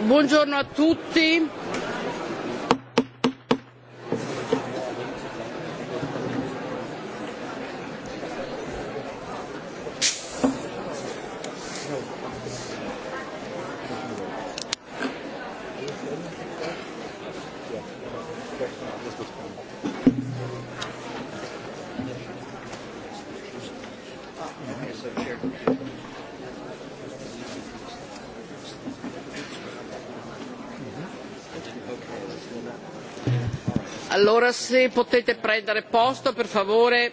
Buongiorno a tutti. Allora se potete prendere posto per Μάλιστα,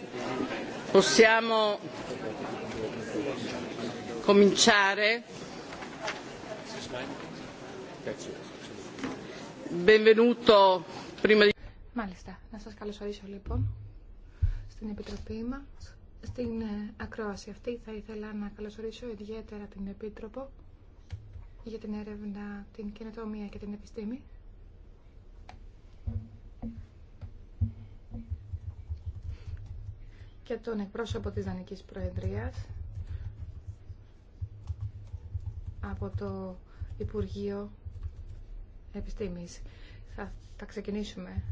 να σας καλωσορίσω λοιπόν στην Επιτροπή μας. Στην ε, ακρόαση αυτή θα ήθελα να καλωσορίσω ιδιαίτερα την Επίτροπο για την έρευνα, την καινοτομία και την επιστήμη. και τον εκπρόσωπο της Δανικής Προεδρίας από το Υπουργείο Επιστήμης. Θα τα ξεκινήσουμε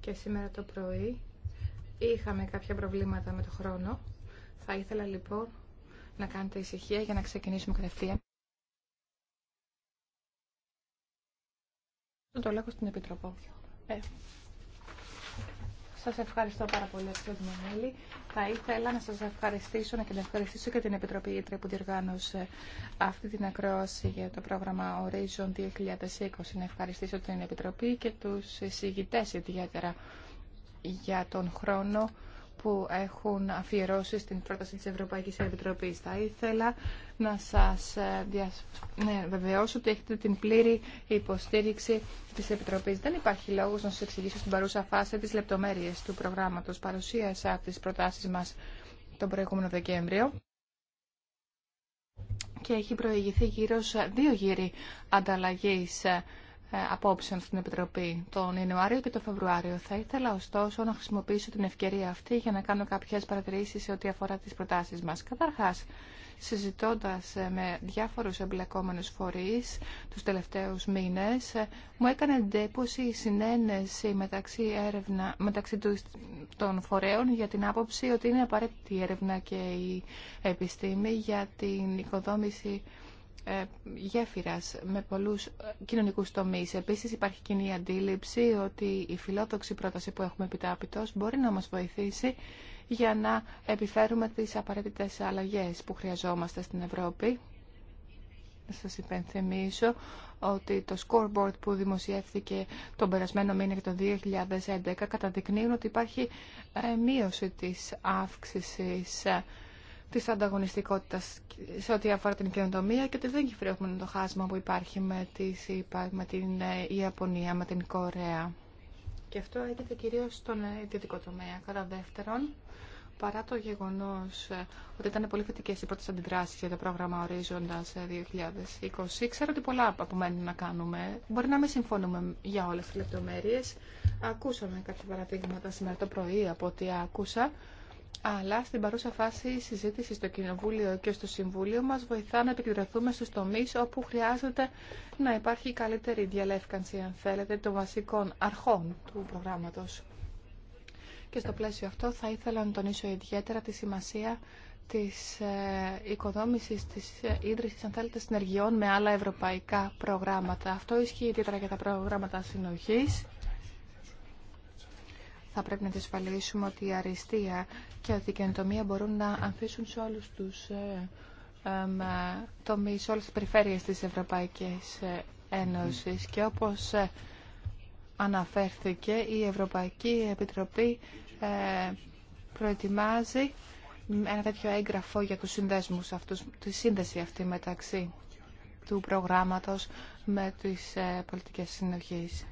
και σήμερα το πρωί. Είχαμε κάποια προβλήματα με το χρόνο. Θα ήθελα λοιπόν να κάνετε ησυχία για να ξεκινήσουμε κατευθείαν. Το λέγω στην Ε. Σα ευχαριστώ πάρα πολύ, κύριε μέλη. Θα ήθελα να σας ευχαριστήσω και να ευχαριστήσω και την Επιτροπή Ήτρε που διοργάνωσε αυτή την ακρόαση για το πρόγραμμα Horizon 2020. Να ευχαριστήσω την Επιτροπή και τους εισηγητές ιδιαίτερα για τον χρόνο που έχουν αφιερώσει στην πρόταση της Ευρωπαϊκής Επιτροπής. Θα ήθελα να σας ε, διασ... Ναι, βεβαιώσω ότι έχετε την πλήρη υποστήριξη της Επιτροπής. Δεν υπάρχει λόγος να σας εξηγήσω στην παρούσα φάση τις λεπτομέρειες του προγράμματος. Παρουσίασα τις προτάσεις μας τον προηγούμενο Δεκέμβριο και έχει προηγηθεί γύρω ε, δύο γύροι ανταλλαγής ε, ε, απόψεων στην Επιτροπή τον Ιανουάριο και τον Φεβρουάριο. Θα ήθελα ωστόσο να χρησιμοποιήσω την ευκαιρία αυτή για να κάνω κάποιες παρατηρήσεις σε ό,τι αφορά τις προτάσεις μας. Καταρχάς, συζητώντας ε, με διάφορους εμπλεκόμενους φορείς τους τελευταίους μήνες, ε, μου έκανε εντύπωση η συνένεση μεταξύ, έρευνα, μεταξύ των φορέων για την άποψη ότι είναι απαραίτητη η έρευνα και η επιστήμη για την οικοδόμηση ε, γέφυρας με πολλούς ε, κοινωνικούς τομείς. Επίσης υπάρχει κοινή αντίληψη ότι η φιλόδοξη πρόταση που έχουμε επιτάπητος μπορεί να μας βοηθήσει για να επιφέρουμε τις απαραίτητες αλλαγές που χρειαζόμαστε στην Ευρώπη. Σα σας υπενθυμίσω ότι το scoreboard που δημοσιεύθηκε τον περασμένο μήνα και το 2011 καταδεικνύουν ότι υπάρχει ε, μείωση της αύξησης Τη ανταγωνιστικότητα σε ό,τι αφορά την καινοτομία και ότι δεν κυφρέχουμε το χάσμα που υπάρχει με, τις, με την ε, Ιαπωνία, με την Κορέα. Και αυτό έγινε κυρίω στον ιδιωτικό τομέα. Κατά δεύτερον, παρά το γεγονό ε, ότι ήταν πολύ θετικέ οι πρώτε αντιδράσει για το πρόγραμμα Ορίζοντα 2020, ε, ξέρω ότι πολλά απομένουν να κάνουμε. Μπορεί να μην συμφωνούμε για όλε τι λεπτομέρειε. Ακούσαμε κάποια παραδείγματα σήμερα το πρωί από ό,τι άκουσα αλλά στην παρούσα φάση η συζήτηση στο Κοινοβούλιο και στο Συμβούλιο μας βοηθά να επικεντρωθούμε στους τομείς όπου χρειάζεται να υπάρχει καλύτερη διαλεύκανση, αν θέλετε, των βασικών αρχών του προγράμματος. Και στο πλαίσιο αυτό θα ήθελα να τονίσω ιδιαίτερα τη σημασία της ε, οικοδόμησης, της ε, ίδρυσης, αν θέλετε, συνεργειών με άλλα ευρωπαϊκά προγράμματα. Αυτό ισχύει ιδιαίτερα για τα προγράμματα συνοχής θα πρέπει να διασφαλίσουμε ότι η αριστεία και η καινοτομία μπορούν να ανθίσουν σε όλους τους ε, ε, τομείς, σε όλες τις περιφέρειες της Ευρωπαϊκής ε, Ένωσης. Και όπως αναφέρθηκε, η Ευρωπαϊκή Επιτροπή προετοιμάζει ένα τέτοιο έγγραφο για τους συνδέσμους αυτούς, τη σύνδεση αυτή μεταξύ του προγράμματος με τις πολιτικές συνοχές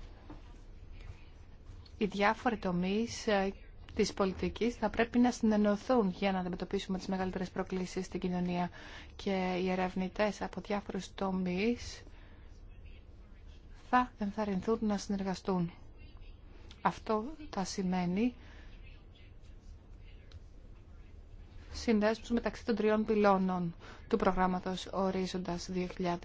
οι διάφοροι τομείς ε, της πολιτικής θα πρέπει να συνενωθούν για να αντιμετωπίσουμε τις μεγαλύτερες προκλήσεις στην κοινωνία και οι ερευνητές από διάφορους τομείς θα ενθαρρυνθούν να συνεργαστούν. Αυτό θα σημαίνει συνδέσμους μεταξύ των τριών πυλώνων του προγράμματος Ορίζοντας 2020,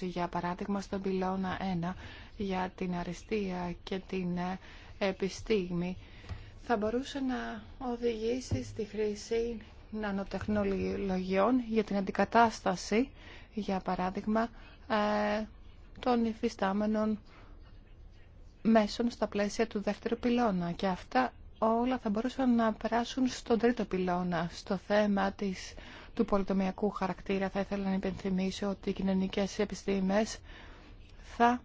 για παράδειγμα στον πυλώνα 1 για την αριστεία και την ε, επιστήμη θα μπορούσε να οδηγήσει στη χρήση νανοτεχνολογιών για την αντικατάσταση, για παράδειγμα, ε, των υφιστάμενων μέσων στα πλαίσια του δεύτερου πυλώνα. Και αυτά όλα θα μπορούσαν να περάσουν στον τρίτο πυλώνα. Στο θέμα της, του πολυτομιακού χαρακτήρα θα ήθελα να υπενθυμίσω ότι οι κοινωνικές επιστήμες θα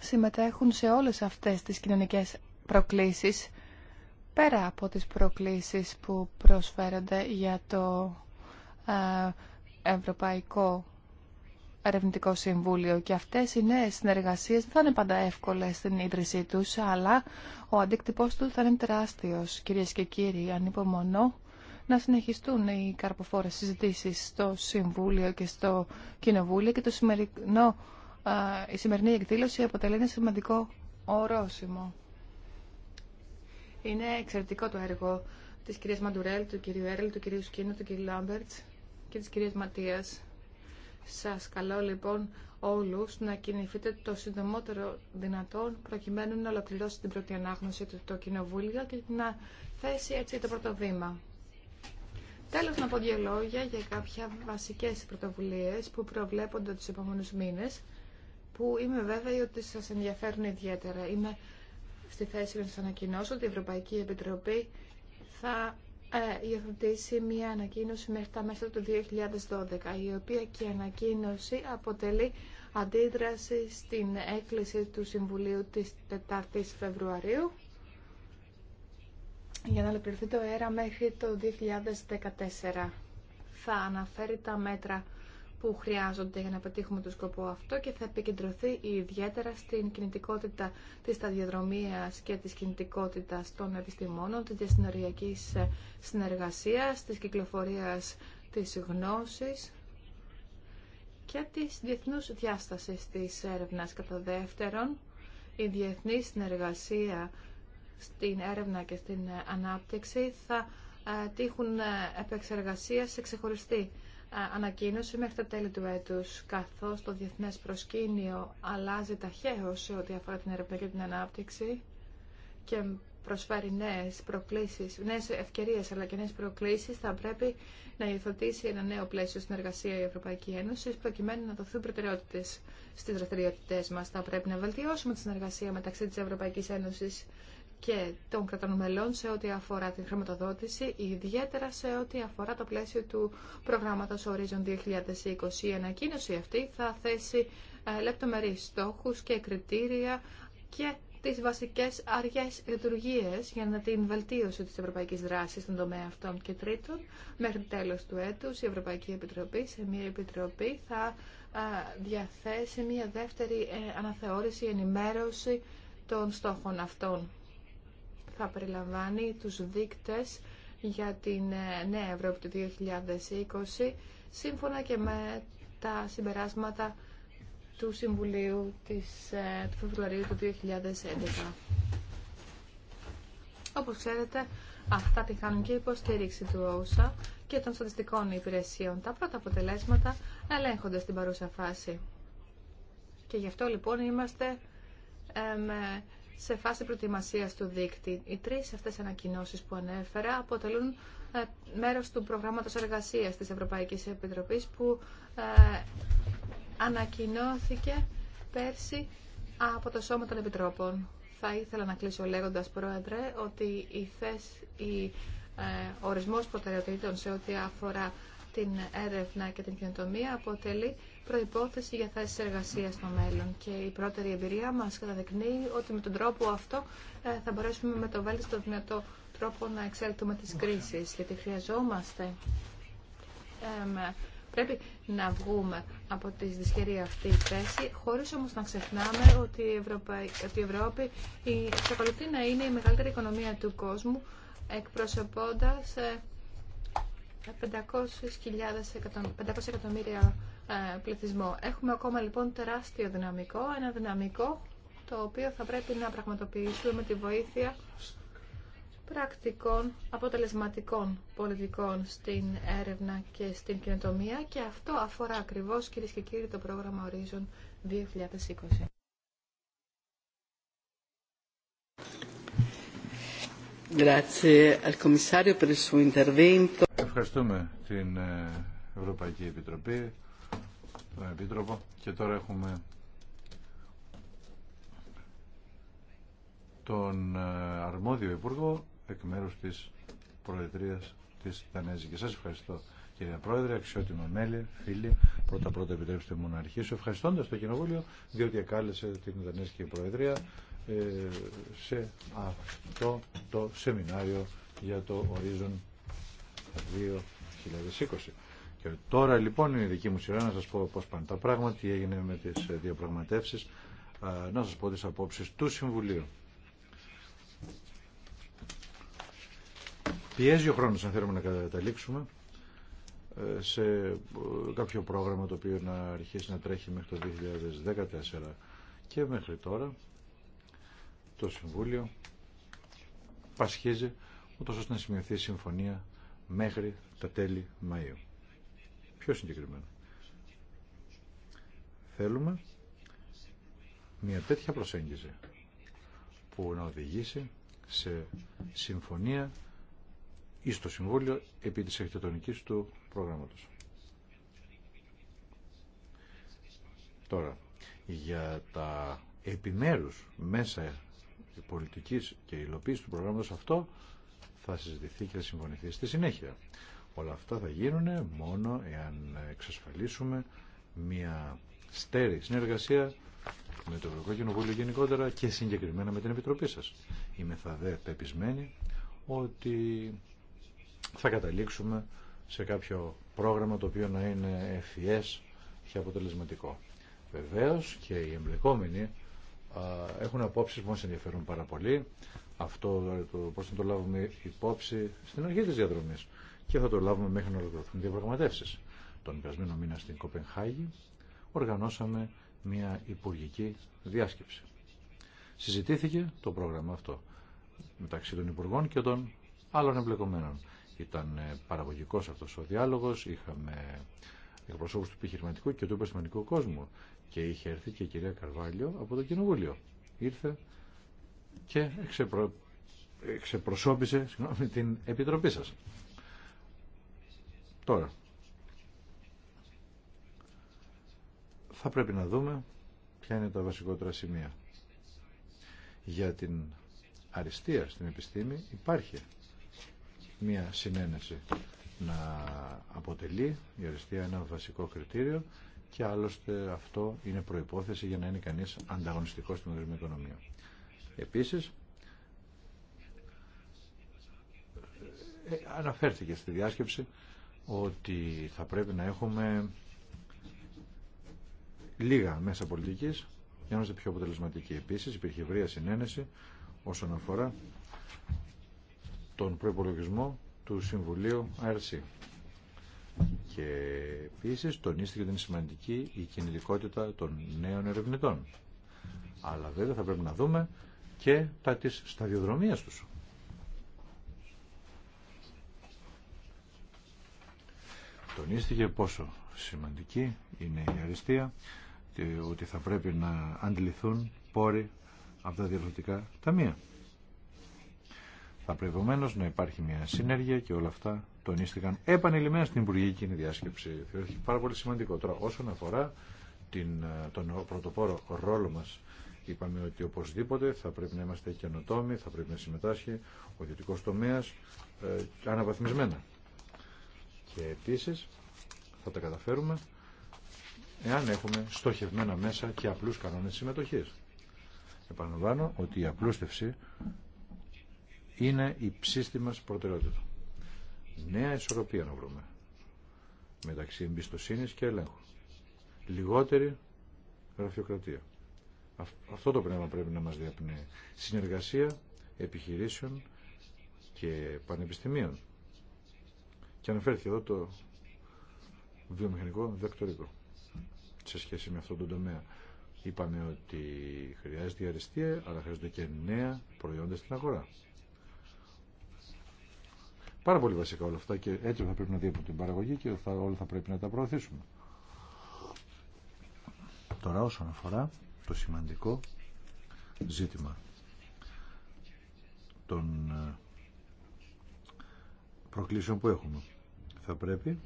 συμμετέχουν σε όλες αυτές τις κοινωνικές προκλήσεις πέρα από τις προκλήσεις που προσφέρονται για το ε, Ευρωπαϊκό Ερευνητικό Συμβούλιο και αυτές οι νέες συνεργασίες δεν θα είναι πάντα εύκολες στην ίδρυσή τους αλλά ο αντίκτυπός του θα είναι τεράστιος κυρίες και κύριοι ανυπομονώ να συνεχιστούν οι καρποφόρες συζητήσεις στο Συμβούλιο και στο Κοινοβούλιο και το σημερινό η σημερινή εκδήλωση αποτελεί ένα σημαντικό ορόσημο. Είναι εξαιρετικό το έργο της κυρίας Μαντουρέλ, του κυρίου Έρελ, του κυρίου Σκίνου, του κυρίου Λάμπερτς και της κυρίας Ματίας. Σας καλώ λοιπόν όλους να κινηθείτε το συντομότερο δυνατόν προκειμένου να ολοκληρώσει την πρώτη ανάγνωση του το Κοινοβούλιο και να θέσει έτσι το πρώτο βήμα. Τέλος να πω δύο λόγια για κάποια βασικές πρωτοβουλίες που προβλέπονται τους επόμενους μήνε που είμαι βέβαιη ότι σας ενδιαφέρουν ιδιαίτερα. Είμαι στη θέση να σας ανακοινώσω ότι η Ευρωπαϊκή Επιτροπή θα ε, υιοθετήσει μια ανακοίνωση μέχρι τα μέσα του 2012, η οποία και η ανακοίνωση αποτελεί αντίδραση στην έκκληση του Συμβουλίου της 4ης Φεβρουαρίου για να ολοκληρωθεί το αέρα μέχρι το 2014. Θα αναφέρει τα μέτρα που χρειάζονται για να πετύχουμε το σκοπό αυτό και θα επικεντρωθεί ιδιαίτερα στην κινητικότητα της σταδιοδρομίας και της κινητικότητας των επιστημόνων, της διασυνοριακής συνεργασίας, της κυκλοφορίας της γνώσης και της διεθνούς διάστασης της έρευνας. Κατά δεύτερον, η διεθνή συνεργασία στην έρευνα και στην ανάπτυξη θα ε, τύχουν ε, επεξεργασία σε ξεχωριστή ανακοίνωση μέχρι τα τέλη του έτους, καθώς το διεθνές προσκήνιο αλλάζει ταχαίω σε ό,τι αφορά την έρευνα και την ανάπτυξη και προσφέρει νέες προκλήσεις, νέες ευκαιρίες αλλά και νέες προκλήσεις, θα πρέπει να υιοθετήσει ένα νέο πλαίσιο συνεργασία η Ευρωπαϊκή Ένωση, προκειμένου να δοθούν προτεραιότητες στις δραστηριότητε μας. Θα πρέπει να βελτιώσουμε τη συνεργασία μεταξύ της Ευρωπαϊκής Ένωσης και των κρατών σε ό,τι αφορά τη χρηματοδότηση, ιδιαίτερα σε ό,τι αφορά το πλαίσιο του προγράμματος Horizon 2020. Η ανακοίνωση αυτή θα θέσει ε, λεπτομερείς στόχους και κριτήρια και τις βασικές αργές λειτουργίες για την βελτίωση της ευρωπαϊκής δράσης στον τομέα αυτών. Και τρίτον, μέχρι τέλος του έτους η Ευρωπαϊκή Επιτροπή σε μια επιτροπή θα ε, διαθέσει μια δεύτερη ε, αναθεώρηση, ενημέρωση των στόχων αυτών θα περιλαμβάνει τους δείκτες για την ε, νέα Ευρώπη του 2020 σύμφωνα και με τα συμπεράσματα του Συμβουλίου της, ε, του Φεβρουαρίου του 2011. Όπως ξέρετε, αυτά την χάνουν και υποστήριξη του ΩΣΑ και των στατιστικών υπηρεσιών. Τα πρώτα αποτελέσματα ελέγχονται στην παρούσα φάση. Και γι' αυτό λοιπόν είμαστε σε φάση προετοιμασίας του δίκτυ. Οι τρεις αυτές ανακοινώσεις που ανέφερα αποτελούν ε, μέρος του προγράμματος εργασίας της Ευρωπαϊκής Επιτροπής που ε, ανακοινώθηκε πέρσι από το Σώμα των Επιτρόπων. Θα ήθελα να κλείσω λέγοντας, Πρόεδρε, ότι η θέση, η, ο ε, ορισμός προτεραιοτήτων σε ό,τι αφορά την έρευνα και την κοινοτομία αποτελεί προπόθεση για θέσει εργασία στο μέλλον. Και η πρώτερη εμπειρία μα καταδεικνύει ότι με τον τρόπο αυτό ε, θα μπορέσουμε με το βέλτιστο δυνατό τρόπο να εξέλθουμε τι κρίσει. γιατί χρειαζόμαστε Πρέπει να βγούμε από τη δυσχερή αυτή θέση, χωρίς όμως να ξεχνάμε ότι η, η Ευρώπη εξακολουθεί να είναι η μεγαλύτερη οικονομία του κόσμου, εκπροσωπώντας 500, ε, 500 εκατομμύρια ε, πληθυσμό. Έχουμε ακόμα λοιπόν τεράστιο δυναμικό, ένα δυναμικό το οποίο θα πρέπει να πραγματοποιήσουμε με τη βοήθεια πρακτικών, αποτελεσματικών πολιτικών στην έρευνα και στην κοινοτομία και αυτό αφορά ακριβώς κυρίε και κύριοι το πρόγραμμα Horizon 2020. Ευχαριστούμε την ε, Ευρωπαϊκή Επιτροπή τον Επίτροπο και τώρα έχουμε τον ε, αρμόδιο Υπουργό εκ μέρους της Προεδρίας της δανέζική. Σας ευχαριστώ. Κύριε Πρόεδρε, αξιότιμα μέλη, φίλοι, πρώτα πρώτα επιτρέψτε μου να αρχίσω ευχαριστώντα το Κοινοβούλιο διότι εκάλεσε την Δανέζικη Προεδρία ε, σε αυτό το σεμινάριο για το ορίζον 2020 τώρα λοιπόν είναι η δική μου σειρά να σας πω πώς πάνε τα πράγματα, τι έγινε με τις διαπραγματεύσεις, να σας πω τις απόψεις του Συμβουλίου. Πιέζει ο χρόνος αν θέλουμε να καταλήξουμε ε, σε ε, κάποιο πρόγραμμα το οποίο να αρχίσει να τρέχει μέχρι το 2014 και μέχρι τώρα το Συμβούλιο πασχίζει ούτως ώστε να σημειωθεί συμφωνία μέχρι τα τέλη Μαΐου. Πιο συγκεκριμένα. Θέλουμε μια τέτοια προσέγγιση που να οδηγήσει σε συμφωνία ή στο Συμβούλιο επί της αρχιτεκτονικής του προγράμματος. Τώρα, για τα επιμέρους μέσα πολιτικής και υλοποίηση του προγράμματος αυτό θα συζητηθεί και θα συμφωνηθεί στη συνέχεια. Όλα αυτά θα γίνουν μόνο εάν εξασφαλίσουμε μια στέρη συνεργασία με το Ευρωπαϊκό Κοινοβούλιο γενικότερα και συγκεκριμένα με την Επιτροπή σας. Είμαι θα δε πεπισμένη ότι θα καταλήξουμε σε κάποιο πρόγραμμα το οποίο να είναι ευφυές και αποτελεσματικό. Βεβαίως και οι εμπλεκόμενοι έχουν απόψεις που μας ενδιαφέρουν πάρα πολύ. Αυτό το, πώς να το λάβουμε υπόψη στην αρχή της διαδρομής και θα το λάβουμε μέχρι να ολοκληρωθούν διαπραγματεύσει. Τον περασμένο μήνα στην Κοπενχάγη οργανώσαμε μια υπουργική διάσκεψη. Συζητήθηκε το πρόγραμμα αυτό μεταξύ των υπουργών και των άλλων εμπλεκομένων. Ήταν ε, παραγωγικό αυτό ο διάλογο, είχαμε εκπροσώπου του επιχειρηματικού και του επιστημονικού κόσμου και είχε έρθει και η κυρία Καρβάλιο από το Κοινοβούλιο. Ήρθε και εξεπρο... εξεπροσώπησε συγγνώμη, την Επιτροπή σα. Τώρα, θα πρέπει να δούμε ποια είναι τα βασικότερα σημεία. Για την αριστεία στην επιστήμη υπάρχει μια συνένεση να αποτελεί η αριστεία ένα βασικό κριτήριο και άλλωστε αυτό είναι προϋπόθεση για να είναι κανείς ανταγωνιστικός στην οικονομία. Επίσης, ε, αναφέρθηκε στη διάσκεψη ότι θα πρέπει να έχουμε λίγα μέσα πολιτικής για να είμαστε πιο αποτελεσματικοί. Επίσης υπήρχε ευρεία συνένεση όσον αφορά τον προπολογισμό του Συμβουλίου ΑΕΡΣΥ. Και επίση τονίστηκε την σημαντική η κινητικότητα των νέων ερευνητών. Αλλά βέβαια θα πρέπει να δούμε και τα της σταδιοδρομίας τους. τονίστηκε πόσο σημαντική είναι η αριστεία ότι θα πρέπει να αντιληθούν πόροι από τα διαδοτικά ταμεία. Θα πρέπει ομένως, να υπάρχει μια συνέργεια και όλα αυτά τονίστηκαν επανειλημμένα στην Υπουργική Διάσκεψη. Θεωρήθηκε πάρα πολύ σημαντικό. Τώρα όσον αφορά την, τον πρωτοπόρο ρόλο μας είπαμε ότι οπωσδήποτε θα πρέπει να είμαστε καινοτόμοι, θα πρέπει να συμμετάσχει ο ιδιωτικό τομέα ε, αναβαθμισμένα. Και επίσης θα τα καταφέρουμε εάν έχουμε στοχευμένα μέσα και απλούς κανόνες συμμετοχής. Επαναλαμβάνω ότι η απλούστευση είναι η ψήστη μας προτεραιότητα. Νέα ισορροπία να βρούμε μεταξύ εμπιστοσύνης και ελέγχου. Λιγότερη γραφειοκρατία. Αυτό το πνεύμα πρέπει να μας διαπνεί Συνεργασία επιχειρήσεων και πανεπιστημίων. Και αναφέρθηκε εδώ το βιομηχανικό δεκτορικό σε σχέση με αυτόν τον τομέα. Είπαμε ότι χρειάζεται η αριστεία, αλλά χρειάζονται και νέα προϊόντα στην αγορά. Πάρα πολύ βασικά όλα αυτά και έτσι θα πρέπει να από την παραγωγή και θα, όλα θα πρέπει να τα προωθήσουμε. Τώρα όσον αφορά το σημαντικό ζήτημα των ε, προκλήσεων που έχουμε θα πρέπει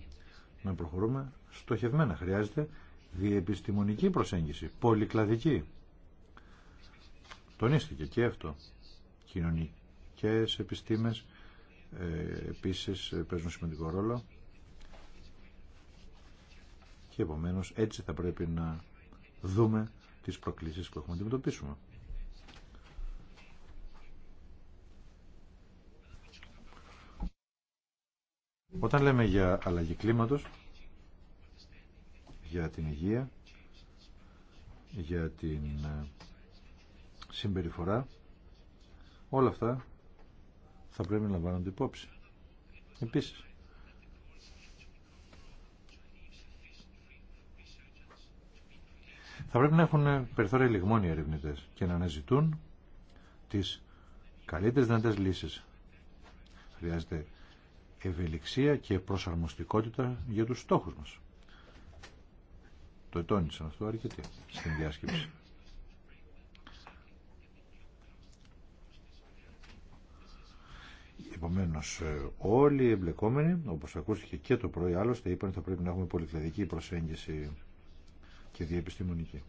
να προχωρούμε στοχευμένα. Χρειάζεται διεπιστημονική προσέγγιση, πολυκλαδική. Τονίστηκε και αυτό. Κοινωνικές επιστήμες ε, επίσης ε, παίζουν σημαντικό ρόλο και επομένως έτσι θα πρέπει να δούμε τις προκλήσεις που έχουμε να αντιμετωπίσουμε. Όταν λέμε για αλλαγή κλίματος, για την υγεία, για την ε, συμπεριφορά, όλα αυτά θα πρέπει να λαμβάνονται υπόψη. Επίσης, θα πρέπει να έχουν περιθώρια λιγμών οι ερευνητέ και να αναζητούν τις καλύτερες δυνατές λύσεις. Χρειάζεται ευελιξία και προσαρμοστικότητα για τους στόχους μας. Το ετώνησαν αυτό αρκετή στην διάσκεψη. Επομένω, ε, όλοι οι εμπλεκόμενοι, όπω ακούστηκε και το πρωί, άλλωστε είπαν ότι θα πρέπει να έχουμε πολυκλαδική προσέγγιση και διεπιστημονική.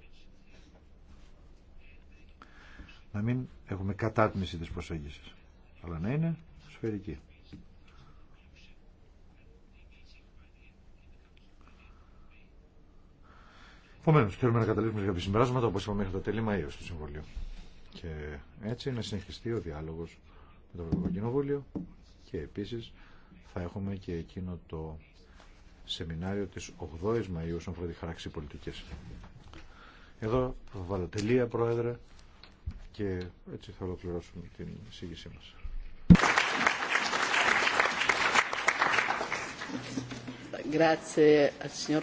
Να μην έχουμε κατάτμιση της προσέγγισης, αλλά να είναι σφαιρική. Επομένω, θέλουμε να καταλήξουμε για κάποια συμπεράσματα, όπω είπαμε μέχρι το τέλη Μαΐου στο Συμβουλίο. Και έτσι να συνεχιστεί ο διάλογο με το Ευρωπαϊκό Κοινοβούλιο και επίση θα έχουμε και εκείνο το σεμινάριο τη 8 η Μαΐου όσον αφορά τη χάραξη πολιτικής. Εδώ θα βάλω τελεία, Πρόεδρε, και έτσι θα ολοκληρώσουμε την εισήγησή μας. Κύριε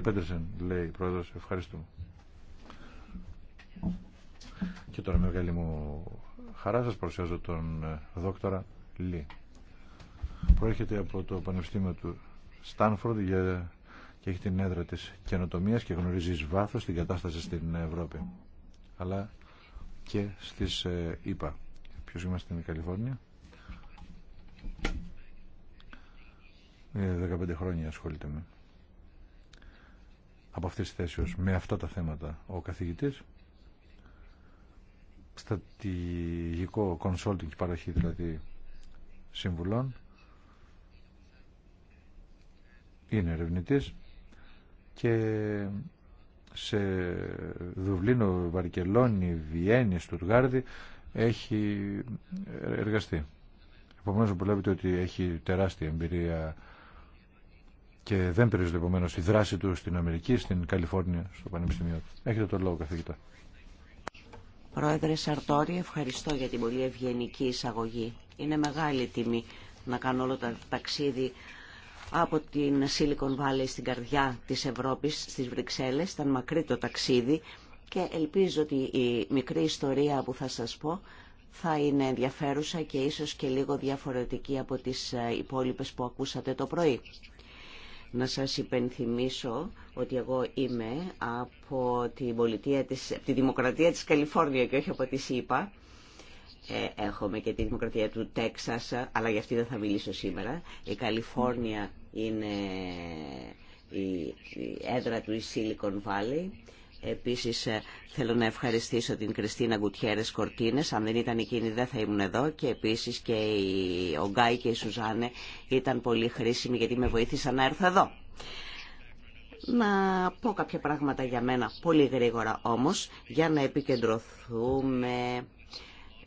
Πέντερσεν, λέει η Πρόεδρος, ευχαριστούμε. Και τώρα με μεγάλη μου χαρά σας παρουσιάζω τον ε, δόκτορα Λί. Προέρχεται από το Πανεπιστήμιο του Στάνφορντ για... και έχει την έδρα της καινοτομίας και γνωρίζει εις βάθος την κατάσταση στην Ευρώπη. Αλλά και στις ε, ΗΠΑ. Ποιος είμαστε στην Καλιφόρνια. 15 ε, χρόνια ασχολείται με από αυτές τις θέσεις με αυτά τα θέματα ο καθηγητής στατηγικό consulting παραχή δηλαδή συμβουλών είναι ερευνητή και σε Δουβλίνο, Βαρκελόνη, Βιέννη, Στουργάρδη έχει εργαστεί. Επομένως βλέπετε ότι έχει τεράστια εμπειρία και δεν περιορίζεται επομένω η δράση του στην Αμερική, στην Καλιφόρνια, στο Πανεπιστημίο. Έχετε τον λόγο, καθηγητά. Πρόεδρε Σαρτόρη, ευχαριστώ για την πολύ ευγενική εισαγωγή. Είναι μεγάλη τιμή να κάνω όλο το ταξίδι από την Silicon Valley στην καρδιά της Ευρώπης, στις Βρυξέλλες. Ήταν μακρύ το ταξίδι και ελπίζω ότι η μικρή ιστορία που θα σας πω θα είναι ενδιαφέρουσα και ίσως και λίγο διαφορετική από τις ε, υπόλοιπες που ακούσατε το πρωί. Να σας υπενθυμίσω ότι εγώ είμαι από τη πολιτεία της, τη Δημοκρατία της Καλιφόρνια και όχι από τη ΣΥΠΑ. Ε, έχουμε και τη Δημοκρατία του Τέξας, αλλά για αυτή δεν θα μιλήσω σήμερα. Η Καλιφόρνια είναι η, η έδρα του Silicon Valley Επίσης ε, θέλω να ευχαριστήσω την Κριστίνα Γκουτιέρες Κορτίνες. Αν δεν ήταν εκείνη δεν θα ήμουν εδώ. Και επίσης και ο Γκάι και η Σουζάνε ήταν πολύ χρήσιμοι γιατί με βοήθησαν να έρθω εδώ. Να πω κάποια πράγματα για μένα πολύ γρήγορα όμως για να επικεντρωθούμε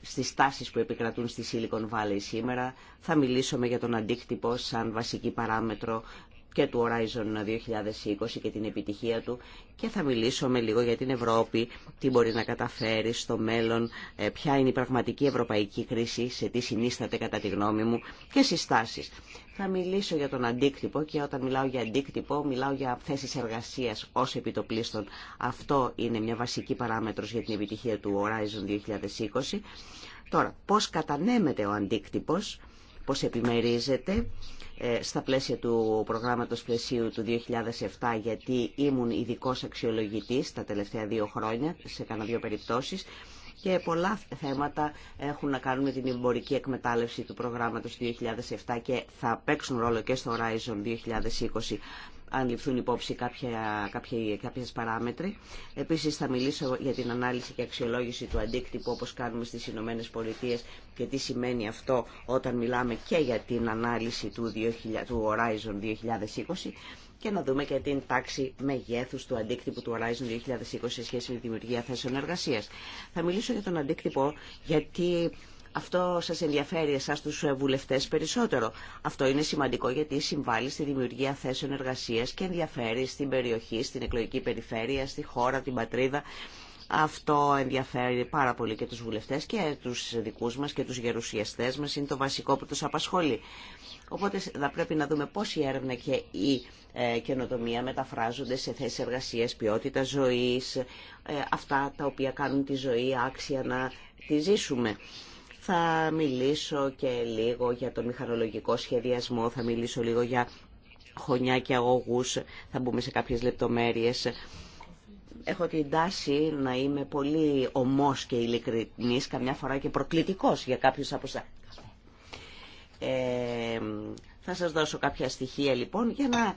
στις τάσεις που επικρατούν στη Silicon Valley σήμερα. Θα μιλήσουμε για τον αντίκτυπο σαν βασική παράμετρο και του Horizon 2020 και την επιτυχία του και θα μιλήσουμε λίγο για την Ευρώπη, τι μπορεί να καταφέρει στο μέλλον, ε, ποια είναι η πραγματική ευρωπαϊκή κρίση, σε τι συνίσταται κατά τη γνώμη μου και συστάσεις. Θα μιλήσω για τον αντίκτυπο και όταν μιλάω για αντίκτυπο μιλάω για θέσεις εργασίας ως επιτοπλίστων. Αυτό είναι μια βασική παράμετρος για την επιτυχία του Horizon 2020. Τώρα, πώς κατανέμεται ο αντίκτυπος, πώς επιμερίζεται, ε, στα πλαίσια του προγράμματος πλαισίου του 2007 γιατί ήμουν ειδικό αξιολογητής τα τελευταία δύο χρόνια σε κανένα δύο περιπτώσεις και πολλά θέματα έχουν να κάνουν με την εμπορική εκμετάλλευση του προγράμματος του 2007 και θα παίξουν ρόλο και στο Horizon 2020 αν ληφθούν υπόψη κάποια, κάποια, κάποιες παράμετροι. Επίσης θα μιλήσω για την ανάλυση και αξιολόγηση του αντίκτυπου όπως κάνουμε στις Ηνωμένε Πολιτείες και τι σημαίνει αυτό όταν μιλάμε και για την ανάλυση του, 2000, του Horizon 2020 και να δούμε και την τάξη μεγέθους του αντίκτυπου του Horizon 2020 σε σχέση με τη δημιουργία θέσεων εργασίας. Θα μιλήσω για τον αντίκτυπο γιατί αυτό σας ενδιαφέρει εσάς τους βουλευτές περισσότερο. Αυτό είναι σημαντικό γιατί συμβάλλει στη δημιουργία θέσεων εργασίας και ενδιαφέρει στην περιοχή, στην εκλογική περιφέρεια, στη χώρα, την πατρίδα. Αυτό ενδιαφέρει πάρα πολύ και τους βουλευτές και τους δικούς μας και τους γερουσιαστές μας. Είναι το βασικό που τους απασχολεί. Οπότε θα πρέπει να δούμε πώς η έρευνα και η ε, καινοτομία μεταφράζονται σε θέσεις εργασίας, ποιότητα ζωής, ε, αυτά τα οποία κάνουν τη ζωή άξια να τη ζήσουμε. Θα μιλήσω και λίγο για τον μηχανολογικό σχεδιασμό, θα μιλήσω λίγο για χωνιά και αγωγούς, θα μπούμε σε κάποιες λεπτομέρειες. Έχω την τάση να είμαι πολύ ομός και ειλικρινής, καμιά φορά και προκλητικός για κάποιους από σας. Ε, θα σας δώσω κάποια στοιχεία λοιπόν για να...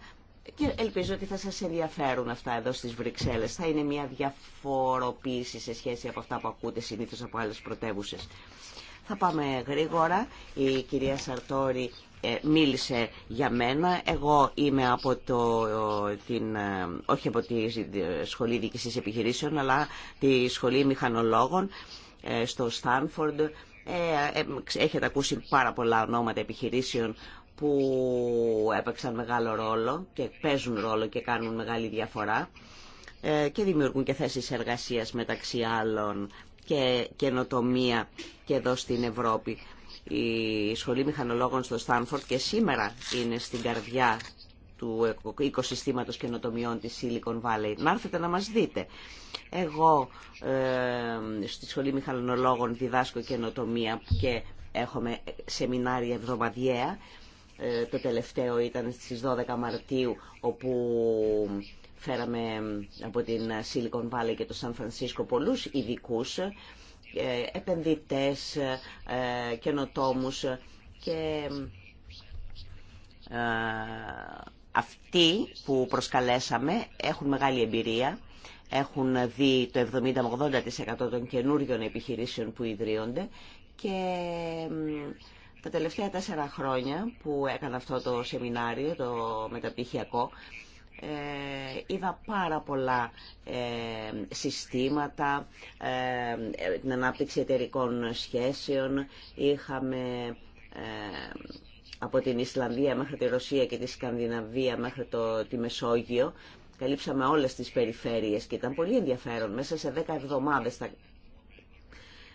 Και ελπίζω ότι θα σας ενδιαφέρουν αυτά εδώ στις Βρυξέλλες. Θα είναι μια διαφοροποίηση σε σχέση από αυτά που ακούτε συνήθως από άλλες πρωτεύουσες. Θα πάμε γρήγορα. Η κυρία Σαρτόρη ε, μίλησε για μένα. Εγώ είμαι από το, την, ε, όχι από τη ε, Σχολή Διοίκησης Επιχειρήσεων, αλλά τη Σχολή Μηχανολόγων στο Στάνφορντ. έχετε ακούσει πάρα πολλά ονόματα επιχειρήσεων που έπαιξαν μεγάλο ρόλο και παίζουν ρόλο και κάνουν μεγάλη διαφορά και δημιουργούν και θέσεις εργασίας μεταξύ άλλων και καινοτομία και εδώ στην Ευρώπη. Η Σχολή Μηχανολόγων στο Στάνφορντ και σήμερα είναι στην καρδιά του οικοσυστήματος καινοτομιών της Silicon Valley. Να έρθετε να μας δείτε. Εγώ ε, στη Σχολή Μηχανολόγων διδάσκω καινοτομία και έχουμε σεμινάρια εβδομαδιαία. Ε, το τελευταίο ήταν στις 12 Μαρτίου όπου Φέραμε από την Silicon Valley και το San Francisco πολλούς ειδικού ε, επενδυτές, ε, καινοτόμους και ε, αυτοί που προσκαλέσαμε έχουν μεγάλη εμπειρία, έχουν δει το 70-80% των καινούριων επιχειρήσεων που ιδρύονται και τα τελευταία τέσσερα χρόνια που έκανα αυτό το σεμινάριο, το μεταπτυχιακό, ε, είδα πάρα πολλά ε, συστήματα, ε, την ανάπτυξη εταιρικών σχέσεων. Είχαμε από την Ισλανδία μέχρι τη Ρωσία και τη Σκανδιναβία μέχρι το, τη Μεσόγειο. Καλύψαμε όλες τις περιφέρειες και ήταν πολύ ενδιαφέρον. Μέσα σε 10 εβδομάδες τα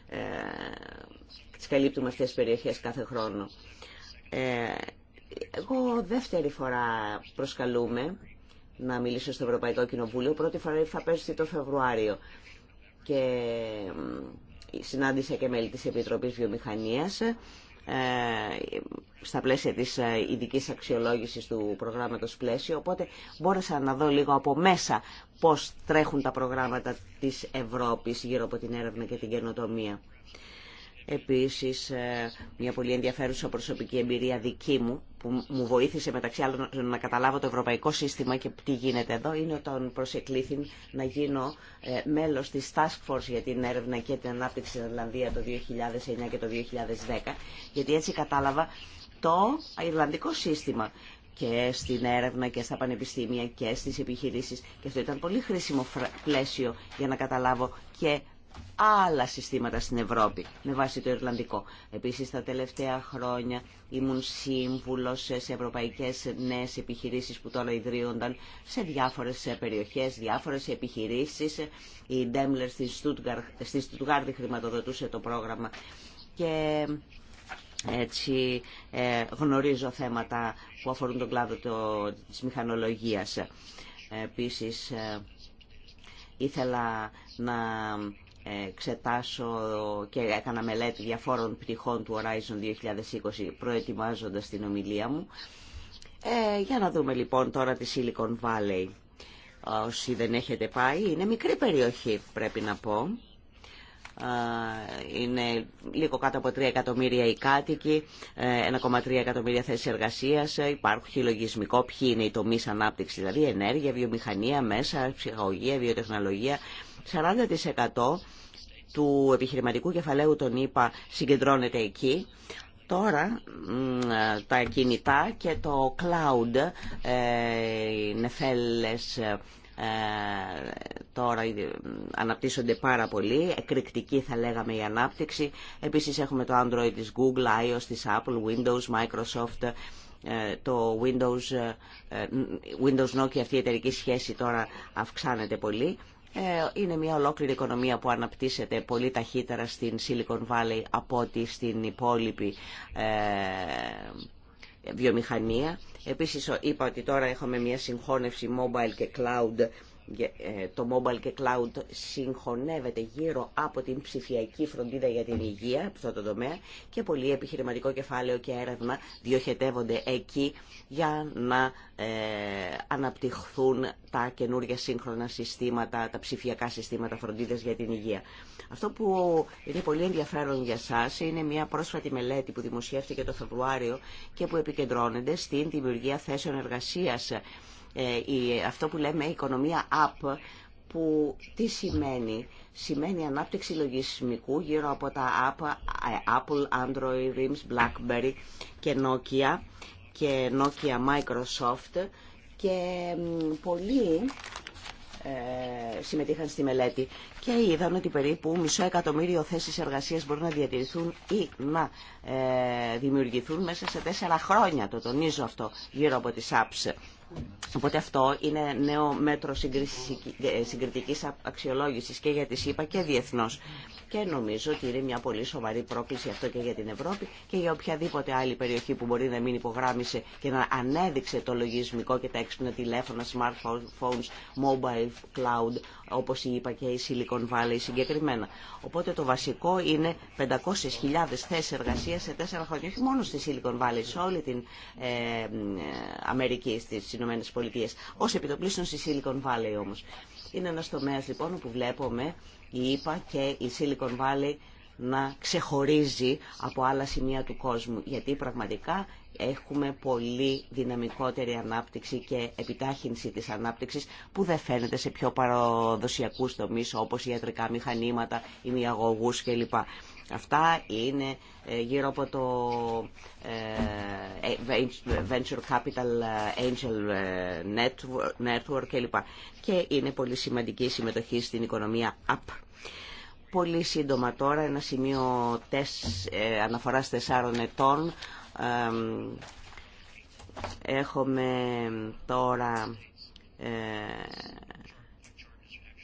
ε, τις καλύπτουμε αυτές τις περιοχές κάθε χρόνο. Ε, εγώ δεύτερη φορά προσκαλούμε να μιλήσω στο Ευρωπαϊκό Κοινοβούλιο. Πρώτη φορά ήρθα πέρσι το Φεβρουάριο και συνάντησα και μέλη της Επιτροπής Βιομηχανίας ε, στα πλαίσια της ε, ειδική αξιολόγησης του προγράμματος πλαίσιο, οπότε μπόρεσα να δω λίγο από μέσα πώς τρέχουν τα προγράμματα της Ευρώπης γύρω από την έρευνα και την καινοτομία. Επίσης, ε, μια πολύ ενδιαφέρουσα προσωπική εμπειρία δική μου, που μου βοήθησε μεταξύ άλλων να καταλάβω το ευρωπαϊκό σύστημα και τι γίνεται εδώ, είναι όταν προσεκλήθη να γίνω ε, μέλος της Task Force για την έρευνα και την ανάπτυξη στην Ιρλανδία το 2009 και το 2010, γιατί έτσι κατάλαβα το Ιρλανδικό σύστημα και στην έρευνα και στα πανεπιστήμια και στις επιχειρήσεις και αυτό ήταν πολύ χρήσιμο πλαίσιο για να καταλάβω και άλλα συστήματα στην Ευρώπη με βάση το Ιρλανδικό. Επίσης τα τελευταία χρόνια ήμουν σύμβουλος σε ευρωπαϊκές νέες επιχειρήσεις που τώρα ιδρύονταν σε διάφορες περιοχές, διάφορες επιχειρήσεις. Η Ντέμλερ στη Στουτγάρδη χρηματοδοτούσε το πρόγραμμα και έτσι ε, γνωρίζω θέματα που αφορούν τον κλάδο το, της μηχανολογίας. Επίσης ε, ήθελα να εξετάσω και έκανα μελέτη διαφόρων πτυχών του Horizon 2020 προετοιμάζοντας την ομιλία μου. Ε, για να δούμε λοιπόν τώρα τη Silicon Valley. Όσοι δεν έχετε πάει, είναι μικρή περιοχή πρέπει να πω. Είναι λίγο κάτω από 3 εκατομμύρια οι κάτοικοι, 1,3 ε, εκατομμύρια θέσει εργασία. Ε, Υπάρχει λογισμικό, ποιοι είναι οι τομείς ανάπτυξη, δηλαδή ενέργεια, βιομηχανία, μέσα, ψυχαγωγία, βιοτεχνολογία, 40% του επιχειρηματικού κεφαλαίου τον ΗΠΑ συγκεντρώνεται εκεί. Τώρα τα κινητά και το cloud οι ε, ε, τώρα αναπτύσσονται πάρα πολύ, εκρηκτική θα λέγαμε η ανάπτυξη. Επίσης έχουμε το Android της Google, iOS της Apple, Windows, Microsoft, ε, το Windows, Windows Nokia αυτή η εταιρική σχέση τώρα αυξάνεται πολύ ε, είναι μια ολόκληρη οικονομία που αναπτύσσεται πολύ ταχύτερα στην Silicon Valley από ότι στην υπόλοιπη ε, βιομηχανία. Επίσης είπα ότι τώρα έχουμε μια συγχώνευση mobile και cloud ε, το mobile και cloud συγχωνεύεται γύρω από την ψηφιακή φροντίδα για την υγεία, αυτό τομέα, και πολύ επιχειρηματικό κεφάλαιο και έρευνα διοχετεύονται εκεί για να ε, αναπτυχθούν τα καινούργια σύγχρονα συστήματα, τα ψηφιακά συστήματα φροντίδας για την υγεία. Αυτό που είναι πολύ ενδιαφέρον για σας είναι μια πρόσφατη μελέτη που δημοσιεύτηκε το Φεβρουάριο και που επικεντρώνεται στην δημιουργία θέσεων εργασίας ε, αυτό που λέμε οικονομία app που τι σημαίνει. Σημαίνει ανάπτυξη λογισμικού γύρω από τα ε, Apple, Android, Rims, BlackBerry και Nokia και Nokia Microsoft και πολλοί ε, συμμετείχαν στη μελέτη και είδαν ότι περίπου μισό εκατομμύριο θέσεις εργασίας μπορούν να διατηρηθούν ή να δημιουργηθούν μέσα σε τέσσερα χρόνια, το τονίζω αυτό, γύρω από τις apps. Οπότε αυτό είναι νέο μέτρο συγκριτικής αξιολόγησης και για τη ΣΥΠΑ και διεθνώς. Και νομίζω ότι είναι μια πολύ σοβαρή πρόκληση αυτό και για την Ευρώπη και για οποιαδήποτε άλλη περιοχή που μπορεί να μην υπογράμμισε και να ανέδειξε το λογισμικό και τα έξυπνα τηλέφωνα, smartphones, mobile, cloud όπως είπα και η Silicon Valley συγκεκριμένα. Οπότε το βασικό είναι 500.000 θέσεις εργασίας σε τέσσερα χρόνια, όχι μόνο στη Silicon Valley, σε όλη την ε, Αμερική, στις Ηνωμένες Πολιτείες, ως επιτοπλίστων στη Silicon Valley όμως. Είναι ένας τομέας λοιπόν που βλέπουμε η ΕΠΑ και η Silicon Valley να ξεχωρίζει από άλλα σημεία του κόσμου, γιατί πραγματικά έχουμε πολύ δυναμικότερη ανάπτυξη και επιτάχυνση της ανάπτυξης που δεν φαίνεται σε πιο παραδοσιακούς τομείς όπως ιατρικά μηχανήματα, ημιαγωγούς κλπ. Αυτά είναι ε, γύρω από το ε, ε, Venture Capital Angel Network κλπ. Και είναι πολύ σημαντική η συμμετοχή στην οικονομία UP. Πολύ σύντομα τώρα ένα σημείο τεσ, αναφοράς τεσσάρων ετών Έχουμε τώρα ε,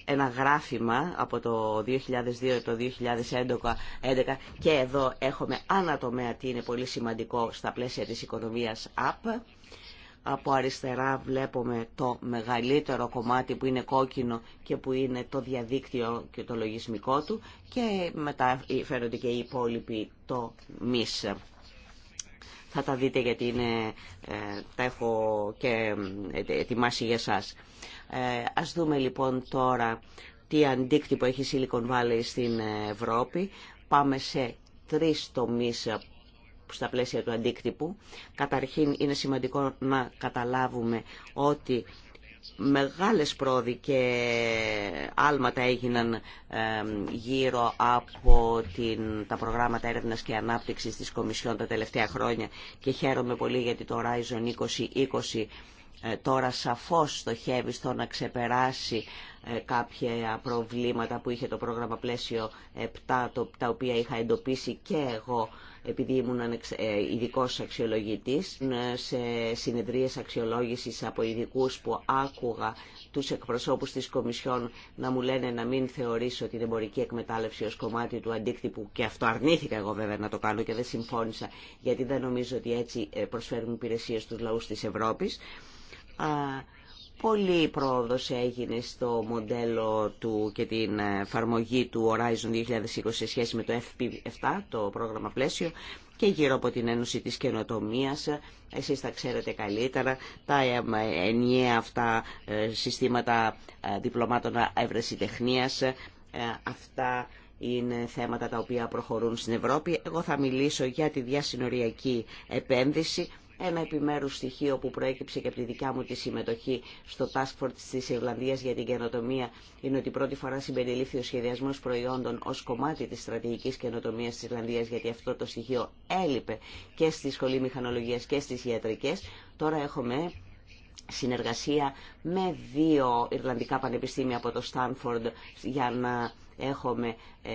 ένα γράφημα από το 2002 το 2011 και εδώ έχουμε ανατομέα τι είναι πολύ σημαντικό στα πλαίσια της οικονομίας ΑΠ. Από αριστερά βλέπουμε το μεγαλύτερο κομμάτι που είναι κόκκινο και που είναι το διαδίκτυο και το λογισμικό του και μετά φέρονται και οι υπόλοιποι το θα τα δείτε γιατί είναι, ε, τα έχω και ε, ετοιμάσει για σας. Ε, ας δούμε λοιπόν τώρα τι αντίκτυπο έχει η Silicon Valley στην Ευρώπη. Πάμε σε τρεις τομείς στα πλαίσια του αντίκτυπου. Καταρχήν είναι σημαντικό να καταλάβουμε ότι μεγάλες πρόοδοι και άλματα έγιναν γύρω από την, τα προγράμματα έρευνας και ανάπτυξης της Κομισιόν τα τελευταία χρόνια και χαίρομαι πολύ γιατί το Horizon 2020 ε, τώρα σαφώς στοχεύει στο να ξεπεράσει ε, κάποια προβλήματα που είχε το πρόγραμμα πλαίσιο 7 τα οποία είχα εντοπίσει και εγώ επειδή ήμουν ε, ειδικό αξιολογητής ε, σε συνεδρίες αξιολόγησης από ειδικού που άκουγα του εκπροσώπους τη Κομισιόν να μου λένε να μην θεωρήσω την εμπορική εκμετάλλευση ω κομμάτι του αντίκτυπου και αυτό αρνήθηκα εγώ βέβαια να το κάνω και δεν συμφώνησα γιατί δεν νομίζω ότι έτσι ε, προσφέρουν υπηρεσίες στους λαού τη Ευρώπη. Πολύ πρόοδος έγινε στο μοντέλο του και την εφαρμογή του Horizon 2020 σε σχέση με το FP7, το πρόγραμμα πλαίσιο, και γύρω από την Ένωση της Καινοτομίας, εσείς τα ξέρετε καλύτερα, τα ενιαία αυτά ε, συστήματα ε, διπλωμάτων έβρεση τεχνίας, ε, αυτά είναι θέματα τα οποία προχωρούν στην Ευρώπη. Εγώ θα μιλήσω για τη διασυνοριακή επένδυση ένα επιμέρους στοιχείο που προέκυψε και από τη δικιά μου τη συμμετοχή στο Task Force της Ιρλανδίας για την καινοτομία είναι ότι πρώτη φορά συμπεριλήφθη ο σχεδιασμός προϊόντων ως κομμάτι της στρατηγικής καινοτομίας της Ιρλανδίας γιατί αυτό το στοιχείο έλειπε και στη Σχολή Μηχανολογίας και στις ιατρικές. Τώρα έχουμε συνεργασία με δύο Ιρλανδικά πανεπιστήμια από το Στάνφορντ για να έχουμε ε,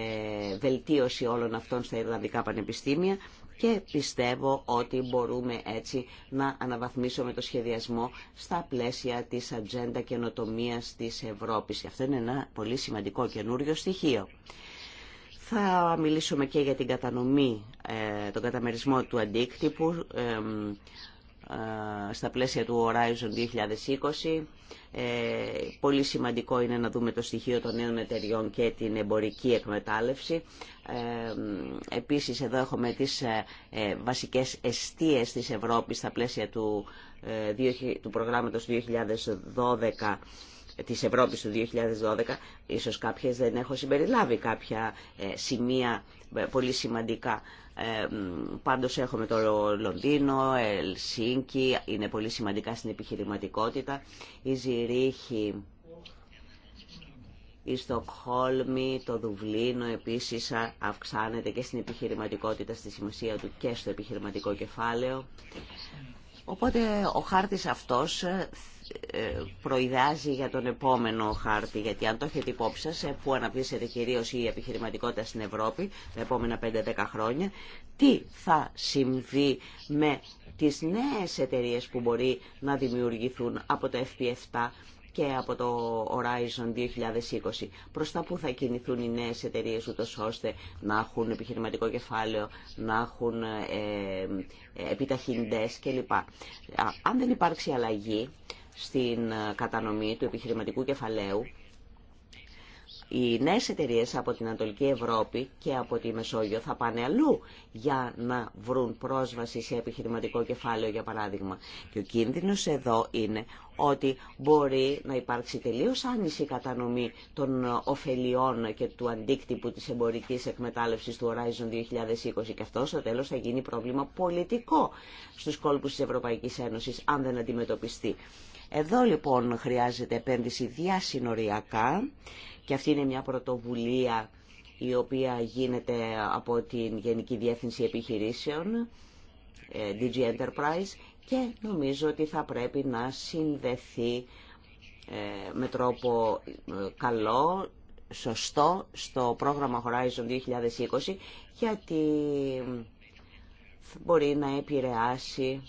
βελτίωση όλων αυτών στα Ιρλανδικά πανεπιστήμια και πιστεύω ότι μπορούμε έτσι να αναβαθμίσουμε το σχεδιασμό στα πλαίσια της ατζέντα καινοτομία της Ευρώπης. Αυτό είναι ένα πολύ σημαντικό καινούριο στοιχείο. Θα μιλήσουμε και για την κατανομή, ε, τον καταμερισμό του αντίκτυπου στα πλαίσια του Horizon 2020. Ε, πολύ σημαντικό είναι να δούμε το στοιχείο των νέων εταιριών και την εμπορική εκμετάλλευση. Ε, επίσης εδώ έχουμε τις ε, βασικές εστίες της Ευρώπης στα πλαίσια του, του προγράμματος 2012 της Ευρώπης του 2012, ίσως κάποιες δεν έχω συμπεριλάβει κάποια σημεία πολύ σημαντικά ε, πάντως έχουμε το Λονδίνο, Ελσίνκι, είναι πολύ σημαντικά στην επιχειρηματικότητα. Η Ζηρίχη, η Στοκχόλμη, το Δουβλίνο επίσης αυξάνεται και στην επιχειρηματικότητα, στη σημασία του και στο επιχειρηματικό κεφάλαιο. Οπότε ο χάρτης αυτός ε, προειδάζει για τον επόμενο χάρτη, γιατί αν το έχετε υπόψη σας, ε, που αναπτύσσεται κυρίω η επιχειρηματικότητα στην Ευρώπη τα επόμενα 5-10 χρόνια, τι θα συμβεί με τις νέες εταιρείε που μπορεί να δημιουργηθούν από το FP7 και από το Horizon 2020. Προς τα που θα κινηθούν οι νέες εταιρείες ούτως ώστε να έχουν επιχειρηματικό κεφάλαιο, να έχουν ε, ε επιταχυντές κλπ. Αν δεν υπάρξει αλλαγή, στην ε, κατανομή του επιχειρηματικού κεφαλαίου, οι νέε εταιρείε από την Ανατολική Ευρώπη και από τη Μεσόγειο θα πάνε αλλού για να βρουν πρόσβαση σε επιχειρηματικό κεφάλαιο, για παράδειγμα. Και ο κίνδυνο εδώ είναι ότι μπορεί να υπάρξει τελείω άνηση κατανομή των ωφελιών και του αντίκτυπου τη εμπορική εκμετάλλευση του Horizon 2020 και αυτό στο τέλο θα γίνει πρόβλημα πολιτικό στου κόλπους τη Ευρωπαϊκή Ένωση αν δεν αντιμετωπιστεί. Εδώ λοιπόν χρειάζεται επένδυση διασυνοριακά και αυτή είναι μια πρωτοβουλία η οποία γίνεται από την Γενική Διεύθυνση Επιχειρήσεων, ε, DG Enterprise, και νομίζω ότι θα πρέπει να συνδεθεί ε, με τρόπο ε, καλό, σωστό, στο πρόγραμμα Horizon 2020, γιατί μπορεί να επηρεάσει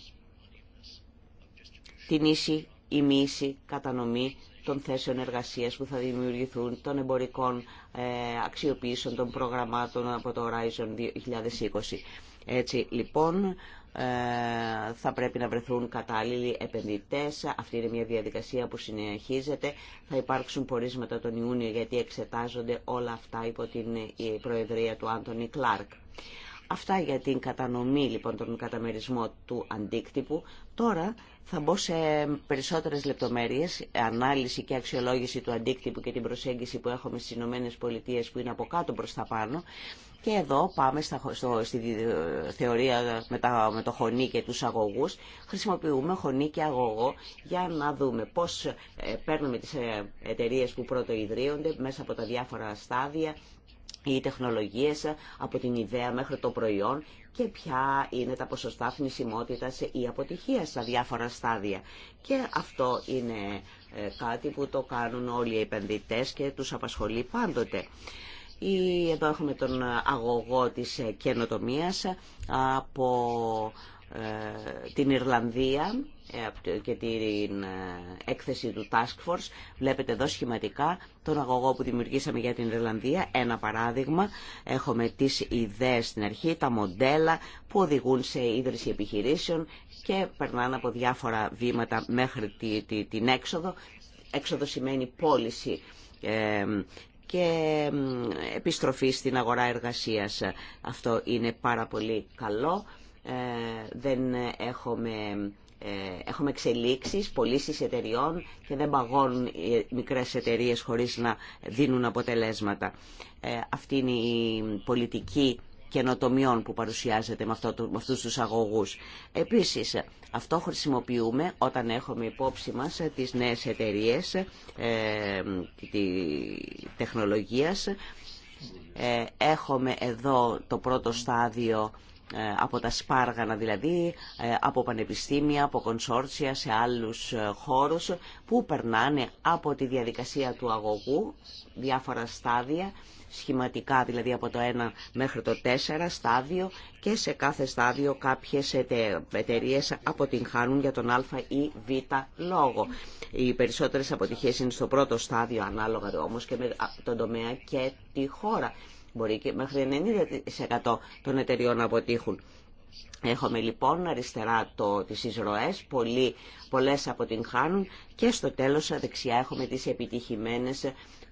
την ίση η μίση κατανομή των θέσεων εργασίας που θα δημιουργηθούν, των εμπορικών ε, αξιοποιήσεων των προγραμμάτων από το Horizon 2020. Έτσι λοιπόν ε, θα πρέπει να βρεθούν κατάλληλοι επενδυτές. Αυτή είναι μια διαδικασία που συνεχίζεται. Θα υπάρξουν πορίσματα τον Ιούνιο γιατί εξετάζονται όλα αυτά υπό την ε, προεδρία του Άντωνη Κλάρκ. Αυτά για την κατανομή, λοιπόν, τον καταμερισμό του αντίκτυπου. Τώρα θα μπω σε περισσότερες λεπτομέρειες, ανάλυση και αξιολόγηση του αντίκτυπου και την προσέγγιση που έχουμε στις Ηνωμένες Πολιτείες που είναι από κάτω προς τα πάνω. Και εδώ πάμε στα, στη θεωρία με, με το χωνί και τους αγωγούς. Χρησιμοποιούμε χωνί και αγωγό για να δούμε πώς ε, παίρνουμε τις ε, εταιρείε που πρώτο ιδρύονται μέσα από τα διάφορα στάδια ή τεχνολογίες από την ιδέα μέχρι το προϊόν και ποια είναι τα ποσοστά θνησιμότητας ή αποτυχία στα διάφορα στάδια. Και αυτό είναι ε, κάτι που το κάνουν όλοι οι επενδυτές και τους απασχολεί πάντοτε. Εδώ έχουμε τον αγωγό της ε, καινοτομίας ε, από ε, την Ιρλανδία ε, και την ε, έκθεση του Task Force. Βλέπετε εδώ σχηματικά τον αγωγό που δημιουργήσαμε για την Ιρλανδία. Ένα παράδειγμα, έχουμε τις ιδέες στην αρχή, τα μοντέλα που οδηγούν σε ίδρυση επιχειρήσεων και περνάνε από διάφορα βήματα μέχρι την έξοδο. Έξοδο σημαίνει πώληση και επιστροφή στην αγορά εργασίας. Αυτό είναι πάρα πολύ καλό. Ε, δεν έχουμε, ε, έχουμε εξελίξεις, πωλήσει εταιριών και δεν παγώνουν οι μικρές εταιρείες χωρίς να δίνουν αποτελέσματα. Ε, αυτή είναι η πολιτική καινοτομιών που παρουσιάζεται με, αυτό, με αυτούς τους αγωγούς. Επίσης, αυτό χρησιμοποιούμε όταν έχουμε υπόψη μας τις νέες εταιρείες ε, τη τεχνολογίας. έχουμε εδώ το πρώτο στάδιο ε, από τα σπάργανα δηλαδή, ε, από πανεπιστήμια, από κονσόρτσια σε άλλους ε, χώρους που περνάνε από τη διαδικασία του αγωγού, διάφορα στάδια, σχηματικά δηλαδή από το 1 μέχρι το 4 στάδιο και σε κάθε στάδιο κάποιες εταιρείε αποτυγχάνουν για τον α ή β λόγο. Οι περισσότερες αποτυχίες είναι στο πρώτο στάδιο ανάλογα όμως και με τον τομέα και τη χώρα. Μπορεί και μέχρι 90% των εταιριών να αποτύχουν. Έχουμε λοιπόν αριστερά το, τις εισρωές, πολλές αποτυγχάνουν και στο τέλος δεξιά έχουμε τις επιτυχημένες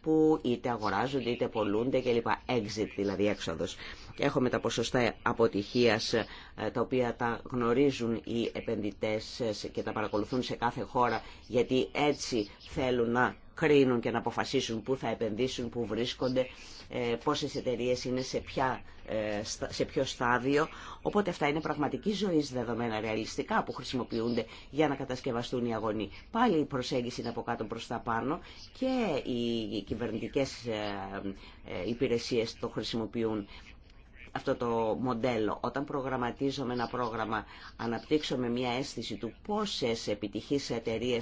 που είτε αγοράζονται είτε πολλούνται κλπ. Exit δηλαδή έξοδος. Έχουμε τα ποσοστά αποτυχίας ε, τα οποία τα γνωρίζουν οι επενδυτές ε, και τα παρακολουθούν σε κάθε χώρα γιατί έτσι θέλουν να κρίνουν και να αποφασίσουν πού θα επενδύσουν, πού βρίσκονται, ε, πόσες εταιρείες είναι σε ποια ε, σε ποιο στάδιο. Οπότε αυτά είναι πραγματική ζωή δεδομένα ρεαλιστικά που χρησιμοποιούνται για να κατασκευαστούν οι αγωνοί. Πάλι η προσέγγιση είναι από κάτω προ τα πάνω και οι κυβερνητικέ ε, ε, υπηρεσίε το χρησιμοποιούν αυτό το μοντέλο. Όταν προγραμματίζουμε ένα πρόγραμμα, αναπτύξουμε μια αίσθηση του πόσε επιτυχεί εταιρείε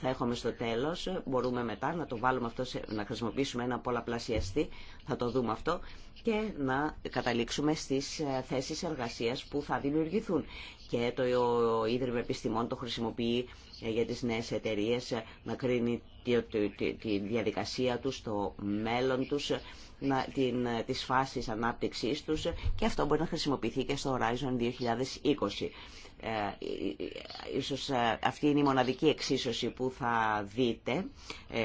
θα έχουμε στο τέλος. Μπορούμε μετά να το βάλουμε αυτό, να χρησιμοποιήσουμε ένα πολλαπλασιαστή, θα το δούμε αυτό, και να καταλήξουμε στις ε, θέσεις εργασίας που θα δημιουργηθούν. Και το Ίδρυμα Επιστημών το χρησιμοποιεί ε, για τις νέες εταιρείε ε, να κρίνει τη διαδικασία τους, το μέλλον τους την, ε, τις φάσεις ανάπτυξής τους και αυτό μπορεί να χρησιμοποιηθεί και στο Horizon 2020. Ε, ε, ε, ίσως αυτή είναι η μοναδική εξίσωση που θα δείτε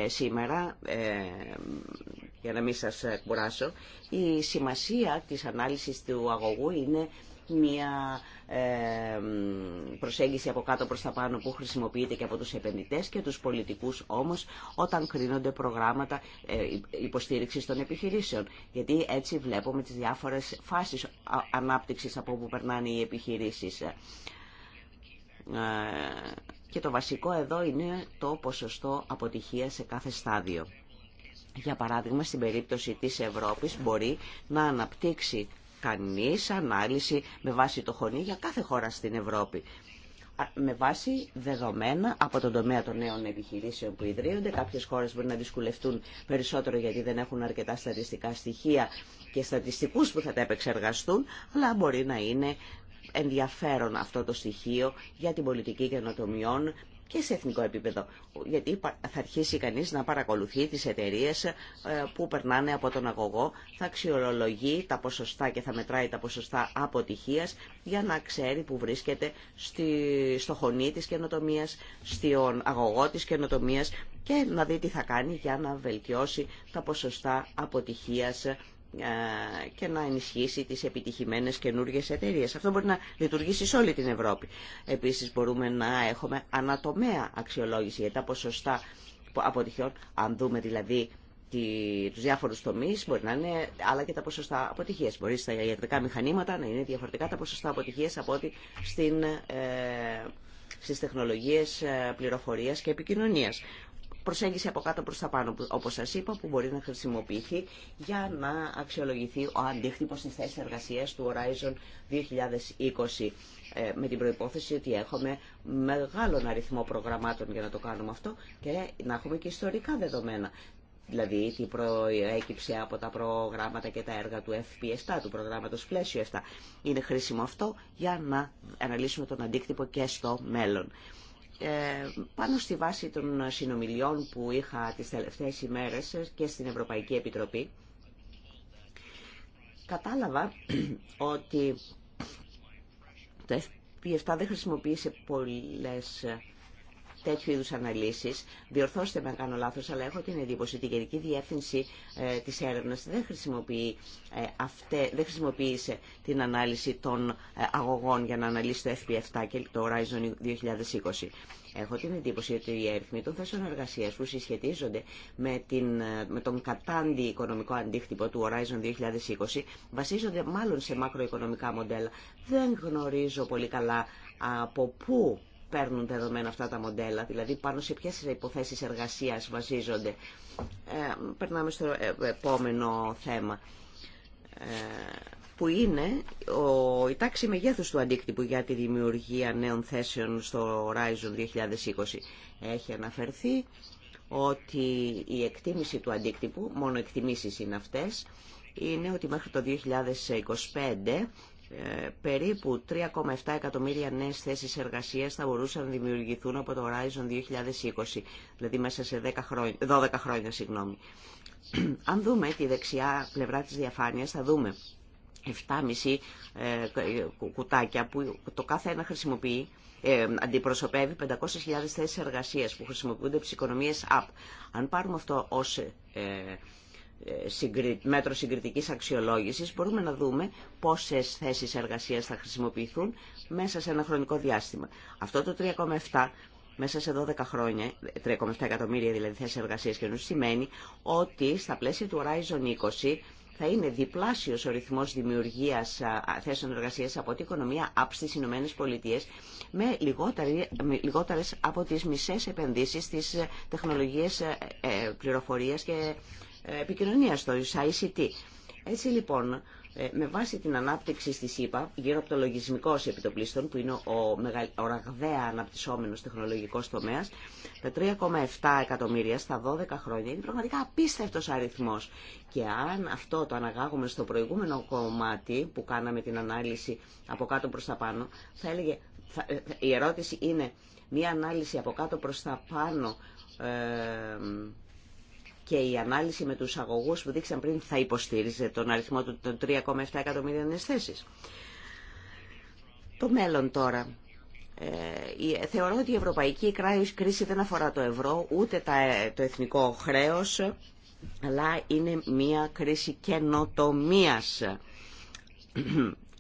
σήμερα, ε, για να μην σας κουράσω. Η σημασία της ανάλυσης του αγωγού είναι μια ε, προσέγγιση από κάτω προς τα πάνω που χρησιμοποιείται και από τους επενδυτές και τους πολιτικούς όμως όταν κρίνονται προγράμματα ε, υποστήριξης των επιχειρήσεων. Γιατί έτσι βλέπουμε τις διάφορες φάσεις ανάπτυξης από όπου περνάνε οι επιχειρήσεις. Ε, και το βασικό εδώ είναι το ποσοστό αποτυχία σε κάθε στάδιο. Για παράδειγμα, στην περίπτωση της Ευρώπης μπορεί να αναπτύξει κανείς ανάλυση με βάση το χωνί για κάθε χώρα στην Ευρώπη με βάση δεδομένα από τον τομέα των νέων επιχειρήσεων που ιδρύονται. Κάποιες χώρες μπορεί να δυσκολευτούν περισσότερο γιατί δεν έχουν αρκετά στατιστικά στοιχεία και στατιστικούς που θα τα επεξεργαστούν, αλλά μπορεί να είναι ενδιαφέρον αυτό το στοιχείο για την πολιτική καινοτομιών και σε εθνικό επίπεδο. Γιατί θα αρχίσει κανεί να παρακολουθεί τι εταιρείε ε, που περνάνε από τον αγωγό, θα αξιολογεί τα ποσοστά και θα μετράει τα ποσοστά αποτυχία για να ξέρει που βρίσκεται στο χωνί τη καινοτομία, στον αγωγό τη καινοτομία και να δει τι θα κάνει για να βελτιώσει τα ποσοστά αποτυχία και να ενισχύσει τις επιτυχημένες καινούργιες εταιρείες. Αυτό μπορεί να λειτουργήσει σε όλη την Ευρώπη. Επίσης μπορούμε να έχουμε ανατομέα αξιολόγηση για τα ποσοστά αποτυχιών. Αν δούμε δηλαδή τους διάφορους τομείς μπορεί να είναι άλλα και τα ποσοστά αποτυχίες. Μπορεί στα ιατρικά μηχανήματα να είναι διαφορετικά τα ποσοστά αποτυχίες από ό,τι στην, ε, στις τεχνολογίες ε, πληροφορίας και επικοινωνίας προσέγγιση από κάτω προς τα πάνω, όπως σας είπα, που μπορεί να χρησιμοποιηθεί για να αξιολογηθεί ο αντίκτυπος της θέσης εργασίας του Horizon 2020 ε, με την προϋπόθεση ότι έχουμε μεγάλο αριθμό προγραμμάτων για να το κάνουμε αυτό και να έχουμε και ιστορικά δεδομένα. Δηλαδή τι προέκυψε από τα προγράμματα και τα έργα του FP7, του προγράμματος πλαίσιο 7. Είναι χρήσιμο αυτό για να αναλύσουμε τον αντίκτυπο και στο μέλλον. Ε, πάνω στη βάση των συνομιλιών που είχα τις τελευταίες ημέρες και στην Ευρωπαϊκή Επιτροπή, κατάλαβα ότι το FP7 δεν χρησιμοποίησε πολλές τέτοιου είδου αναλύσει. διορθώστε με αν κάνω λάθο, αλλά έχω την εντύπωση ότι η Γενική Διεύθυνση ε, της Έρευνας δεν, χρησιμοποιεί, ε, δεν χρησιμοποίησε την ανάλυση των ε, αγωγών για να αναλύσει το FP7 και το Horizon 2020. Έχω την εντύπωση ότι οι αριθμοί των θέσεων εργασία που συσχετίζονται με, την, ε, με τον κατάντι οικονομικό αντίκτυπο του Horizon 2020 βασίζονται μάλλον σε μακροοικονομικά μοντέλα. Δεν γνωρίζω πολύ καλά από πού παίρνουν δεδομένα αυτά τα μοντέλα, δηλαδή πάνω σε ποιες υποθέσεις εργασίας βασίζονται. Ε, περνάμε στο επόμενο θέμα, ε, που είναι η τάξη μεγέθους του αντίκτυπου για τη δημιουργία νέων θέσεων στο Horizon 2020. Έχει αναφερθεί ότι η εκτίμηση του αντίκτυπου, μόνο εκτιμήσεις είναι αυτές, είναι ότι μέχρι το 2025 περίπου 3,7 εκατομμύρια νέες θέσεις εργασίας θα μπορούσαν να δημιουργηθούν από το Horizon 2020, δηλαδή μέσα σε 10 χρόνια, 12 χρόνια. Συγγνώμη. Αν δούμε τη δεξιά πλευρά της διαφάνειας θα δούμε 7,5 ε, κουτάκια που το κάθε ένα χρησιμοποιεί ε, αντιπροσωπεύει 500.000 θέσεις εργασίας που χρησιμοποιούνται από τις οικονομίες app. Αν πάρουμε αυτό ως ε, μέτρο συγκριτικής αξιολόγησης μπορούμε να δούμε πόσες θέσεις εργασίας θα χρησιμοποιηθούν μέσα σε ένα χρονικό διάστημα. Αυτό το 3,7 μέσα σε 12 χρόνια, 3,7 εκατομμύρια δηλαδή θέσεις εργασίας και σημαίνει ότι στα πλαίσια του Horizon 20 θα είναι διπλάσιος ο ρυθμός δημιουργίας θέσεων εργασίας από την οικονομία ΑΠ στι Ηνωμένες Πολιτείες με λιγότερες από τις μισές επενδύσεις στις ε, τεχνολογίες ε, ε, πληροφορίας και ε, επικοινωνία στο ICT. Έτσι λοιπόν, ε, με βάση την ανάπτυξη στη ΣΥΠΑ, γύρω από το λογισμικό σε επιτοπλίστων, που είναι ο, ο ραγδαία αναπτυσσόμενο τεχνολογικός τομέας, τα 3,7 εκατομμύρια στα 12 χρόνια είναι πραγματικά απίστευτο αριθμό. Και αν αυτό το αναγάγουμε στο προηγούμενο κομμάτι που κάναμε την ανάλυση από κάτω προ τα πάνω, θα έλεγε, ε, η ερώτηση είναι μια ανάλυση από κάτω προς τα πάνω ε, και η ανάλυση με τους αγωγούς που δείξαν πριν θα υποστήριζε τον αριθμό των 3,7 εκατομμυρίων εσθέσεις. Το μέλλον τώρα. Ε, θεωρώ ότι η ευρωπαϊκή κρίση δεν αφορά το ευρώ ούτε τα, ε, το εθνικό χρέος αλλά είναι μια κρίση καινοτομίας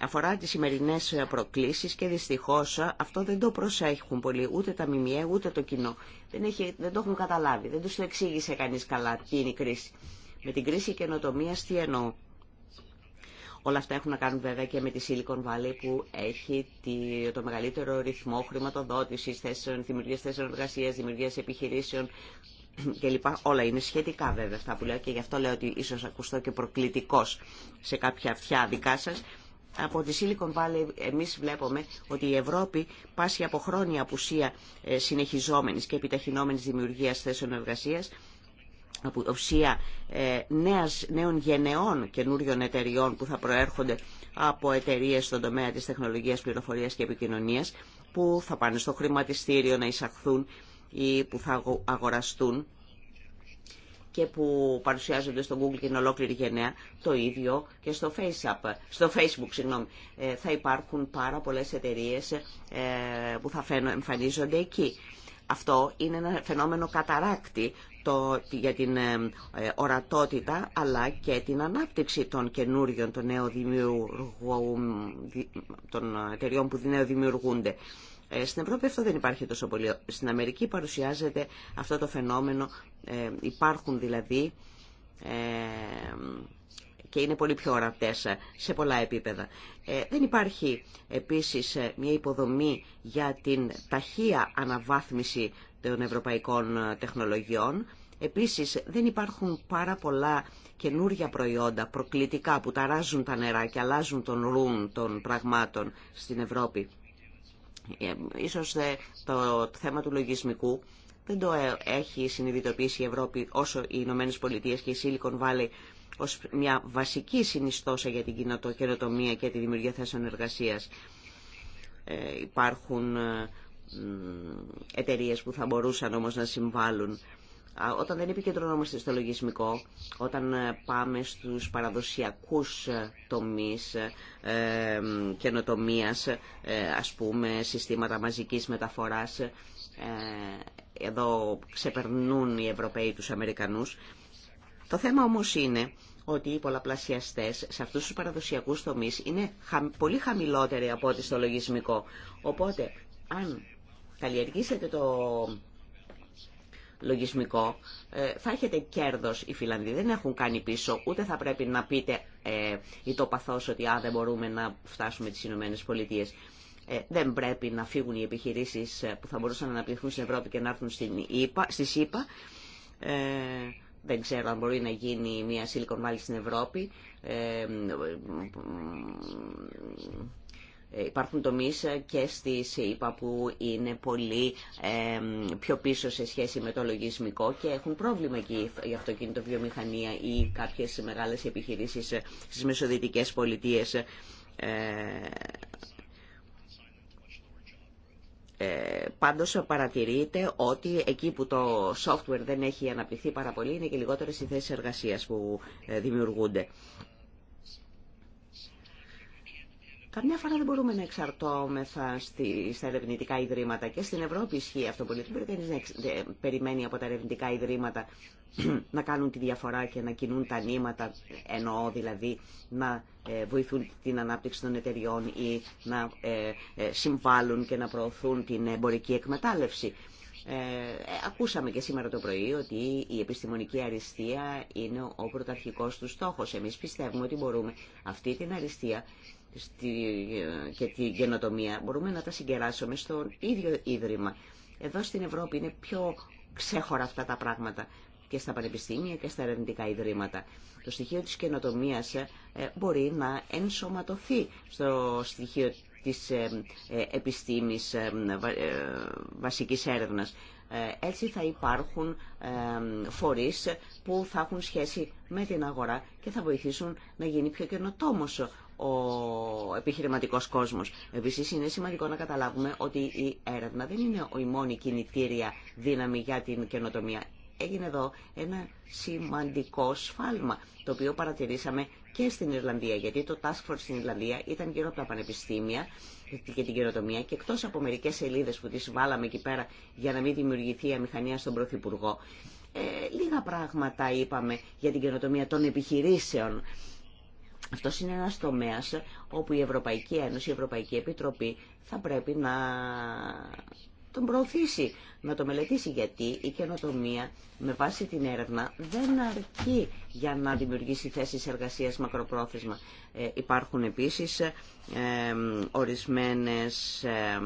αφορά τις σημερινές προκλήσεις και δυστυχώς αυτό δεν το προσέχουν πολύ ούτε τα ΜΜΕ ούτε το κοινό. Δεν, έχει, δεν το έχουν καταλάβει, δεν τους το εξήγησε κανείς καλά τι είναι η κρίση. Με την κρίση καινοτομία τι εννοώ. Όλα αυτά έχουν να κάνουν βέβαια και με τη Silicon Valley που έχει το μεγαλύτερο ρυθμό χρηματοδότηση δημιουργία θέσεων εργασία, δημιουργία επιχειρήσεων κλπ. Όλα είναι σχετικά βέβαια αυτά που λέω και γι' αυτό λέω ότι ίσω ακουστώ και προκλητικό σε κάποια αυτιά δικά από τη Silicon Valley εμείς βλέπουμε ότι η Ευρώπη πάσει από χρόνια απουσία ε, συνεχιζόμενης και επιταχυνόμενης δημιουργίας θέσεων εργασίας, απουσία ε, νέας, νέων γενεών καινούριων εταιριών που θα προέρχονται από εταιρείες στον τομέα της τεχνολογίας, πληροφορίας και επικοινωνίας που θα πάνε στο χρηματιστήριο να εισαχθούν ή που θα αγοραστούν και που παρουσιάζονται στο Google και την ολόκληρη γενναία, το ίδιο και στο, Facebook, στο Facebook. Συγγνώμη. Ε, θα υπάρχουν πάρα πολλές εταιρείε ε, που θα εμφανίζονται εκεί. Αυτό είναι ένα φαινόμενο καταράκτη το, για την ε, ορατότητα αλλά και την ανάπτυξη των καινούριων, των, νέων των εταιριών που νέο δημιουργούνται. Ε, στην Ευρώπη αυτό δεν υπάρχει τόσο πολύ. Στην Αμερική παρουσιάζεται αυτό το φαινόμενο, ε, υπάρχουν δηλαδή ε, και είναι πολύ πιο ορατές σε πολλά επίπεδα. Δεν υπάρχει επίσης μια υποδομή για την ταχεία αναβάθμιση των ευρωπαϊκών τεχνολογιών. Επίσης δεν υπάρχουν πάρα πολλά καινούρια προϊόντα προκλητικά που ταράζουν τα νερά και αλλάζουν τον ρούν των πραγμάτων στην Ευρώπη. Ε, ίσως ε, το θέμα του λογισμικού δεν το ε, έχει συνειδητοποιήσει η Ευρώπη όσο οι Ηνωμένε Πολιτείε και η Silicon Valley ως μια βασική συνιστόσα για την καινοτομία και τη δημιουργία θέσεων εργασίας. υπάρχουν εταιρείε που θα μπορούσαν όμως να συμβάλλουν όταν δεν επικεντρωνόμαστε στο λογισμικό, όταν ε, πάμε στους παραδοσιακούς ε, τομείς ε, καινοτομίας, ε, ας πούμε συστήματα μαζικής μεταφοράς, εδώ ξεπερνούν οι Ευρωπαίοι τους Αμερικανούς. Το θέμα όμως είναι ότι οι πολλαπλασιαστές σε αυτούς τους παραδοσιακούς τομείς είναι πολύ χαμηλότεροι από ό,τι στο λογισμικό. Οπότε, αν καλλιεργήσετε το λογισμικό, ε, θα έχετε κέρδος οι Φιλανδοί. Δεν έχουν κάνει πίσω, ούτε θα πρέπει να πείτε ε, ή το ότι α, δεν μπορούμε να φτάσουμε τις Ηνωμένε Πολιτείε. Ε, δεν πρέπει να φύγουν οι επιχειρήσεις ε, που θα μπορούσαν να αναπτυχθούν στην Ευρώπη και να έρθουν στην ΕΠΑ, στη ΗΠΑ. Ε, δεν ξέρω αν μπορεί να γίνει μια Silicon Valley στην Ευρώπη. Ε, ε, υπάρχουν τομείς ε, και στη ΣΥΠΑ που είναι πολύ πιο πίσω σε σχέση με το λογισμικό και έχουν πρόβλημα εκεί η αυτοκινητοβιομηχανία ή κάποιες μεγάλες επιχειρήσεις ε, στις μεσοδυτικές πολιτείες πάντως παρατηρείται ότι εκεί που το software δεν έχει αναπτυχθεί πάρα πολύ είναι και λιγότερες οι θέσεις εργασίας που δημιουργούνται. Καμιά φορά δεν μπορούμε να εξαρτώμεθα στα ερευνητικά ιδρύματα και στην Ευρώπη ισχύει αυτό πολύ. Δεν μπορεί κανείς να περιμένει από τα ερευνητικά ιδρύματα να κάνουν τη διαφορά και να κινούν τα νήματα, εννοώ δηλαδή να ε, βοηθούν την ανάπτυξη των εταιριών ή να ε, ε, συμβάλλουν και να προωθούν την εμπορική εκμετάλλευση. Ε, ακούσαμε και σήμερα το πρωί ότι η επιστημονική αριστεία είναι ο πρωταρχικός του στόχος. Εμείς πιστεύουμε ότι μπορούμε αυτή την αριστεία και την καινοτομία μπορούμε να τα συγκεράσουμε στο ίδιο ίδρυμα. Εδώ στην Ευρώπη είναι πιο ξέχωρα αυτά τα πράγματα και στα πανεπιστήμια και στα ερευνητικά ιδρύματα. Το στοιχείο της καινοτομία ε, μπορεί να ενσωματωθεί στο στοιχείο της ε, ε, επιστήμης βασικής έρευνας. Έτσι θα υπάρχουν φορείς που θα έχουν σχέση με την αγορά και θα βοηθήσουν να γίνει πιο καινοτόμος ο επιχειρηματικός κόσμος. Επίσης είναι σημαντικό να καταλάβουμε ότι η έρευνα δεν είναι η μόνη κινητήρια δύναμη για την καινοτομία. Έγινε εδώ ένα σημαντικό σφάλμα, το οποίο παρατηρήσαμε και στην Ιρλανδία, γιατί το Task Force στην Ιρλανδία ήταν γύρω από τα πανεπιστήμια και την καινοτομία και εκτός από μερικές σελίδες που τις βάλαμε εκεί πέρα για να μην δημιουργηθεί η αμηχανία στον Πρωθυπουργό, ε, λίγα πράγματα είπαμε για την καινοτομία των επιχειρήσεων. Αυτό είναι ένας τομέας όπου η Ευρωπαϊκή Ένωση, η Ευρωπαϊκή Επιτροπή θα πρέπει να τον προωθήσει, να το μελετήσει γιατί η καινοτομία με βάση την έρευνα δεν αρκεί για να δημιουργήσει θέσεις εργασίας μακροπρόθεσμα. Ε, υπάρχουν επίσης ε, ορισμένες ε,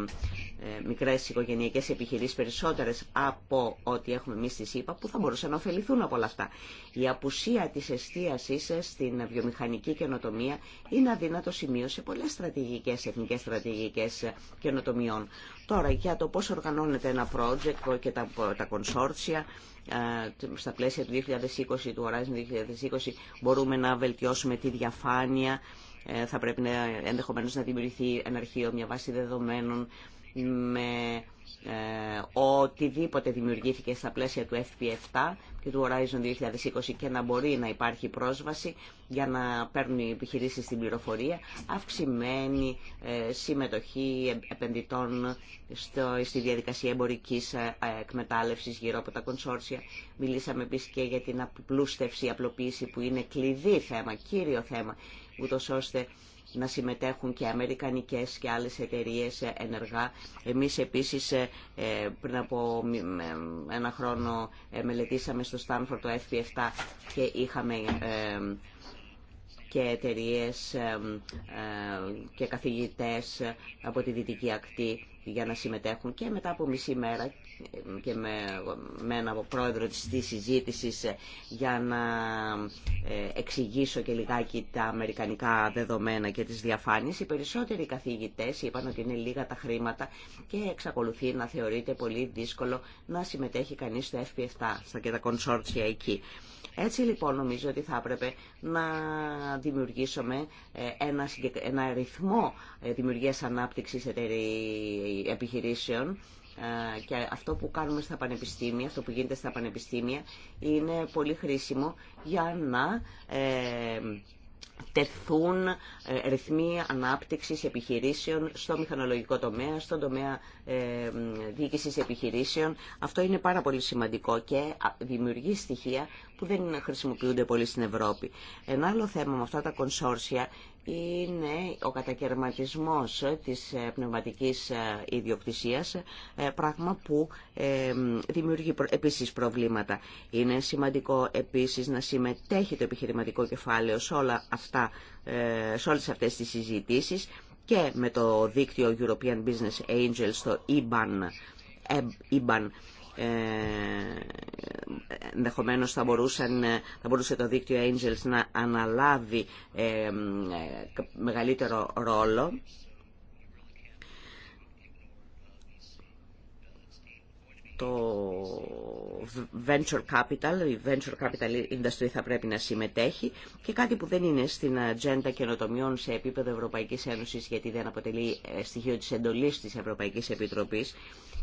μικρές οικογενειακές επιχειρήσεις περισσότερες από ό,τι έχουμε εμείς στη ΣΥΠΑ που θα μπορούσαν να ωφεληθούν από όλα αυτά. Η απουσία της εστίασης ε, στην βιομηχανική καινοτομία είναι αδύνατο σημείο σε πολλές στρατηγικές, εθνικές στρατηγικές ε, καινοτομιών. Τώρα, για το πώς οργανώνεται ένα project και τα, τα κονσόρτσια ε, στα πλαίσια του 2020, του Horizon 2020, μπορούμε να βελτιώσουμε τη διαφάνεια, ε, θα πρέπει να, ενδεχομένως να δημιουργηθεί ένα αρχείο, μια βάση δεδομένων, με ε, οτιδήποτε δημιουργήθηκε στα πλαίσια του FP7 και του Horizon 2020 και να μπορεί να υπάρχει πρόσβαση για να παίρνουν οι επιχειρήσεις την πληροφορία, αυξημένη ε, συμμετοχή επενδυτών στο, στη διαδικασία εμπορικής ε, εκμετάλλευσης γύρω από τα κονσόρσια. Μιλήσαμε επίσης και για την απλούστευση, απλοποίηση που είναι κλειδί θέμα, κύριο θέμα, ούτως ώστε να συμμετέχουν και αμερικανικές και άλλες εταιρείες ενεργά. Εμείς επίσης ε, ε, πριν από ε, ένα χρόνο μελετήσαμε στο Στάνφορ το FP7 και είχαμε και εταιρείε και καθηγητές από τη Δυτική Ακτή για να συμμετέχουν και μετά από μισή μέρα και με, με ένα πρόεδρο της, της συζήτησης για να ε, εξηγήσω και λιγάκι τα αμερικανικά δεδομένα και τις διαφάνειες. Οι περισσότεροι καθηγητές είπαν ότι είναι λίγα τα χρήματα και εξακολουθεί να θεωρείται πολύ δύσκολο να συμμετέχει κανείς στο FP7, στα και τα κονσόρτσια εκεί. Έτσι λοιπόν νομίζω ότι θα έπρεπε να δημιουργήσουμε ε, ένα, ένα ρυθμό ε, δημιουργίας ανάπτυξης εταιρεία επιχειρήσεων ε, και αυτό που κάνουμε στα πανεπιστήμια, αυτό που γίνεται στα πανεπιστήμια είναι πολύ χρήσιμο για να ε, τεθούν ε, ρυθμοί ανάπτυξης επιχειρήσεων στο μηχανολογικό τομέα, στον τομέα διοίκησης επιχειρήσεων. Αυτό είναι πάρα πολύ σημαντικό και δημιουργεί στοιχεία που δεν χρησιμοποιούνται πολύ στην Ευρώπη. Ένα άλλο θέμα με αυτά τα κονσόρσια είναι ο κατακαιρματισμός της ε, πνευματικής ε, ιδιοκτησίας, ε, πράγμα που δημιουργεί επίσης προβλήματα. Είναι σημαντικό επίσης να συμμετέχει το επιχειρηματικό κεφάλαιο σε, όλα αυτά, σε όλες αυτές τις συζητήσεις και με το δίκτυο European Business Angels, το IBAN, ε, ενδεχομένως θα, μπορούσαν, ε, θα μπορούσε το δίκτυο Angels να αναλάβει ε, μεγαλύτερο ρόλο. το venture capital, η venture capital industry θα πρέπει να συμμετέχει και κάτι που δεν είναι στην ατζέντα καινοτομιών σε επίπεδο Ευρωπαϊκής Ένωσης γιατί δεν αποτελεί ε, στοιχείο της εντολής της Ευρωπαϊκής Επιτροπής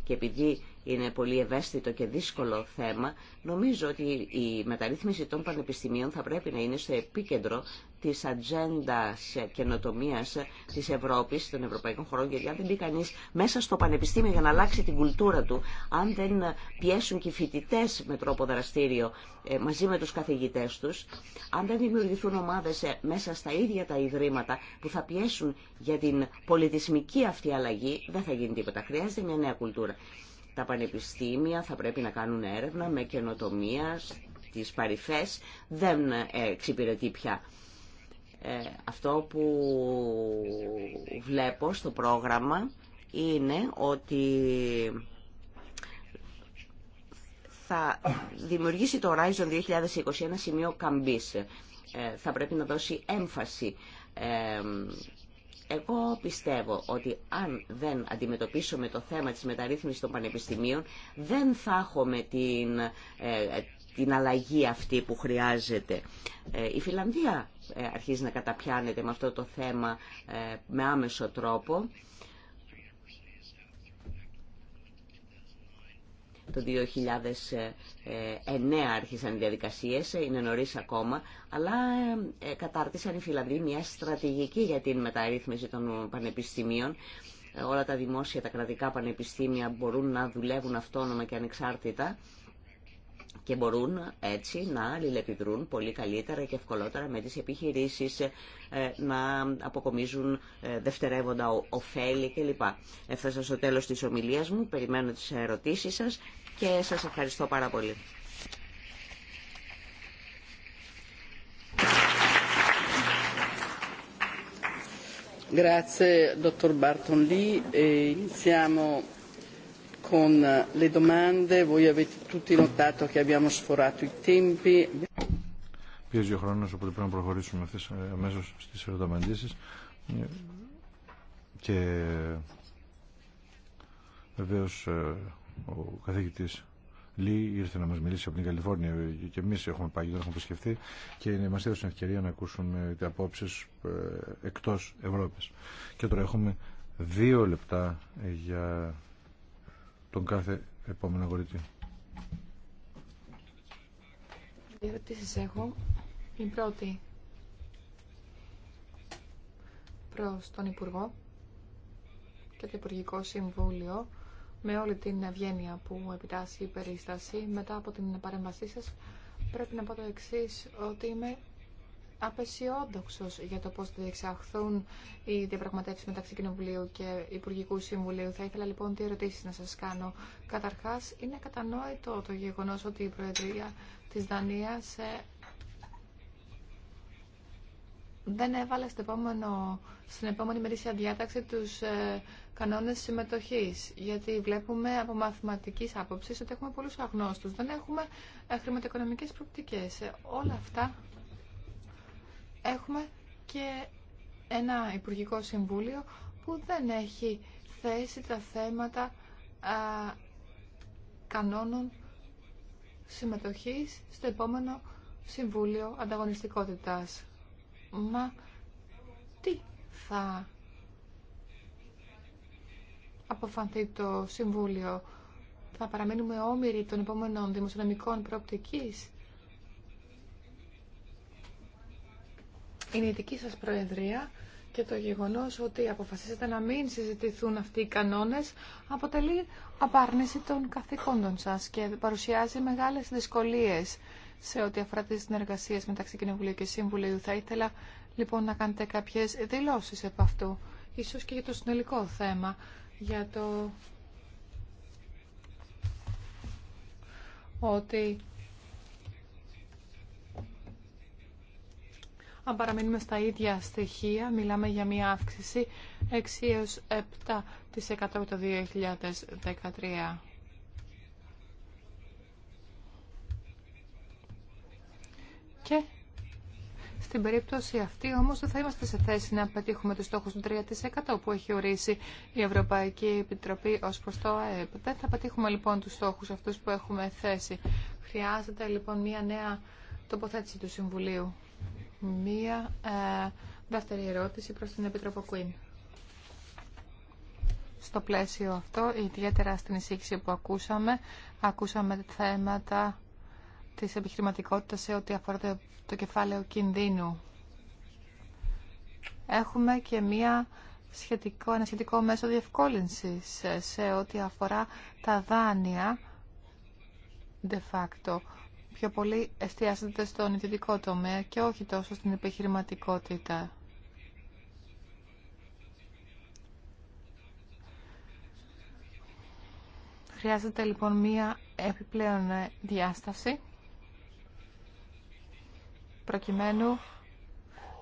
και επειδή είναι πολύ ευαίσθητο και δύσκολο θέμα. Νομίζω ότι η μεταρρύθμιση των πανεπιστημίων θα πρέπει να είναι στο επίκεντρο της ατζέντα καινοτομία της Ευρώπης, των ευρωπαϊκών χωρών, γιατί αν δεν μπει κανεί μέσα στο πανεπιστήμιο για να αλλάξει την κουλτούρα του, αν δεν πιέσουν και οι φοιτητέ με τρόπο δραστήριο ε, μαζί με τους καθηγητές τους, αν δεν δημιουργηθούν ομάδες ε, μέσα στα ίδια τα ιδρύματα που θα πιέσουν για την πολιτισμική αυτή αλλαγή, δεν θα γίνει τίποτα. Χρειάζεται μια νέα κουλτούρα. Τα πανεπιστήμια θα πρέπει να κάνουν έρευνα με καινοτομία στις παρυφές. Δεν εξυπηρετεί πια. Ε, αυτό που βλέπω στο πρόγραμμα είναι ότι θα δημιουργήσει το Horizon 2021 σημείο καμπής. Ε, θα πρέπει να δώσει έμφαση ε, εγώ πιστεύω ότι αν δεν αντιμετωπίσουμε το θέμα της μεταρρύθμισης των πανεπιστημίων, δεν θα έχουμε την, ε, την αλλαγή αυτή που χρειάζεται. Ε, η Φιλανδία ε, αρχίζει να καταπιάνεται με αυτό το θέμα με άμεσο τρόπο. Το 2009 άρχισαν οι διαδικασίες, είναι νωρίς ακόμα, αλλά ε, κατάρτισαν οι Φιλανδοί μια στρατηγική για την μεταρρύθμιση των πανεπιστημίων. Ε, όλα τα δημόσια, τα κρατικά πανεπιστήμια μπορούν να δουλεύουν αυτόνομα και ανεξάρτητα και μπορούν έτσι να αλληλεπιδρούν πολύ καλύτερα και ευκολότερα με τις επιχειρήσεις, ε, να αποκομίζουν ε, δευτερεύοντα ωφέλη κλπ. Έφτασα στο τέλος της ομιλίας μου, περιμένω τις ερωτήσεις σας και σας ευχαριστώ πάρα πολύ. Grazie, dottor e, Iniziamo con eh, le domande. Voi avete tutti notato che abbiamo sforato i tempi. Πιέζει ο χρόνο, οπότε πρέπει να προχωρήσουμε ε, αμέσω στι ερωταπαντήσει. Ε, και βεβαίω ε, ο καθηγητής Λί ήρθε να μα μιλήσει από την Καλιφόρνια και εμείς έχουμε πάει, δεν έχουμε επισκεφθεί και μας έδωσε την ευκαιρία να ακούσουμε τι απόψει εκτός Ευρώπη. Και τώρα έχουμε δύο λεπτά για τον κάθε επόμενο αγορητή. Δύο ερωτήσεις έχω. Η πρώτη προς τον Υπουργό και το Υπουργικό Συμβούλιο με όλη την ευγένεια που επιτάσσει η περίσταση μετά από την παρέμβασή σας πρέπει να πω το εξή ότι είμαι απεσιόδοξο για το πώ θα διεξαχθούν οι διαπραγματεύσει μεταξύ Κοινοβουλίου και Υπουργικού Συμβουλίου. Θα ήθελα λοιπόν τι ερωτήσει να σα κάνω. Καταρχά, είναι κατανόητο το γεγονό ότι η Προεδρία τη Δανία ε, δεν έβαλε στην, επόμενο, στην επόμενη μερίσια διάταξη τους ε, κανόνες συμμετοχής. Γιατί βλέπουμε από μαθηματικής άποψης ότι έχουμε πολλούς αγνώστους. Δεν έχουμε ε, χρηματοοικονομικές προοπτικές. Ε, όλα αυτά έχουμε και ένα Υπουργικό Συμβούλιο που δεν έχει θέσει τα θέματα α, κανόνων συμμετοχής στο επόμενο Συμβούλιο Ανταγωνιστικότητας. Μα τι θα αποφανθεί το Συμβούλιο. Θα παραμείνουμε όμοιροι των επόμενων δημοσιονομικών προοπτικής η δική σας Προεδρία και το γεγονός ότι αποφασίσατε να μην συζητηθούν αυτοί οι κανόνες αποτελεί απάρνηση των καθηκόντων σας και παρουσιάζει μεγάλες δυσκολίες σε ό,τι αφορά τις συνεργασίες μεταξύ Κοινοβουλίου και Συμβουλίου. Θα ήθελα λοιπόν να κάνετε κάποιες δηλώσεις από αυτού, ίσως και για το συνολικό θέμα, για το ότι Αν παραμείνουμε στα ίδια στοιχεία, μιλάμε για μια αύξηση 6 έως 7% το 2013. Και στην περίπτωση αυτή όμως δεν θα είμαστε σε θέση να πετύχουμε τους στόχους του 3% που έχει ορίσει η Ευρωπαϊκή Επιτροπή ως προς το ΑΕΠ. Δεν θα πετύχουμε λοιπόν τους στόχους αυτούς που έχουμε θέσει. Χρειάζεται λοιπόν μια νέα τοποθέτηση του Συμβουλίου. Μία ε, δεύτερη ερώτηση προς την Επίτροπο Κουίν. Στο πλαίσιο αυτό, ιδιαίτερα στην εισήγηση που ακούσαμε, ακούσαμε θέματα της επιχειρηματικότητας σε ό,τι αφορά το, κεφάλαιο κινδύνου. Έχουμε και μία σχετικό, ένα σχετικό μέσο διευκόλυνσης ε, σε ό,τι αφορά τα δάνεια de facto πιο πολύ εστιάζεται στον ιδιωτικό τομέα και όχι τόσο στην επιχειρηματικότητα. Χρειάζεται λοιπόν μία επιπλέον διάσταση προκειμένου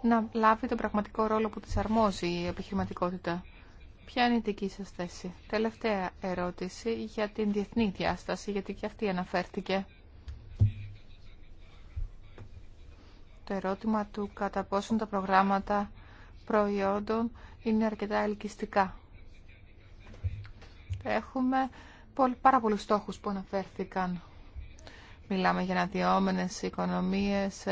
να λάβει τον πραγματικό ρόλο που της αρμόζει η επιχειρηματικότητα. Ποια είναι η δική σας θέση. Τελευταία ερώτηση για την διεθνή διάσταση, γιατί και αυτή αναφέρθηκε. το ερώτημα του κατά πόσον τα προγράμματα προϊόντων είναι αρκετά ελκυστικά. Έχουμε πάρα πολλούς στόχους που αναφέρθηκαν. Μιλάμε για αναδυόμενες οικονομίες,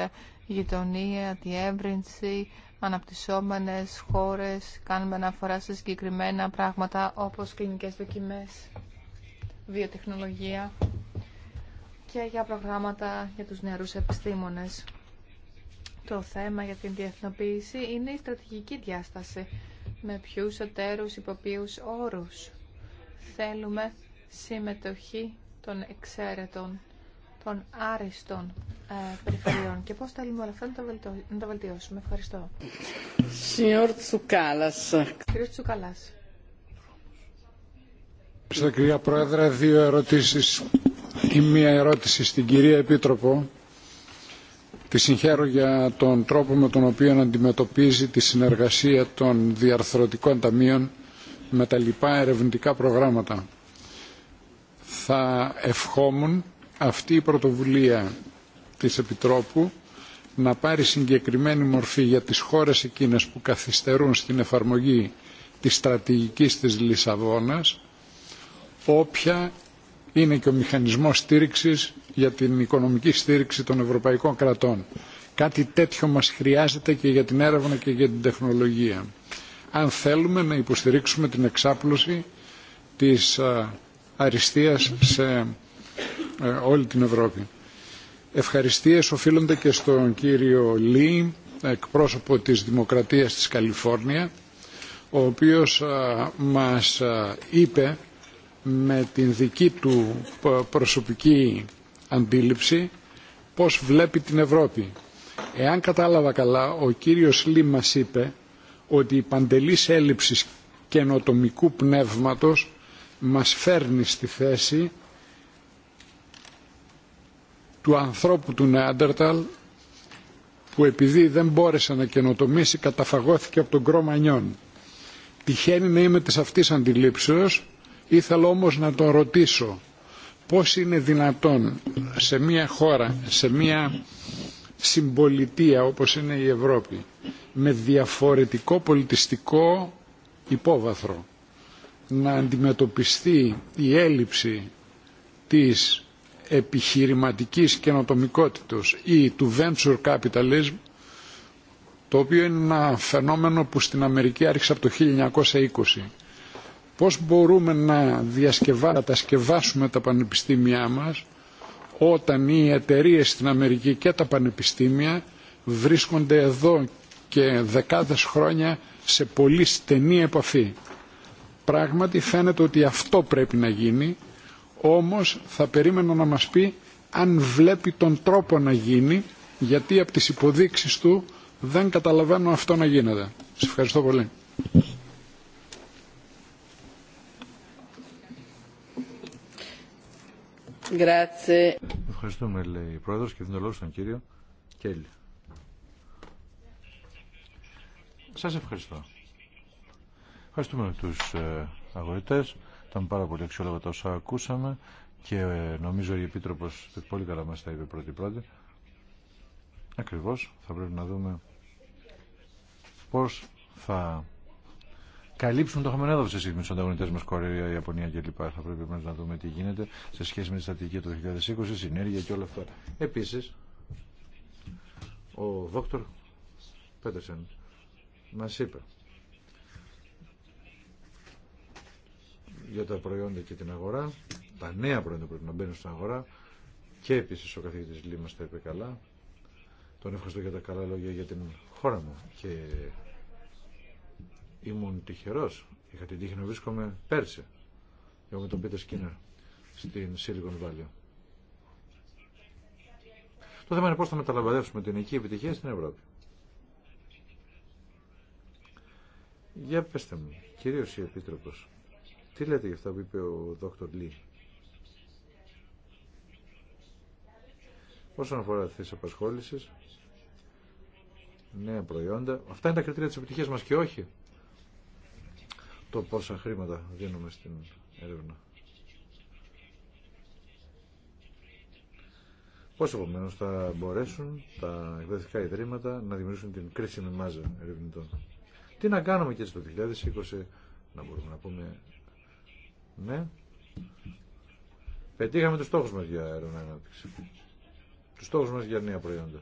γειτονία, διεύρυνση, αναπτυσσόμενες χώρες. Κάνουμε αναφορά σε συγκεκριμένα πράγματα όπως κλινικές δοκιμές, βιοτεχνολογία και για προγράμματα για τους νεαρούς επιστήμονες το θέμα για την διεθνοποίηση είναι η στρατηγική διάσταση. Με ποιους εταίρους, υπό όρους θέλουμε συμμετοχή των εξαίρετων, των άριστων ε, περιφερειών και πώς θέλουμε όλα αυτά να τα, βελτιώ, να τα βελτιώσουμε. Ευχαριστώ. Κύριος Τσουκαλάς. Σε κυρία Πρόεδρε. Δύο ερωτήσεις ή μία ερώτηση στην κυρία Επίτροπο Τη συγχαίρω για τον τρόπο με τον οποίο αντιμετωπίζει τη συνεργασία των διαρθρωτικών ταμείων με τα λοιπά ερευνητικά προγράμματα. Θα ευχόμουν αυτή η πρωτοβουλία της Επιτρόπου να πάρει συγκεκριμένη μορφή για τις χώρες εκείνες που καθυστερούν στην εφαρμογή της στρατηγικής της Λισαβόνας, όποια είναι και ο μηχανισμός στήριξης για την οικονομική στήριξη των ευρωπαϊκών κρατών. Κάτι τέτοιο μας χρειάζεται και για την έρευνα και για την τεχνολογία. Αν θέλουμε να υποστηρίξουμε την εξάπλωση της αριστείας σε όλη την Ευρώπη. Ευχαριστίες οφείλονται και στον κύριο Λί, εκπρόσωπο της Δημοκρατίας της Καλιφόρνια, ο οποίος μας είπε με την δική του προσωπική αντίληψη πώς βλέπει την Ευρώπη. Εάν κατάλαβα καλά, ο κύριος Λί μας είπε ότι η παντελής έλλειψη καινοτομικού πνεύματος μας φέρνει στη θέση του ανθρώπου του Νεάντερταλ που επειδή δεν μπόρεσε να καινοτομήσει καταφαγώθηκε από τον Κρόμανιόν. Τυχαίνει να είμαι της αυτής αντιλήψεως, ήθελα όμως να τον ρωτήσω πώς είναι δυνατόν σε μια χώρα, σε μια συμπολιτεία όπως είναι η Ευρώπη με διαφορετικό πολιτιστικό υπόβαθρο να αντιμετωπιστεί η έλλειψη της επιχειρηματικής καινοτομικότητας ή του venture capitalism το οποίο είναι ένα φαινόμενο που στην Αμερική άρχισε από το 1920 Πώς μπορούμε να διασκευάσουμε τα πανεπιστήμια μας όταν οι εταιρείε στην Αμερική και τα πανεπιστήμια βρίσκονται εδώ και δεκάδες χρόνια σε πολύ στενή επαφή. Πράγματι φαίνεται ότι αυτό πρέπει να γίνει, όμως θα περίμενα να μας πει αν βλέπει τον τρόπο να γίνει, γιατί από τις υποδείξεις του δεν καταλαβαίνω αυτό να γίνεται. Σας ευχαριστώ πολύ. Ευχαριστούμε, λέει η Πρόεδρος και δίνω λόγο στον κύριο Κέλλη. Σας ευχαριστώ. Ευχαριστούμε τους ε, αγωγητές. Ήταν πάρα πολύ αξιόλογα τα όσα ακούσαμε και ε, νομίζω η Επίτροπος πολύ καλά μας τα είπε πρώτη-πρώτη. Ακριβώς. Θα πρέπει να δούμε πώς θα καλύψουν το χαμένο έδαφο σε σχέση με του ανταγωνιστέ μα, Κορέα, Ιαπωνία κλπ. Θα πρέπει να δούμε τι γίνεται σε σχέση με τη στρατηγική του 2020, συνέργεια και όλα αυτά. Επίση, ο Δόκτωρ Πέτερσεν μα είπε για τα προϊόντα και την αγορά, τα νέα προϊόντα που πρέπει να μπαίνουν στην αγορά και επίση ο καθηγητής Λίμα τα είπε καλά. Τον ευχαριστώ για τα καλά λόγια για την χώρα μου και ήμουν τυχερό. Είχα την τύχη να βρίσκομαι πέρσι. Εγώ με τον Πίτερ Σκίνερ στην Silicon Valley. Το θέμα είναι πώς θα μεταλαμβαδεύσουμε την εκεί επιτυχία στην Ευρώπη. Για πετε μου, κυρίω η Επίτροπο, τι λέτε για αυτά που είπε ο Δόκτωρ Λί. Όσον αφορά τις απασχόληση. νέα προϊόντα, αυτά είναι τα κριτήρια τη επιτυχία μα και όχι το πόσα χρήματα δίνουμε στην έρευνα. Πώς επομένως θα μπορέσουν τα εκπαιδευτικά ιδρύματα να δημιουργήσουν την κρίσιμη μάζα ερευνητών. Τι να κάνουμε και στο 2020 να μπορούμε να πούμε ναι. Πετύχαμε τους στόχους μας για έρευνα ανάπτυξη. Τους στόχους μας για νέα προϊόντα.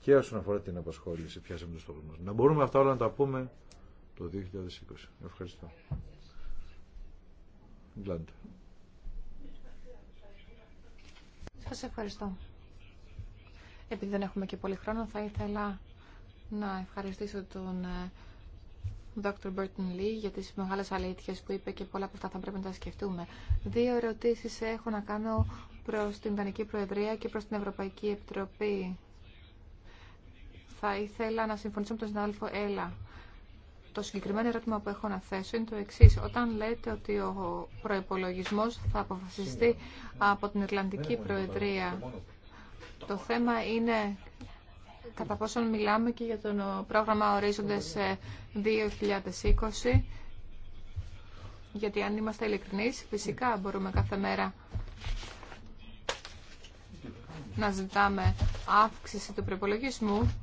Και όσον αφορά την απασχόληση πιάσαμε τους στόχους μας. Να μπορούμε αυτά όλα να τα πούμε το 2020. Ευχαριστώ. Γκλάντα. Σας ευχαριστώ. Επειδή δεν έχουμε και πολύ χρόνο, θα ήθελα να ευχαριστήσω τον Dr. Burton Lee για τις μεγάλες αλήθειες που είπε και πολλά από αυτά θα πρέπει να τα σκεφτούμε. Δύο ερωτήσεις έχω να κάνω προς την Δανική Προεδρία και προς την Ευρωπαϊκή Επιτροπή. Θα ήθελα να συμφωνήσω με τον συνάδελφο Έλα το συγκεκριμένο ερώτημα που έχω να θέσω είναι το εξή. Όταν λέτε ότι ο προπολογισμό θα αποφασιστεί από την Ιρλανδική Προεδρία, το θέμα είναι κατά πόσον μιλάμε και για το πρόγραμμα Ορίζοντες 2020 ε, γιατί αν είμαστε ειλικρινείς φυσικά μπορούμε κάθε μέρα να ζητάμε αύξηση του προπολογισμού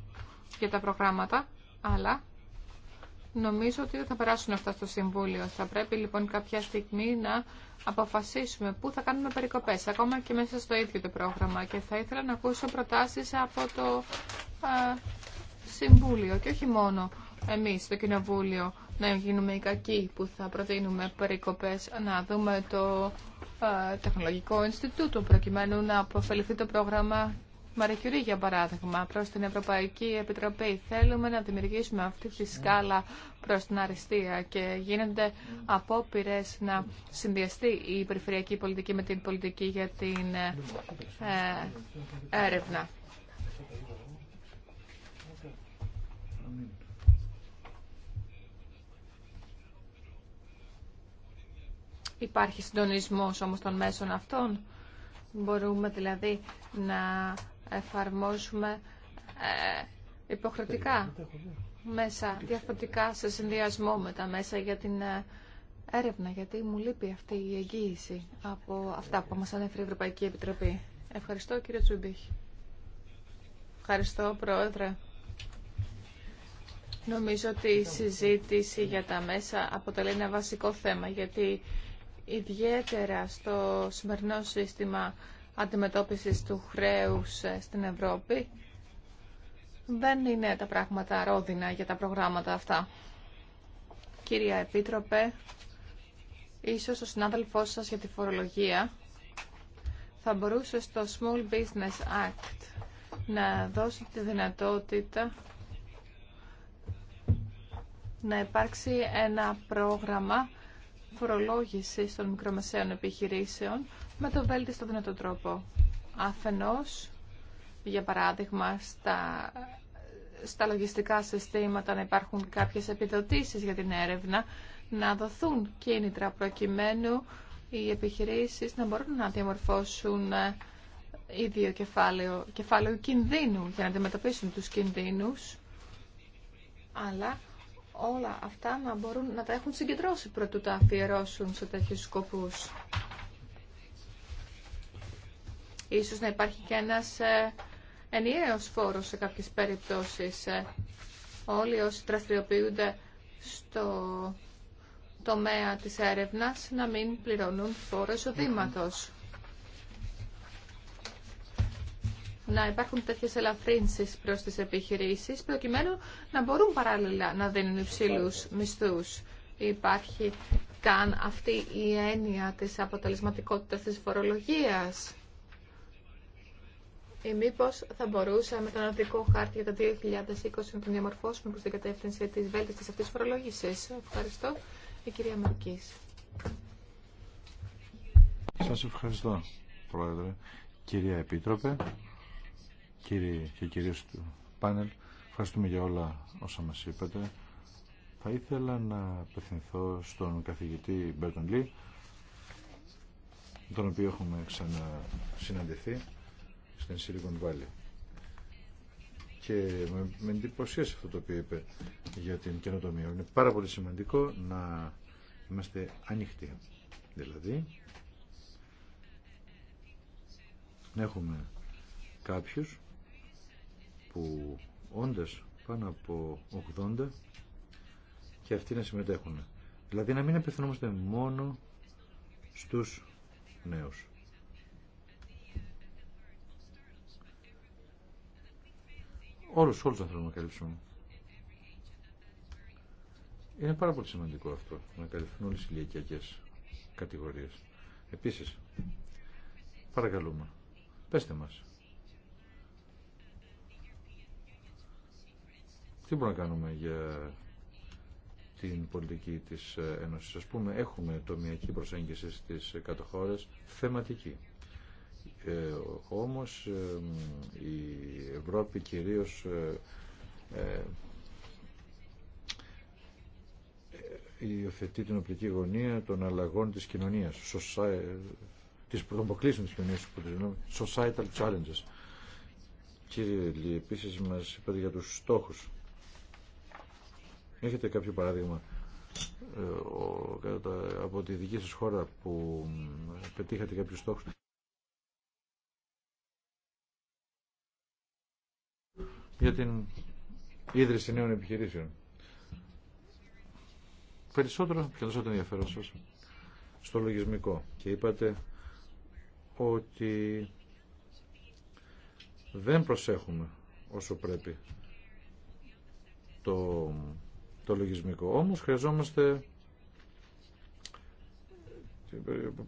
για τα προγράμματα αλλά Νομίζω ότι δεν θα περάσουν αυτά στο Συμβούλιο. Θα πρέπει λοιπόν κάποια στιγμή να αποφασίσουμε πού θα κάνουμε περικοπές, ακόμα και μέσα στο ίδιο το πρόγραμμα. Και θα ήθελα να ακούσω προτάσεις από το α, Συμβούλιο και όχι μόνο εμείς, το Κοινοβούλιο, να γίνουμε οι κακοί που θα προτείνουμε περικοπές, να δούμε το α, Τεχνολογικό Ινστιτούτο προκειμένου να αποφεληθεί στο κοινοβουλιο να γινουμε οι κακοι που θα προτεινουμε περικοπες να δουμε το τεχνολογικο ινστιτουτο προκειμενου να αποφεληθει το προγραμμα Μαρικιουρή, για παράδειγμα, προς την Ευρωπαϊκή Επιτροπή. Θέλουμε να δημιουργήσουμε αυτή τη σκάλα προς την αριστεία και γίνονται απόπειρε να συνδυαστεί η περιφερειακή πολιτική με την πολιτική για την ε, έρευνα. Υπάρχει συντονισμός όμως των μέσων αυτών. Μπορούμε δηλαδή να εφαρμόσουμε ε, υποχρεωτικά μέσα διαφορετικά σε συνδυασμό με τα μέσα για την ε, έρευνα, γιατί μου λείπει αυτή η εγγύηση από αυτά που μας ανέφερε η Ευρωπαϊκή Επιτροπή. Ευχαριστώ κύριε Τσουμπίχ. Ευχαριστώ Πρόεδρε. Νομίζω ότι η συζήτηση για τα μέσα αποτελεί ένα βασικό θέμα, γιατί ιδιαίτερα στο σημερινό σύστημα αντιμετώπισης του χρέους ε, στην Ευρώπη δεν είναι τα πράγματα ρόδινα για τα προγράμματα αυτά. Κυρία Επίτροπε, ίσως ο συνάδελφός σας για τη φορολογία θα μπορούσε στο Small Business Act να δώσει τη δυνατότητα να υπάρξει ένα πρόγραμμα φορολόγησης των μικρομεσαίων επιχειρήσεων με το βέλτιστο δυνατό τρόπο. Αφενός, για παράδειγμα, στα, στα λογιστικά συστήματα να υπάρχουν κάποιες επιδοτήσεις για την έρευνα, να δοθούν κίνητρα προκειμένου οι επιχειρήσεις να μπορούν να διαμορφώσουν ε, ίδιο κεφάλαιο, κεφάλαιο κινδύνου για να αντιμετωπίσουν τους κινδύνους, αλλά όλα αυτά να μπορούν να τα έχουν συγκεντρώσει προτού τα αφιερώσουν σε τέτοιους σκοπούς. Ίσως να υπάρχει και ένας ε, ενιαίος φόρος σε κάποιες περιπτώσεις. Ε. Όλοι όσοι δραστηριοποιούνται στο τομέα της έρευνας να μην πληρώνουν φόρο εισοδήματο. Να υπάρχουν τέτοιες ελαφρύνσεις προς τις επιχειρήσεις προκειμένου να μπορούν παράλληλα να δίνουν υψηλούς μισθούς. Υπάρχει καν αυτή η έννοια της αποτελεσματικότητας της φορολογίας. Ή μήπω θα μπορούσαμε τον οδικό χάρτη για το 2020 να τον διαμορφώσουμε προ την κατεύθυνση τη βέλτιστη αυτή φορολόγηση. Ευχαριστώ. Η κυρία Μαρκή. Σα ευχαριστώ, Πρόεδρε. Κυρία Επίτροπε, κύριοι και κυρίε του πάνελ, ευχαριστούμε για όλα όσα μα είπατε. Θα ήθελα να απευθυνθώ στον καθηγητή Μπέρτον Λί, τον οποίο έχουμε ξανασυναντηθεί στην Silicon Valley. Και με εντυπωσίασε αυτό το οποίο είπε για την καινοτομία. Είναι πάρα πολύ σημαντικό να είμαστε ανοιχτοί. Δηλαδή, να έχουμε κάποιους που όντας πάνω από 80 και αυτοί να συμμετέχουν. Δηλαδή να μην απευθυνόμαστε μόνο στους νέους. Όλους, όλους να θέλουμε να καλύψουμε. Είναι πάρα πολύ σημαντικό αυτό, να καλυφθούν όλες οι ηλικιακές κατηγορίες. Επίσης, παρακαλούμε, πέστε μας. Τι μπορούμε να κάνουμε για την πολιτική της Ένωσης. Ας πούμε, έχουμε τομιακή προσέγγιση στις 100 θεματική. Ε, όμως ε, η Ευρώπη κυρίως ε, ε, ε, υιοθετεί την οπτική γωνία των αλλαγών της κοινωνίας, της προκλήσεων της κοινωνίας, societal challenges. Κύριε Λί, επίσης μας είπατε για τους στόχους. Έχετε κάποιο παράδειγμα ο, κατά, από τη δική σας χώρα που πετύχατε κάποιους στόχους. για την ίδρυση νέων επιχειρήσεων. Περισσότερο κρατάω το ενδιαφέρον σας στο λογισμικό και είπατε ότι δεν προσέχουμε όσο πρέπει το, το λογισμικό. Όμως χρειαζόμαστε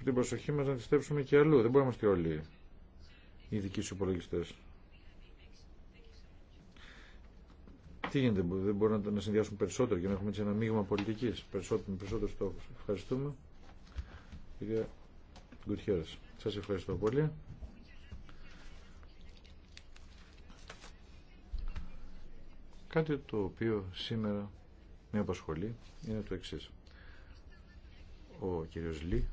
την προσοχή μας να τη και αλλού. Δεν μπορούμε να είμαστε όλοι οι ειδικοί υπολογιστέ. Τι γίνεται, δεν μπορούμε να, συνδυάσουμε περισσότερο για να έχουμε έτσι ένα μείγμα πολιτική, περισσότερο, περισσότερου στόχου. Ευχαριστούμε. Κυρία Γκουτιέρα, σα ευχαριστώ πολύ. Κάτι το οποίο σήμερα με απασχολεί είναι το εξή. Ο κύριος Λί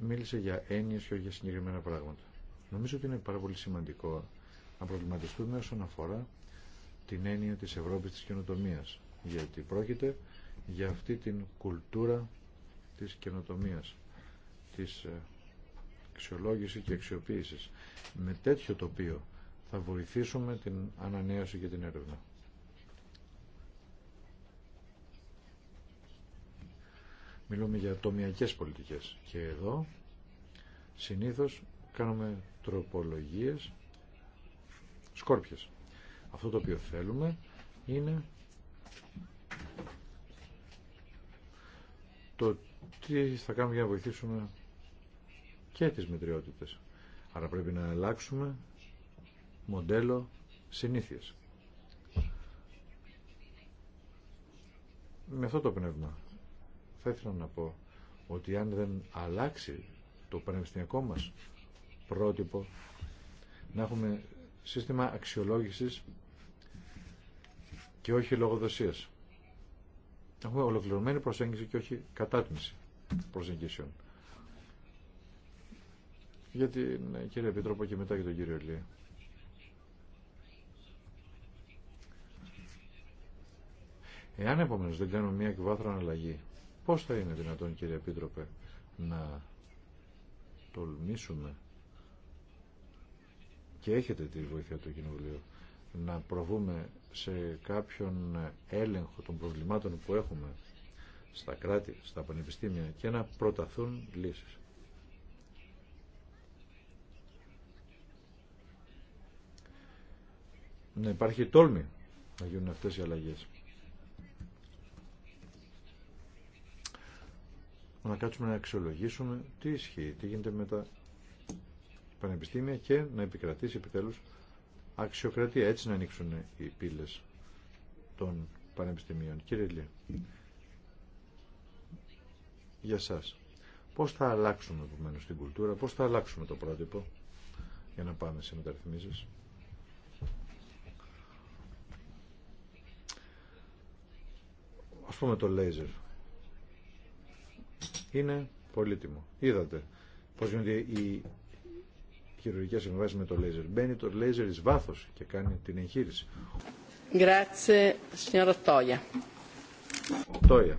μίλησε για έννοιε και όχι για συγκεκριμένα πράγματα. Νομίζω ότι είναι πάρα πολύ σημαντικό να προβληματιστούμε όσον αφορά την έννοια της Ευρώπης της καινοτομία, γιατί πρόκειται για αυτή την κουλτούρα της καινοτομία, της ε, αξιολόγηση και αξιοποίηση. Με τέτοιο τοπίο θα βοηθήσουμε την ανανέωση και την έρευνα. Μιλούμε για τομιακές πολιτικές και εδώ συνήθως κάνουμε τροπολογίες σκόρπιες. Αυτό το οποίο θέλουμε είναι το τι θα κάνουμε για να βοηθήσουμε και τις μητριότητες. Άρα πρέπει να αλλάξουμε μοντέλο συνήθειες. Με αυτό το πνεύμα θα ήθελα να πω ότι αν δεν αλλάξει το πανεπιστημιακό μας πρότυπο να έχουμε σύστημα αξιολόγησης και όχι λογοδοσία. Έχουμε ολοκληρωμένη προσέγγιση και όχι κατάτμιση προσεγγίσεων. Για την κύριε Επιτρόπο και μετά για τον κύριο Ελία. Εάν επομένω δεν κάνουμε μια εκβάθρα αναλλαγή, πώς θα είναι δυνατόν κύριε Επίτροπε να τολμήσουμε και έχετε τη βοήθεια του Κοινοβουλίου να προβούμε σε κάποιον έλεγχο των προβλημάτων που έχουμε στα κράτη, στα πανεπιστήμια και να προταθούν λύσεις. Να υπάρχει τόλμη να γίνουν αυτές οι αλλαγές. Να κάτσουμε να αξιολογήσουμε τι ισχύει, τι γίνεται με τα πανεπιστήμια και να επικρατήσει επιτέλους αξιοκρατία. Έτσι να ανοίξουν οι πύλες των πανεπιστημίων. Κύριε Λία, για σας. Πώς θα αλλάξουμε επομένω την κουλτούρα, πώς θα αλλάξουμε το πρότυπο για να πάμε σε μεταρρυθμίσεις. Ας πούμε το λέιζερ. Είναι πολύτιμο. Είδατε πώς γίνονται οι χειρουργικέ συμβάσει με το λέιζερ. Μπαίνει το λέιζερ ει βάθος και κάνει την εγχείρηση. Τόια.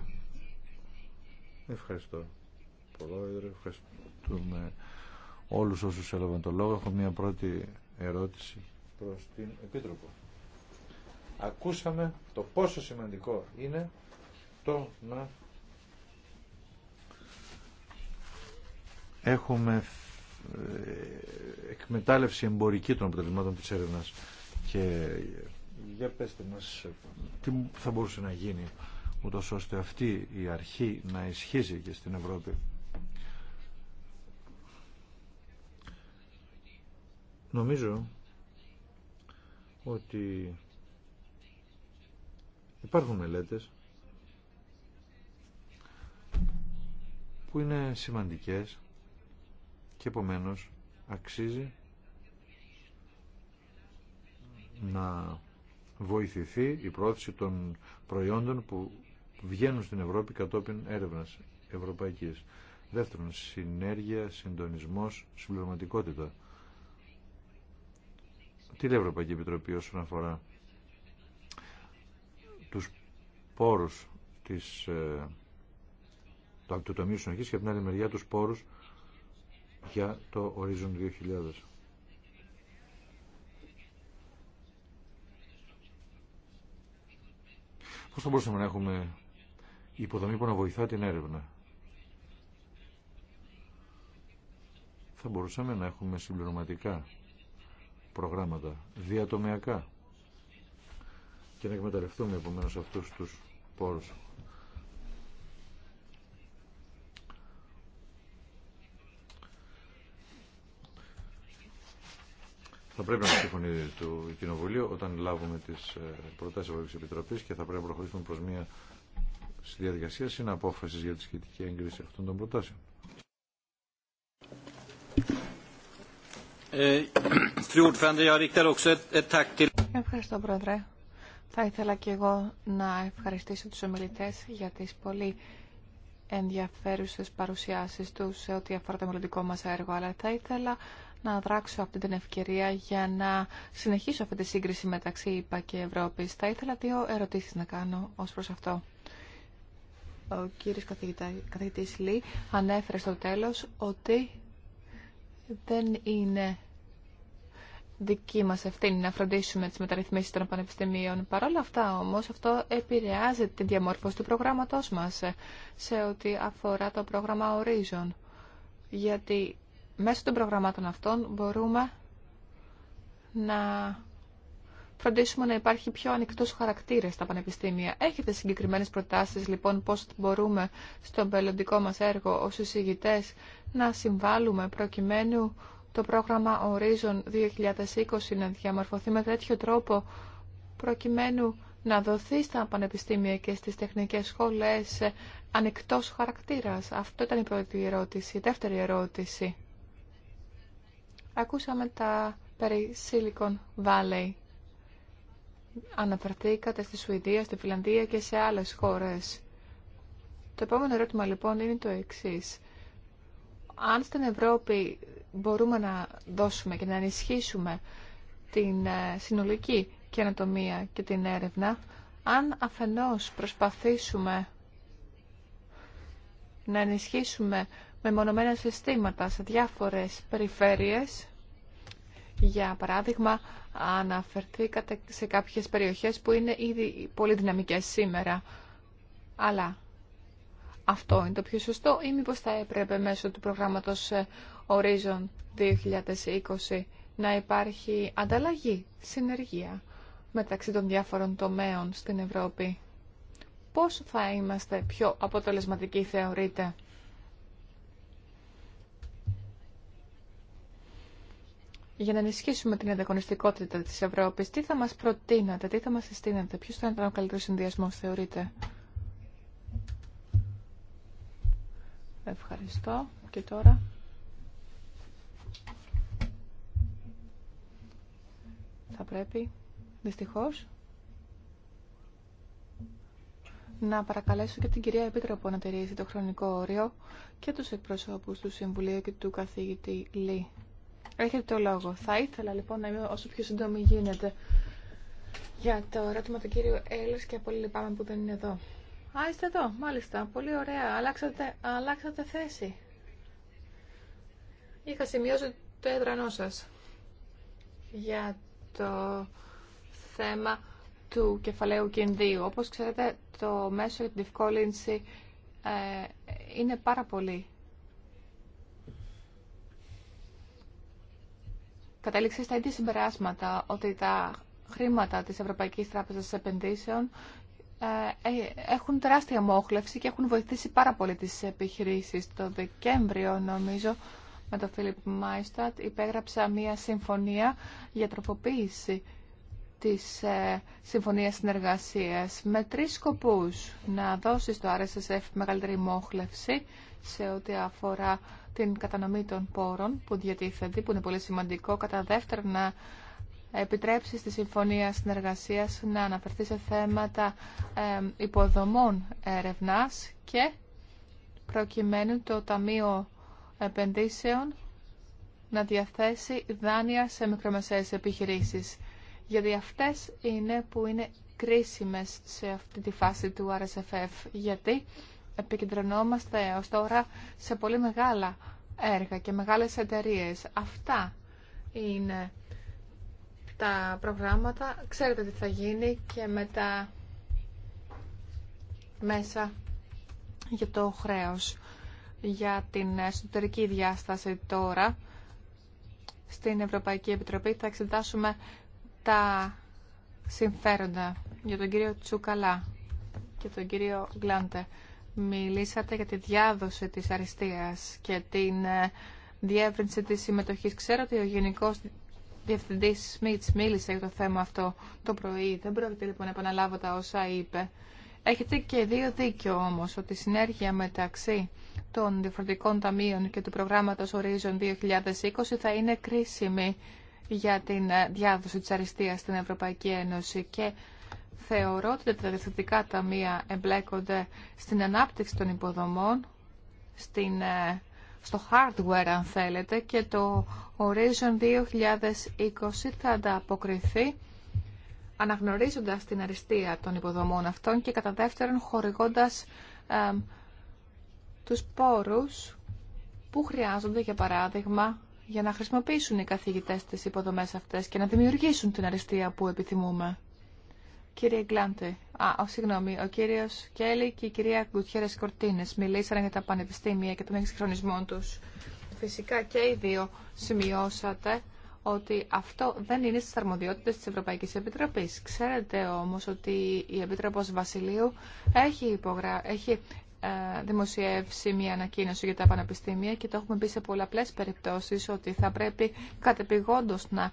Ευχαριστώ. Πρόεδρε, ευχαριστούμε όλους όσους έλαβαν το λόγο. Έχω μια πρώτη ερώτηση προς την Επίτροπο. Ακούσαμε το πόσο σημαντικό είναι το να έχουμε εκμετάλλευση εμπορική των αποτελεσμάτων της έρευνας και για πέστε μας τι θα μπορούσε να γίνει ούτως ώστε αυτή η αρχή να ισχύσει και στην Ευρώπη. Νομίζω ότι υπάρχουν μελέτες που είναι σημαντικές και επομένως αξίζει να βοηθηθεί η πρόθεση των προϊόντων που βγαίνουν στην Ευρώπη κατόπιν έρευνας ευρωπαϊκής. Δεύτερον, συνέργεια, συντονισμός, συμπληρωματικότητα. Τι λέει η Ευρωπαϊκή Επιτροπή όσον αφορά τους πόρους της, ε, του Ταμείου Συνοχής και από την άλλη μεριά τους πόρους για το Horizon 2000. Πώς θα μπορούσαμε να έχουμε υποδομή που να βοηθά την έρευνα. Θα μπορούσαμε να έχουμε συμπληρωματικά προγράμματα, διατομιακά και να εκμεταλλευτούμε επομένως αυτούς τους πόρους. Θα πρέπει να συμφωνεί το κοινοβουλίο όταν λάβουμε τι ε, προτάσει τη Ευρωπαϊκή Επιτροπή και θα πρέπει να προχωρήσουμε προ μια διαδικασία συναπόφαση για τη σχετική έγκριση αυτών των προτάσεων. Ε, Ευχαριστώ, Πρόεδρε. Θα ήθελα και εγώ να ευχαριστήσω τους ομιλητές για τις πολύ ενδιαφέρουσες παρουσιάσεις τους σε ό,τι αφορά το μελλοντικό μας έργο, αλλά θα ήθελα να δράξω αυτή την ευκαιρία για να συνεχίσω αυτή τη σύγκριση μεταξύ ΙΠΑ και Ευρώπης. Θα ήθελα δύο ερωτήσεις να κάνω ως προς αυτό. Ο κύριος καθηγητής Λί ανέφερε στο τέλος ότι δεν είναι δική μα ευθύνη να φροντίσουμε τις μεταρρυθμίσει των πανεπιστημίων. Παρ' όλα αυτά όμως αυτό επηρεάζει τη διαμόρφωση του προγράμματο μα σε ό,τι αφορά το πρόγραμμα Horizon. Γιατί μέσω των προγραμμάτων αυτών μπορούμε να φροντίσουμε να υπάρχει πιο ανοιχτός χαρακτήρα στα πανεπιστήμια. Έχετε συγκεκριμένες προτάσεις λοιπόν πώς μπορούμε στο μελλοντικό μας έργο ως εισηγητές να συμβάλλουμε προκειμένου το πρόγραμμα Horizon 2020 να διαμορφωθεί με τέτοιο τρόπο προκειμένου να δοθεί στα πανεπιστήμια και στις τεχνικές σχολές ανοιχτός χαρακτήρας. Αυτό ήταν η πρώτη ερώτηση. Η δεύτερη ερώτηση. Ακούσαμε τα περί Silicon Valley. Αναφερθήκατε στη Σουηδία, στη Φιλανδία και σε άλλες χώρες. Το επόμενο ερώτημα λοιπόν είναι το εξής. Αν στην Ευρώπη μπορούμε να δώσουμε και να ενισχύσουμε την ε, συνολική καινοτομία και την έρευνα, αν αφενός προσπαθήσουμε να ενισχύσουμε με μονομένα συστήματα σε διάφορες περιφέρειες. Για παράδειγμα, αναφερθήκατε σε κάποιες περιοχές που είναι ήδη πολύ δυναμικές σήμερα. Αλλά αυτό είναι το πιο σωστό ή μήπως θα έπρεπε μέσω του προγράμματος ε, Horizon 2020 να υπάρχει ανταλλαγή, συνεργία μεταξύ των διάφορων τομέων στην Ευρώπη. Πώς θα είμαστε πιο αποτελεσματικοί θεωρείτε για να ενισχύσουμε την ανταγωνιστικότητα της Ευρώπης, τι θα μας προτείνατε, τι θα μας συστήνατε, ποιος θα ήταν ο καλύτερος συνδυασμός, θεωρείτε. Ευχαριστώ. Και τώρα... Θα πρέπει, δυστυχώς, να παρακαλέσω και την κυρία Επίτροπο να τηρήσει το χρονικό όριο και τους εκπροσώπους του Συμβουλίου και του καθηγητή Λί. Έχετε το λόγο. Θα ήθελα λοιπόν να είμαι όσο πιο σύντομη γίνεται για το ερώτημα του κύριου Έλλη και πολύ λυπάμαι που δεν είναι εδώ. Α, είστε εδώ, μάλιστα. Πολύ ωραία. Αλλάξατε, αλλάξατε θέση. Είχα σημειώσει το έδρανό σα για το θέμα του κεφαλαίου κινδύου. Όπως ξέρετε, το μέσο για την διευκόλυνση ε, είναι πάρα πολύ κατέληξε στα ίδια συμπεράσματα ότι τα χρήματα της Ευρωπαϊκής Τράπεζας Επενδύσεων ε, ε, έχουν τεράστια μόχλευση και έχουν βοηθήσει πάρα πολύ τις επιχειρήσεις. Το Δεκέμβριο, νομίζω, με τον Φίλιπ Μάιστατ υπέγραψα μία συμφωνία για τροποποίηση της ε, Συμφωνίας Συνεργασίας με τρεις σκοπούς. Να δώσει στο RSSF μεγαλύτερη μόχλευση, σε ό,τι αφορά την κατανομή των πόρων που διατίθεται, που είναι πολύ σημαντικό. Κατά δεύτερον, να επιτρέψει στη Συμφωνία Συνεργασίας να αναφερθεί σε θέματα υποδομών ερευνάς και προκειμένου το Ταμείο Επενδύσεων να διαθέσει δάνεια σε μικρομεσαίες επιχειρήσεις. Γιατί αυτές είναι που είναι κρίσιμες σε αυτή τη φάση του RSFF. Γιατί επικεντρωνόμαστε ως τώρα σε πολύ μεγάλα έργα και μεγάλες εταιρείες. Αυτά είναι τα προγράμματα. Ξέρετε τι θα γίνει και μετά μέσα για το χρέος. Για την εσωτερική διάσταση τώρα, στην Ευρωπαϊκή Επιτροπή θα εξετάσουμε τα συμφέροντα για τον κύριο Τσουκαλά και τον κύριο Γκλάντε. Μιλήσατε για τη διάδοση της αριστείας και την ε, διεύρυνση της συμμετοχής. Ξέρω ότι ο Γενικός Διευθυντής Σμιτς μίλησε για το θέμα αυτό το πρωί. Δεν πρόκειται λοιπόν να επαναλάβω τα όσα είπε. Έχετε και δύο δίκιο όμως ότι η συνέργεια μεταξύ των διαφορετικών ταμείων και του προγράμματος Horizon 2020 θα είναι κρίσιμη για την ε, διάδοση της αριστείας στην Ευρωπαϊκή Ένωση και θεωρώ ότι τα διευθυντικά ταμεία εμπλέκονται στην ανάπτυξη των υποδομών, στην, ε, στο hardware αν θέλετε και το Horizon 2020 θα ανταποκριθεί αναγνωρίζοντας την αριστεία των υποδομών αυτών και κατά δεύτερον χορηγώντας ε, τους πόρους που χρειάζονται για παράδειγμα για να χρησιμοποιήσουν οι καθηγητές τις υποδομές αυτές και να δημιουργήσουν την αριστεία που επιθυμούμε. Κύριε Γκλάντε, α, συγγνώμη, ο κύριο Κέλλη και η κυρία Κουτιέρε Κορτίνε μιλήσανε για τα πανεπιστήμια και τον εξυγχρονισμό του. Φυσικά και οι δύο σημειώσατε ότι αυτό δεν είναι στις αρμοδιότητες της Ευρωπαϊκής Επιτροπής. Ξέρετε όμως ότι η Επίτροπος Βασιλείου έχει, υπογρα... έχει ε, δημοσιεύσει μια ανακοίνωση για τα πανεπιστήμια και το έχουμε πει σε πολλαπλές περιπτώσεις ότι θα πρέπει κατεπηγόντως να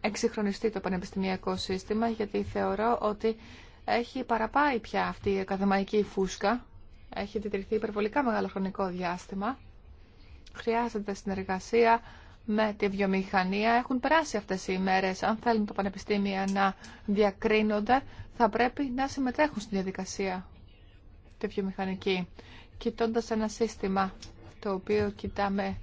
εξυγχρονιστεί το πανεπιστημιακό σύστημα, γιατί θεωρώ ότι έχει παραπάει πια αυτή η ακαδημαϊκή φούσκα. Έχει διτηρηθεί υπερβολικά μεγάλο χρονικό διάστημα. Χρειάζεται συνεργασία με τη βιομηχανία. Έχουν περάσει αυτές οι ημέρες. Αν θέλουν τα πανεπιστήμια να διακρίνονται, θα πρέπει να συμμετέχουν στη διαδικασία τη βιομηχανική. Κοιτώντας ένα σύστημα το οποίο κοιτάμε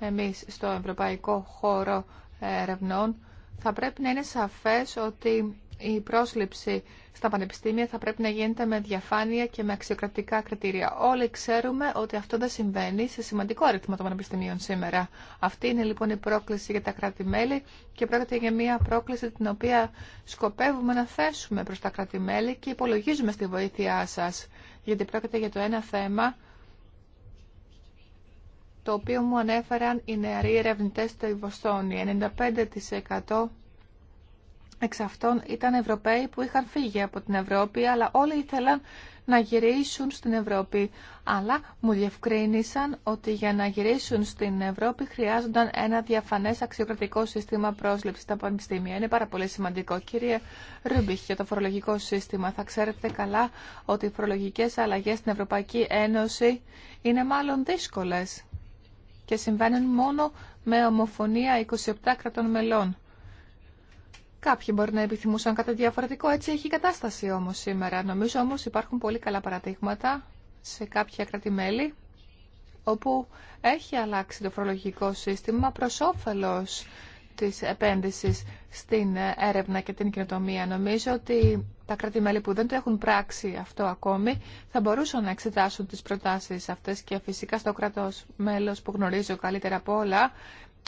εμείς στο ευρωπαϊκό χώρο ερευνών, θα πρέπει να είναι σαφές ότι η πρόσληψη στα πανεπιστήμια θα πρέπει να γίνεται με διαφάνεια και με αξιοκρατικά κριτήρια. Όλοι ξέρουμε ότι αυτό δεν συμβαίνει σε σημαντικό αριθμό των πανεπιστημίων σήμερα. Αυτή είναι λοιπόν η πρόκληση για τα κράτη-μέλη και πρόκειται για μια πρόκληση την οποία σκοπεύουμε να θέσουμε προς τα κράτη-μέλη και υπολογίζουμε στη βοήθειά σας. Γιατί πρόκειται για το ένα θέμα το οποίο μου ανέφεραν οι νεαροί ερευνητέ στο Ιβοστόνι. 95% εξ αυτών ήταν Ευρωπαίοι που είχαν φύγει από την Ευρώπη, αλλά όλοι ήθελαν να γυρίσουν στην Ευρώπη. Αλλά μου διευκρίνησαν ότι για να γυρίσουν στην Ευρώπη χρειάζονταν ένα διαφανές αξιοκρατικό σύστημα πρόσληψης στα πανεπιστήμια. Είναι πάρα πολύ σημαντικό. Κύριε Ρούμπιχ, για το φορολογικό σύστημα θα ξέρετε καλά ότι οι φορολογικέ αλλαγέ στην Ευρωπαϊκή Ένωση είναι μάλλον δύσκολες και συμβαίνουν μόνο με ομοφωνία 27 κρατών μελών. Κάποιοι μπορεί να επιθυμούσαν κάτι διαφορετικό, έτσι έχει η κατάσταση όμως σήμερα. Νομίζω όμως υπάρχουν πολύ καλά παραδείγματα σε κάποια κρατημέλη όπου έχει αλλάξει το φορολογικό σύστημα προς όφελος της επένδυσης στην έρευνα και την κοινοτομία. Νομίζω ότι τα κράτη-μέλη που δεν το έχουν πράξει αυτό ακόμη θα μπορούσαν να εξετάσουν τις προτάσεις αυτές και φυσικά στο κράτος μέλος που γνωρίζω καλύτερα από όλα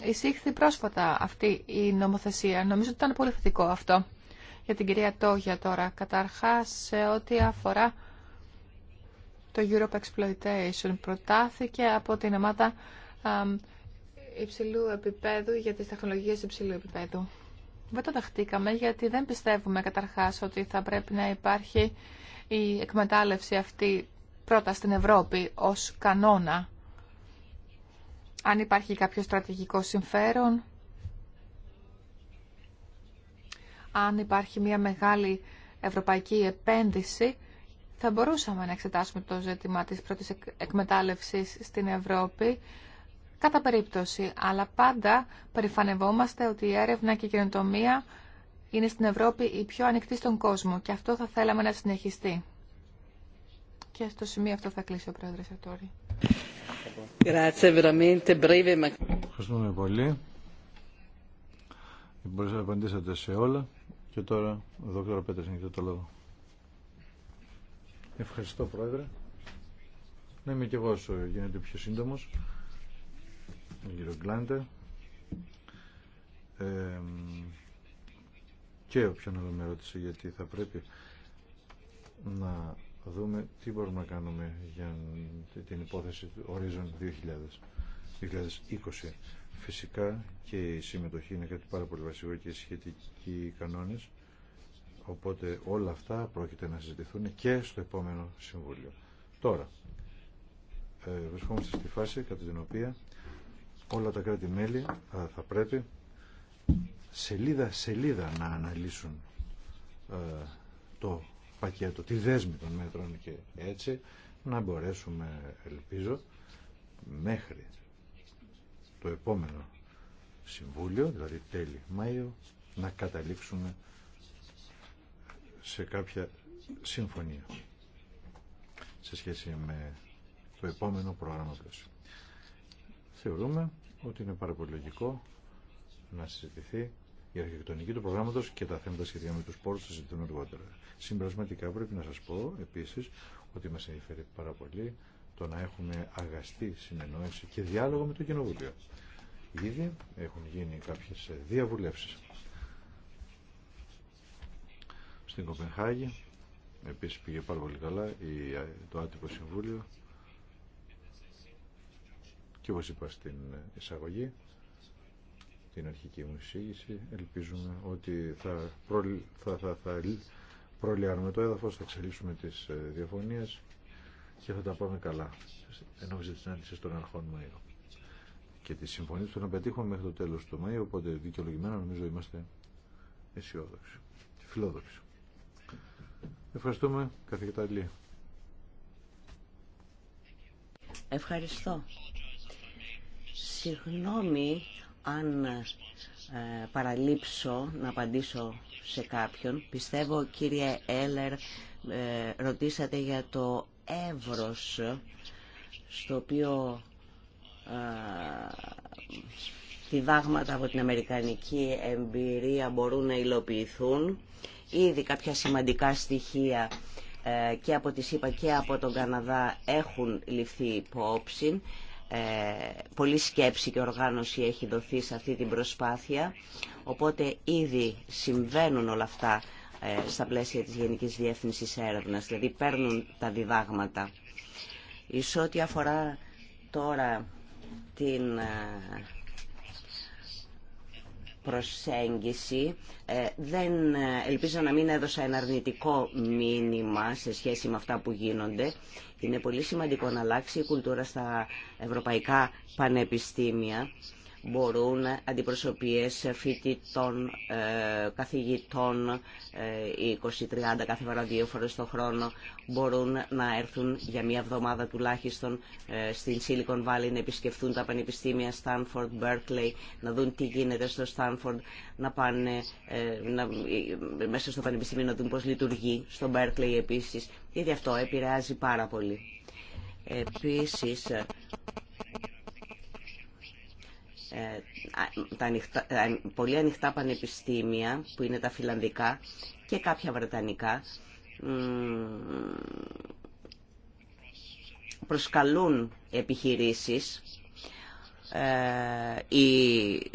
εισήχθη πρόσφατα αυτή η νομοθεσία. Νομίζω ότι ήταν πολύ θετικό αυτό για την κυρία Τόγια τώρα. Καταρχάς σε ό,τι αφορά το Europe Exploitation προτάθηκε από την ομάδα υψηλού επίπεδου, για τις τεχνολογίες υψηλού επίπεδου. Δεν το δεχτήκαμε γιατί δεν πιστεύουμε καταρχάς ότι θα πρέπει να υπάρχει η εκμετάλλευση αυτή πρώτα στην Ευρώπη ως κανόνα. Αν υπάρχει κάποιο στρατηγικό συμφέρον, αν υπάρχει μια μεγάλη ευρωπαϊκή επένδυση, θα μπορούσαμε να εξετάσουμε το ζήτημα της πρώτης εκμετάλλευσης στην Ευρώπη κατά περίπτωση, αλλά πάντα περηφανευόμαστε ότι η έρευνα και η καινοτομία είναι στην Ευρώπη η πιο ανοιχτή στον κόσμο και αυτό θα θέλαμε να συνεχιστεί. Και στο σημείο αυτό θα κλείσει ο Πρόεδρος Ατόρη. Ευχαριστούμε πολύ. Μπορείτε να απαντήσετε σε όλα. Και τώρα ο Δόκτωρα Πέτρας έχει το λόγο. Ευχαριστώ Πρόεδρε. Να είμαι και εγώ όσο γίνεται πιο σύντομος τον κύριο Γκλάντα ε, και όποιον άλλο με ρώτησε γιατί θα πρέπει να δούμε τι μπορούμε να κάνουμε για την υπόθεση του Horizon 2000, 2020. Φυσικά και η συμμετοχή είναι κάτι πάρα πολύ βασικό και οι σχετικοί κανόνες οπότε όλα αυτά πρόκειται να συζητηθούν και στο επόμενο Συμβούλιο. Τώρα, ε, βρισκόμαστε στη φάση κατά την οποία όλα τα κράτη-μέλη ε, θα πρέπει σελίδα-σελίδα να αναλύσουν ε, το πακέτο, τη δέσμη των μέτρων και έτσι να μπορέσουμε, ελπίζω, μέχρι το επόμενο Συμβούλιο, δηλαδή τέλη μαΐου να καταλήξουμε σε κάποια συμφωνία σε σχέση με το επόμενο πρόγραμμα πλαίσιο θεωρούμε ότι είναι πάρα πολύ λογικό να συζητηθεί η αρχιτεκτονική του προγράμματο και τα θέματα σχετικά με του πόρου θα συζητούν αργότερα. Συμπερασματικά πρέπει να σα πω επίση ότι μα ενδιαφέρει πάρα πολύ το να έχουμε αγαστή συνεννόηση και διάλογο με το Κοινοβούλιο. Ήδη έχουν γίνει κάποιε διαβουλεύσει. Στην Κοπενχάγη επίση πήγε πάρα πολύ καλά το άτυπο συμβούλιο και όπως είπα στην εισαγωγή, την αρχική μου εισήγηση, ελπίζουμε ότι θα, προ, θα, θα, το έδαφος, θα εξελίσσουμε τις ε, διαφωνίες και θα τα πάμε καλά ενώ της συνάντησης των αρχών Μαΐου και τη συμφωνία του να πετύχουμε μέχρι το τέλος του Μαΐου οπότε δικαιολογημένα νομίζω είμαστε αισιόδοξοι και φιλόδοξοι Ευχαριστούμε καθηγητά Ευχαριστώ Συγγνώμη αν ε, παραλείψω να απαντήσω σε κάποιον. Πιστεύω, κύριε Έλερ, ε, ρωτήσατε για το εύρος στο οποίο διδάγματα ε, από την αμερικανική εμπειρία μπορούν να υλοποιηθούν. Ήδη κάποια σημαντικά στοιχεία ε, και από τη ΣΥΠΑ και από τον Καναδά έχουν ληφθεί υπόψη. Ε, πολλή σκέψη και οργάνωση έχει δοθεί σε αυτή την προσπάθεια, οπότε ήδη συμβαίνουν όλα αυτά ε, στα πλαίσια της Γενικής Διεύθυνσης Έρευνας, δηλαδή παίρνουν τα διδάγματα. Η αφορά τώρα την ε, προσέγγιση. Ε, δεν, ε, ελπίζω να μην έδωσα ένα αρνητικό μήνυμα σε σχέση με αυτά που γίνονται. Είναι πολύ σημαντικό να αλλάξει η κουλτούρα στα ευρωπαϊκά πανεπιστήμια μπορούν αντιπροσωπείες φοιτητών, ε, καθηγητών, 20-30 ε, κάθε φορά δύο φορές το χρόνο, μπορούν να έρθουν για μία εβδομάδα τουλάχιστον ε, στην Silicon Valley να επισκεφθούν τα πανεπιστήμια Stanford, Berkeley, να δουν τι γίνεται στο Stanford, να πάνε μέσα στο πανεπιστήμιο να δουν πώς λειτουργεί, στο Berkeley επίσης, γιατί αυτό επηρεάζει πάρα πολύ. Επίσης, ε, τα ανοιχτά, ε, πολύ ανοιχτά πανεπιστήμια που είναι τα φιλανδικά και κάποια βρετανικά προσκαλούν επιχειρήσεις ε, ή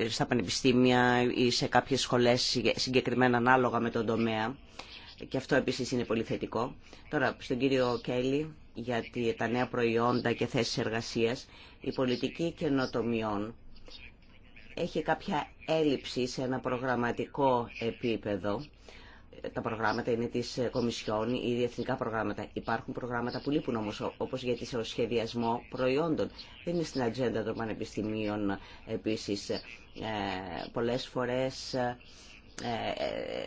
στα πανεπιστήμια ή σε κάποιες σχολές συγκεκριμένα ανάλογα με τον τομέα και αυτό επίσης είναι πολύ θετικό. Τώρα στον κύριο Κέλλη για τα νέα προϊόντα και θέσεις εργασίας η πολιτική καινοτομιών έχει κάποια έλλειψη σε ένα προγραμματικό επίπεδο. Τα προγράμματα είναι της Κομισιόν ή διεθνικά προγράμματα. Υπάρχουν προγράμματα που λείπουν όμως, όπως για τη σχεδιασμό προϊόντων. Δεν είναι στην ατζέντα των πανεπιστημίων επίσης. Ε, πολλές φορές ε,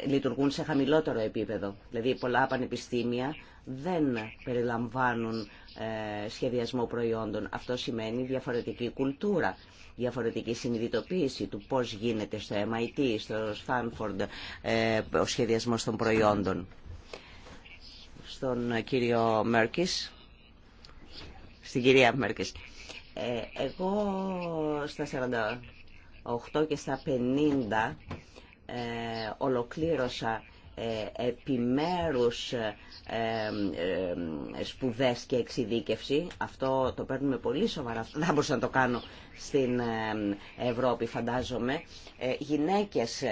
ε, λειτουργούν σε χαμηλότερο επίπεδο. Δηλαδή πολλά πανεπιστήμια δεν περιλαμβάνουν ε, σχεδιασμό προϊόντων. Αυτό σημαίνει διαφορετική κουλτούρα διαφορετική συνειδητοποίηση του πώς γίνεται στο MIT, στο Stanford ε, ο σχεδιασμός των προϊόντων. Στον κύριο Μέρκης, στην κυρία Μέρκης. Ε, εγώ στα 48 και στα 50 ε, ολοκλήρωσα ε, επιμέρους ε, ε, σπουδές και εξειδίκευση. Αυτό το παίρνουμε πολύ σοβαρά. Δεν μπορούσα να το κάνω στην Ευρώπη φαντάζομαι. Γυναίκες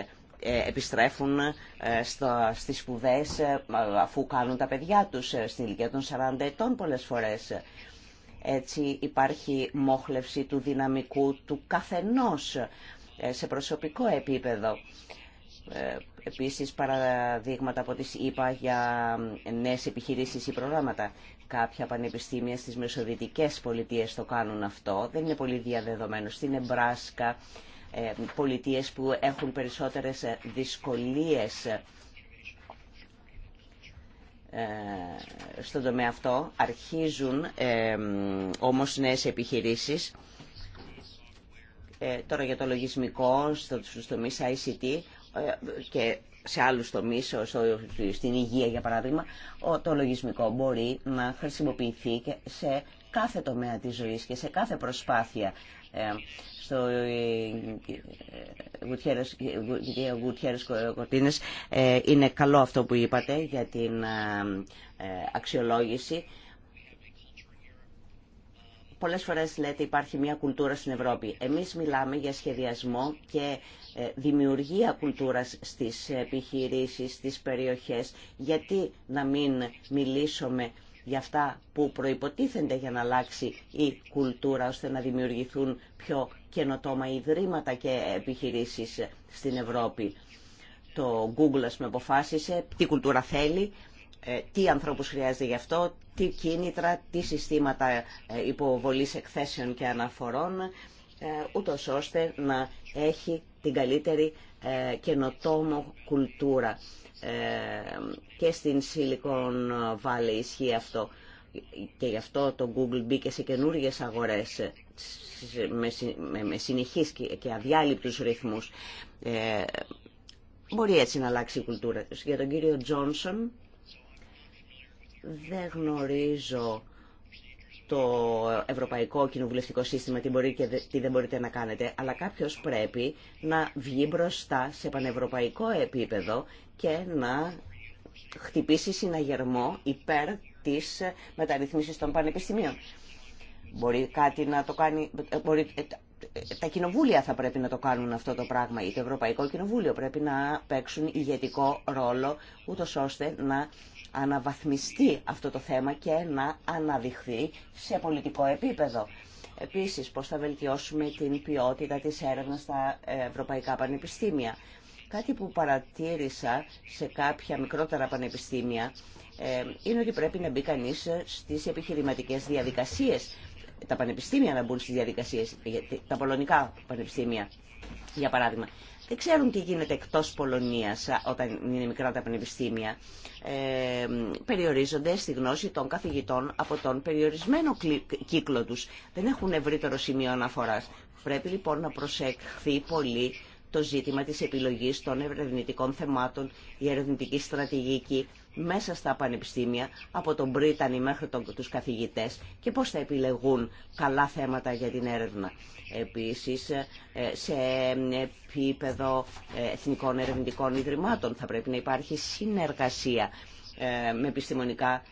επιστρέφουν στις σπουδές αφού κάνουν τα παιδιά τους στην ηλικία των 40 ετών πολλές φορές. Έτσι υπάρχει μόχλευση του δυναμικού του καθενός σε προσωπικό επίπεδο. Ε, επίσης παραδείγματα από τις είπα για ε, νέες επιχειρήσεις ή προγράμματα. Κάποια πανεπιστήμια στις μεσοδυτικές πολιτείες το κάνουν αυτό. Δεν είναι πολύ διαδεδομένο. Στην Εμπράσκα, ε, πολιτείες που έχουν περισσότερες δυσκολίες στον τομέα αυτό, αρχίζουν όμως νέες επιχειρήσεις. Τώρα για το λογισμικό, στους τομείς ICT, και σε άλλους τομείς, στην υγεία για παράδειγμα, το λογισμικό μπορεί να χρησιμοποιηθεί και σε κάθε τομέα της ζωής και σε κάθε προσπάθεια. Ε, στο ε, ε, Γκουτιέρες Κορτίνες είναι καλό αυτό που είπατε για την αξιολόγηση πολλές φορές λέτε υπάρχει μια κουλτούρα στην Ευρώπη. Εμείς μιλάμε για σχεδιασμό και ε, δημιουργία κουλτούρας στις επιχειρήσεις, στις περιοχές. Γιατί να μην μιλήσουμε για αυτά που προϋποτίθενται για να αλλάξει η κουλτούρα ώστε να δημιουργηθούν πιο καινοτόμα ιδρύματα και επιχειρήσεις στην Ευρώπη. Το Google, με αποφάσισε τι κουλτούρα θέλει ε, τι ανθρώπους χρειάζεται γι' αυτό, τι κίνητρα, τι συστήματα ε, υποβολής εκθέσεων και αναφορών, ε, ούτως ώστε να έχει την καλύτερη καινοτόμο κουλτούρα. Και στην Silicon Valley ισχύει αυτό. Και γι' αυτό το Google μπήκε σε καινούργιες αγορές με συνεχείς και αδιάλειπτους ρυθμούς. Μπορεί έτσι να αλλάξει η κουλτούρα τους. Για τον κύριο Τζόνσον δεν γνωρίζω το Ευρωπαϊκό Κοινοβουλευτικό Σύστημα τι μπορεί και τι δεν μπορείτε να κάνετε, αλλά κάποιος πρέπει να βγει μπροστά σε πανευρωπαϊκό επίπεδο και να χτυπήσει συναγερμό υπέρ της μεταρρυθμίσης των πανεπιστημίων. Μπορεί κάτι να το κάνει... Μπορεί, ε, τα κοινοβούλια θα πρέπει να το κάνουν αυτό το πράγμα ή το Ευρωπαϊκό Κοινοβούλιο πρέπει να παίξουν ηγετικό ρόλο ούτως ώστε να αναβαθμιστεί αυτό το θέμα και να αναδειχθεί σε πολιτικό επίπεδο. Επίσης, πώς θα βελτιώσουμε την ποιότητα της έρευνας στα ε, ευρωπαϊκά πανεπιστήμια. Κάτι που παρατήρησα σε κάποια μικρότερα πανεπιστήμια ε, είναι ότι πρέπει να μπει κανεί στις επιχειρηματικές διαδικασίες. Τα πανεπιστήμια να μπουν στις διαδικασίες, τα πολωνικά πανεπιστήμια, για παράδειγμα δεν ξέρουν τι γίνεται εκτός Πολωνίας όταν είναι μικρά τα πανεπιστήμια. Ε, περιορίζονται στη γνώση των καθηγητών από τον περιορισμένο κύκλο τους. Δεν έχουν ευρύτερο σημείο αναφοράς. Πρέπει λοιπόν να προσεχθεί πολύ το ζήτημα της επιλογής των ερευνητικών θεμάτων, η ερευνητική στρατηγική, μέσα στα πανεπιστήμια, από τον Πρίτανη μέχρι τον, τους καθηγητές και πώς θα επιλεγούν καλά θέματα για την έρευνα. Επίσης, ε, σε επίπεδο ε, εθνικών ερευνητικών ιδρυμάτων θα πρέπει να υπάρχει συνεργασία ε, με επιστημονικά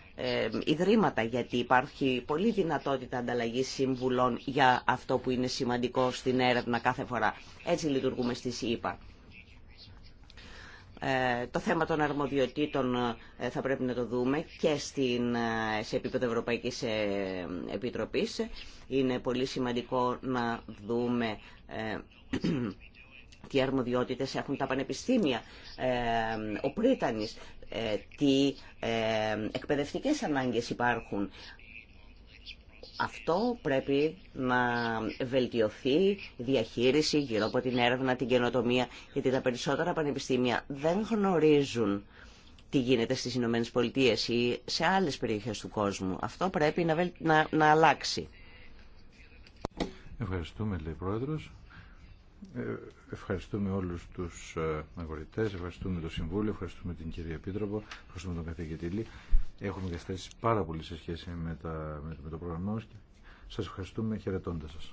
ιδρύματα, γιατί υπάρχει πολλή δυνατότητα ανταλλαγής συμβουλών για αυτό που είναι σημαντικό στην έρευνα κάθε φορά. Έτσι λειτουργούμε στη ΣΥΠΑ. Ε, το θέμα των αρμοδιοτήτων ε, θα πρέπει να το δούμε και στην, ε, σε επίπεδο Ευρωπαϊκής Επιτροπής. Είναι πολύ σημαντικό να δούμε τι αρμοδιότητες έχουν τα πανεπιστήμια, ο πρίτανης, τι εκπαιδευτικές ανάγκες υπάρχουν αυτό πρέπει να βελτιωθεί η διαχείριση γύρω από την έρευνα, την καινοτομία, γιατί τα περισσότερα πανεπιστήμια δεν γνωρίζουν τι γίνεται στις Ηνωμένε Πολιτείε ή σε άλλες περιοχές του κόσμου. Αυτό πρέπει να, να... να αλλάξει. Ευχαριστούμε, λέει Πρόεδρος. Ε, ευχαριστούμε όλους τους ε, αγορητές, ευχαριστούμε το Συμβούλιο, ευχαριστούμε την κυρία Επίτροπο, ευχαριστούμε τον καθηγητή Λί έχουμε διαθέσει πάρα πολύ σε σχέση με, τα, με, το πρόγραμμά μας και σας ευχαριστούμε χαιρετώντας σας.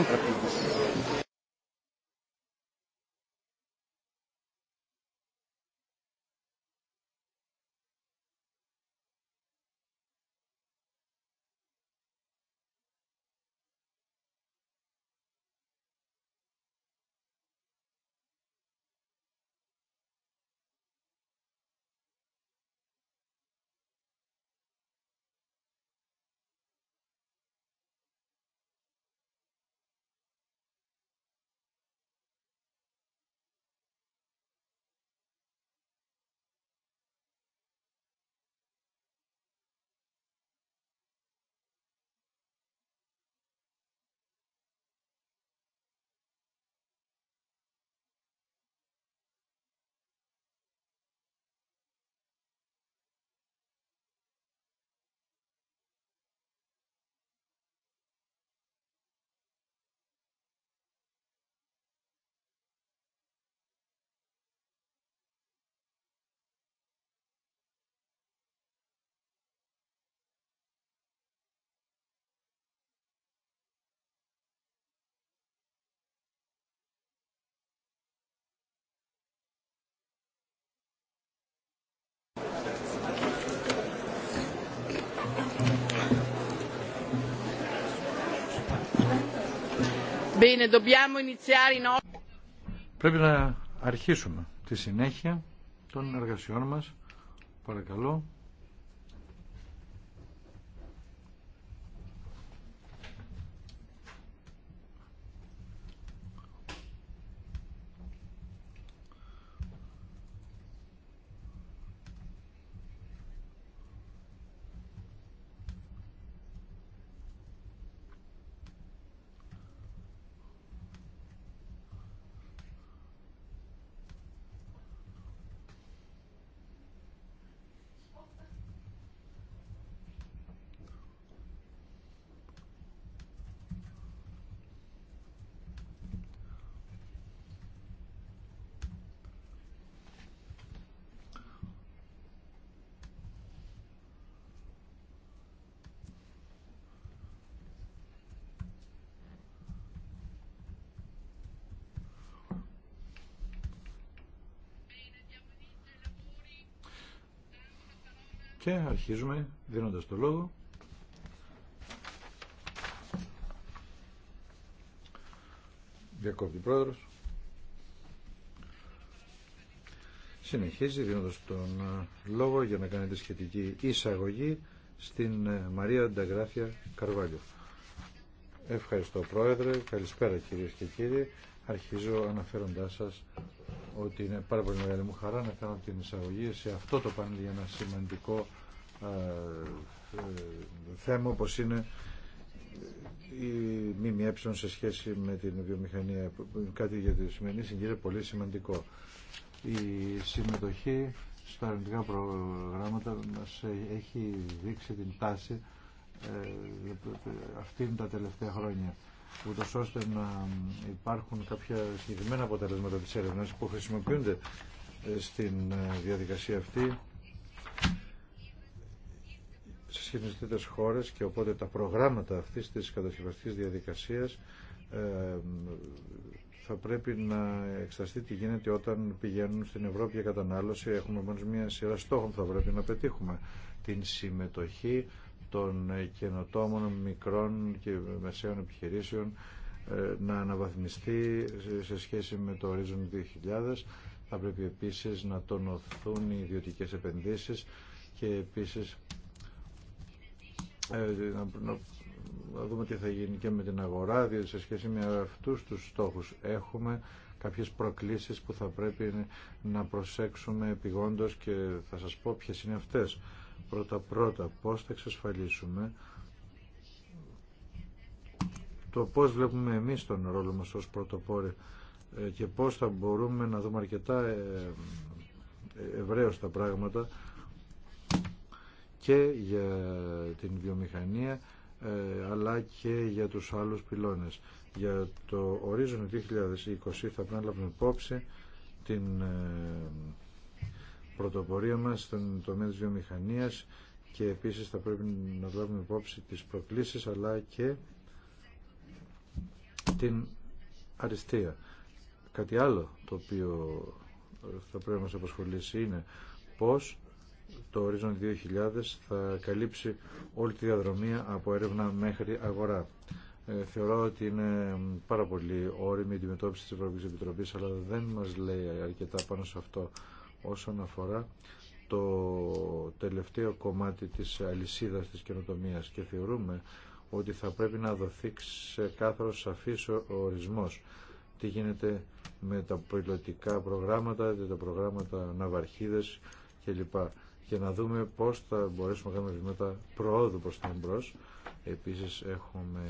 Ευχαριστώ. Πρέπει να αρχίσουμε τη συνέχεια των εργασιών μας. Παρακαλώ. Και αρχίζουμε δίνοντας το λόγο διακόπτη πρόεδρος συνεχίζει δίνοντας τον ε, λόγο για να κάνετε σχετική εισαγωγή στην ε, Μαρία Νταγράφια Καρβάλιο. Ευχαριστώ πρόεδρε, καλησπέρα κυρίες και κύριοι. Αρχίζω αναφέροντάς σας ότι είναι πάρα πολύ μεγάλη μου χαρά να κάνω την εισαγωγή σε αυτό το πάνελ για ένα σημαντικό ε, ε, θέμα όπως είναι η ΜΜΕ σε σχέση με την βιομηχανία. Κάτι για τη σημερινή συγκύρια πολύ σημαντικό. Η συμμετοχή στα αρνητικά προγράμματα μας έχει δείξει την τάση ε, αυτήν τα τελευταία χρόνια ούτω ώστε να υπάρχουν κάποια συγκεκριμένα αποτελέσματα της έρευνας που χρησιμοποιούνται ε, στην ε, διαδικασία αυτή σε σχετιστήτες χώρες και οπότε τα προγράμματα αυτής της κατασκευαστικής διαδικασίας ε, θα πρέπει να εξεταστεί τι γίνεται όταν πηγαίνουν στην Ευρώπη για κατανάλωση. Έχουμε μόνο μια σειρά στόχων που θα πρέπει να πετύχουμε. Την συμμετοχή των καινοτόμων μικρών και μεσαίων επιχειρήσεων ε, να αναβαθμιστεί σε σχέση με το Horizon 2000. Θα πρέπει επίσης να τονωθούν οι ιδιωτικές επενδύσεις και επίσης ε, να δούμε τι θα γίνει και με την αγορά, διότι σε σχέση με αυτούς τους στόχους έχουμε κάποιες προκλήσεις που θα πρέπει να προσέξουμε επιγόντως και θα σας πω ποιες είναι αυτές πρώτα-πρώτα πώς θα εξασφαλίσουμε το πώς βλέπουμε εμείς τον ρόλο μας ως πρωτοπόροι ε, και πώς θα μπορούμε να δούμε αρκετά ε, ε, ευρέως τα πράγματα και για την βιομηχανία αλλά και για τους άλλους πυλώνες. Για το ορίζον 2020 θα πρέπει να λάβουμε υπόψη την πρωτοπορία μας στον τομέα της βιομηχανίας και επίσης θα πρέπει να βλέπουμε υπόψη τις προκλήσεις αλλά και την αριστεία. Κάτι άλλο το οποίο θα πρέπει να μας απασχολήσει είναι πώς το Horizon 2000 θα καλύψει όλη τη διαδρομή από έρευνα μέχρι αγορά. Ε, θεωρώ ότι είναι πάρα πολύ όρημη η αντιμετώπιση της Ευρωπαϊκής Επιτροπής, αλλά δεν μας λέει αρκετά πάνω σε αυτό όσον αφορά το τελευταίο κομμάτι της αλυσίδας της καινοτομία και θεωρούμε ότι θα πρέπει να δοθεί ξεκάθαρος σαφής ο ορισμός τι γίνεται με τα πιλωτικά προγράμματα, τα προγράμματα ναυαρχίδες κλπ. Και να δούμε πώς θα μπορέσουμε να κάνουμε βήματα προόδου προς την εμπρός. Επίσης έχουμε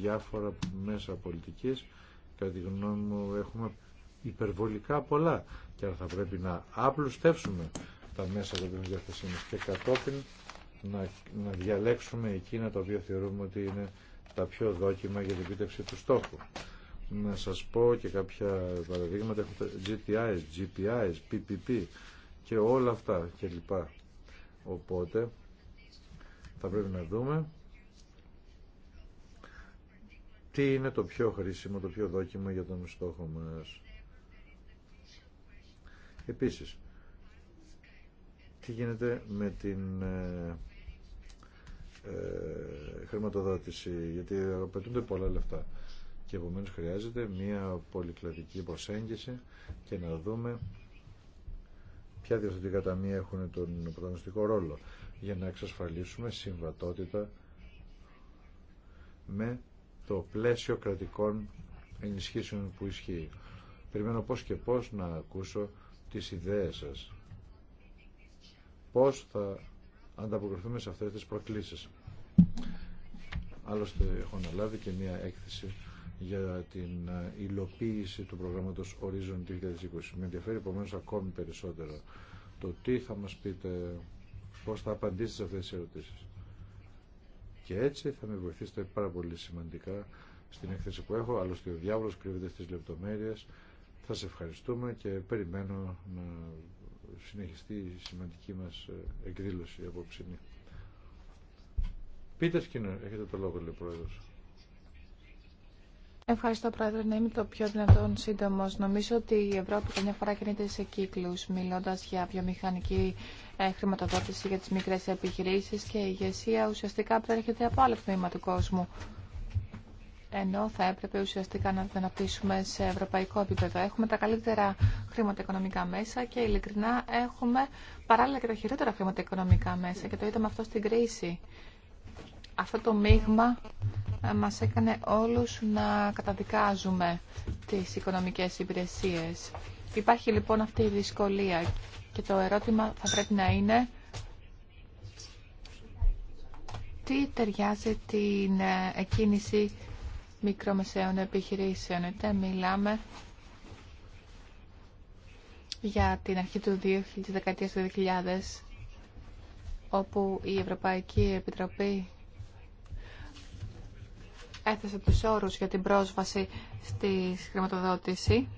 διάφορα μέσα πολιτικής. Κατά τη γνώμη μου έχουμε υπερβολικά πολλά και θα πρέπει να απλουστεύσουμε τα μέσα που έχουμε διαθέσή μας και κατόπιν να, να διαλέξουμε εκείνα τα οποία θεωρούμε ότι είναι τα πιο δόκιμα για την επίτευξη του στόχου. Να σας πω και κάποια παραδείγματα, έχω τα GTIs, GPIs, PPP και όλα αυτά κλπ. Οπότε θα πρέπει να δούμε τι είναι το πιο χρήσιμο, το πιο δόκιμο για τον στόχο μας. Επίσης, τι γίνεται με την ε, ε, χρηματοδότηση, γιατί απαιτούνται πολλά λεφτά. Και επομένως χρειάζεται μια πολυκλαδική προσέγγιση και να δούμε ποια διευθυντικά ταμεία έχουν τον πρωταγωνιστικό ρόλο για να εξασφαλίσουμε συμβατότητα με το πλαίσιο κρατικών ενισχύσεων που ισχύει. Περιμένω πώς και πώς να ακούσω τις ιδέες σας. Πώς θα ανταποκριθούμε σε αυτές τις προκλήσεις. Άλλωστε έχω αναλάβει και μια έκθεση για την ε, υλοποίηση του προγράμματος Horizon 2020. Με ενδιαφέρει επομένω ακόμη περισσότερο το τι θα μας πείτε, πώς θα απαντήσετε σε αυτές τις ερωτήσεις. Και έτσι θα με βοηθήσετε πάρα πολύ σημαντικά στην έκθεση που έχω, άλλωστε ο διάβολος κρύβεται στις λεπτομέρειες θα σε ευχαριστούμε και περιμένω να συνεχιστεί η σημαντική μας ε, εκδήλωση απόψινή. Πείτε σκηνό, έχετε το λόγο, λέει Πρόεδρος. Ευχαριστώ, Πρόεδρε. Να είμαι το πιο δυνατόν σύντομο. Νομίζω ότι η Ευρώπη καμιά φορά κινείται σε κύκλου, μιλώντα για βιομηχανική ε, χρηματοδότηση για τι μικρέ επιχειρήσει και η ηγεσία ουσιαστικά προέρχεται από άλλο τμήμα του κόσμου ενώ θα έπρεπε ουσιαστικά να την αναπτύσσουμε σε ευρωπαϊκό επίπεδο. Έχουμε τα καλύτερα χρηματοοικονομικά μέσα και ειλικρινά έχουμε παράλληλα και τα χειρότερα χρηματοοικονομικά μέσα και το είδαμε αυτό στην κρίση. Αυτό το μείγμα ε, μας έκανε όλους να καταδικάζουμε τις οικονομικές υπηρεσίες. Υπάρχει λοιπόν αυτή η δυσκολία και το ερώτημα θα πρέπει να είναι τι ταιριάζει την ε, εκκίνηση μικρομεσαίων επιχειρήσεων, είτε μιλάμε για την αρχή του 2010 2000, όπου η Ευρωπαϊκή Επιτροπή έθεσε τους όρους για την πρόσβαση στη χρηματοδότηση,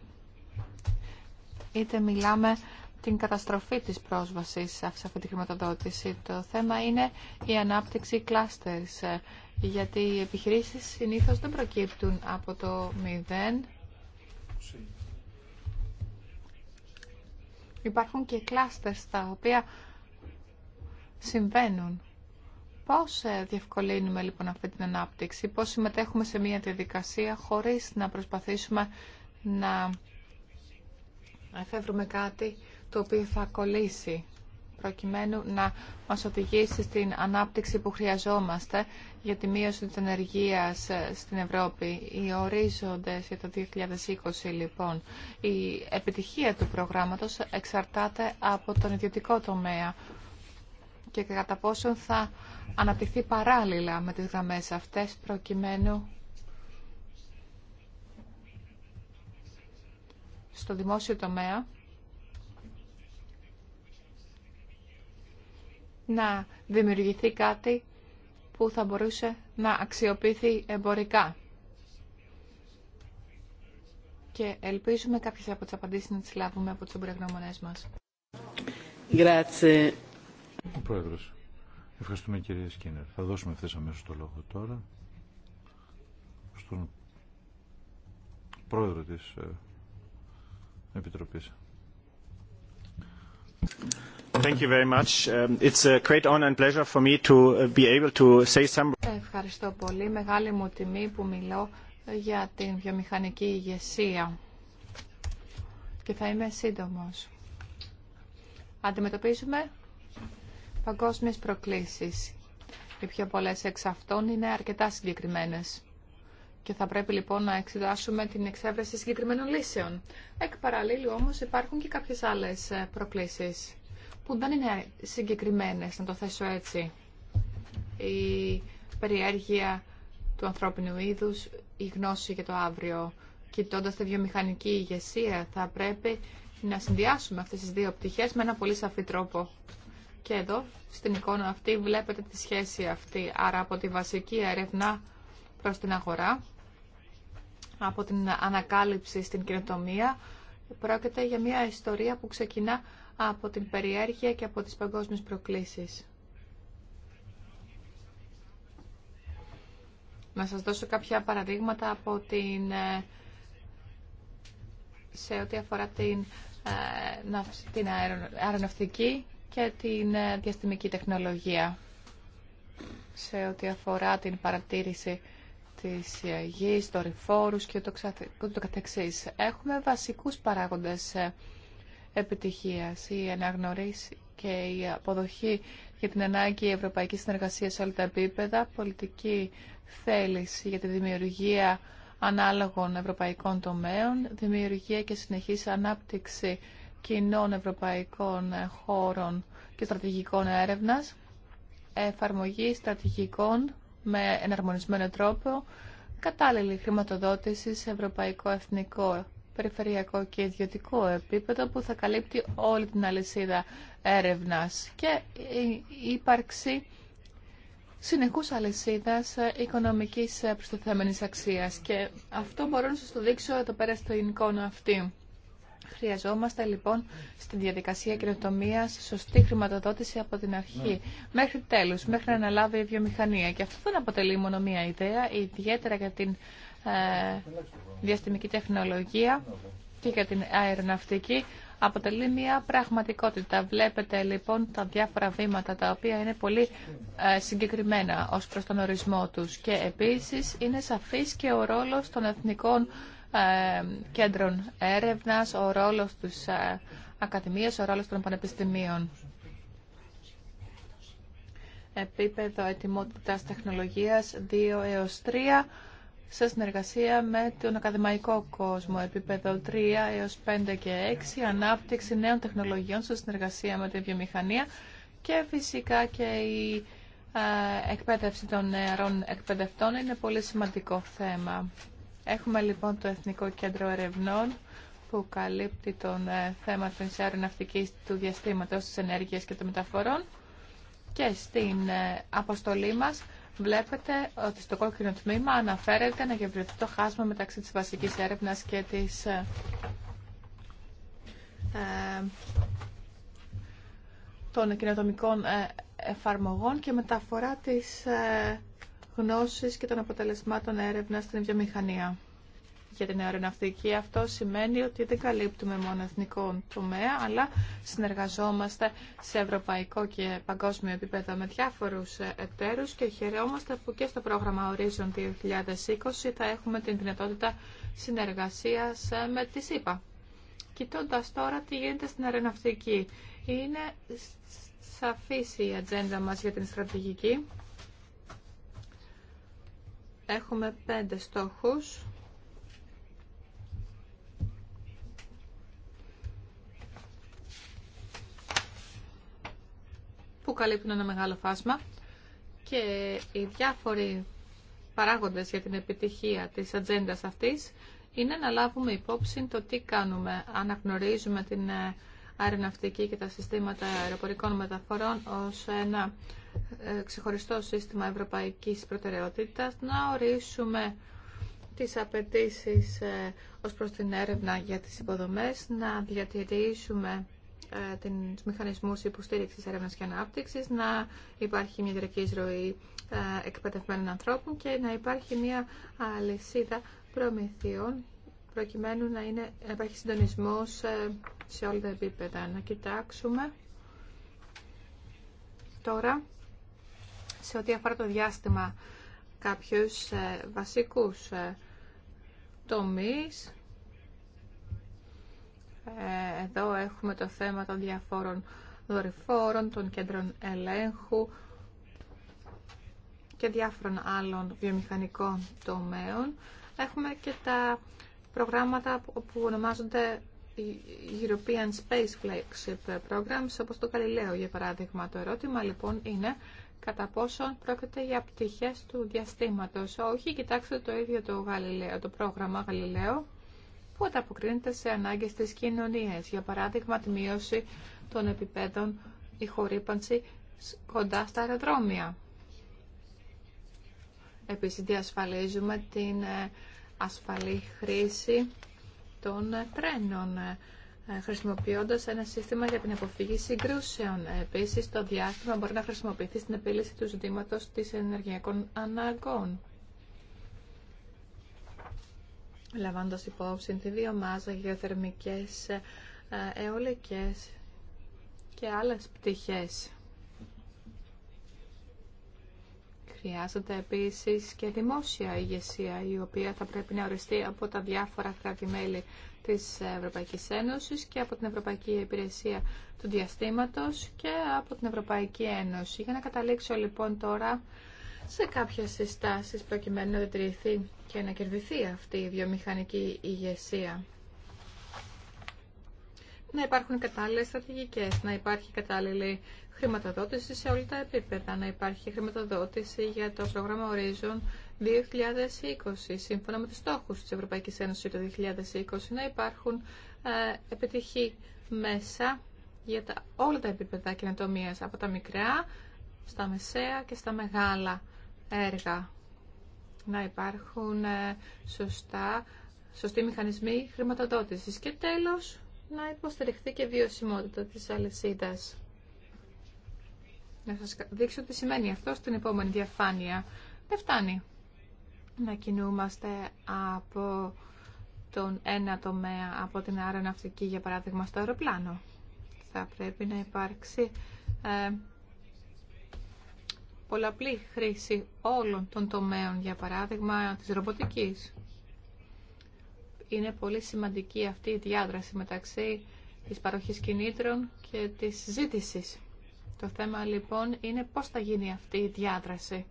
είτε μιλάμε την καταστροφή της πρόσβασης σε αυτή τη χρηματοδότηση. Το θέμα είναι η ανάπτυξη κλάστερς γιατί οι επιχειρήσεις συνήθως δεν προκύπτουν από το μηδέν. Υπάρχουν και κλάστερς τα οποία συμβαίνουν. Πώς ε, διευκολύνουμε λοιπόν αυτή την ανάπτυξη, πώς συμμετέχουμε σε μια διαδικασία χωρίς να προσπαθήσουμε να εφεύρουμε κάτι το οποίο θα κολλήσει προκειμένου να μας οδηγήσει στην ανάπτυξη που χρειαζόμαστε για τη μείωση της ενεργείας στην Ευρώπη. Οι ορίζοντες για το 2020 λοιπόν. Η επιτυχία του προγράμματος εξαρτάται από τον ιδιωτικό τομέα και κατά πόσο θα αναπτυχθεί παράλληλα με τις γραμμές αυτές προκειμένου στο δημόσιο τομέα να δημιουργηθεί κάτι που θα μπορούσε να αξιοποιηθεί εμπορικά. Και ελπίζουμε κάποιες από τις απαντήσεις να τις λάβουμε από τους εμπειρογνώμονές μας. Ο Πρόεδρος, ευχαριστούμε κυρία Σκίνερ. Θα δώσουμε ευθύς αμέσως το λόγο τώρα στον Πρόεδρο της ε, Επιτροπής. Ευχαριστώ πολύ. Μεγάλη μου τιμή που μιλώ για την βιομηχανική ηγεσία. Και θα είμαι σύντομος. Αντιμετωπίζουμε παγκόσμιες προκλήσεις. Οι πιο πολλές εξ αυτών είναι αρκετά συγκεκριμένες. Και θα πρέπει λοιπόν να εξετάσουμε την εξέβρεση συγκεκριμένων λύσεων. Εκ παραλλήλου όμως υπάρχουν και κάποιες άλλες ε, προκλήσεις που δεν είναι συγκεκριμένες, να το θέσω έτσι. Η περιέργεια του ανθρώπινου είδους, η γνώση για το αύριο. Κοιτώντα τη βιομηχανική ηγεσία θα πρέπει να συνδυάσουμε αυτές τις δύο πτυχές με ένα πολύ σαφή τρόπο. Και εδώ στην εικόνα αυτή βλέπετε τη σχέση αυτή. Άρα από τη βασική έρευνα προς την αγορά από την ανακάλυψη στην κοινοτομία. Πρόκειται για μια ιστορία που ξεκινά από την περιέργεια και από τις παγκόσμιες προκλήσεις. Να σας δώσω κάποια παραδείγματα από την, ε, σε ό,τι αφορά την, ε, την αεροναυτική και την ε, διαστημική τεχνολογία. Σε ό,τι αφορά την παρατήρηση της γης, δορυφόρους και το, το Έχουμε βασικούς παράγοντες ε, επιτυχίας, η αναγνωρίση και η αποδοχή για την ανάγκη ευρωπαϊκής συνεργασίας σε όλα τα επίπεδα, πολιτική θέληση για τη δημιουργία ανάλογων ευρωπαϊκών τομέων, δημιουργία και συνεχής ανάπτυξη κοινών ευρωπαϊκών χώρων και στρατηγικών έρευνας, εφαρμογή στρατηγικών με εναρμονισμένο τρόπο κατάλληλη χρηματοδότηση σε ευρωπαϊκό, εθνικό, περιφερειακό και ιδιωτικό επίπεδο που θα καλύπτει όλη την αλυσίδα έρευνας και η ύπαρξη συνεχούς αλυσίδας οικονομικής προστιθέμενης αξίας. Και αυτό μπορώ να σας το δείξω εδώ πέρα στο εικόνα αυτή. Χρειαζόμαστε λοιπόν στη διαδικασία καινοτομία σωστή χρηματοδότηση από την αρχή μέχρι τέλους, μέχρι να αναλάβει η βιομηχανία. Και αυτό δεν αποτελεί μόνο μία ιδέα, ιδιαίτερα για την ε, διαστημική τεχνολογία και για την αεροναυτική. Αποτελεί μία πραγματικότητα. Βλέπετε λοιπόν τα διάφορα βήματα τα οποία είναι πολύ ε, συγκεκριμένα ως προς τον ορισμό τους. Και επίσης είναι σαφής και ο ρόλος των εθνικών ε, κέντρων έρευνα, ο ρόλος της ε, Ακαδημίας, ο ρόλο των πανεπιστημίων. Επίπεδο ετοιμότητας τεχνολογίας 2 έως 3 σε συνεργασία με τον ακαδημαϊκό κόσμο. Επίπεδο 3 έως 5 και 6, ανάπτυξη νέων τεχνολογιών σε συνεργασία με τη βιομηχανία και φυσικά και η ε, εκπαίδευση των νεαρών εκπαιδευτών είναι πολύ σημαντικό θέμα. Έχουμε λοιπόν το Εθνικό Κέντρο Ερευνών που καλύπτει τον ε, θέμα της αεροναυτικής του διαστήματος, της ενέργειας και των μεταφορών και στην ε, αποστολή μας βλέπετε ότι στο κόκκινο τμήμα αναφέρεται να γευρεθεί το χάσμα μεταξύ της βασικής έρευνας και της ε, των κοινοτομικών εφαρμογών και μεταφορά της γνώσης και των αποτελεσμάτων έρευνας στην βιομηχανία. Για την αεροναυτική αυτό σημαίνει ότι δεν καλύπτουμε μόνο εθνικό τομέα, αλλά συνεργαζόμαστε σε ευρωπαϊκό και παγκόσμιο επίπεδο με διάφορους εταίρους και χαιρεόμαστε που και στο πρόγραμμα Horizon 2020 θα έχουμε την δυνατότητα συνεργασίας με τη ΣΥΠΑ. Κοιτώντας τώρα τι γίνεται στην αεροναυτική, είναι σαφής η ατζέντα μας για την στρατηγική Έχουμε πέντε στόχους. που καλύπτουν ένα μεγάλο φάσμα και οι διάφοροι παράγοντες για την επιτυχία της ατζέντα αυτής είναι να λάβουμε υπόψη το τι κάνουμε. Αναγνωρίζουμε την ε, αεροναυτική και τα συστήματα αεροπορικών μεταφορών ως ένα ε, ξεχωριστό σύστημα ευρωπαϊκής προτεραιότητας, να ορίσουμε τις απαιτήσει ε, ως προς την έρευνα για τις υποδομές, να διατηρήσουμε ε, τους μηχανισμούς υποστήριξης έρευνας και ανάπτυξης, να υπάρχει μια διαρκή ροή εκπαιδευμένων ανθρώπων και να υπάρχει μια αλυσίδα προμηθειών προκειμένου να, είναι, να υπάρχει συντονισμό σε, σε όλα τα επίπεδα. Να κοιτάξουμε τώρα σε ό,τι αφορά το διάστημα κάποιους ε, βασικούς ε, τομείς. Ε, εδώ έχουμε το θέμα των διαφόρων δορυφόρων, των κέντρων ελέγχου και διάφορων άλλων βιομηχανικών τομέων. Έχουμε και τα προγράμματα που ονομάζονται European Space Flagship Programs, όπως το Καλλιλέο για παράδειγμα. Το ερώτημα λοιπόν είναι κατά πόσο πρόκειται για πτυχέ του διαστήματος. Όχι, κοιτάξτε το ίδιο το, Γαλιλαίο, το πρόγραμμα Γαλιλαίο που ανταποκρίνεται σε ανάγκες της κοινωνίας. Για παράδειγμα, τη μείωση των επιπέδων η χορύπανση κοντά στα αεροδρόμια. Επίσης, διασφαλίζουμε την ε, ασφαλή χρήση των τρένων ε, χρησιμοποιώντας ένα σύστημα για την αποφυγή συγκρούσεων. Επίσης, το διάστημα μπορεί να χρησιμοποιηθεί στην επίλυση του ζητήματος της ενεργειακών αναγκών. Λαμβάνοντας υπόψη τη βιομάζα, γεωθερμικές, ε, ε, αιωλικές και άλλες πτυχές. Χρειάζεται επίσης και δημόσια ηγεσία η οποία θα πρέπει να οριστεί από τα διάφορα κράτη-μέλη της Ευρωπαϊκής Ένωσης και από την Ευρωπαϊκή Υπηρεσία του Διαστήματος και από την Ευρωπαϊκή Ένωση. Για να καταλήξω λοιπόν τώρα σε κάποιες συστάσεις προκειμένου να διατηρηθεί και να κερδιθεί αυτή η βιομηχανική ηγεσία. Να υπάρχουν κατάλληλε στρατηγικέ, να υπάρχει κατάλληλη χρηματοδότηση σε όλα τα επίπεδα. Να υπάρχει χρηματοδότηση για το πρόγραμμα Horizon 2020, σύμφωνα με τους στόχους της Ευρωπαϊκής Ένωσης το 2020, να υπάρχουν ε, επιτυχή μέσα για τα, όλα τα επίπεδα καινοτομίας, από τα μικρά, στα μεσαία και στα μεγάλα έργα. Να υπάρχουν ε, σωστά, σωστοί μηχανισμοί χρηματοδότησης. Και τέλος, να υποστηριχθεί και βιωσιμότητα της αλυσίδας. Να σας δείξω τι σημαίνει αυτό στην επόμενη διαφάνεια. Δεν φτάνει να κινούμαστε από τον ένα τομέα, από την αεροναυτική, για παράδειγμα, στο αεροπλάνο. Θα πρέπει να υπάρξει ε, πολλαπλή χρήση όλων των τομέων, για παράδειγμα, της ρομποτικής. Είναι πολύ σημαντική αυτή η διάδραση μεταξύ της παροχής κινήτρων και της ζήτησης. Το θέμα λοιπόν είναι πώς θα γίνει αυτή η διάδραση.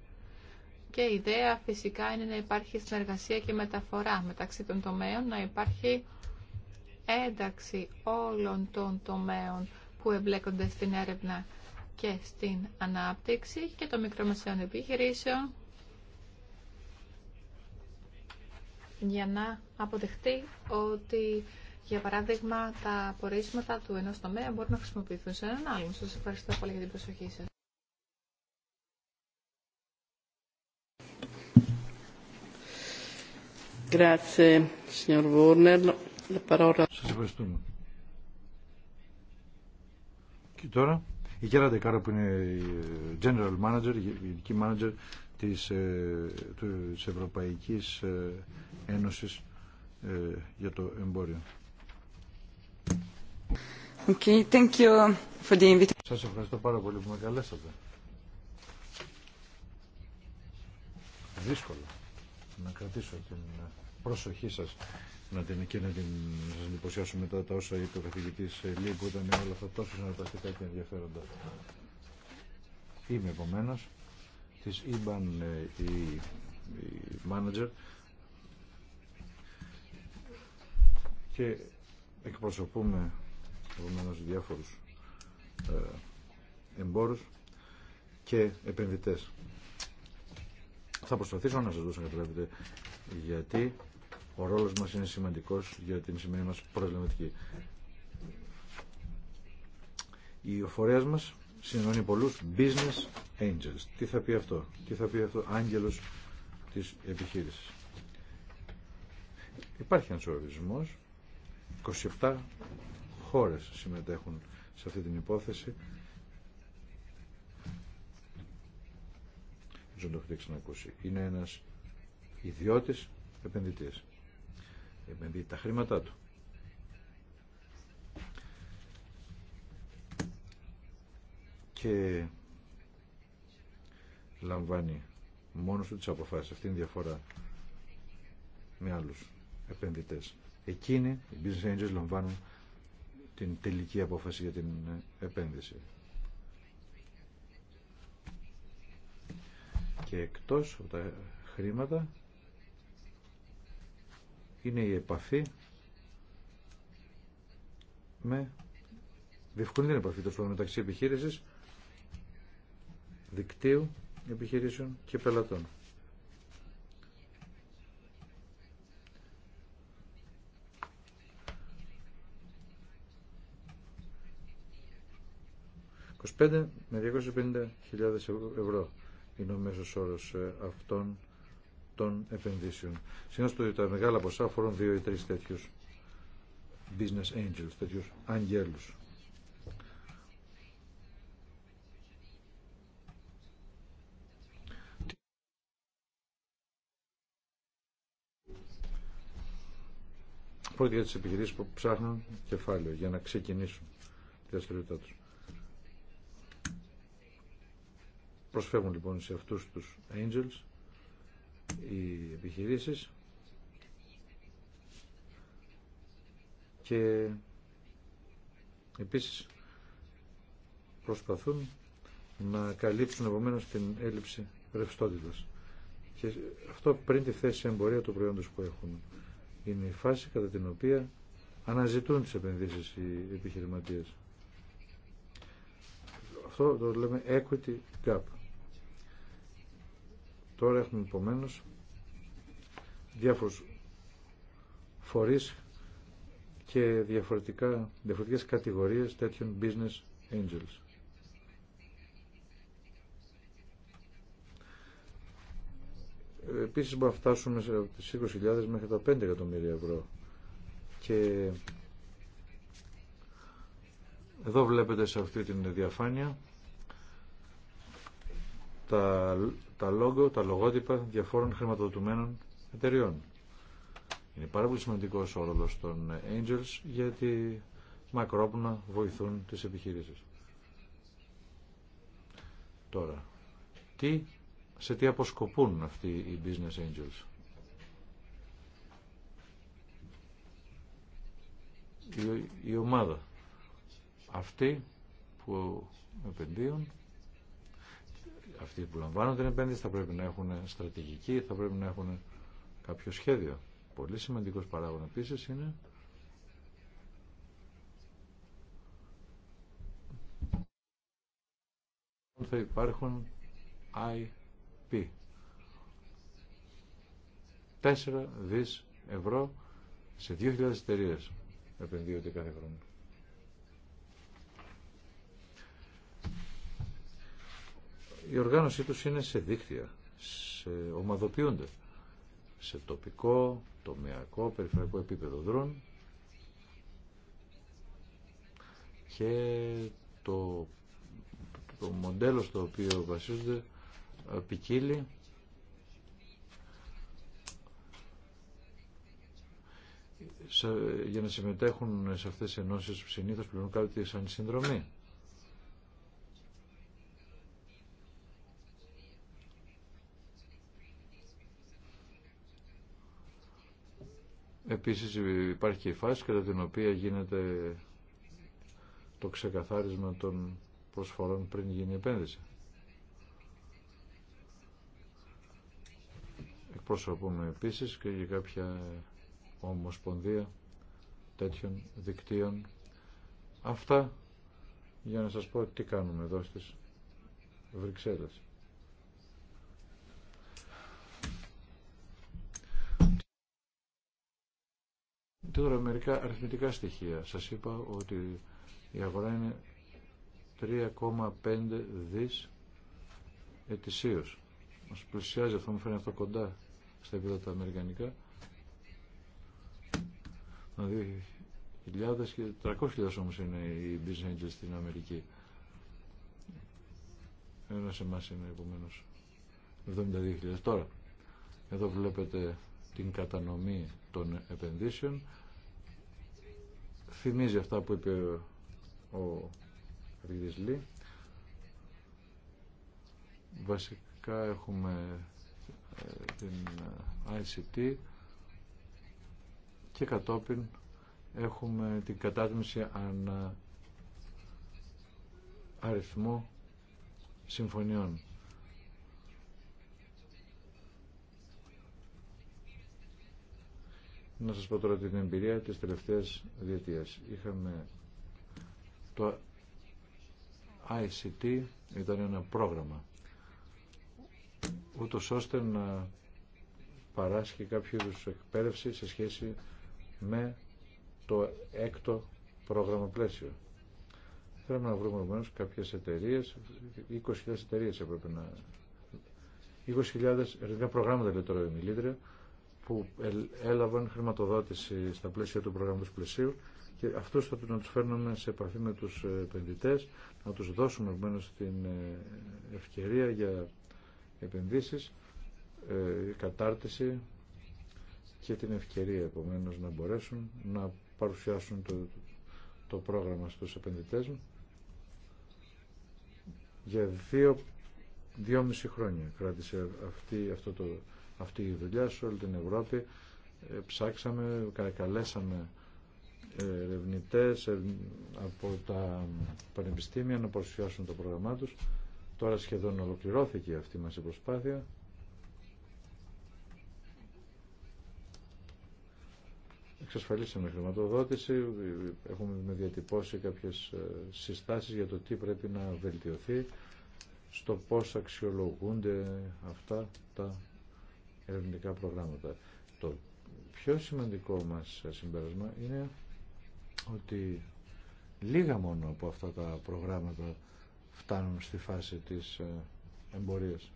Και η ιδέα φυσικά είναι να υπάρχει συνεργασία και μεταφορά μεταξύ των τομέων, να υπάρχει ένταξη όλων των τομέων που εμπλέκονται στην έρευνα και στην ανάπτυξη και των μικρομεσαίων επιχειρήσεων για να αποδεχτεί ότι για παράδειγμα, τα πορίσματα του ενός τομέα μπορούν να χρησιμοποιηθούν σε έναν άλλον. Σας ευχαριστώ πολύ για την προσοχή σας. Σας ευχαριστούμε. Και τώρα, η Κέρα Ντεκάρα που είναι ε, General Manager, γενική Manager της, ε, της Ευρωπαϊκής ε, Ένωσης για το εμπόριο. Okay, thank you for the invitation. Σας ευχαριστώ πάρα πολύ που με καλέσατε. Δύσκολο να κρατήσω την προσοχή σας να την, και να την σας εντυπωσιάσω μετά τα όσα είπε ο καθηγητής Λί που ήταν όλα αυτά τόσο συναρπαστικά και ενδιαφέροντα. Είμαι επομένως της IBAN ε, η, η manager και εκπροσωπούμε επομένω διάφορους ε, εμπόρους και επενδυτές. Θα προσπαθήσω να σας δώσω να καταλάβετε γιατί ο ρόλος μας είναι σημαντικός για την σημερινή μας προβληματική. Η φορέα μας συνενώνει πολλούς business angels. Τι θα πει αυτό, τι θα πει αυτό άγγελος της επιχείρησης. Υπάρχει ένας ορισμός, 27 χώρες συμμετέχουν σε αυτή την υπόθεση. Δεν το Είναι ένας ιδιώτης επενδυτής. Επενδύει τα χρήματά του. Και λαμβάνει μόνος του τις αποφάσεις. Αυτή είναι η διαφορά με άλλους επενδυτές. Εκείνοι, οι business angels, λαμβάνουν την τελική απόφαση για την επένδυση. Και εκτός από τα χρήματα είναι η επαφή με διευκολύνει την επαφή τόσο μεταξύ επιχείρησης δικτύου επιχειρήσεων και πελατών. 25 με 250.000 ευρώ είναι ο μέσος όρος ε, αυτών των επενδύσεων. ότι τα μεγάλα ποσά αφορούν δύο ή τρει τέτοιου business angels, τέτοιου Αγγέλου. Πρώτη για τι επιχειρήσει που ψάχνουν κεφάλαιο για να ξεκινήσουν τη δραστηριότητά τους. Προσφεύγουν λοιπόν σε αυτούς τους angels οι επιχειρήσεις και επίσης προσπαθούν να καλύψουν επομένω την έλλειψη ρευστότητα. Και αυτό πριν τη θέση εμπορία του προϊόντος που έχουν. Είναι η φάση κατά την οποία αναζητούν τις επενδύσεις οι επιχειρηματίες. Αυτό το λέμε equity gap. Τώρα έχουμε επομένω διάφορους φορείς και διαφορετικά, διαφορετικές κατηγορίες τέτοιων business angels. Επίσης μπορούμε να φτάσουμε από τις 20.000 μέχρι τα 5 εκατομμύρια ευρώ. Και εδώ βλέπετε σε αυτή την διαφάνεια τα τα λόγο, τα λογότυπα διαφόρων χρηματοδοτουμένων εταιριών. Είναι πάρα πολύ σημαντικό ο ρόλο των Angels γιατί να βοηθούν τις επιχειρήσεις. Τώρα, τι, σε τι αποσκοπούν αυτοί οι Business Angels. Η, η ομάδα. αυτή που επενδύουν αυτοί που λαμβάνουν την επένδυση θα πρέπει να έχουν στρατηγική, θα πρέπει να έχουν κάποιο σχέδιο. Πολύ σημαντικός παράγον επίσης είναι θα υπάρχουν IP. 4 δις ευρώ σε 2.000 εταιρείε επενδύονται κάθε χρόνο. η οργάνωσή τους είναι σε δίκτυα, σε ομαδοποιούνται, σε τοπικό, τομεακό, περιφερειακό επίπεδο δρόν, και το, το μοντέλο στο οποίο βασίζονται ε, ποικίλει για να συμμετέχουν σε αυτές τις ενώσεις συνήθως πληρώνουν κάτι σαν συνδρομή. Επίσης υπάρχει και η φάση κατά την οποία γίνεται το ξεκαθάρισμα των προσφορών πριν γίνει η επένδυση. Εκπροσωπούμε επίσης και για κάποια ομοσπονδία τέτοιων δικτύων. Αυτά για να σας πω τι κάνουμε εδώ στις Βρυξέλλες. Τώρα μερικά αριθμητικά στοιχεία. Σας είπα ότι η αγορά είναι 3,5 δις ετησίως. Μας πλησιάζει αυτό, μου φαίνεται αυτό κοντά στα επίπεδα τα αμερικανικά. 2.000 και 300.000 όμως είναι οι business angels στην Αμερική. Ένα σε εμάς είναι επομένως 72.000. Τώρα, εδώ βλέπετε την κατανομή των επενδύσεων θυμίζει αυτά που είπε ο Ριγισλή. Βασικά έχουμε ε, την ε, ICT και κατόπιν έχουμε την κατάτμιση ανα αριθμό συμφωνιών. Να σας πω τώρα την εμπειρία της τελευταίας διετίας. Είχαμε το ICT, ήταν ένα πρόγραμμα, ούτω ώστε να παράσχει κάποιο είδους εκπαίδευση σε σχέση με το έκτο πρόγραμμα πλαίσιο. Θέλαμε να βρούμε επομένω κάποιες εταιρείες, 20.000 εταιρείες έπρεπε να... 20.000 ερευνητικά προγράμματα λέει τώρα η μιλήτρια, που έλαβαν χρηματοδότηση στα πλαίσια του προγράμματος πλαισίου και αυτούς θα να τους φέρνουμε σε επαφή με τους επενδυτές, να τους δώσουμε επομένω την ε, ευκαιρία για επενδύσεις, ε, κατάρτιση και την ευκαιρία επομένω να μπορέσουν να παρουσιάσουν το, το πρόγραμμα στους επενδυτές για δύο, μισή χρόνια κράτησε αυτή, αυτό το αυτή η δουλειά σε όλη την Ευρώπη. Ε, ψάξαμε, καλέσαμε ε, ερευνητέ ε, από τα πανεπιστήμια να παρουσιάσουν το πρόγραμμά τους. Τώρα σχεδόν ολοκληρώθηκε αυτή μας η προσπάθεια. Εξασφαλίσαμε χρηματοδότηση, έχουμε διατυπώσει κάποιες συστάσεις για το τι πρέπει να βελτιωθεί, στο πώς αξιολογούνται αυτά τα ερευνητικά προγράμματα. Το πιο σημαντικό μας συμπέρασμα είναι ότι λίγα μόνο από αυτά τα προγράμματα φτάνουν στη φάση της ε, εμπορίας.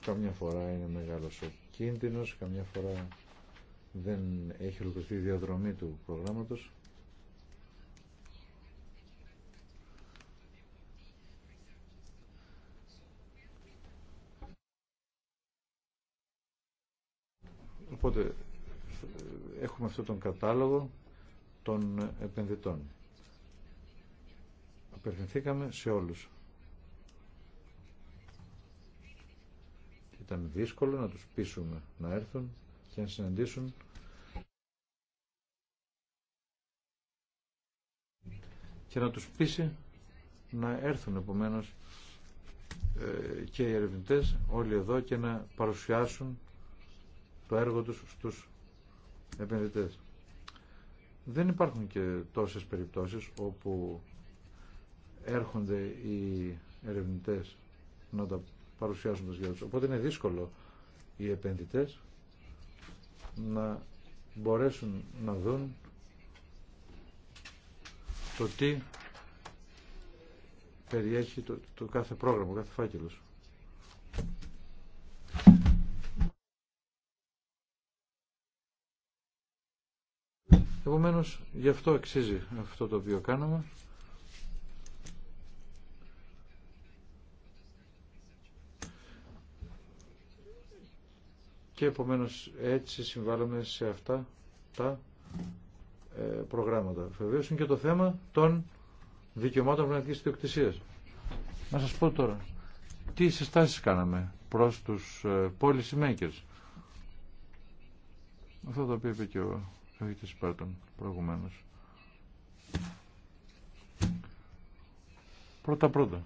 Καμιά φορά είναι μεγάλος ο κίνδυνος, καμιά φορά δεν έχει ολοκληρωθεί η διαδρομή του προγράμματος. Οπότε ε, έχουμε αυτόν τον κατάλογο των επενδυτών. Απευθυνθήκαμε σε όλους. Ήταν δύσκολο να τους πείσουμε να έρθουν και να συναντήσουν και να τους πείσει να έρθουν επομένως ε, και οι ερευνητές όλοι εδώ και να παρουσιάσουν το έργο τους στους επενδυτές. Δεν υπάρχουν και τόσες περιπτώσεις όπου έρχονται οι ερευνητές να τα παρουσιάσουν τους γεώτες. Οπότε είναι δύσκολο οι επενδυτές να μπορέσουν να δουν το τι περιέχει το, κάθε πρόγραμμα, κάθε φάκελος. Επομένως, γι' αυτό αξίζει αυτό το οποίο κάναμε. Και επομένως έτσι συμβάλλουμε σε αυτά τα ε, προγράμματα. Βεβαίως είναι και το θέμα των δικαιωμάτων πνευματικής ιδιοκτησίας. Να σας πω τώρα, τι συστάσεις κάναμε προς τους ε, policy makers. Αυτό το οποίο είπε και ο Πρώτα πρώτα.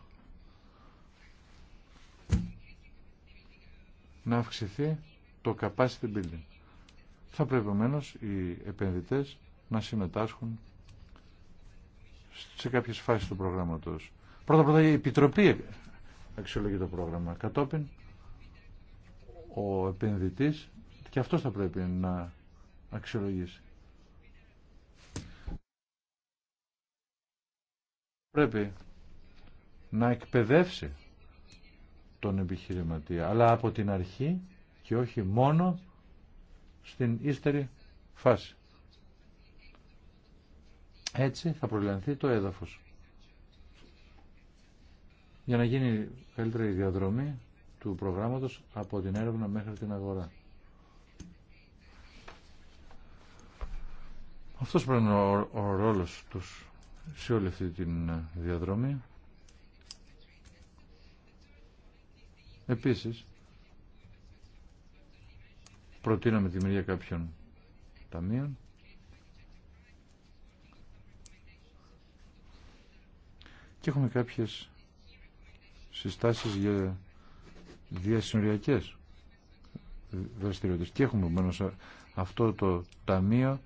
Να αυξηθεί το capacity building. Θα πρέπει ομένως οι επενδυτές να συμμετάσχουν σε κάποιες φάσεις του προγράμματος. Πρώτα πρώτα η Επιτροπή αξιολογεί το πρόγραμμα. Κατόπιν ο επενδυτής και αυτός θα πρέπει να αξιολογήσει. πρέπει να εκπαιδεύσει τον επιχειρηματία, αλλά από την αρχή και όχι μόνο στην ύστερη φάση. Έτσι θα προλανθεί το έδαφος. Για να γίνει καλύτερη η διαδρομή του προγράμματος από την έρευνα μέχρι την αγορά. Αυτός πρέπει να είναι ο, ο ρόλος τους σε όλη αυτή την διαδρομή. Επίσης, προτείναμε τη μερία κάποιων ταμείων και έχουμε κάποιες συστάσεις για διασυνοριακές δραστηριότητες και έχουμε μόνος, αυτό το ταμείο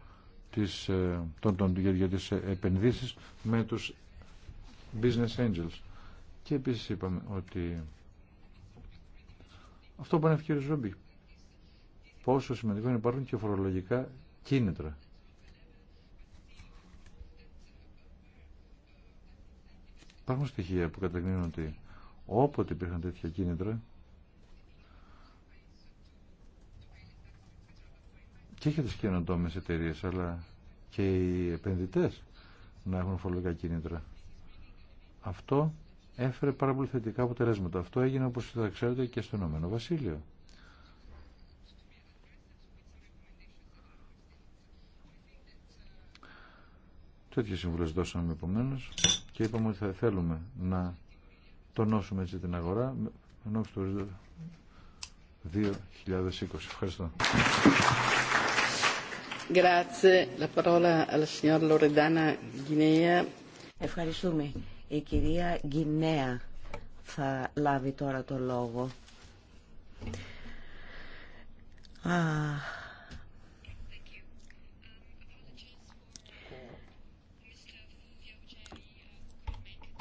τις, ε, τόν τον για, για τις ε, επενδύσεις με τους business angels. Και επίσης είπαμε ότι αυτό που ανέφερε ο Ζόμπι, πόσο σημαντικό είναι να υπάρχουν και φορολογικά κίνητρα. Υπάρχουν στοιχεία που κατακρίνουν ότι όποτε υπήρχαν τέτοια κίνητρα, και για τις καινοτόμες εταιρείε, αλλά και οι επενδυτές να έχουν φορολογικά κίνητρα. Αυτό έφερε πάρα πολύ θετικά αποτελέσματα. Αυτό έγινε όπως θα ξέρετε και στο Ηνωμένο Βασίλειο. Τέτοιε συμβουλέ δώσαμε επομένω και είπαμε ότι θα θέλουμε να τονώσουμε έτσι την αγορά ενώ του 2020. Ευχαριστώ. Ευχαριστούμε. Η κυρία Γκινέα θα λάβει τώρα το λόγο.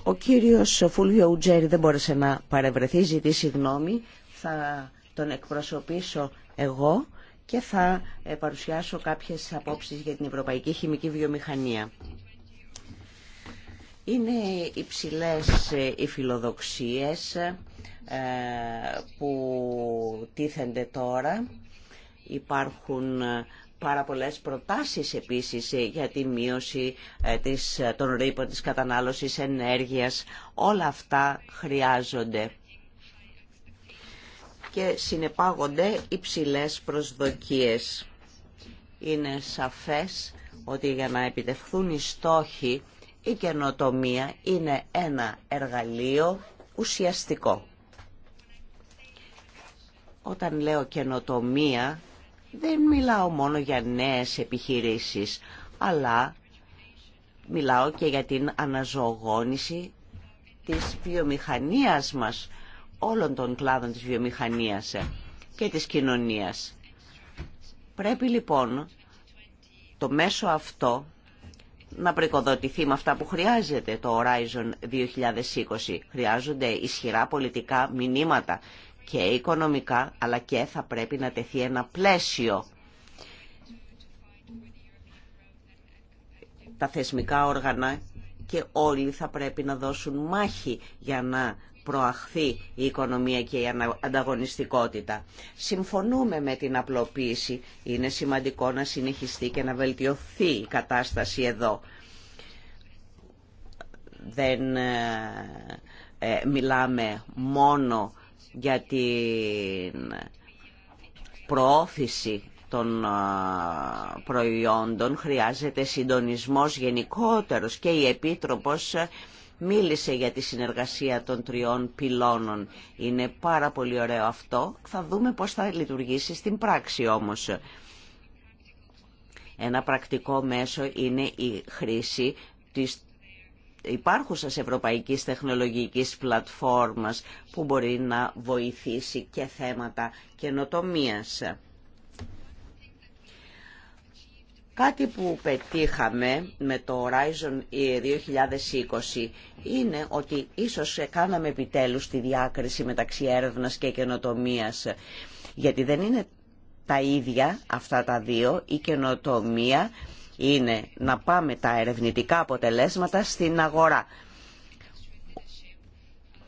Ο κύριος Φούλβιο Ουτζέρη δεν μπόρεσε να παρευρεθεί, Ζητήσει γνώμη. Θα τον εκπροσωπήσω εγώ και θα ε, παρουσιάσω κάποιες απόψεις για την Ευρωπαϊκή Χημική Βιομηχανία. Είναι υψηλές ε, οι φιλοδοξίες ε, που τίθενται τώρα. Υπάρχουν πάρα πολλές προτάσεις επίσης για τη μείωση της, των ρήπων της κατανάλωσης ενέργειας. Όλα αυτά χρειάζονται και συνεπάγονται υψηλές προσδοκίες. Είναι σαφές ότι για να επιτευχθούν οι στόχοι η καινοτομία είναι ένα εργαλείο ουσιαστικό. Όταν λέω καινοτομία δεν μιλάω μόνο για νέες επιχειρήσεις, αλλά μιλάω και για την αναζωογόνηση της βιομηχανίας μας όλων των κλάδων της βιομηχανίας και της κοινωνίας. Πρέπει λοιπόν το μέσο αυτό να προοικοδοτηθεί με αυτά που χρειάζεται το Horizon 2020. Χρειάζονται ισχυρά πολιτικά μηνύματα και οικονομικά, αλλά και θα πρέπει να τεθεί ένα πλαίσιο. Τα θεσμικά όργανα και όλοι θα πρέπει να δώσουν μάχη για να προαχθεί η οικονομία και η ανταγωνιστικότητα. Συμφωνούμε με την απλοποίηση. Είναι σημαντικό να συνεχιστεί και να βελτιωθεί η κατάσταση εδώ. Δεν ε, ε, μιλάμε μόνο για την προώθηση των ε, προϊόντων. Χρειάζεται συντονισμός γενικότερος και η Επίτροπος μίλησε για τη συνεργασία των τριών πυλώνων. Είναι πάρα πολύ ωραίο αυτό. Θα δούμε πώς θα λειτουργήσει στην πράξη όμως. Ένα πρακτικό μέσο είναι η χρήση της υπάρχουσας ευρωπαϊκής τεχνολογικής πλατφόρμας που μπορεί να βοηθήσει και θέματα καινοτομίας. Κάτι που πετύχαμε με το Horizon 2020 e είναι ότι ίσως κάναμε επιτέλους τη διάκριση μεταξύ έρευνας και καινοτομίας. Γιατί δεν είναι τα ίδια αυτά τα δύο. Η καινοτομία είναι να πάμε τα ερευνητικά αποτελέσματα στην αγορά.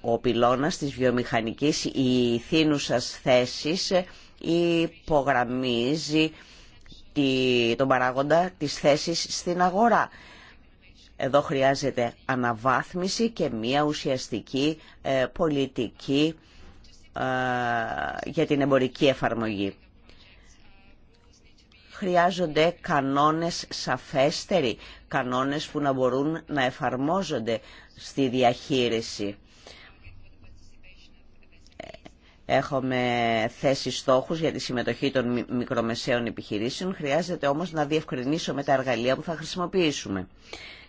Ο πυλώνας της βιομηχανικής, η θύνουσας θέσης υπογραμμίζει τον παράγοντα της θέσης στην αγορά. Εδώ χρειάζεται αναβάθμιση και μια ουσιαστική ε, πολιτική ε, για την εμπορική εφαρμογή. Χρειάζονται κανόνες σαφέστεροι, κανόνες που να μπορούν να εφαρμόζονται στη διαχείριση Έχουμε θέσει στόχους για τη συμμετοχή των μικρομεσαίων επιχειρήσεων. Χρειάζεται όμως να διευκρινίσουμε τα εργαλεία που θα χρησιμοποιήσουμε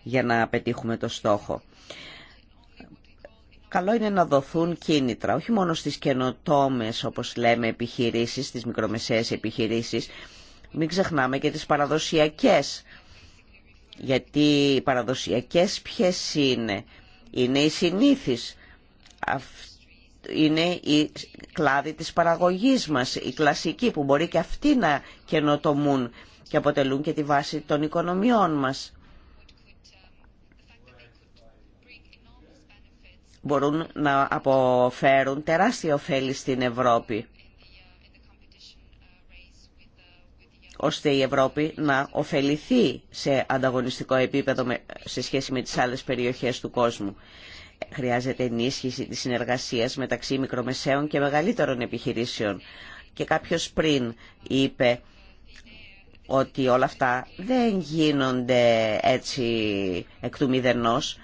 για να πετύχουμε το στόχο. Καλό είναι να δοθούν κίνητρα, όχι μόνο στις καινοτόμες, όπως λέμε, επιχειρήσεις, στις μικρομεσαίες επιχειρήσεις. Μην ξεχνάμε και τις παραδοσιακές. Γιατί οι παραδοσιακές ποιες είναι. Είναι οι συνήθεις είναι η κλάδη της παραγωγής μας, η κλασική που μπορεί και αυτοί να καινοτομούν και αποτελούν και τη βάση των οικονομιών μας. Μπορούν να αποφέρουν τεράστια ωφέλη στην Ευρώπη, ώστε η Ευρώπη να ωφεληθεί σε ανταγωνιστικό επίπεδο σε σχέση με τις άλλες περιοχές του κόσμου. Χρειάζεται ενίσχυση της συνεργασίας μεταξύ μικρομεσαίων και μεγαλύτερων επιχειρήσεων. Και κάποιος πριν είπε ότι όλα αυτά δεν γίνονται έτσι εκ του μηδενός.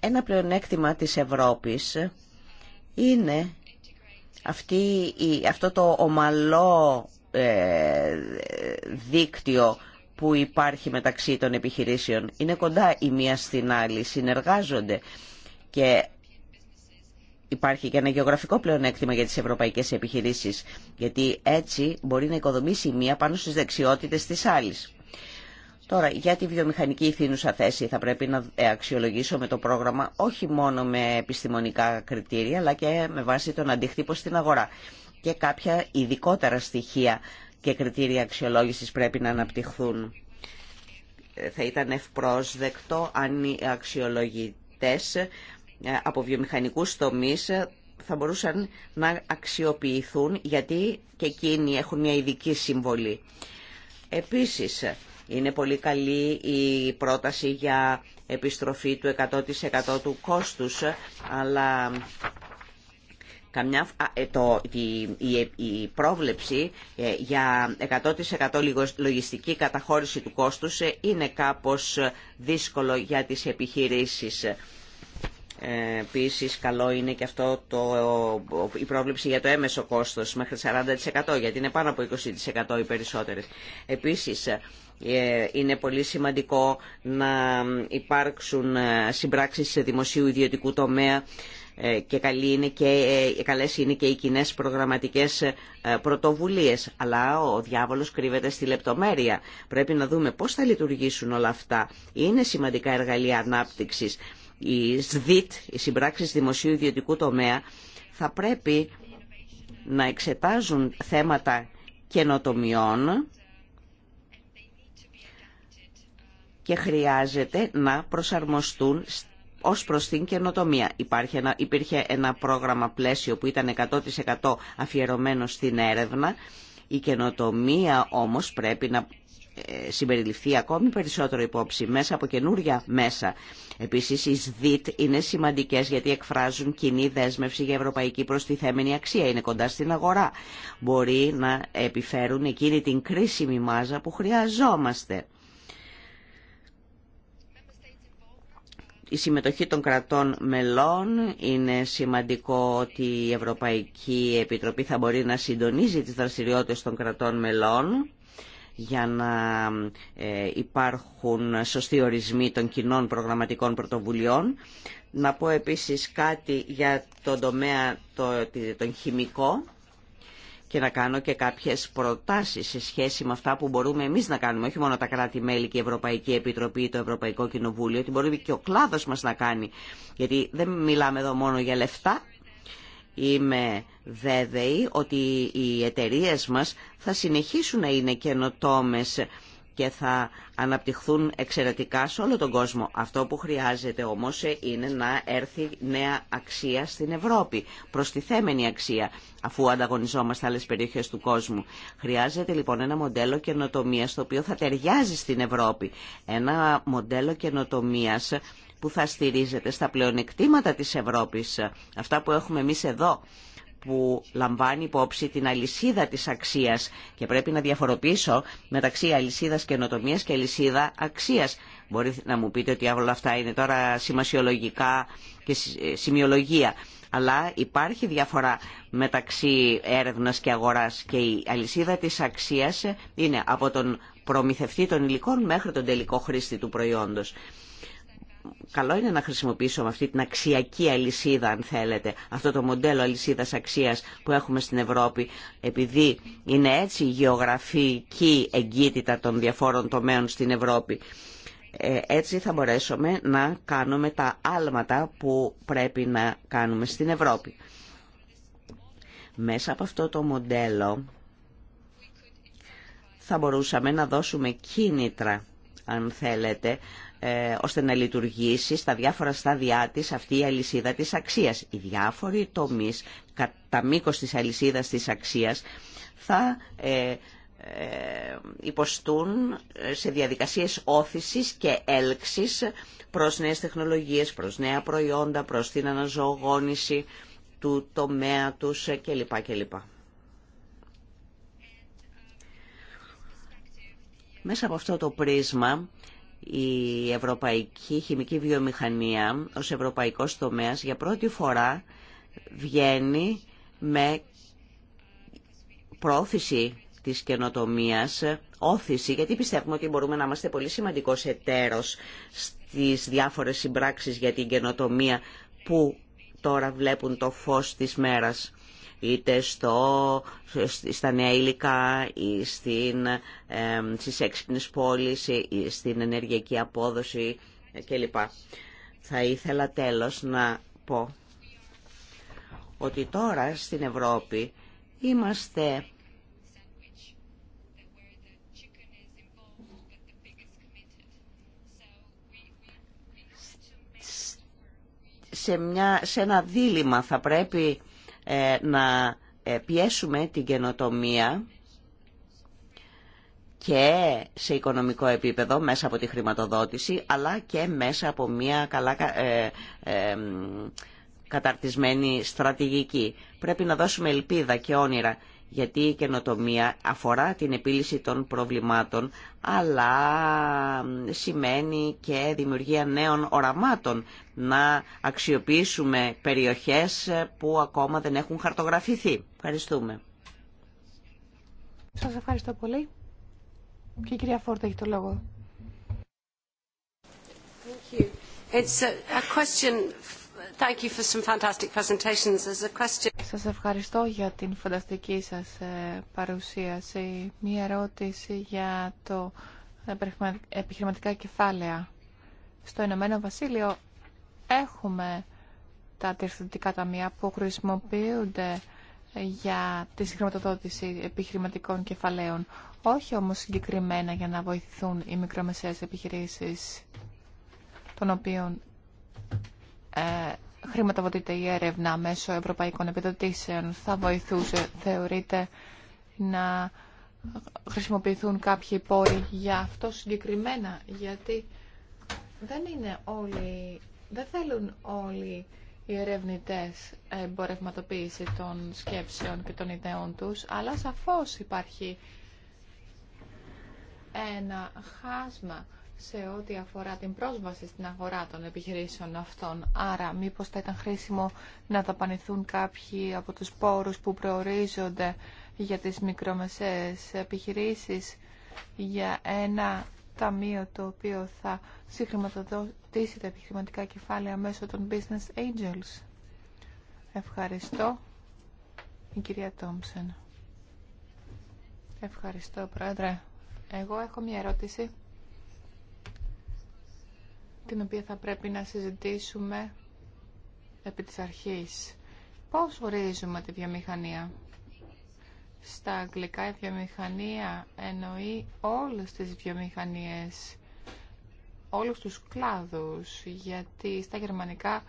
Ένα πλεονέκτημα της Ευρώπης είναι αυτή, αυτό το ομαλό ε, δίκτυο που υπάρχει μεταξύ των επιχειρήσεων. Είναι κοντά η μία στην άλλη, συνεργάζονται και υπάρχει και ένα γεωγραφικό πλεονέκτημα για τις ευρωπαϊκές επιχειρήσεις, γιατί έτσι μπορεί να οικοδομήσει η μία πάνω στις δεξιότητες της άλλης. Τώρα, για τη βιομηχανική ηθήνουσα θέση θα πρέπει να αξιολογήσω με το πρόγραμμα όχι μόνο με επιστημονικά κριτήρια, αλλά και με βάση τον αντίκτυπο στην αγορά και κάποια ειδικότερα στοιχεία και κριτήρια αξιολόγησης πρέπει να αναπτυχθούν. Θα ήταν ευπρόσδεκτο αν οι αξιολογητές ε, από βιομηχανικούς τομείς ε, θα μπορούσαν να αξιοποιηθούν γιατί και εκείνοι έχουν μια ειδική συμβολή. Επίσης, είναι πολύ καλή η πρόταση για επιστροφή του 100% του κόστους, ε, αλλά Καμιά, ε, το, η, ε, η, πρόβλεψη ε, για 100% λογιστική καταχώρηση του κόστους είναι κάπως δύσκολο για τις επιχειρήσεις. Επίσης, Επίση, καλό είναι και αυτό το, η πρόβλεψη για το έμεσο κόστος μέχρι 40% γιατί είναι πάνω από 20% οι περισσότερες. Επίσης, είναι πολύ σημαντικό να υπάρξουν συμπράξεις σε δημοσίου ιδιωτικού τομέα ε, και, καλή είναι και ε, καλές είναι και οι κοινέ προγραμματικές ε, πρωτοβουλίες. Αλλά ο διάβολος κρύβεται στη λεπτομέρεια. Πρέπει να δούμε πώς θα λειτουργήσουν όλα αυτά. Είναι σημαντικά εργαλεία ανάπτυξης. Οι ΣΔΙΤ, οι συμπράξεις δημοσίου ιδιωτικού τομέα, θα πρέπει να εξετάζουν θέματα καινοτομιών και χρειάζεται να προσαρμοστούν Ω προ την καινοτομία. Υπάρχει ένα, υπήρχε ένα πρόγραμμα πλαίσιο που ήταν 100% αφιερωμένο στην έρευνα. Η καινοτομία όμως πρέπει να ε, συμπεριληφθεί ακόμη περισσότερο υπόψη μέσα από καινούρια μέσα. Επίσης, οι ΣΔΙΤ είναι σημαντικές γιατί εκφράζουν κοινή δέσμευση για ευρωπαϊκή προστιθέμενη αξία. Είναι κοντά στην αγορά. Μπορεί να επιφέρουν εκείνη την κρίσιμη μάζα που χρειαζόμαστε. Η συμμετοχή των κρατών μελών είναι σημαντικό ότι η Ευρωπαϊκή Επιτροπή θα μπορεί να συντονίζει τις δραστηριότητες των κρατών μελών για να ε, υπάρχουν σωστοί ορισμοί των κοινών προγραμματικών πρωτοβουλειών. Να πω επίσης κάτι για τον τομέα το, τον χημικό και να κάνω και κάποιες προτάσεις σε σχέση με αυτά που μπορούμε εμείς να κάνουμε, όχι μόνο τα κράτη-μέλη και η Ευρωπαϊκή Επιτροπή, ή το Ευρωπαϊκό Κοινοβούλιο, ότι μπορεί και ο κλάδος μας να κάνει, γιατί δεν μιλάμε εδώ μόνο για λεφτά, Είμαι βέβαιη ότι οι εταιρείε μας θα συνεχίσουν να είναι καινοτόμες και θα αναπτυχθούν εξαιρετικά σε όλο τον κόσμο. Αυτό που χρειάζεται όμως είναι να έρθει νέα αξία στην Ευρώπη, προστιθέμενη αξία, αφού ανταγωνιζόμαστε άλλες περιοχές του κόσμου. Χρειάζεται λοιπόν ένα μοντέλο καινοτομία το οποίο θα ταιριάζει στην Ευρώπη. Ένα μοντέλο καινοτομία που θα στηρίζεται στα πλεονεκτήματα της Ευρώπης, αυτά που έχουμε εμείς εδώ, που λαμβάνει υπόψη την αλυσίδα της αξίας και πρέπει να διαφοροποιήσω μεταξύ αλυσίδας καινοτομίας και αλυσίδα αξίας. Μπορείτε να μου πείτε ότι όλα αυτά είναι τώρα σημασιολογικά και ε, σημειολογία. Αλλά υπάρχει διαφορά μεταξύ έρευνας και αγοράς και η αλυσίδα της αξίας είναι από τον προμηθευτή των υλικών μέχρι τον τελικό χρήστη του προϊόντος καλό είναι να χρησιμοποιήσουμε αυτή την αξιακή αλυσίδα, αν θέλετε, αυτό το μοντέλο αλυσίδας αξίας που έχουμε στην Ευρώπη, επειδή είναι έτσι η γεωγραφική εγκύτητα των διαφόρων τομέων στην Ευρώπη. Ε, έτσι θα μπορέσουμε να κάνουμε τα άλματα που πρέπει να κάνουμε στην Ευρώπη. Μέσα από αυτό το μοντέλο θα μπορούσαμε να δώσουμε κίνητρα, αν θέλετε, ε, ώστε να λειτουργήσει στα διάφορα στάδια της αυτή η αλυσίδα της αξίας. Οι διάφοροι τομείς κατά μήκο της αλυσίδας της αξίας θα ε, ε, υποστούν σε διαδικασίες όθησης και έλξης προς νέες τεχνολογίες, προς νέα προϊόντα, προς την αναζωογόνηση του τομέα τους κλπ. κλπ. Μέσα από αυτό το πρίσμα η ευρωπαϊκή χημική βιομηχανία ως ευρωπαϊκός τομέας για πρώτη φορά βγαίνει με πρόθεση της καινοτομίας, όθηση, γιατί πιστεύουμε ότι μπορούμε να είμαστε πολύ σημαντικός εταίρος στις διάφορες συμπράξεις για την καινοτομία που τώρα βλέπουν το φως της μέρας είτε στο, στα νέα υλικά ή στην, ε, στις έξυπνες πόλεις ή στην ενεργειακή απόδοση κλπ. Θα ήθελα τέλος να πω ότι τώρα στην Ευρώπη είμαστε σε, μια, σε ένα δίλημα θα πρέπει ε, να ε, πιέσουμε την καινοτομία και σε οικονομικό επίπεδο μέσα από τη χρηματοδότηση αλλά και μέσα από μια καλά ε, καταρτισμένη στρατηγική. Πρέπει να δώσουμε ελπίδα και όνειρα γιατί η καινοτομία αφορά την επίλυση των προβλημάτων, αλλά σημαίνει και δημιουργία νέων οραμάτων, να αξιοποιήσουμε περιοχές που ακόμα δεν έχουν χαρτογραφηθεί. Ευχαριστούμε. Σας ευχαριστώ πολύ. Και η κυρία Φόρτα έχει το λόγο. Thank you. It's a question Thank Σας ευχαριστώ για την φανταστική σας ε, παρουσίαση. Μία ερώτηση για το επιχειρηματικά κεφάλαια. Στο Ηνωμένο Βασίλειο έχουμε τα διευθυντικά ταμεία που χρησιμοποιούνται για τη συγχρηματοδότηση επιχειρηματικών κεφαλαίων. Όχι όμως συγκεκριμένα για να βοηθηθούν οι μικρομεσαίες επιχειρήσεις των οποίων ε, χρηματοδοτείται η έρευνα μέσω ευρωπαϊκών επιδοτήσεων. Θα βοηθούσε, θεωρείτε, να χρησιμοποιηθούν κάποιοι πόροι για αυτό συγκεκριμένα, γιατί δεν είναι όλοι, δεν θέλουν όλοι οι ερευνητέ εμπορευματοποίηση των σκέψεων και των ιδεών τους, αλλά σαφώς υπάρχει ένα χάσμα σε ό,τι αφορά την πρόσβαση στην αγορά των επιχειρήσεων αυτών. Άρα, μήπως θα ήταν χρήσιμο να δαπανηθούν κάποιοι από τους πόρους που προορίζονται για τις μικρομεσαίες επιχειρήσεις για ένα ταμείο το οποίο θα συγχρηματοδοτήσει τα επιχειρηματικά κεφάλαια μέσω των Business Angels. Ευχαριστώ. Η κυρία Τόμψεν. Ευχαριστώ, Πρόεδρε. Εγώ έχω μια ερώτηση την οποία θα πρέπει να συζητήσουμε επί της αρχής. Πώς ορίζουμε τη βιομηχανία. Στα αγγλικά η βιομηχανία εννοεί όλες τις βιομηχανίες, όλους τους κλάδους, γιατί στα γερμανικά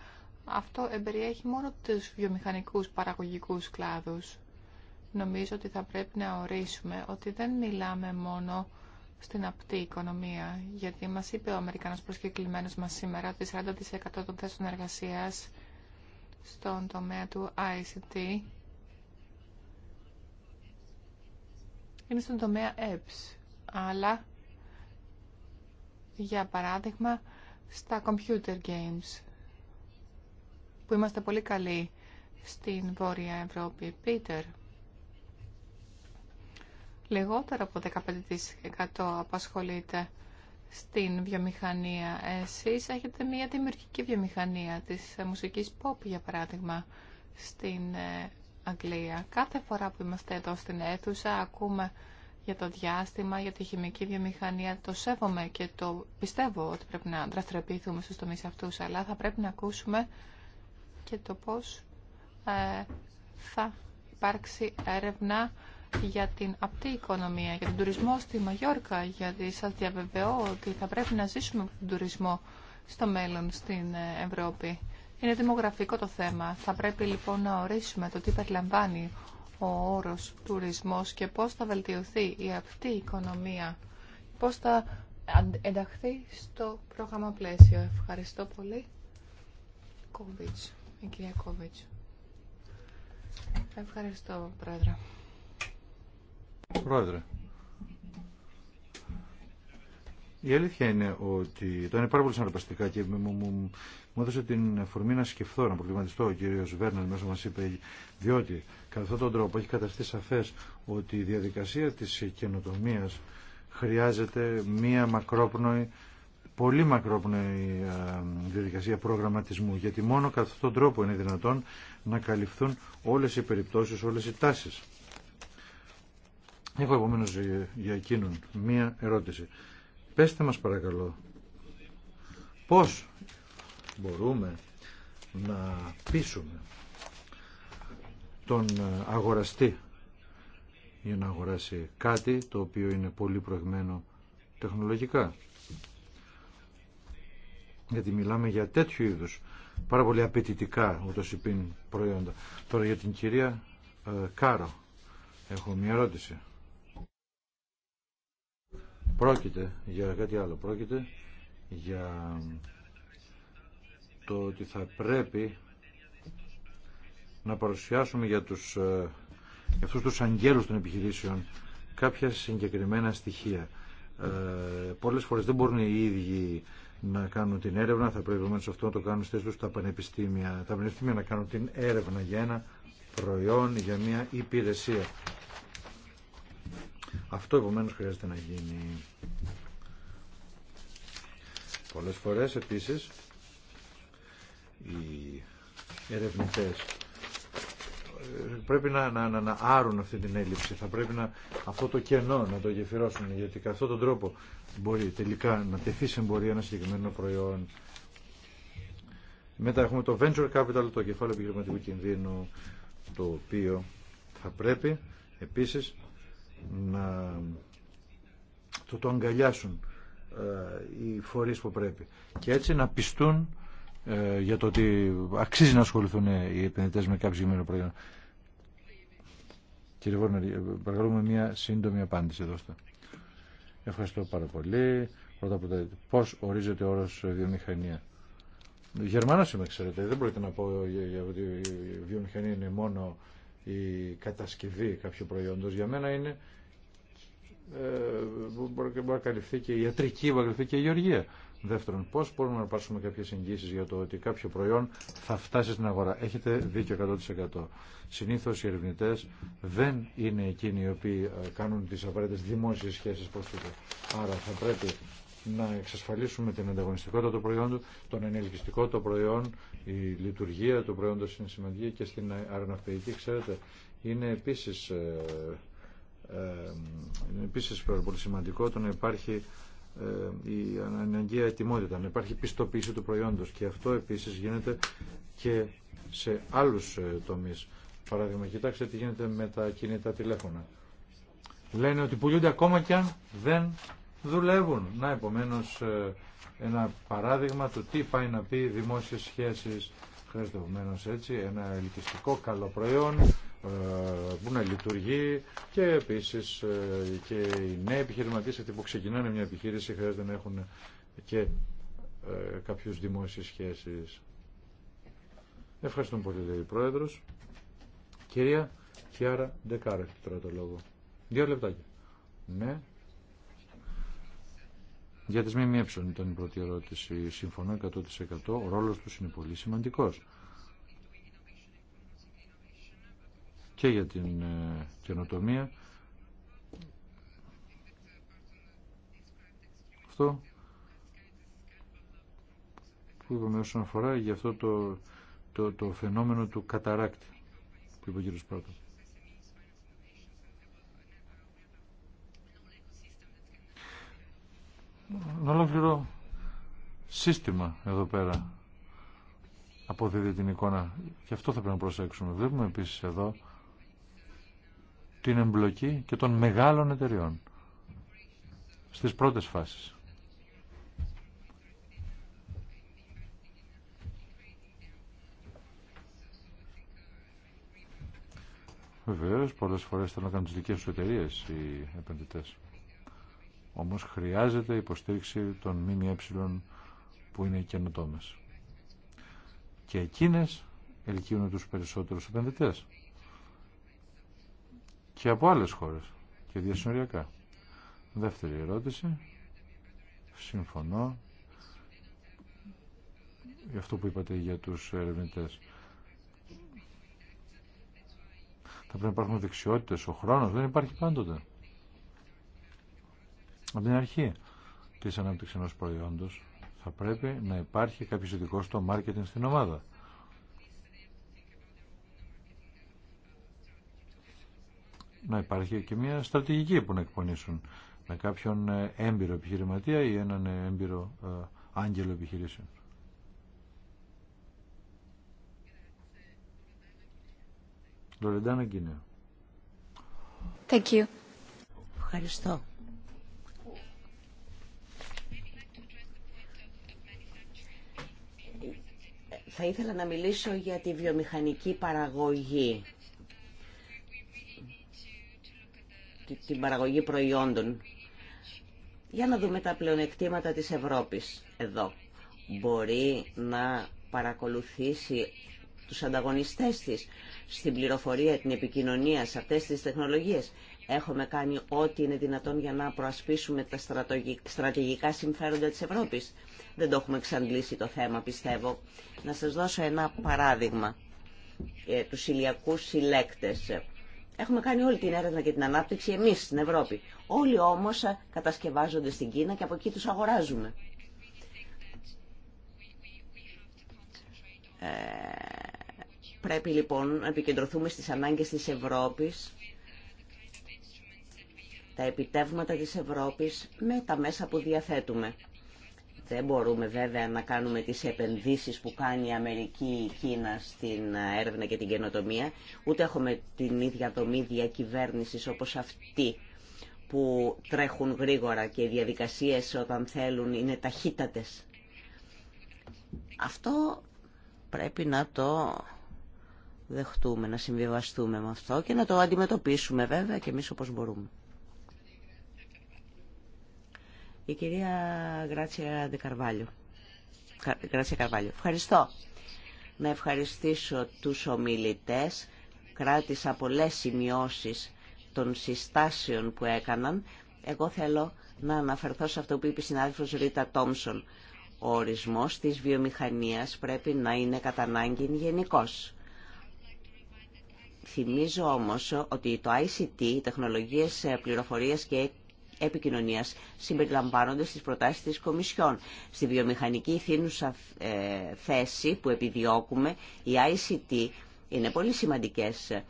αυτό εμπεριέχει μόνο τους βιομηχανικούς παραγωγικούς κλάδους. Νομίζω ότι θα πρέπει να ορίσουμε ότι δεν μιλάμε μόνο στην απτή οικονομία. Γιατί μας είπε ο Αμερικάνο προσκεκλημένο μας σήμερα ότι 40% των θέσεων εργασίας στον τομέα του ICT είναι στον τομέα EPS. Αλλά, για παράδειγμα, στα computer games, που είμαστε πολύ καλοί στην Βόρεια Ευρώπη. Πίτερ, λιγότερο από 15% απασχολείται στην βιομηχανία. Εσείς έχετε μια δημιουργική βιομηχανία της μουσικής pop, για παράδειγμα, στην ε, Αγγλία. Κάθε φορά που είμαστε εδώ στην αίθουσα ακούμε για το διάστημα, για τη χημική βιομηχανία. Το σέβομαι και το πιστεύω ότι πρέπει να δραστηριοποιηθούμε στους τομείς αυτούς, αλλά θα πρέπει να ακούσουμε και το πώς ε, θα υπάρξει έρευνα για την απτή οικονομία, για τον τουρισμό στη Μαγιόρκα, γιατί σας διαβεβαιώ ότι θα πρέπει να ζήσουμε τον τουρισμό στο μέλλον στην ε, Ευρώπη. Είναι δημογραφικό το θέμα. Θα πρέπει λοιπόν να ορίσουμε το τι περιλαμβάνει ο όρος τουρισμός και πώς θα βελτιωθεί η απτή οικονομία, πώς θα ενταχθεί στο πρόγραμμα πλαίσιο. Ευχαριστώ πολύ. η κυρία Κόβιτς. Ευχαριστώ, Πρόεδρε. Πρόεδρε. Η αλήθεια είναι ότι το είναι πάρα πολύ συναρπαστικά και μου, μου, έδωσε την αφορμή να σκεφτώ, να προβληματιστώ. Ο κύριο Βέρνερ μέσα μα είπε, διότι κατά αυτόν τον τρόπο έχει καταστεί σαφέ ότι η διαδικασία της καινοτομία χρειάζεται μία μακρόπνοη, πολύ μακρόπνοη διαδικασία προγραμματισμού. Γιατί μόνο κατά αυτόν τον τρόπο είναι δυνατόν να καλυφθούν όλες οι περιπτώσει, όλε οι τάσει. Έχω επομένως για εκείνον μία ερώτηση. Πέστε μας παρακαλώ, πώς μπορούμε να πείσουμε τον ε, αγοραστή για να αγοράσει κάτι το οποίο είναι πολύ προηγμένο τεχνολογικά. Γιατί μιλάμε για τέτοιου είδους πάρα πολύ απαιτητικά ούτως υπήν προϊόντα. Τώρα για την κυρία ε, Κάρο έχω μια ερώτηση. Πρόκειται για κάτι άλλο. Πρόκειται για το ότι θα πρέπει να παρουσιάσουμε για τους, ε, για αυτούς τους αγγέλους των επιχειρήσεων κάποια συγκεκριμένα στοιχεία. Ε, πολλές φορές δεν μπορούν οι ίδιοι να κάνουν την έρευνα, θα πρέπει σε αυτό να το κάνουν στις τους τα πανεπιστήμια. Τα πανεπιστήμια να κάνουν την έρευνα για ένα προϊόν, για μια υπηρεσία. Αυτό επομένως χρειάζεται να γίνει. Πολλές φορές επίσης οι ερευνητές ε, πρέπει να, να, να, να, άρουν αυτή την έλλειψη, θα πρέπει να, αυτό το κενό να το γεφυρώσουν, γιατί καθόλου τον τρόπο μπορεί τελικά να τεθεί σε εμπορία ένα συγκεκριμένο προϊόν. Μετά έχουμε το venture capital, το κεφάλαιο επιχειρηματικού κινδύνου, το οποίο θα πρέπει επίσης να το, το αγκαλιάσουν ε, οι φορείς που πρέπει και έτσι να πιστούν ε, για το ότι αξίζει να ασχοληθούν ε, οι επενδυτές με κάποιο συγκεκριμένο προϊόν. Κύριε Βόρνερ, παρακαλούμε μια σύντομη απάντηση δώστε. Ευχαριστώ πάρα πολύ. Πρώτα πώς ορίζεται ο όρος βιομηχανία. Γερμανός είμαι, ξέρετε. Δεν πρόκειται να πω ότι η βιομηχανία είναι μόνο η κατασκευή κάποιου προϊόντος. Για μένα είναι ε, μπορεί να καλυφθεί και η ιατρική, μπορεί να καλυφθεί και η γεωργία. Δεύτερον, πώ μπορούμε να πάρουμε κάποιε εγγύσει για το ότι κάποιο προϊόν θα φτάσει στην αγορά. Έχετε δίκιο 100%. Συνήθω οι ερευνητέ δεν είναι εκείνοι οι οποίοι ε, κάνουν τι απαραίτητε δημόσιε σχέσει προ Άρα θα πρέπει να εξασφαλίσουμε την ανταγωνιστικότητα του προϊόντου, τον ενελκυστικό το προϊόν, η λειτουργία του προϊόντος είναι σημαντική και στην αεροναυπηγική, ξέρετε, είναι επίση. Ε, είναι επίσης πολύ σημαντικό το να υπάρχει ε, η αναγκαία ετοιμότητα, να υπάρχει πιστοποίηση του προϊόντος και αυτό επίσης γίνεται και σε άλλους ε, τομείς. Παράδειγμα, κοιτάξτε τι γίνεται με τα κινητά τηλέφωνα. Λένε ότι πουλούνται ακόμα και αν δεν δουλεύουν. Να, επομένως, ε, ένα παράδειγμα του τι πάει να πει δημόσιες σχέσεις. Χρειάζεται έτσι ένα ελκυστικό καλό προϊόν, ε, που να λειτουργεί και επίσης ε, και οι νέοι επιχειρηματίες που ξεκινάνε μια επιχείρηση χρειάζεται να έχουν και ε, κάποιους δημόσιες σχέσεις. Ευχαριστούμε πολύ, λέει Πρόεδρος. Κυρία Κιάρα Ντεκάρα, τώρα το λόγο. Δύο λεπτάκια. Ναι. Για τις ΜΜΕ ήταν η πρώτη ερώτηση. Συμφωνώ 100%. Ο ρόλος τους είναι πολύ σημαντικός. και για την ε, καινοτομία. Αυτό που είπαμε όσον αφορά για αυτό το, το, το φαινόμενο του καταράκτη που είπε ο κύριος Ένα ολόκληρο σύστημα εδώ πέρα αποδίδει την εικόνα και αυτό θα πρέπει να προσέξουμε. Βλέπουμε επίσης εδώ την εμπλοκή και των μεγάλων εταιριών στις πρώτες φάσεις. Βεβαίω, πολλές φορές θέλουν να κάνουν τις δικές τους εταιρείες οι επενδυτές. Όμως χρειάζεται υποστήριξη των ΜΜΕ που είναι οι καινοτόμες. Και εκείνες ελκύουν τους περισσότερους επενδυτές και από άλλες χώρες και διασυνοριακά. Δεύτερη ερώτηση. Συμφωνώ για αυτό που είπατε για τους ερευνητέ. Θα πρέπει να υπάρχουν δεξιότητες, ο χρόνος δεν υπάρχει πάντοτε. Από την αρχή της ανάπτυξης ενός προϊόντος θα πρέπει να υπάρχει κάποιος ειδικό στο μάρκετινγκ στην ομάδα. να υπάρχει και μια στρατηγική που να εκπονήσουν με κάποιον ε, έμπειρο επιχειρηματία ή έναν ε, έμπειρο ε, άγγελο επιχειρήσεων. Λορεντάνα Κινέα. Thank you. Ευχαριστώ. Θα ήθελα να μιλήσω για τη βιομηχανική παραγωγή. την παραγωγή προϊόντων. Για να δούμε τα πλεονεκτήματα της Ευρώπης εδώ. Μπορεί να παρακολουθήσει τους ανταγωνιστές της στην πληροφορία, την επικοινωνία, σε αυτές τις τεχνολογίες. Έχουμε κάνει ό,τι είναι δυνατόν για να προασπίσουμε τα στρατηγικά συμφέροντα της Ευρώπης. Δεν το έχουμε εξαντλήσει το θέμα, πιστεύω. Να σας δώσω ένα παράδειγμα. Ε, τους ηλιακούς συλλέκτες Έχουμε κάνει όλη την έρευνα και την ανάπτυξη εμεί στην Ευρώπη. Όλοι όμω κατασκευάζονται στην Κίνα και από εκεί τους αγοράζουμε. Ε, πρέπει λοιπόν να επικεντρωθούμε στις ανάγκες της Ευρώπης, τα επιτεύγματα της Ευρώπης με τα μέσα που διαθέτουμε. Δεν μπορούμε βέβαια να κάνουμε τις επενδύσεις που κάνει η Αμερική η Κίνα στην έρευνα και την καινοτομία, ούτε έχουμε την ίδια δομή διακυβέρνησης όπως αυτή που τρέχουν γρήγορα και οι διαδικασίες όταν θέλουν είναι ταχύτατες. Αυτό πρέπει να το δεχτούμε, να συμβιβαστούμε με αυτό και να το αντιμετωπίσουμε βέβαια και εμείς όπως μπορούμε. Η κυρία Γκράτσια Καρβάλιο. Ευχαριστώ. Να ευχαριστήσω τους ομιλητές. Κράτησα πολλές σημειώσεις των συστάσεων που έκαναν. Εγώ θέλω να αναφερθώ σε αυτό που είπε η συνάδελφος Ρίτα Τόμσον. Ο ορισμός της βιομηχανίας πρέπει να είναι κατά ανάγκη γενικός. Θυμίζω όμως ότι το ICT, οι τεχνολογίες πληροφορίας και επικοινωνία, συμπεριλαμβάνονται τις προτάσει τη Κομισιόν. Στη βιομηχανική θύνουσα ε, θέση που επιδιώκουμε, η ICT είναι πολύ σημαντικές.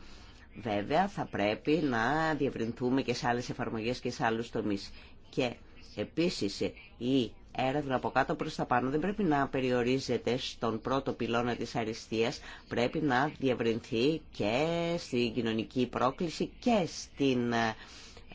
Βέβαια, θα πρέπει να διευρυνθούμε και σε άλλες εφαρμογές και σε άλλους τομείς. Και επίσης η έρευνα από κάτω προς τα πάνω δεν πρέπει να περιορίζεται στον πρώτο πυλώνα της αριστείας, πρέπει να διευρυνθεί και στην κοινωνική πρόκληση και στην ε,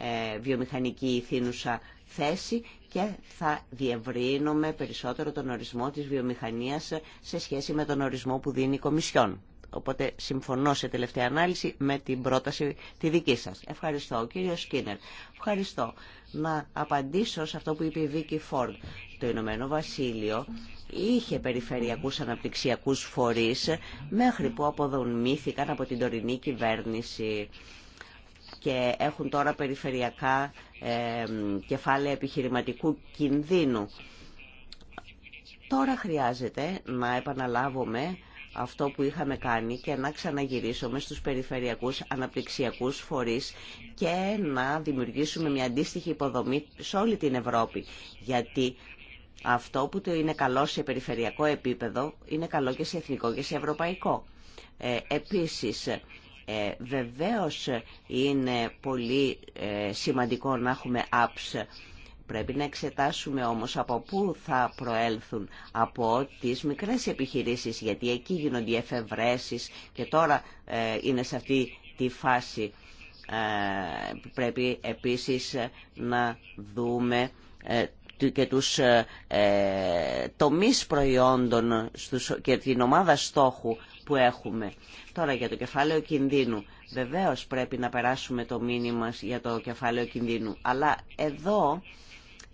ε, βιομηχανική ηθήνουσα θέση και θα διευρύνουμε περισσότερο τον ορισμό της βιομηχανίας σε σχέση με τον ορισμό που δίνει η Κομισιόν. Οπότε συμφωνώ σε τελευταία ανάλυση με την πρόταση τη δική σας. Ευχαριστώ, κύριο Σκίνερ. Ευχαριστώ. Να απαντήσω σε αυτό που είπε η Βίκη Φόρντ. Το Ηνωμένο Βασίλειο είχε περιφερειακούς αναπτυξιακούς φορείς μέχρι που αποδομήθηκαν από την τωρινή κυβέρνηση και έχουν τώρα περιφερειακά κεφάλαια επιχειρηματικού κινδύνου. Τώρα χρειάζεται να επαναλάβουμε αυτό που είχαμε κάνει και να ξαναγυρίσουμε στους περιφερειακούς αναπτυξιακούς φορείς και να δημιουργήσουμε μια αντίστοιχη υποδομή σε όλη την Ευρώπη. Γιατί αυτό που το είναι καλό σε περιφερειακό επίπεδο είναι καλό και σε εθνικό και σε ευρωπαϊκό. Ε, ε, βεβαίως είναι πολύ ε, σημαντικό να έχουμε apps. Πρέπει να εξετάσουμε όμως από πού θα προέλθουν από τις μικρές επιχειρήσεις, γιατί εκεί γίνονται οι εφευρέσεις και τώρα ε, είναι σε αυτή τη φάση. Ε, πρέπει επίσης να δούμε και τους τομείς προϊόντων και την ομάδα στόχου που Τώρα για το κεφάλαιο κινδύνου. Βεβαίως πρέπει να περάσουμε το μήνυμα για το κεφάλαιο κινδύνου. Αλλά εδώ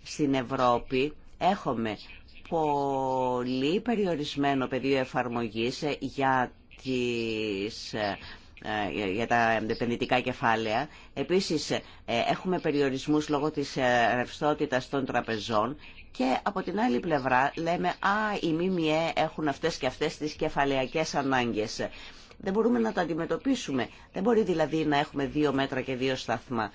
στην Ευρώπη έχουμε πολύ περιορισμένο πεδίο εφαρμογής ε, για, τις, ε, ε, για τα επενδυτικά κεφάλαια. Επίσης, έχουμε περιορισμούς λόγω της ρευστότητας των τραπεζών και από την άλλη πλευρά λέμε «Α, οι ΜΜΕ έχουν αυτές και αυτές τις κεφαλαιακές ανάγκες». Δεν μπορούμε να τα αντιμετωπίσουμε. Δεν μπορεί δηλαδή να έχουμε δύο μέτρα και δύο σταθμά.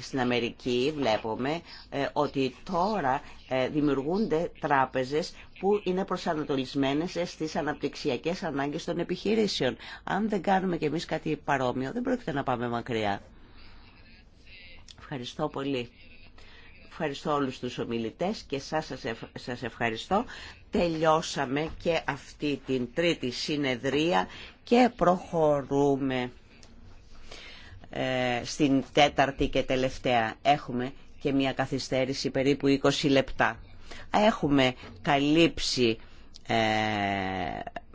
Στην Αμερική βλέπουμε ε, ότι τώρα ε, δημιουργούνται τράπεζες που είναι προσανατολισμένες ε, στις αναπτυξιακές ανάγκες των επιχειρήσεων. Αν δεν κάνουμε κι εμείς κάτι παρόμοιο, δεν πρόκειται να πάμε μακριά. Ευχαριστώ πολύ. Ευχαριστώ όλους τους ομιλητές και σας, σας ευχαριστώ. Τελειώσαμε και αυτή την τρίτη συνεδρία και προχωρούμε ε, στην τέταρτη και τελευταία. Έχουμε και μια καθυστέρηση περίπου 20 λεπτά. Έχουμε καλύψει ε,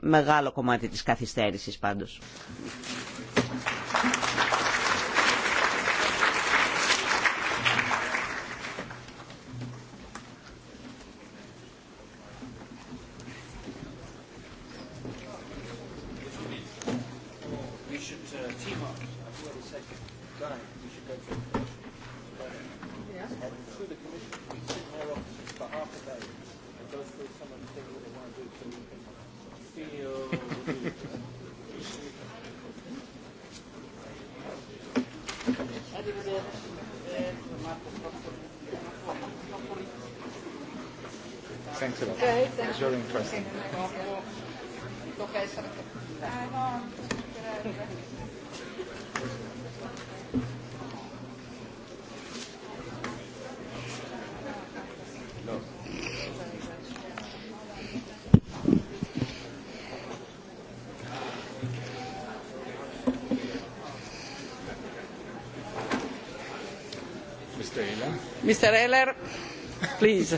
μεγάλο κομμάτι της καθυστέρησης πάντως. Thanks a lot. It was very interesting. Mr. Ehler, please.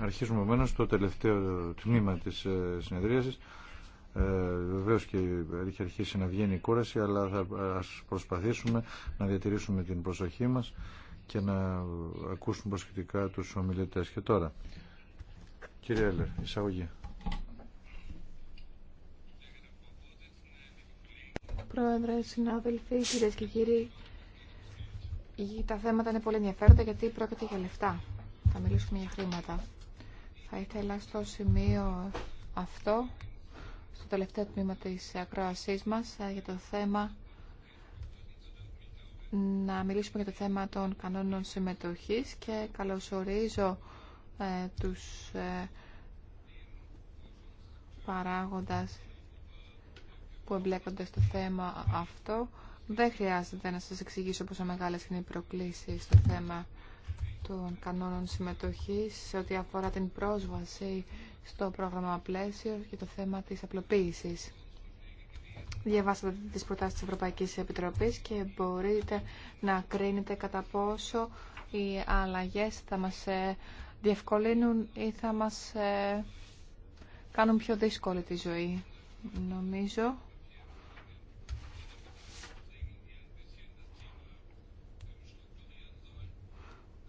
αρχίζουμε επομένω στο τελευταίο τμήμα της ε, συνεδρίασης. Ε, Βεβαίω και έχει αρχίσει να βγαίνει η κούραση, αλλά θα προσπαθήσουμε να διατηρήσουμε την προσοχή μας και να ακούσουμε προσεκτικά τους ομιλητές. Και τώρα, κύριε Έλερ, εισαγωγή. Πρόεδρε, συνάδελφοι, κυρίες και κύριοι, τα θέματα είναι πολύ ενδιαφέροντα γιατί πρόκειται για λεφτά. Θα μιλήσουμε για χρήματα. Θα ήθελα στο σημείο αυτό, στο τελευταίο τμήμα της ακροασής μας, ε, για το θέμα να μιλήσουμε για το θέμα των κανόνων συμμετοχής και καλωσορίζω ε, τους ε, παράγοντας που εμπλέκονται στο θέμα αυτό δεν χρειάζεται να σας εξηγήσω πόσο μεγάλες είναι οι προκλήσεις στο θέμα των κανόνων συμμετοχής σε ό,τι αφορά την πρόσβαση στο πρόγραμμα πλαίσιο και το θέμα της απλοποίησης. Διαβάσατε τις προτάσεις της Ευρωπαϊκής Επιτροπής και μπορείτε να κρίνετε κατά πόσο οι αλλαγές θα μας ε, διευκολύνουν ή θα μας ε, κάνουν πιο δύσκολη τη ζωή. Νομίζω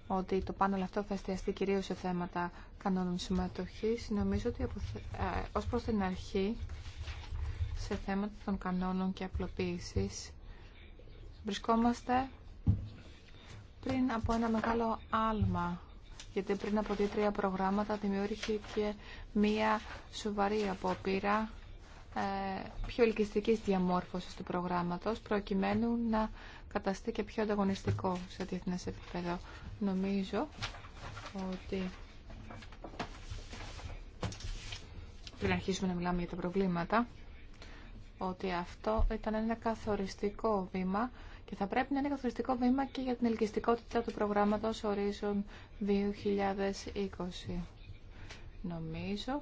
ότι το πάνελ αυτό θα εστιαστεί κυρίως σε θέματα κανόνων συμμετοχή. Νομίζω ότι ε, ως προς την αρχή, σε θέματα των κανόνων και απλοποίησης, βρισκόμαστε πριν από ένα μεγάλο άλμα γιατί πριν από δύο-τρία προγράμματα δημιούργηκε μία σοβαρή απόπειρα ε, πιο ελκυστικής διαμόρφωσης του προγράμματος προκειμένου να καταστεί και πιο ανταγωνιστικό σε διεθνές επίπεδο. Νομίζω ότι πριν αρχίσουμε να μιλάμε για τα προβλήματα, ότι αυτό ήταν ένα καθοριστικό βήμα και θα πρέπει να είναι καθοριστικό βήμα και για την ελκυστικότητα του προγράμματος Horizon 2020. Νομίζω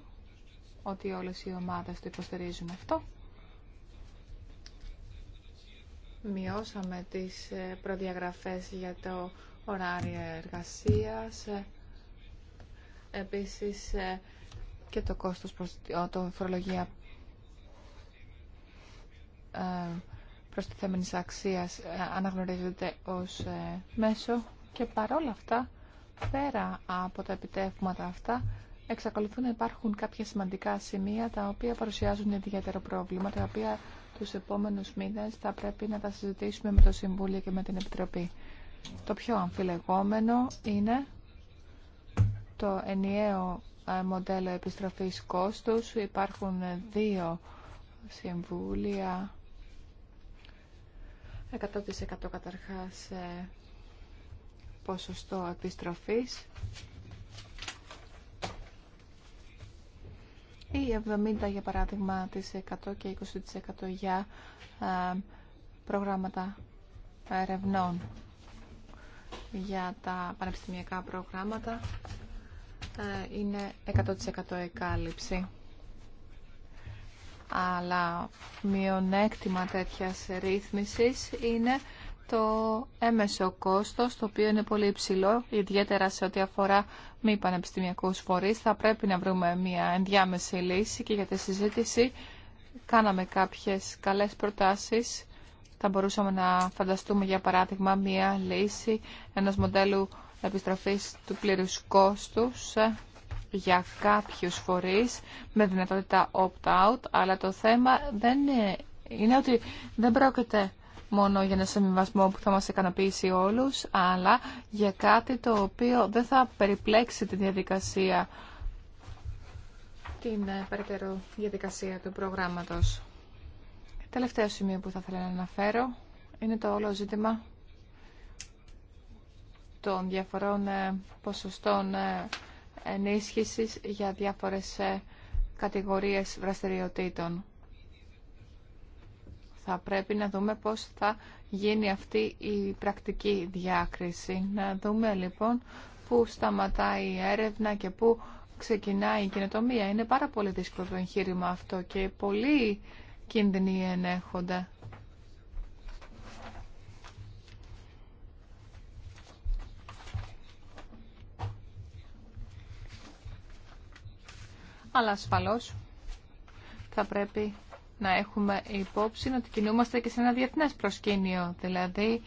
ότι όλες οι ομάδες το υποστηρίζουν αυτό. Μειώσαμε τις ε, προδιαγραφές για το ωράρια εργασίας, επίσης ε, και το κόστος, το φορολογία ε, προστιθέμενης αξίας ε, αναγνωρίζεται ως μέσο και παρόλα αυτά, πέρα από τα επιτεύγματα αυτά, εξακολουθούν να υπάρχουν κάποια σημαντικά σημεία τα οποία παρουσιάζουν ιδιαίτερο πρόβλημα, τα οποία τους επόμενους μήνες θα πρέπει να τα συζητήσουμε με το Συμβούλιο και με την Επιτροπή. Το πιο αμφιλεγόμενο είναι το ενιαίο ε, μοντέλο επιστροφής κόστους. Υπάρχουν ε, δύο συμβούλια. 100% καταρχάς ε, ποσοστό επιστροφής ή 70% για παράδειγμα της 100% και 20% για προγράμματα ερευνών για τα πανεπιστημιακά προγράμματα ε, είναι 100% εκάλυψη. Αλλά μειονέκτημα τέτοιας ρύθμισης είναι το έμεσο κόστος, το οποίο είναι πολύ υψηλό, ιδιαίτερα σε ό,τι αφορά μη πανεπιστημιακούς φορείς. Θα πρέπει να βρούμε μια ενδιάμεση λύση και για τη συζήτηση κάναμε κάποιες καλές προτάσεις θα μπορούσαμε να φανταστούμε, για παράδειγμα, μία λύση ενός μοντέλου επιστροφής του πλήρους κόστους ε, για κάποιους φορείς με δυνατότητα opt-out, αλλά το θέμα δεν είναι, ότι δεν πρόκειται μόνο για ένα συμβιβασμό που θα μας ικανοποιήσει όλους, αλλά για κάτι το οποίο δεν θα περιπλέξει τη διαδικασία, την ε, περαιτέρω διαδικασία του προγράμματος. Τελευταίο σημείο που θα ήθελα να αναφέρω είναι το όλο ζήτημα των διαφορών ε, ποσοστών ε, ενίσχυσης για διάφορες ε, κατηγορίες δραστηριοτήτων. Θα πρέπει να δούμε πώς θα γίνει αυτή η πρακτική διάκριση. Να δούμε λοιπόν πού σταματάει η έρευνα και πού ξεκινάει η κοινοτομία. Είναι πάρα πολύ δύσκολο το εγχείρημα αυτό και πολλοί κίνδυνοι ενέχονται. Αλλά ασφαλώς θα πρέπει να έχουμε υπόψη ότι κινούμαστε και σε ένα διεθνές προσκήνιο. Δηλαδή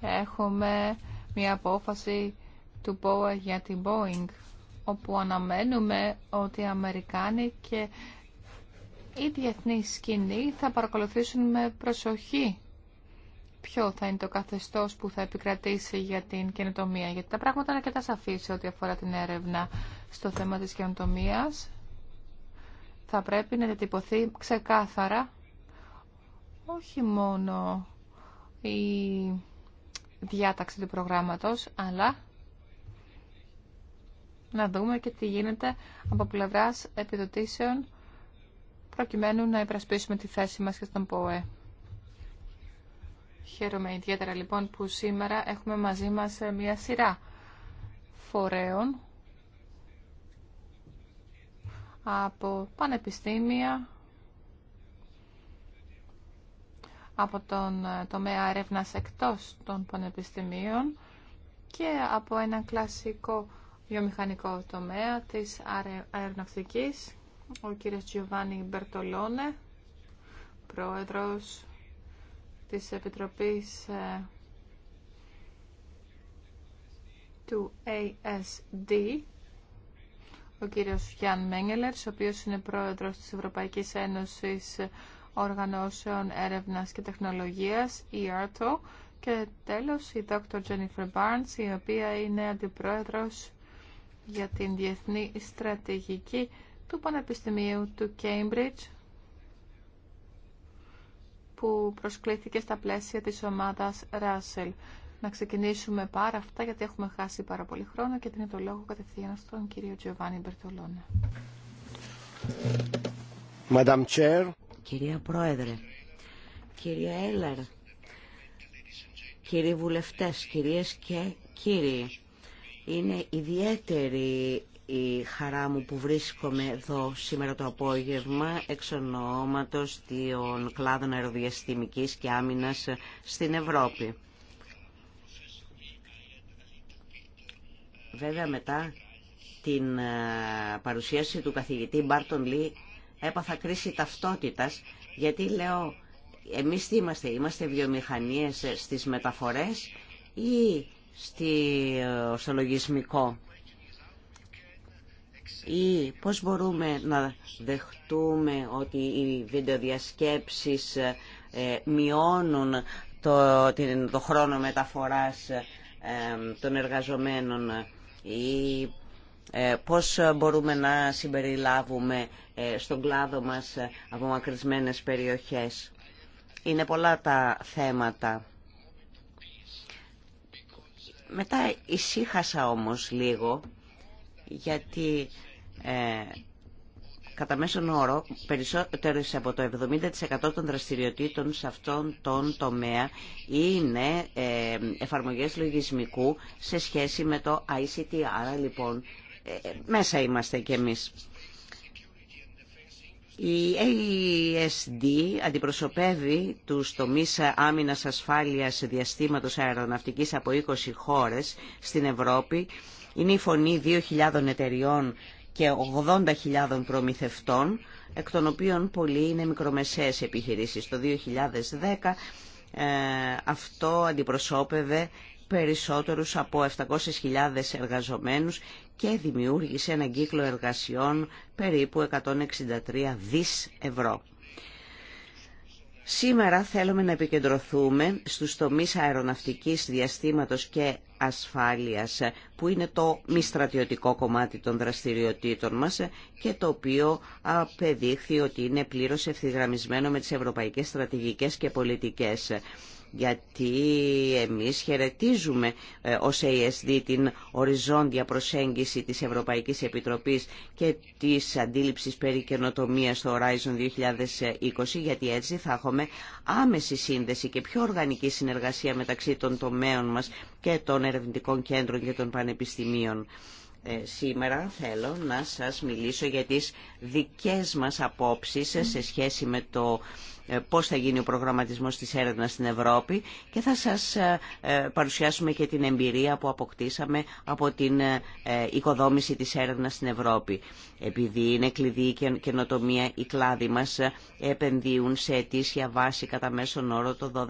έχουμε μια απόφαση του ΠΟΕ για την Boeing όπου αναμένουμε ότι οι Αμερικάνοι και οι διεθνεί σκηνή θα παρακολουθήσουν με προσοχή ποιο θα είναι το καθεστώς που θα επικρατήσει για την καινοτομία. Γιατί τα πράγματα είναι αρκετά σαφή σε ό,τι αφορά την έρευνα στο θέμα της καινοτομία. Θα πρέπει να διατυπωθεί ξεκάθαρα όχι μόνο η διάταξη του προγράμματος, αλλά να δούμε και τι γίνεται από πλευράς επιδοτήσεων προκειμένου να υπερασπίσουμε τη θέση μας και στον ΠΟΕ. Χαίρομαι ιδιαίτερα λοιπόν που σήμερα έχουμε μαζί μας ε, μια σειρά φορέων από πανεπιστήμια, από τον ε, τομέα έρευνας εκτός των πανεπιστημίων και από ένα κλασικό βιομηχανικό τομέα της αεροναυτικής ο κύριος Giovanni Μπερτολόνε, πρόεδρος της Επιτροπής ε, του ASD, ο κύριος Γιάν Μέγγελερς, ο οποίος είναι πρόεδρος της Ευρωπαϊκής Ένωσης Οργανώσεων Έρευνας και Τεχνολογίας, ERTO, και τέλος η Dr. Jennifer Barnes, η οποία είναι αντιπρόεδρος για την Διεθνή Στρατηγική του Πανεπιστημίου του Cambridge που προσκλήθηκε στα πλαίσια της ομάδας Russell. Να ξεκινήσουμε πάρα αυτά γιατί έχουμε χάσει πάρα πολύ χρόνο και δίνει το λόγο κατευθείαν στον κύριο Τζιωβάνι Μπερτολόνα. Κυρία Πρόεδρε, κυρία Έλλαρ, κύριοι βουλευτές, κυρίες και κύριοι, είναι ιδιαίτερη η χαρά μου που βρίσκομαι εδώ σήμερα το απόγευμα εξ ονόματος των κλάδων αεροδιαστημικής και άμυνας στην Ευρώπη. Βέβαια μετά την ε, παρουσίαση του καθηγητή Μπάρτον Λί έπαθα κρίση ταυτότητας γιατί λέω εμείς τι είμαστε, είμαστε βιομηχανίες στις μεταφορές ή στο ε, λογισμικό ή πώς μπορούμε να δεχτούμε ότι οι βιντεοδιασκέψεις ε, μειώνουν το, το χρόνο μεταφοράς ε, των εργαζομένων ή ε, πώς μπορούμε να συμπεριλάβουμε στον κλάδο μας απομακρυσμένες περιοχές. Είναι πολλά τα θέματα. Μετά ησύχασα όμως λίγο γιατί ε, κατά μέσον όρο περισσότερες από το 70% των δραστηριοτήτων σε αυτόν τον τομέα είναι ε, εφαρμογές λογισμικού σε σχέση με το ICT. Άρα λοιπόν ε, ε, μέσα είμαστε κι εμείς. Η ASD e αντιπροσωπεύει τους τομείς άμυνας ασφάλειας διαστήματος αεροναυτικής από 20 χώρες στην Ευρώπη είναι η φωνή 2.000 εταιριών και 80.000 προμηθευτών, εκ των οποίων πολλοί είναι μικρομεσαίες επιχειρήσεις. Το 2010 ε, αυτό αντιπροσώπευε περισσότερους από 700.000 εργαζομένους και δημιούργησε έναν κύκλο εργασιών περίπου 163 δις ευρώ. Σήμερα θέλουμε να επικεντρωθούμε στους τομείς αεροναυτικής διαστήματος και ασφάλειας που είναι το μη στρατιωτικό κομμάτι των δραστηριοτήτων μας και το οποίο απεδείχθη ότι είναι πλήρως ευθυγραμμισμένο με τις ευρωπαϊκές στρατηγικές και πολιτικές γιατί εμείς χαιρετίζουμε ε, ως ASD την οριζόντια προσέγγιση της Ευρωπαϊκής Επιτροπής και της αντίληψης περί καινοτομίας στο Horizon 2020, γιατί έτσι θα έχουμε άμεση σύνδεση και πιο οργανική συνεργασία μεταξύ των τομέων μας και των ερευνητικών κέντρων και των πανεπιστημίων. Ε, σήμερα θέλω να σας μιλήσω για τις δικές μας απόψεις σε σχέση με το ε, πώς θα γίνει ο προγραμματισμός της έρευνας στην Ευρώπη και θα σας ε, ε, παρουσιάσουμε και την εμπειρία που αποκτήσαμε από την οικοδόμηση της έρευνας στην Ευρώπη. Επειδή είναι κλειδί και καινοτομία, οι κλάδοι μας επενδύουν σε αιτήσια βάση κατά μέσον όρο το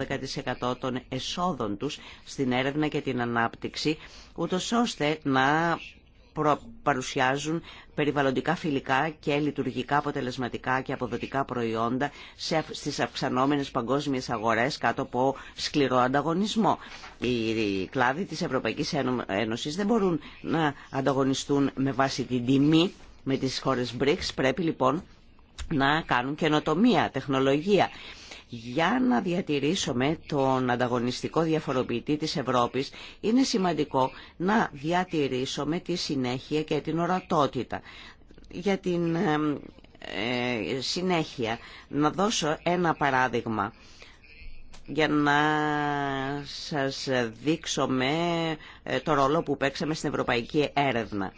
12% των εσόδων τους στην έρευνα και την ανάπτυξη, ούτως ώστε να παρουσιάζουν περιβαλλοντικά φιλικά και λειτουργικά αποτελεσματικά και αποδοτικά προϊόντα στις αυξανόμενες παγκόσμιες αγορές κάτω από σκληρό ανταγωνισμό. Οι κλάδοι της Ευρωπαϊκής Ένωσης δεν μπορούν να ανταγωνιστούν με βάση την τιμή με τις χώρες BRICS. Πρέπει λοιπόν να κάνουν καινοτομία, τεχνολογία για να διατηρήσουμε τον ανταγωνιστικό διαφοροποιητή της Ευρώπης είναι σημαντικό να διατηρήσουμε τη συνέχεια και την ορατότητα. Για την ε, ε, συνέχεια να δώσω ένα παράδειγμα για να σας δείξω με ε, το ρόλο που παίξαμε στην ευρωπαϊκή έρευνα.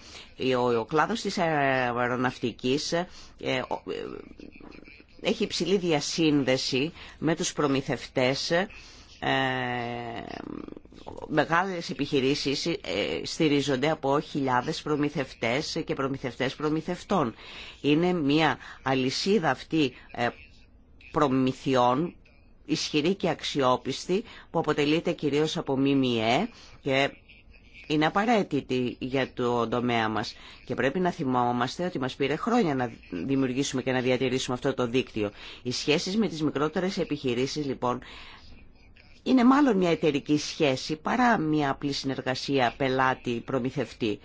Ο κλάδος της αεροναυτικής έχει υψηλή διασύνδεση με τους προμηθευτές ε, μεγάλες επιχειρήσεις ε, στηρίζονται από χιλιάδες προμηθευτές και προμηθευτές προμηθευτών. Είναι μια αλυσίδα αυτή ε, προμηθειών ισχυρή και αξιόπιστη που αποτελείται κυρίως από ΜΜΕ και είναι απαραίτητη για το τομέα μας και πρέπει να θυμόμαστε ότι μας πήρε χρόνια να δημιουργήσουμε και να διατηρήσουμε αυτό το δίκτυο. Οι σχέσεις με τις μικρότερες επιχειρήσεις λοιπόν είναι μάλλον μια εταιρική σχέση παρά μια απλή συνεργασία πελάτη-προμηθευτή.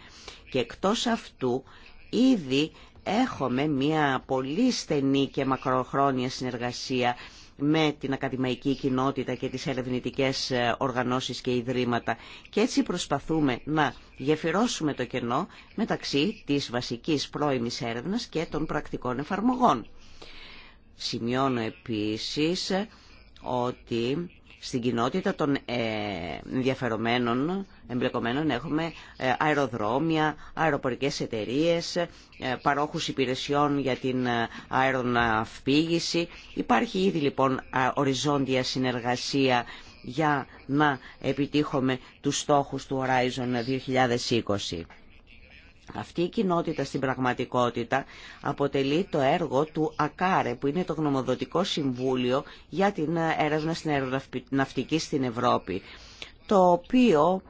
Και εκτός αυτού ήδη έχουμε μια πολύ στενή και μακροχρόνια συνεργασία με την ακαδημαϊκή κοινότητα και τις ερευνητικές ε, οργανώσεις και ιδρύματα. Και έτσι προσπαθούμε να γεφυρώσουμε το κενό μεταξύ της βασικής πρώιμης έρευνας και των πρακτικών εφαρμογών. Σημειώνω επίσης ότι στην κοινότητα των ε, ενδιαφερομένων, εμπλεκομένων έχουμε ε, αεροδρόμια, αεροπορικές εταιρείες, ε, παρόχους υπηρεσιών για την αεροναυπήγηση. Υπάρχει ήδη λοιπόν οριζόντια συνεργασία για να επιτύχουμε τους στόχους του Horizon 2020. Αυτή η κοινότητα στην πραγματικότητα αποτελεί το έργο του ΑΚΑΡΕ, που είναι το Γνωμοδοτικό Συμβούλιο για την έρευνα στην αεροναυτική στην Ευρώπη, το οποίο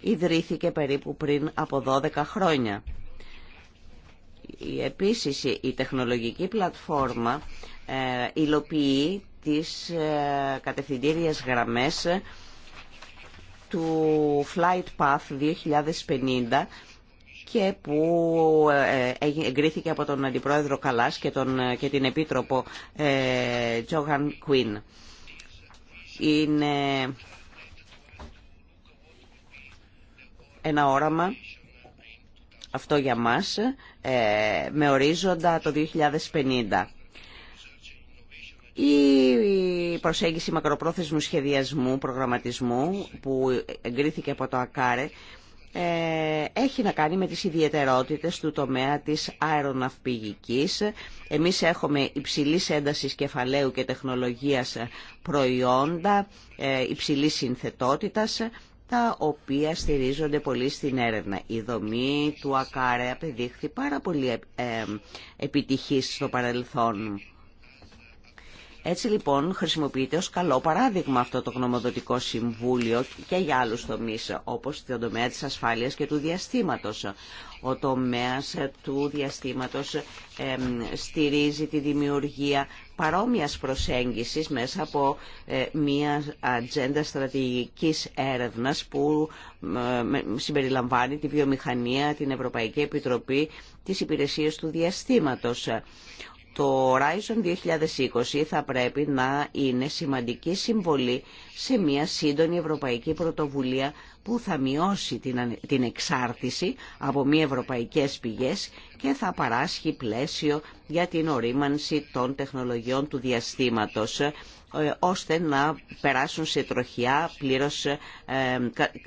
ιδρύθηκε περίπου πριν από 12 χρόνια. Επίσης, η τεχνολογική πλατφόρμα ε, υλοποιεί τις ε, κατευθυντήριες γραμμές του Flight Path 2050, και που ε, ε, εγκρίθηκε από τον Αντιπρόεδρο Καλάς και, τον, ε, και την Επίτροπο Τζόγαν Κουίν. Είναι ένα όραμα αυτό για μας με ορίζοντα το 2050. Η προσέγγιση μακροπρόθεσμου σχεδιασμού, προγραμματισμού που εγκρίθηκε από το ΑΚΑΡΕ ε, έχει να κάνει με τις ιδιαιτερότητες του τομέα της αεροναυπηγικής. Εμείς έχουμε υψηλή έντασης κεφαλαίου και τεχνολογίας προϊόντα, ε, υψηλή συνθετότητας, τα οποία στηρίζονται πολύ στην έρευνα. Η δομή του ΑΚΑΡΕ απεδείχθη πάρα πολύ ε, επιτυχής στο παρελθόν. Έτσι λοιπόν χρησιμοποιείται ως καλό παράδειγμα αυτό το γνωμοδοτικό συμβούλιο και για άλλους τομείς όπως το τομέα της ασφάλειας και του διαστήματος. Ο τομέας του διαστήματος στηρίζει τη δημιουργία παρόμοιας προσέγγισης μέσα από ε, μια ατζέντα στρατηγικής έρευνας που συμπεριλαμβάνει τη βιομηχανία, την Ευρωπαϊκή Επιτροπή, τις υπηρεσίες του διαστήματος. Το Horizon 2020 θα πρέπει να είναι σημαντική συμβολή σε μια σύντονη ευρωπαϊκή πρωτοβουλία που θα μειώσει την εξάρτηση από μη ευρωπαϊκές πηγές και θα παράσχει πλαίσιο για την ορίμανση των τεχνολογιών του διαστήματος ε, ώστε να περάσουν σε τροχιά πλήρως ε,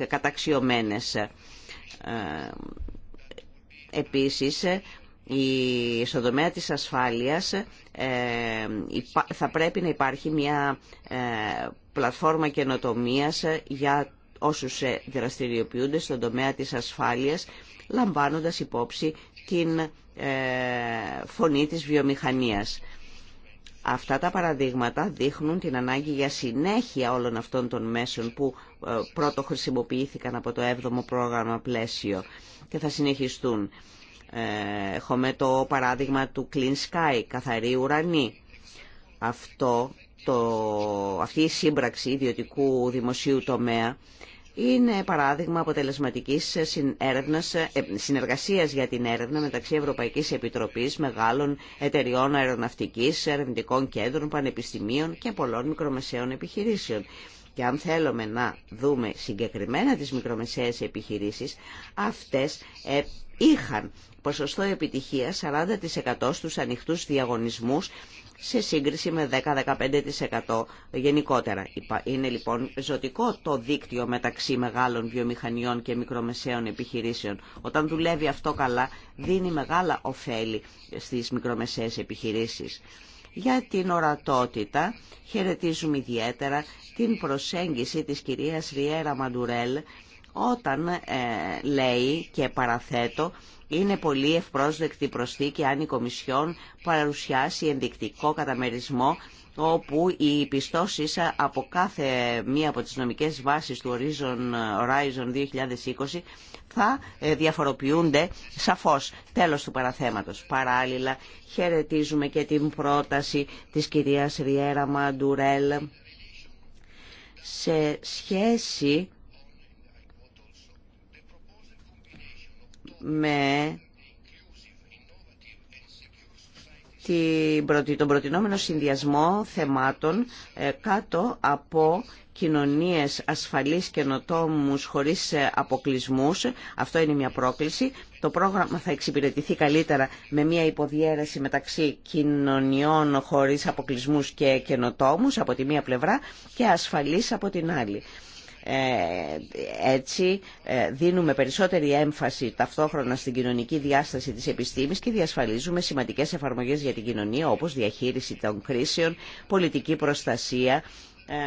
καταξιωμένες. Ε, επίσης η, στον τομέα της ασφάλειας ε, θα πρέπει να υπάρχει μια ε, πλατφόρμα καινοτομίας ε, για όσους δραστηριοποιούνται στον τομέα της ασφάλειας λαμβάνοντας υπόψη την φωνή της βιομηχανίας. Αυτά τα παραδείγματα δείχνουν την ανάγκη για συνέχεια όλων αυτών των μέσων που πρώτο χρησιμοποιήθηκαν από το 7ο πρόγραμμα πλαίσιο και θα συνεχιστούν. Έχουμε το παράδειγμα του Clean Sky, καθαρή ουρανή. Αυτό το, αυτή η σύμπραξη ιδιωτικού δημοσίου τομέα είναι παράδειγμα αποτελεσματικής ε, συνεργασίας για την έρευνα μεταξύ Ευρωπαϊκής Επιτροπής, μεγάλων εταιριών αεροναυτικής, ερευνητικών κέντρων, πανεπιστημίων και πολλών μικρομεσαίων επιχειρήσεων. Και αν θέλουμε να δούμε συγκεκριμένα τις μικρομεσαίες επιχειρήσεις, αυτές ε, είχαν ποσοστό επιτυχίας 40% στους ανοιχτούς διαγωνισμούς σε σύγκριση με 10-15% γενικότερα. Είναι λοιπόν ζωτικό το δίκτυο μεταξύ μεγάλων βιομηχανιών και μικρομεσαίων επιχειρήσεων. Όταν δουλεύει αυτό καλά, δίνει μεγάλα ωφέλη στις μικρομεσαίες επιχειρήσεις. Για την ορατότητα χαιρετίζουμε ιδιαίτερα την προσέγγιση της κυρίας Ριέρα Μαντουρέλ όταν ε, λέει και παραθέτω είναι πολύ ευπρόσδεκτη προσθήκη αν η Κομισιόν παρουσιάσει ενδεικτικό καταμερισμό όπου οι πιστώσεις από κάθε μία από τις νομικές βάσεις του Horizon, Horizon 2020 θα ε, διαφοροποιούνται σαφώς τέλος του παραθέματος. Παράλληλα, χαιρετίζουμε και την πρόταση της κυρίας Ριέρα Μαντουρέλ σε σχέση με τον προτινόμενο συνδυασμό θεμάτων ε, κάτω από κοινωνίες ασφαλής και νοτόμους χωρίς ε, αποκλισμούς. Αυτό είναι μια πρόκληση. Το πρόγραμμα θα εξυπηρετηθεί καλύτερα με μια υποδιέρεση μεταξύ κοινωνιών χωρίς αποκλισμούς και καινοτόμους από τη μία πλευρά και ασφαλής από την άλλη. Ε, έτσι ε, δίνουμε περισσότερη έμφαση ταυτόχρονα στην κοινωνική διάσταση της επιστήμης και διασφαλίζουμε σημαντικές εφαρμογές για την κοινωνία όπως διαχείριση των κρίσεων, πολιτική προστασία. Ε,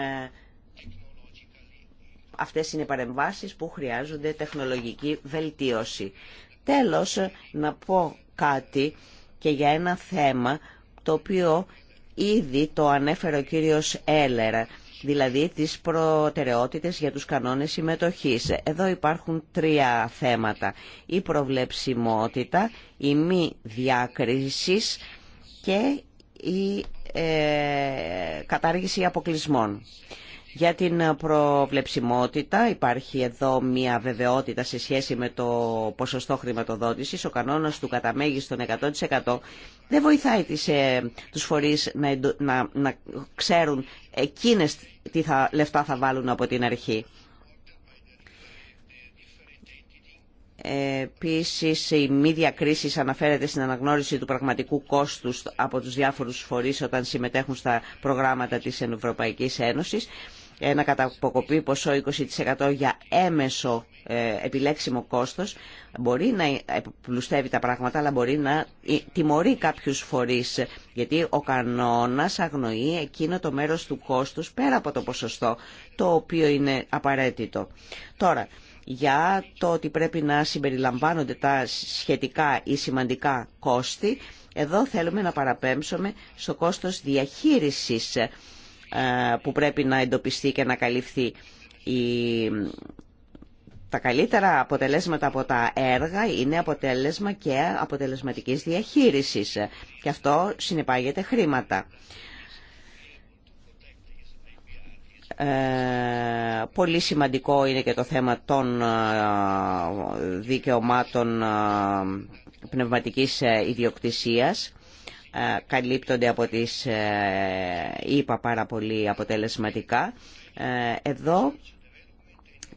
αυτές είναι παρεμβάσεις που χρειάζονται τεχνολογική βελτίωση. Τέλος, να πω κάτι και για ένα θέμα το οποίο ήδη το ανέφερε ο κύριος Έλερα δηλαδή τις προτεραιότητες για τους κανόνες συμμετοχής. Εδώ υπάρχουν τρία θέματα. Η προβλεψιμότητα, η μη διάκριση και η ε, κατάργηση αποκλεισμών. Για την ε, προβλεψιμότητα υπάρχει εδώ μια βεβαιότητα σε σχέση με το ποσοστό χρηματοδότησης. Ο κανόνας του καταμέγιστον 100% δεν βοηθάει τις, ε, τους φορείς να, να, ξέρουν εκείνες τι θα, λεφτά θα βάλουν από την αρχή. Επίση, η μη διακρίση αναφέρεται στην αναγνώριση του πραγματικού κόστου από του διάφορου φορεί όταν συμμετέχουν στα προγράμματα τη Ευρωπαϊκή Ένωση ένα καταποκοπή ποσό 20% για έμεσο ε, επιλέξιμο κόστος μπορεί να πλουστεύει τα πράγματα αλλά μπορεί να ε, τιμωρεί κάποιους φορείς γιατί ο κανόνας αγνοεί εκείνο το μέρος του κόστους πέρα από το ποσοστό το οποίο είναι απαραίτητο. Τώρα, για το ότι πρέπει να συμπεριλαμβάνονται τα σχετικά ή σημαντικά κόστη, εδώ θέλουμε να παραπέμψουμε στο κόστος διαχείρισης ε, που πρέπει να εντοπιστεί και να καλυφθεί. Τα καλύτερα αποτελέσματα από τα έργα είναι αποτέλεσμα και αποτελεσματικής διαχείρισης και αυτό συνεπάγεται χρήματα. Ε, πολύ σημαντικό είναι και το θέμα των ε, δικαιωμάτων ε, πνευματικής ιδιοκτησίας ε, καλύπτονται από τις ήπα ε, πάρα πολύ αποτελεσματικά. Ε, εδώ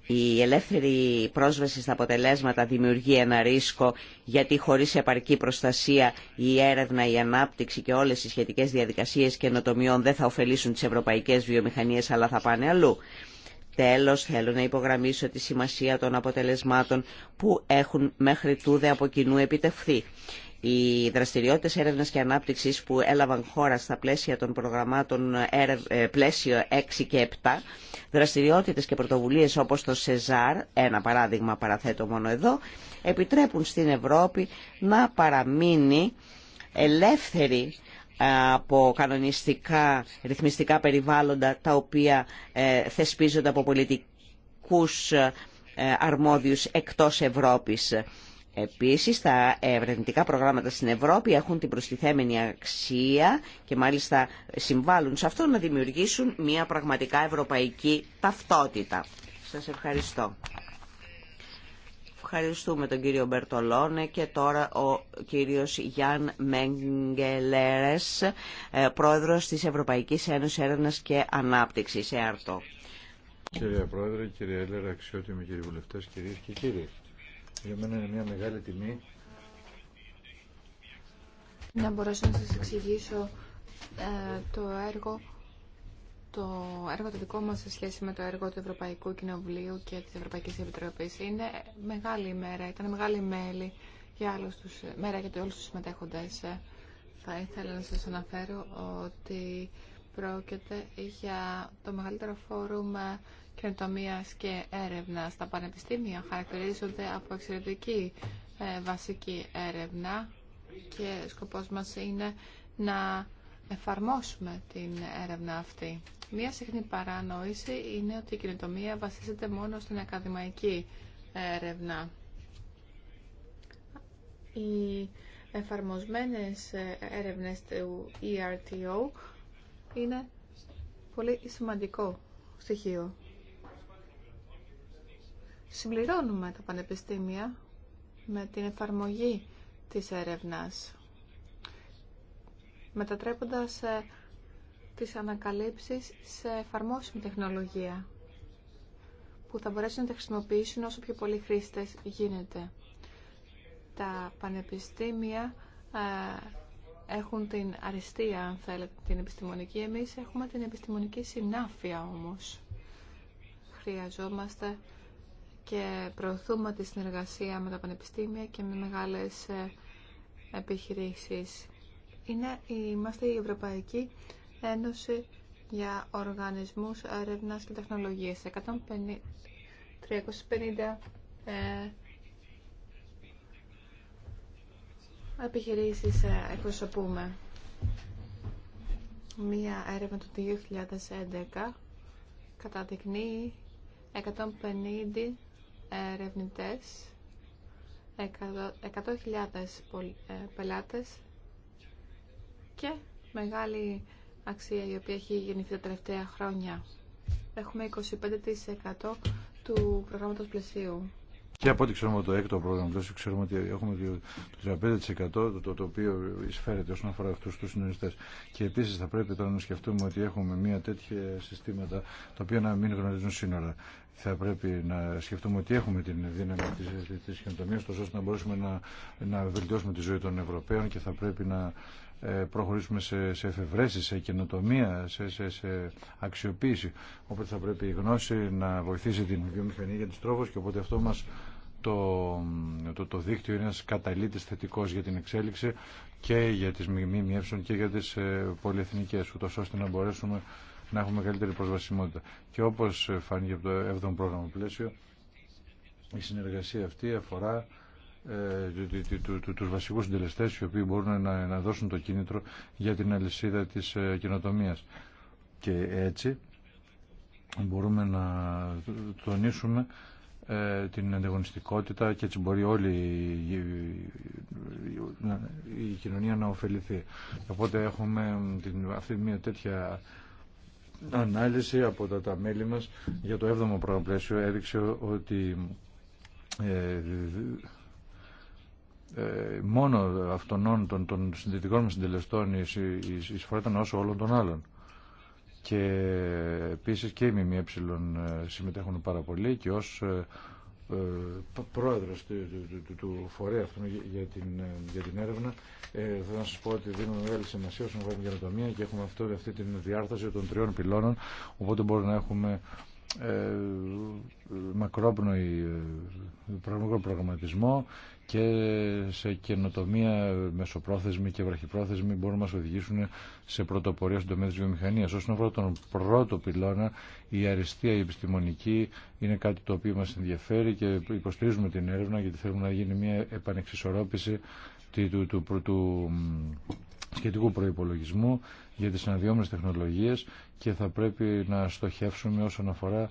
η ελεύθερη πρόσβαση στα αποτελέσματα δημιουργεί ένα ρίσκο γιατί χωρίς επαρκή προστασία η έρευνα, η ανάπτυξη και όλες οι σχετικές διαδικασίες καινοτομιών δεν θα ωφελήσουν τις ευρωπαϊκές βιομηχανίες αλλά θα πάνε αλλού. Τέλος, θέλω να υπογραμμίσω τη σημασία των αποτελεσμάτων που έχουν μέχρι τούδε από κοινού επιτευχθεί. Οι δραστηριότητε έρευνας και ανάπτυξης που έλαβαν χώρα στα πλαίσια των προγραμμάτων ε, πλαίσιο 6 και 7, δραστηριότητες και πρωτοβουλίες όπως το ΣΕΖΑΡ, ένα παράδειγμα παραθέτω μόνο εδώ, επιτρέπουν στην Ευρώπη να παραμείνει ελεύθερη ε, από κανονιστικά, ρυθμιστικά περιβάλλοντα τα οποία ε, θεσπίζονται από πολιτικούς αρμόδιους εκτός Ευρώπης. Επίσης, τα ερευνητικά προγράμματα στην Ευρώπη έχουν την προστιθέμενη αξία και μάλιστα συμβάλλουν σε αυτό να δημιουργήσουν μια πραγματικά ευρωπαϊκή ταυτότητα. Σας ευχαριστώ. Ευχαριστούμε τον κύριο Μπερτολόνε και τώρα ο κύριος Γιάν Μέγγελερες, ε, πρόεδρος της Ευρωπαϊκής Ένωσης Έρευνας και Ανάπτυξης, ΕΑΡΤΟ. Κύριε Πρόεδρε, κύριε Έλερα, αξιότιμοι κύριοι βουλευτές, κυρίες και κύριοι. Για μένα είναι μια μεγάλη τιμή. Να μπορέσω να σας εξηγήσω ε, το έργο το έργο το δικό μας σε σχέση με το έργο του Ευρωπαϊκού Κοινοβουλίου και της Ευρωπαϊκής Επιτροπής είναι μεγάλη ημέρα, ήταν μεγάλη μέλη για όλους τους, μέρα για όλους τους συμμετέχοντες. Θα ήθελα να σας αναφέρω ότι πρόκειται για το μεγαλύτερο φόρουμ καινοτομία και έρευνα στα πανεπιστήμια χαρακτηρίζονται από εξαιρετική ε, βασική έρευνα και σκοπός μας είναι να εφαρμόσουμε την έρευνα αυτή. Μία συχνή παρανόηση είναι ότι η καινοτομία βασίζεται μόνο στην ακαδημαϊκή έρευνα. Οι εφαρμοσμένες ε, έρευνες του ERTO είναι πολύ σημαντικό στοιχείο συμπληρώνουμε τα πανεπιστήμια με την εφαρμογή της έρευνας, μετατρέποντας ε, τις ανακαλύψεις σε εφαρμόσιμη τεχνολογία που θα μπορέσουν να τα χρησιμοποιήσουν όσο πιο πολλοί χρήστες γίνεται. Τα πανεπιστήμια ε, έχουν την αριστεία, αν θέλετε, την επιστημονική. Εμείς έχουμε την επιστημονική συνάφεια όμως. Χρειαζόμαστε και προωθούμε τη συνεργασία με τα πανεπιστήμια και με μεγάλες ε, επιχειρήσεις. Είναι, είμαστε η Ευρωπαϊκή Ένωση για Οργανισμούς Έρευνα και Τεχνολογίας. 150, 350 ε, επιχειρήσεις ε, εκπροσωπούμε. Μία έρευνα του 2011 καταδεικνύει 150 ερευνητές, 100.000 ε, πελάτες και μεγάλη αξία η οποία έχει γεννηθεί τα τελευταία χρόνια. Έχουμε 25% του προγράμματος πλαισίου. Και από ό,τι ξέρουμε το έκτο πρόγραμμα, δηλαδή ξέρουμε ότι έχουμε το 35% το, το οποίο εισφέρεται όσον αφορά αυτού του συνεργαστέ. Και επίση θα πρέπει τώρα να σκεφτούμε ότι έχουμε μια τέτοια συστήματα τα οποία να μην γνωρίζουν σύνορα. Θα πρέπει να σκεφτούμε ότι έχουμε την δύναμη τη χειροτομία, ώστε να μπορέσουμε να, να βελτιώσουμε τη ζωή των Ευρωπαίων και θα πρέπει να ε, προχωρήσουμε σε, σε εφευρέσεις, σε καινοτομία, σε, σε, σε αξιοποίηση. Οπότε θα πρέπει η γνώση να βοηθήσει την βιομηχανία για τους τρόφους και οπότε αυτό μας το, το, το δίκτυο είναι ένας καταλήτης θετικός για την εξέλιξη και για τις ΜΜΕ και για τις ε, πολυεθνικές, ούτως ώστε να μπορέσουμε να έχουμε καλύτερη προσβασιμότητα. Και όπως ε, φάνηκε από το 7ο πρόγραμμα πλαίσιο, η συνεργασία αυτή αφορά ε, τους βασικούς συντελεστές οι οποίοι μπορούν να, να δώσουν το κίνητρο για την αλυσίδα της ε, Και έτσι μπορούμε να τονίσουμε ε, την ανταγωνιστικότητα και έτσι μπορεί όλη η κοινωνία να ωφεληθεί. Οπότε έχουμε αυτή μια τέτοια ανάλυση από τα, τα μέλη μας για το 7ο πρόγραμμα έδειξε ότι ε, ε, μόνο αυτών των, των συντηρητικών μας συντελεστών εισφορά ήταν όσο όλων των άλλων και επίσης και οι ΜΜΕ συμμετέχουν πάρα πολύ και ως ε, ε, πρόεδρος του, του, του, του φορέα αυτού για την, ε, για την έρευνα ε, θέλω να σας πω ότι δίνουμε μεγάλη σημασία όσον αφορά την καινοτομία και έχουμε αυτό, αυτή την διάρθρωση των τριών πυλώνων οπότε μπορούμε να έχουμε ε, μακρόπνοη προγραμματισμό και σε καινοτομία μεσοπρόθεσμη και βραχυπρόθεσμη μπορούν να μας οδηγήσουν σε πρωτοπορία στον τομέα της βιομηχανίας. Όσον αφορά τον πρώτο πυλώνα, η αριστεία, η επιστημονική είναι κάτι το οποίο μας ενδιαφέρει και υποστηρίζουμε την έρευνα γιατί θέλουμε να γίνει μια επανεξισορρόπηση του, του, του, του σχετικού προϋπολογισμού για τις αναδυόμενες τεχνολογίες και θα πρέπει να στοχεύσουμε όσον αφορά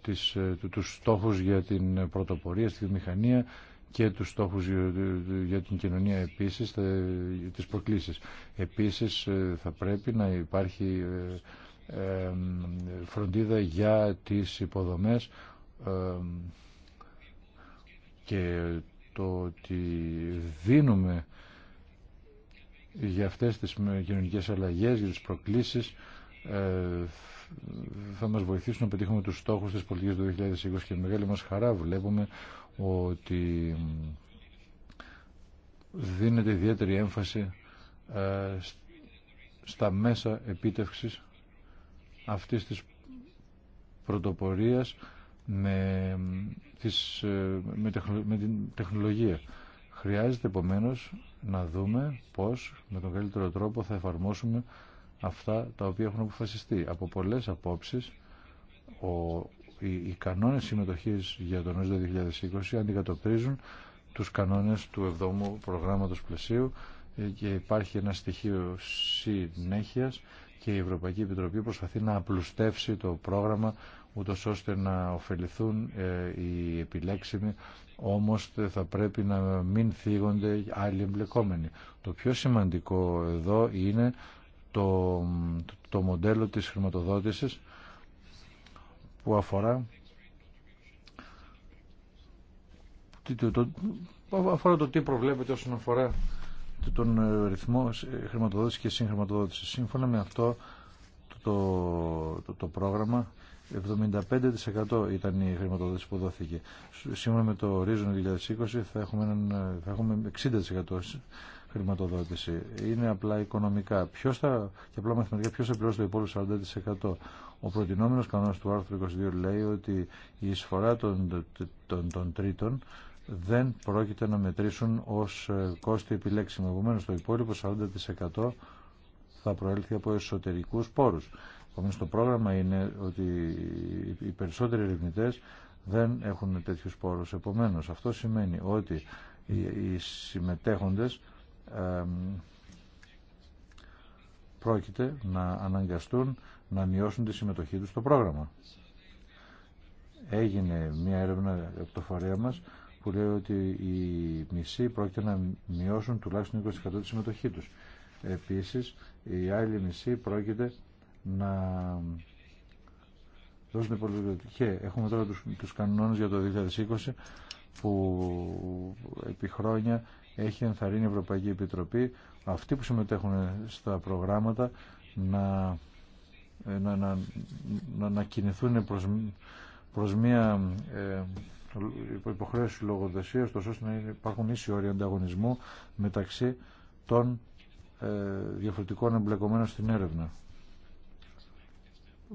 τις, ε, τους στόχους για την πρωτοπορία στη μηχανία και τους στόχους για την κοινωνία επίσης, τις προκλήσεις. Επίσης ε, θα πρέπει να υπάρχει ε, φροντίδα για τις υποδομές και το ότι δίνουμε για αυτές τις κοινωνικές αλλαγές, για τις προκλήσεις θα μας βοηθήσουν να πετύχουμε τους στόχους της πολιτικής του 2020 και μεγάλη μας χαρά βλέπουμε ότι δίνεται ιδιαίτερη έμφαση ε, στα μέσα επίτευξης αυτής της πρωτοπορίας με, ε, με, με την τεχνολογία. Χρειάζεται επομένως να δούμε πώς με τον καλύτερο τρόπο θα εφαρμόσουμε αυτά τα οποία έχουν αποφασιστεί. Από πολλές απόψεις, οι, οι κανόνες συμμετοχής για τον 2020 αντικατοπτρίζουν τους κανόνες του 7ου προγράμματος πλαισίου ε, και υπάρχει ένα στοιχείο συνέχεια και η Ευρωπαϊκή Επιτροπή προσπαθεί να απλουστεύσει το πρόγραμμα ούτω ώστε να ωφεληθούν ε, οι επιλέξιμοι όμως θα πρέπει να μην θίγονται άλλοι εμπλεκόμενοι. Το πιο σημαντικό εδώ είναι το, το, μοντέλο της χρηματοδότησης που αφορά το, το, αφορά το τι προβλέπεται όσον αφορά τον ε, ρυθμό ε, χρηματοδότηση και συγχρηματοδότηση. Σύμφωνα με αυτό το, το, το πρόγραμμα 75% ήταν η χρηματοδότηση που δόθηκε. Σύμφωνα με το Horizon 2020 έχουμε, έναν, ε, θα έχουμε 60% χρηματοδότηση. Είναι απλά οικονομικά. Ποιος θα, και απλά μαθηματικά ποιο θα πληρώσει το υπόλοιπο 40%. Ο προτινόμενο κανόνας του άρθρου 22 λέει ότι η εισφορά των, των, τρίτων δεν πρόκειται να μετρήσουν ως ε, κόστη επιλέξιμο. επομένω, το υπόλοιπο 40% θα προέλθει από εσωτερικούς πόρους. Επομένω, το πρόγραμμα είναι ότι οι περισσότεροι ερευνητέ δεν έχουν τέτοιου πόρου. Επομένω. αυτό σημαίνει ότι οι συμμετέχοντες πρόκειται να αναγκαστούν να μειώσουν τη συμμετοχή τους στο πρόγραμμα. Έγινε μια έρευνα από το φορέα μας που λέει ότι οι μισοί πρόκειται να μειώσουν τουλάχιστον 20% τη συμμετοχή τους. Επίσης, οι άλλοι μισοί πρόκειται να δώσουν υπολογιστή. Και έχουμε τώρα τους, τους κανόνες για το 2020 που επί χρόνια έχει ενθαρρύνει η Ευρωπαϊκή Επιτροπή αυτοί που συμμετέχουν στα προγράμματα να, ε, να, να, να, κινηθούν προς, μια ε, υποχρέωση λογοδοσίας τόσο ώστε να υπάρχουν ίσοι όροι ανταγωνισμού μεταξύ των ε, διαφορετικών εμπλεκομένων στην έρευνα.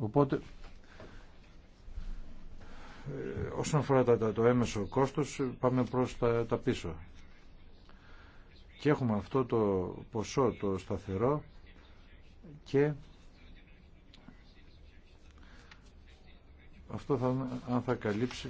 Οπότε ε, όσον αφορά το έμεσο κόστος πάμε προς τα πίσω και έχουμε αυτό το ποσό το σταθερό και αυτό θα, αν θα καλύψει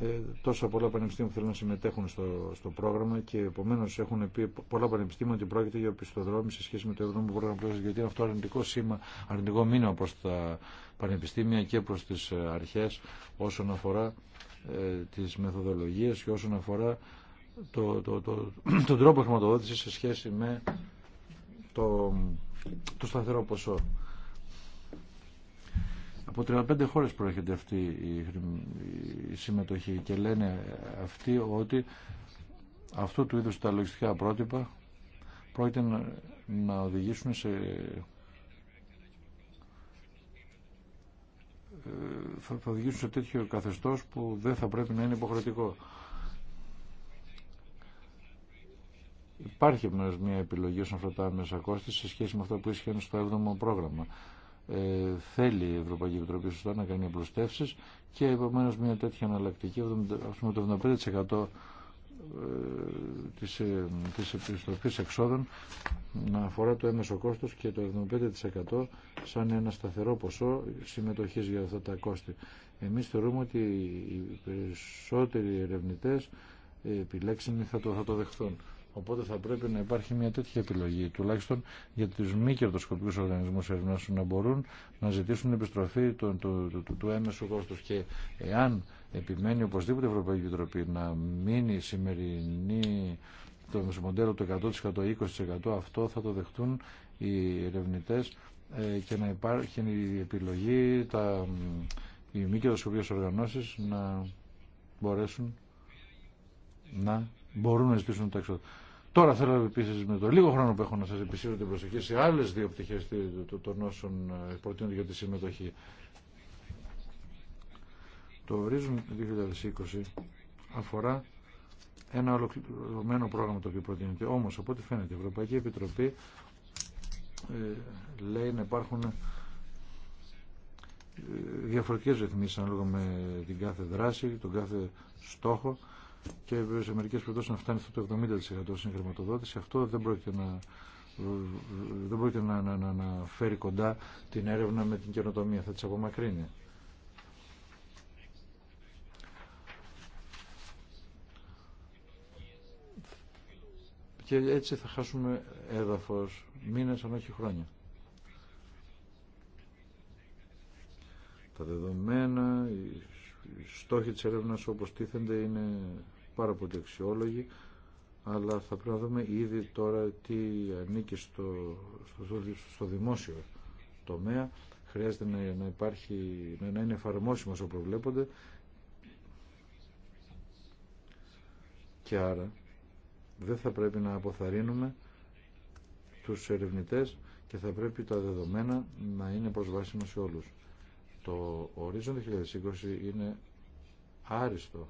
ε, τόσα πολλά πανεπιστήμια που θέλουν να συμμετέχουν στο, στο πρόγραμμα και επομένω έχουν πει πολλά πανεπιστήμια ότι πρόκειται για πιστοδρόμη σε σχέση με το ευρώ πρόγραμμα πλούσια, γιατί είναι αυτό αρνητικό σήμα, αρνητικό μήνυμα προς τα πανεπιστήμια και προς τις ε, αρχές όσον αφορά ε, τι μεθοδολογίε και όσον αφορά το, το, το, τον τρόπο χρηματοδότηση σε σχέση με το, το σταθερό ποσό. Από 35 χώρες προέρχεται αυτή η συμμετοχή και λένε αυτοί ότι αυτού του είδους τα λογιστικά πρότυπα πρόκειται να οδηγήσουν σε ε, θα οδηγήσουν σε τέτοιο καθεστώς που δεν θα πρέπει να είναι υποχρεωτικό. Υπάρχει μια επιλογή όσον αφορά τα άμεσα κόστη σε σχέση με αυτό που ήσχαν στο 7ο πρόγραμμα. Ε, θέλει η Ευρωπαϊκή Επιτροπή σωστά να κάνει απλουστεύσει και επομένω μια τέτοια αναλλακτική, α πούμε το 75% ε, της, ε, της επιστροφής εξόδων να αφορά το έμεσο κόστο και το 75% σαν ένα σταθερό ποσό συμμετοχής για αυτά τα κόστη. Εμείς θεωρούμε ότι οι περισσότεροι ερευνητές ε, επιλέξιμοι θα το, θα το δεχθούν. Οπότε θα πρέπει να υπάρχει μια τέτοια επιλογή, τουλάχιστον για του μη κερδοσκοπικού οργανισμού έρευνα να μπορούν να ζητήσουν επιστροφή του, το το το έμεσου κόστου. Και εάν επιμένει οπωσδήποτε η Ευρωπαϊκή Επιτροπή να μείνει σημερινή το μοντέλο του 100% 20% αυτό θα το δεχτούν οι ερευνητέ ε, και να υπάρχει η επιλογή τα, οι μη κερδοσκοπικέ οργανώσει να μπορέσουν να μπορούν να ζητήσουν το εξόδια. Τώρα θέλω επίση με το λίγο χρόνο που έχω να σα επισύρω την προσοχή σε άλλε δύο πτυχέ των όσων ε, προτείνονται για τη συμμετοχή. Το Horizon 2020 αφορά ένα ολοκληρωμένο πρόγραμμα το οποίο προτείνεται. Όμω, από ό,τι φαίνεται, η Ευρωπαϊκή Επιτροπή ε, λέει να υπάρχουν ε, διαφορετικές ρυθμίσει ανάλογα με την κάθε δράση, τον κάθε στόχο και σε μερικέ περιπτώσει να φτάνει στο το 70% στην χρηματοδότηση. Αυτό δεν πρόκειται να δεν να, να, να, να φέρει κοντά την έρευνα με την καινοτομία, θα τις απομακρύνει. Και έτσι θα χάσουμε έδαφος μήνες αν όχι χρόνια. Τα δεδομένα, οι στόχοι της έρευνας όπως τίθενται είναι πάρα πολύ αξιόλογοι, αλλά θα πρέπει να δούμε ήδη τώρα τι ανήκει στο, στο, στο δημόσιο τομέα. Χρειάζεται να, υπάρχει, να είναι εφαρμόσιμο όσο προβλέπονται και άρα δεν θα πρέπει να αποθαρρύνουμε τους ερευνητές και θα πρέπει τα δεδομένα να είναι προσβάσιμα σε όλους. Το ορίζον 2020 είναι άριστο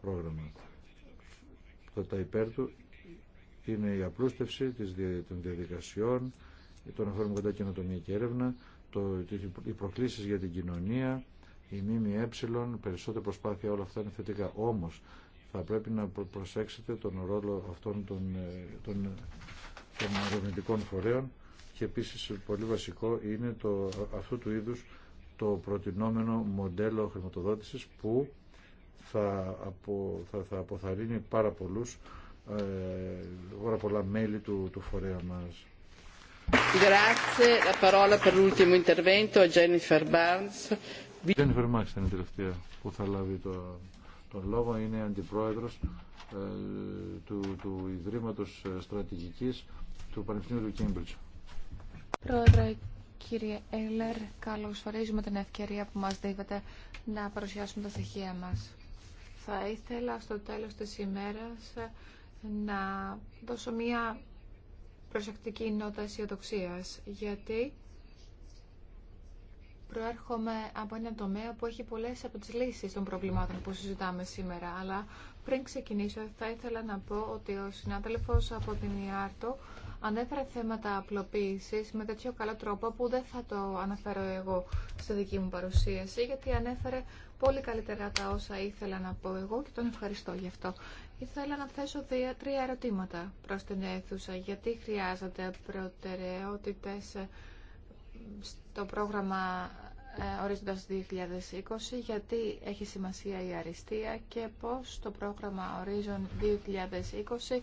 πρόγραμμα. Τα υπέρ του είναι η απλούστευση των διαδικασιών, τον φέρουμε κοντά καινοτομία και έρευνα, το, οι προκλήσεις για την κοινωνία, η ΜΜΕ, περισσότερη προσπάθεια, όλα αυτά είναι θετικά. Όμως θα πρέπει να προσέξετε τον ρόλο αυτών των, ε, των, των φορέων και επίσης πολύ βασικό είναι το, αυτού του είδους το προτινόμενο μοντέλο χρηματοδότηση που θα, απο, αποθαρρύνει πάρα πολλούς ε, πολλά μέλη του, του φορέα μας. Grazie. La parola per l'ultimo είναι η τελευταία που θα λάβει το, τον λόγο. Είναι αντιπρόεδρος ε, του, του Ιδρύματος ε, Στρατηγικής του Πανεπιστημίου του Cambridge. Πρόεδρε, κύριε Έλλερ, καλωσορίζουμε την ευκαιρία που μας δίδεται να παρουσιάσουμε τα στοιχεία μας. Θα ήθελα στο τέλος της ημέρας να δώσω μία προσεκτική νότα αισιοδοξία, γιατί προέρχομαι από ένα τομέα που έχει πολλές από τις λύσεις των προβλημάτων που συζητάμε σήμερα, αλλά πριν ξεκινήσω θα ήθελα να πω ότι ο συνάδελφος από την ΙΑΡΤΟ ανέφερε θέματα απλοποίηση με τέτοιο καλό τρόπο που δεν θα το αναφέρω εγώ στη δική μου παρουσίαση γιατί ανέφερε πολύ καλύτερα τα όσα ήθελα να πω εγώ και τον ευχαριστώ γι' αυτό. Ήθελα να θέσω δύο, τρία ερωτήματα προς την αίθουσα. Γιατί χρειάζονται προτεραιότητε ε, στο πρόγραμμα ε, ορίζοντας 2020, γιατί έχει σημασία η αριστεία και πώς το πρόγραμμα ορίζον 2020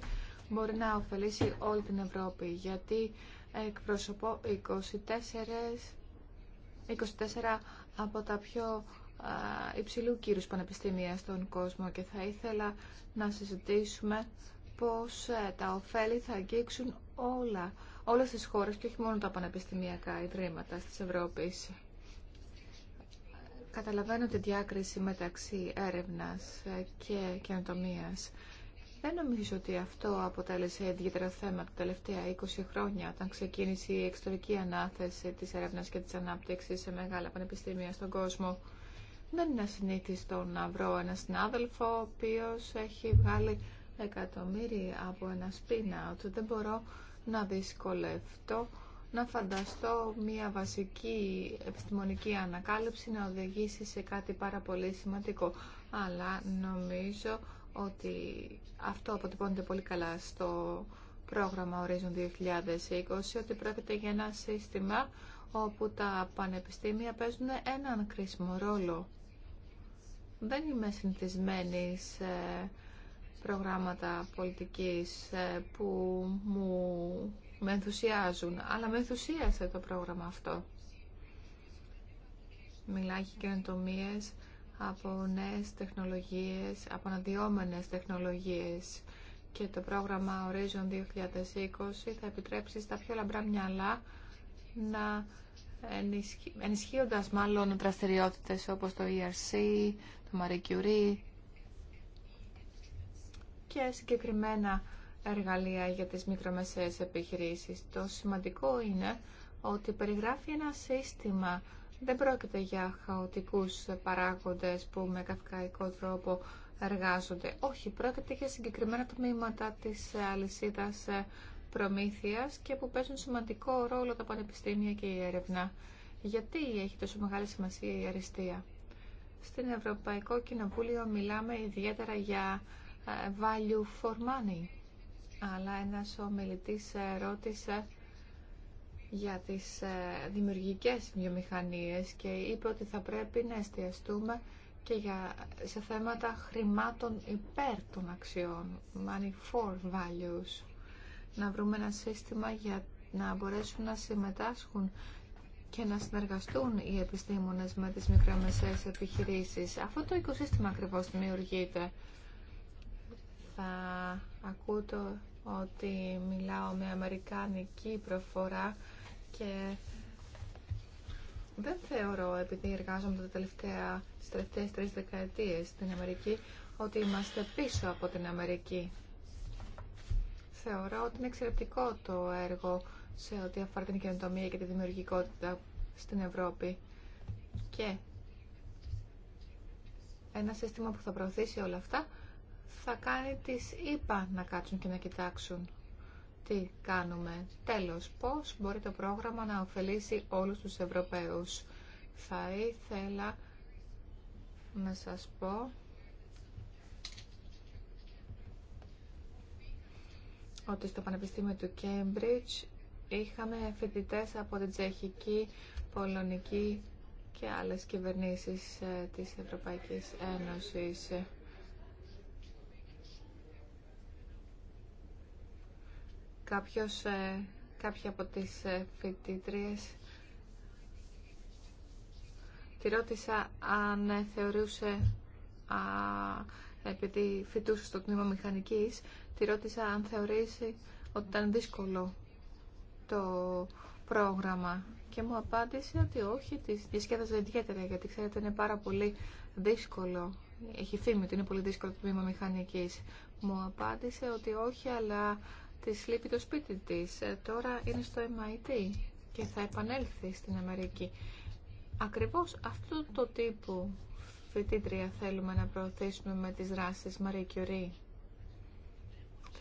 μπορεί να ωφελήσει όλη την Ευρώπη, γιατί εκπροσωπώ 24, 24 από τα πιο υψηλού κύρους πανεπιστήμια στον κόσμο και θα ήθελα να συζητήσουμε πώς ε, τα ωφέλη θα αγγίξουν όλα, όλες τις χώρες και όχι μόνο τα πανεπιστημιακά ιδρύματα της Ευρώπη, Καταλαβαίνω τη διάκριση μεταξύ έρευνας ε, και καινοτομίας. Δεν νομίζω ότι αυτό αποτέλεσε ιδιαίτερα θέμα τα τελευταία 20 χρόνια όταν ξεκίνησε η εξωτερική ανάθεση της έρευνας και της ανάπτυξης σε μεγάλα πανεπιστήμια στον κόσμο. Δεν είναι ασυνήθιστο να βρω ένα συνάδελφο ο οποίος έχει βγάλει εκατομμύρια από ένα σπίνα ότι δεν μπορώ να δυσκολευτώ να φανταστώ μια βασική επιστημονική ανακάλυψη να οδηγήσει σε κάτι πάρα πολύ σημαντικό. Αλλά νομίζω ότι αυτό αποτυπώνεται πολύ καλά στο πρόγραμμα Horizon 2020, ότι πρόκειται για ένα σύστημα όπου τα πανεπιστήμια παίζουν έναν κρίσιμο ρόλο. Δεν είμαι συνηθισμένη σε προγράμματα πολιτικής ε, που μου με ενθουσιάζουν, αλλά με ενθουσίασε το πρόγραμμα αυτό. Μιλάει για καινοτομίες από νέες τεχνολογίες, από αναδυόμενες τεχνολογίες και το πρόγραμμα Horizon 2020 θα επιτρέψει στα πιο λαμπρά μυαλά να ενισχύοντας μάλλον δραστηριότητες όπως το ERC, το Marie Curie και συγκεκριμένα εργαλεία για τις μικρομεσαίες επιχειρήσεις. Το σημαντικό είναι ότι περιγράφει ένα σύστημα δεν πρόκειται για χαοτικούς παράγοντες που με καυκαϊκό τρόπο εργάζονται. Όχι, πρόκειται για συγκεκριμένα τμήματα της αλυσίδας προμήθειας και που παίζουν σημαντικό ρόλο τα πανεπιστήμια και η έρευνα. Γιατί έχει τόσο μεγάλη σημασία η αριστεία. Στην Ευρωπαϊκό Κοινοβούλιο μιλάμε ιδιαίτερα για ε, value for money. Αλλά ένας ομιλητής ρώτησε για τις ε, δημιουργικές βιομηχανίες και είπε ότι θα πρέπει να εστιαστούμε και για, σε θέματα χρημάτων υπέρ των αξιών, money for values, να βρούμε ένα σύστημα για να μπορέσουν να συμμετάσχουν και να συνεργαστούν οι επιστήμονες με τις μικρομεσαίες επιχειρήσεις. Αυτό το οικοσύστημα ακριβώς δημιουργείται. Θα ακούτε ότι μιλάω με αμερικανική προφορά και δεν θεωρώ, επειδή εργάζομαι τα τελευταία, τις τελευταίες τρεις δεκαετίες στην Αμερική, ότι είμαστε πίσω από την Αμερική. Θεωρώ ότι είναι εξαιρετικό το έργο σε ό,τι αφορά την καινοτομία και τη δημιουργικότητα στην Ευρώπη. Και ένα σύστημα που θα προωθήσει όλα αυτά θα κάνει τις ΙΠΑ να κάτσουν και να κοιτάξουν τι κάνουμε. Τέλος, πώς μπορεί το πρόγραμμα να ωφελήσει όλους τους Ευρωπαίους. Θα ήθελα να σας πω ότι στο Πανεπιστήμιο του Cambridge είχαμε φοιτητές από την Τσεχική, Πολωνική και άλλες κυβερνήσεις ε, της Ευρωπαϊκής Ένωσης. Κάποιος, ε, κάποια από τις ε, φοιτήτριες τη ρώτησα αν ε, θεωρούσε α, επειδή φοιτούσε στο τμήμα μηχανικής τη ρώτησα αν θεωρήσει ότι ήταν δύσκολο το πρόγραμμα και μου απάντησε ότι όχι, τη διασκέδαζε ιδιαίτερα γιατί ξέρετε είναι πάρα πολύ δύσκολο έχει φήμη ότι είναι πολύ δύσκολο το τμήμα μηχανικής μου απάντησε ότι όχι αλλά της λείπει το σπίτι της. Ε, τώρα είναι στο MIT και θα επανέλθει στην Αμερική. Ακριβώς αυτού το τύπου φοιτήτρια θέλουμε να προωθήσουμε με τις δράσεις Marie Curie.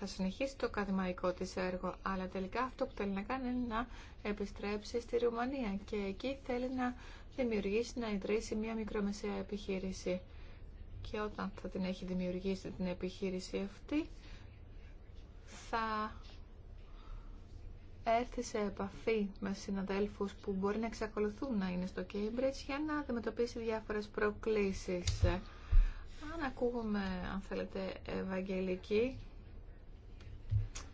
Θα συνεχίσει το καθημαϊκό της έργο, αλλά τελικά αυτό που θέλει να κάνει είναι να επιστρέψει στη Ρουμανία και εκεί θέλει να δημιουργήσει, να ιδρύσει μια μικρομεσαία επιχείρηση. Και όταν θα την έχει δημιουργήσει την επιχείρηση αυτή, θα έρθει σε επαφή με συναδέλφους που μπορεί να εξακολουθούν να είναι στο Cambridge για να αντιμετωπίσει διάφορες προκλήσεις. Αν ακούγουμε αν θέλετε, Ευαγγελική,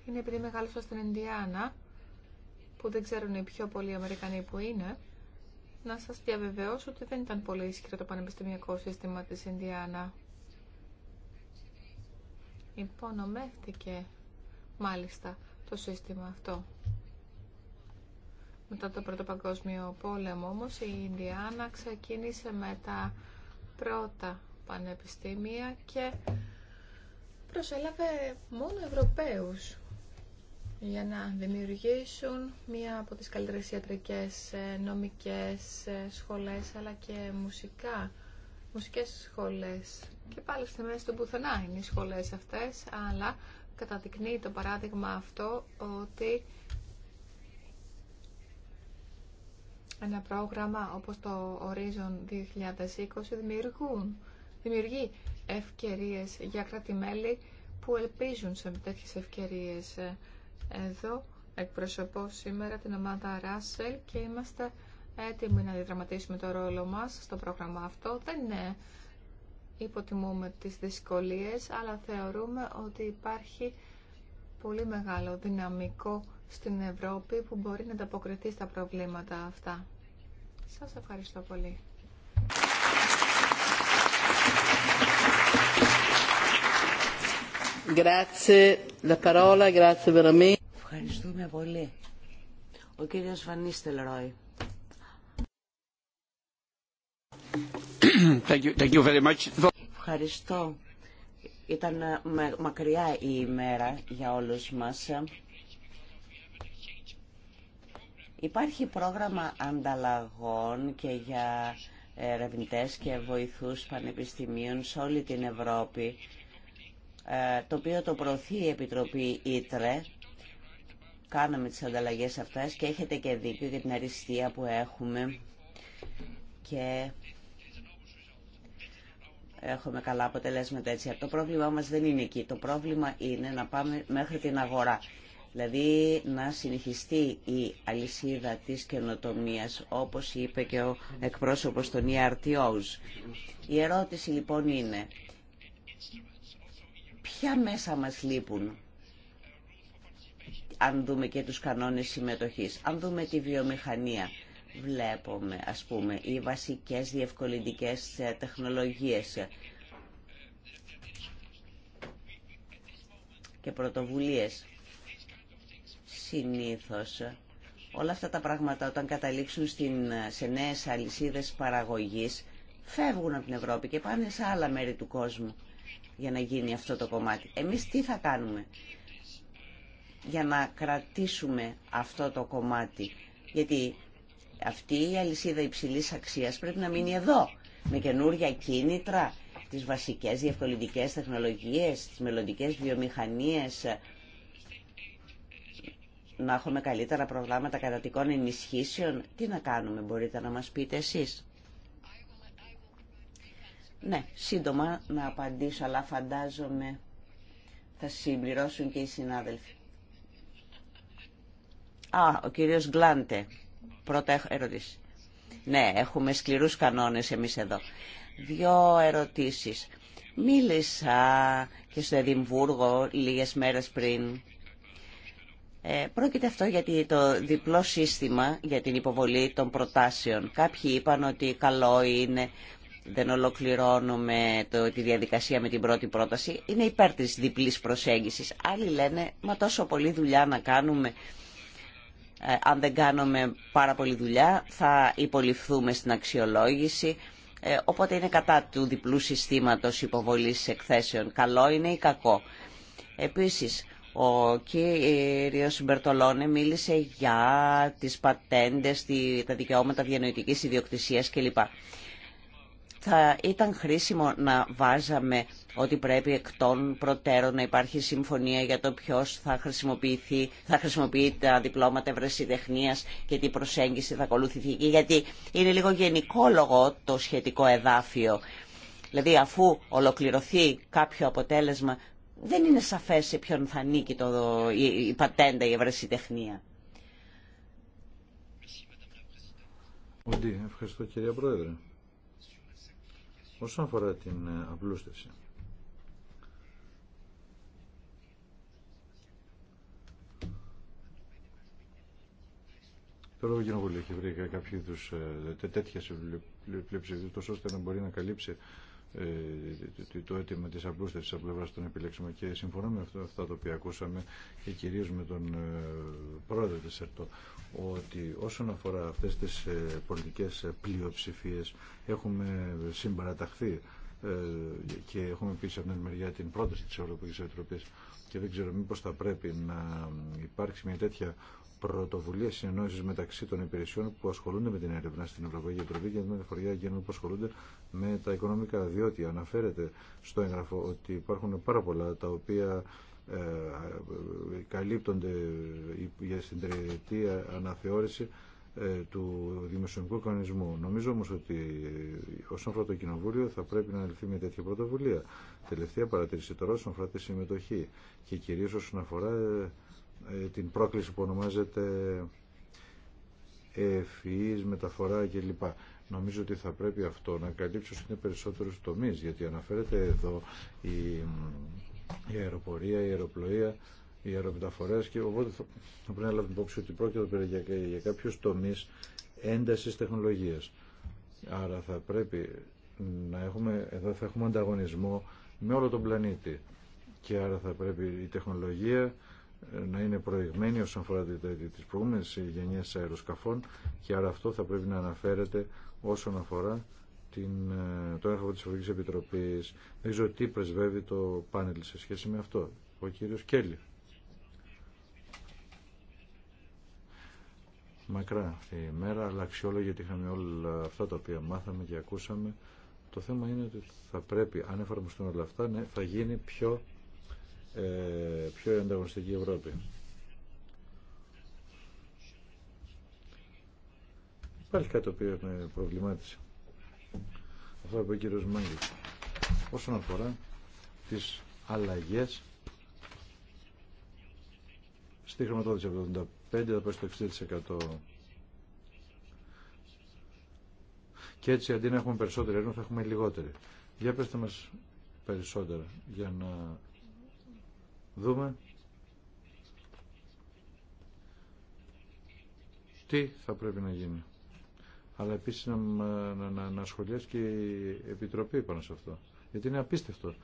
είναι επειδή μεγάλωσα στην Ινδιάνα, που δεν ξέρουν οι πιο πολλοί Αμερικανοί που είναι, να σας διαβεβαιώσω ότι δεν ήταν πολύ ισχυρό το πανεπιστημιακό σύστημα της Ινδιάνα. Υπονομεύτηκε μάλιστα το σύστημα αυτό. Μετά το Πρώτο Παγκόσμιο Πόλεμο όμως η Ινδιάνα ξεκίνησε με τα πρώτα πανεπιστήμια και προσέλαβε μόνο Ευρωπαίους για να δημιουργήσουν μία από τις καλύτερες ιατρικές, νομικές σχολές αλλά και μουσικά, μουσικές σχολές. Και πάλι στη μέση του πουθενά είναι οι σχολές αυτές, αλλά καταδεικνύει το παράδειγμα αυτό ότι ένα πρόγραμμα όπως το Horizon 2020 δημιουργούν, δημιουργεί ευκαιρίες για κράτη-μέλη που ελπίζουν σε τέτοιες ευκαιρίες. Εδώ εκπροσωπώ σήμερα την ομάδα Russell και είμαστε έτοιμοι να διαδραματίσουμε το ρόλο μας στο πρόγραμμα αυτό. Δεν είναι υποτιμούμε τις δυσκολίες, αλλά θεωρούμε ότι υπάρχει πολύ μεγάλο δυναμικό στην Ευρώπη που μπορεί να ανταποκριθεί στα προβλήματα αυτά. Σας ευχαριστώ πολύ. Ευχαριστούμε πολύ. Ο κύριος Βανίστελ Ρόι. Thank you, thank you very much ευχαριστώ. Ήταν ε, μακριά η ημέρα για όλους μας. Υπάρχει πρόγραμμα ανταλλαγών και για ερευνητέ και βοηθούς πανεπιστημίων σε όλη την Ευρώπη, ε, το οποίο το προωθεί η Επιτροπή Ήτρε. Κάναμε τις ανταλλαγές αυτές και έχετε και δίκιο για την αριστεία που έχουμε και έχουμε καλά αποτελέσματα έτσι. Το πρόβλημά μας δεν είναι εκεί. Το πρόβλημα είναι να πάμε μέχρι την αγορά. Δηλαδή να συνεχιστεί η αλυσίδα της καινοτομίας, όπως είπε και ο εκπρόσωπος των ERTOs. Η ερώτηση λοιπόν είναι, ποια μέσα μας λείπουν, αν δούμε και τους κανόνες συμμετοχής, αν δούμε τη βιομηχανία, βλέπουμε, ας πούμε, οι βασικές διευκολυντικές ε, τεχνολογίες και πρωτοβουλίες. Συνήθως όλα αυτά τα πράγματα όταν καταλήξουν στην, σε νέες αλυσίδες παραγωγής φεύγουν από την Ευρώπη και πάνε σε άλλα μέρη του κόσμου για να γίνει αυτό το κομμάτι. Εμείς τι θα κάνουμε για να κρατήσουμε αυτό το κομμάτι. Γιατί αυτή η αλυσίδα υψηλής αξίας πρέπει να μείνει εδώ, με καινούργια κίνητρα, τις βασικές διευκολυντικές τεχνολογίες, τις μελλοντικές βιομηχανίες, να έχουμε καλύτερα προγράμματα κατατικών ενισχύσεων. Τι να κάνουμε, μπορείτε να μας πείτε εσείς. Ναι, σύντομα να απαντήσω, αλλά φαντάζομαι θα συμπληρώσουν και οι συνάδελφοι. Α, ο κύριος Γκλάντε. Πρώτα ερωτήσει. Ναι, έχουμε σκληρούς κανόνες εμείς εδώ. Δύο ερωτήσεις. Μίλησα και στο Εδιμβούργο λίγες μέρες πριν. Ε, πρόκειται αυτό γιατί το διπλό σύστημα για την υποβολή των προτάσεων. Κάποιοι είπαν ότι καλό είναι, δεν ολοκληρώνουμε το, τη διαδικασία με την πρώτη πρόταση. Είναι υπέρ της διπλής προσέγγισης. Άλλοι λένε, μα τόσο πολλή δουλειά να κάνουμε ε, αν δεν κάνουμε πάρα πολλή δουλειά θα υποληφθούμε στην αξιολόγηση ε, οπότε είναι κατά του διπλού συστήματος υποβολής εκθέσεων καλό είναι ή κακό επίσης ο κύριος Μπερτολόνε μίλησε για τις πατέντες, τα δικαιώματα διανοητικής ιδιοκτησίας κλπ θα ήταν χρήσιμο να βάζαμε ότι πρέπει εκ των προτέρων να υπάρχει συμφωνία για το ποιο θα, χρησιμοποιηθεί, θα χρησιμοποιεί τα διπλώματα ευρεσιτεχνία και τι προσέγγιση θα ακολουθηθεί. Γιατί είναι λίγο γενικόλογο το σχετικό εδάφιο. Δηλαδή, αφού ολοκληρωθεί κάποιο αποτέλεσμα, δεν είναι σαφές σε ποιον θα ανήκει το, η, η πατέντα, η ευρεσιτεχνία. ευχαριστώ κυρία Πρόεδρε. Όσον αφορά την ε, απλούστευση. Το Λόγο Κοινοβούλιο έχει βρει κάποιο είδου ε, τέτοια πλειοψηφία, ώστε να μπορεί να καλύψει ε, το αίτημα της απλούστευσης από πλευράς των επιλέξουμε και συμφωνώ με αυτό, αυτά τα οποία ακούσαμε και κυρίως με τον ε, πρόεδρο της ΕΡΤΟ ότι όσον αφορά αυτές τις ε, πολιτικές πλειοψηφίες έχουμε συμπαραταχθεί και έχουμε πει από την μεριά την πρόταση της Ευρωπαϊκής Επιτροπής και δεν ξέρω μήπως θα πρέπει να υπάρξει μια τέτοια πρωτοβουλία συνεννόηση μεταξύ των υπηρεσιών που ασχολούνται με την έρευνα στην Ευρωπαϊκή Επιτροπή και με φορεία γίνονται που ασχολούνται με τα οικονομικά. Διότι αναφέρεται στο έγγραφο ότι υπάρχουν πάρα πολλά τα οποία ε, καλύπτονται για στην τριετή αναθεώρηση ε, του δημοσιονομικού κανονισμού. Νομίζω όμω ότι όσον αφορά το Κοινοβούλιο θα πρέπει να ληφθεί μια τέτοια πρωτοβουλία. Τελευταία παρατήρηση τώρα όσον αφορά τη συμμετοχή και κυρίω όσον αφορά ε, ε, την πρόκληση που ονομάζεται ευφυής, μεταφορά κλπ. Νομίζω ότι θα πρέπει αυτό να καλύψει όσο είναι περισσότερους τομείς, γιατί αναφέρεται εδώ η, αεροπορία, η αεροπλοεία, οι αερομεταφορές και οπότε θα, πρέπει να λάβουμε υπόψη ότι πρόκειται για, για κάποιους τομείς έντασης τεχνολογίας. Άρα θα πρέπει να έχουμε, εδώ θα έχουμε ανταγωνισμό με όλο τον πλανήτη και άρα θα πρέπει η τεχνολογία να είναι προηγμένη όσον αφορά τις προηγούμενες γενιές αεροσκαφών και άρα αυτό θα πρέπει να αναφέρεται όσον αφορά την, ε, το έργο της Ευρωπαϊκής Επιτροπής. Δεν ξέρω τι πρεσβεύει το πάνελ σε σχέση με αυτό. Ο κύριος Κέλλη. Μακρά η μέρα, αλλά αξιόλογη γιατί είχαμε όλα αυτά τα οποία μάθαμε και ακούσαμε. Το θέμα είναι ότι θα πρέπει, αν εφαρμοστούν όλα αυτά, ναι, θα γίνει πιο ε, πιο ανταγωνιστική Ευρώπη. Υπάρχει κάτι το οποίο με προβλημάτισε. Αυτό που είπε ο κύριο Μάγκης. Όσον αφορά τις αλλαγές στη χρηματοδότηση από 75% θα πάει στο 60%. Και έτσι αντί να έχουμε περισσότερη έργο θα έχουμε λιγότερη. Για πέστε μας περισσότερα για να δούμε τι θα πρέπει να γίνει. Αλλά επίσης να, να, σχολιάσει και η Επιτροπή πάνω σε αυτό. Γιατί είναι απίστευτο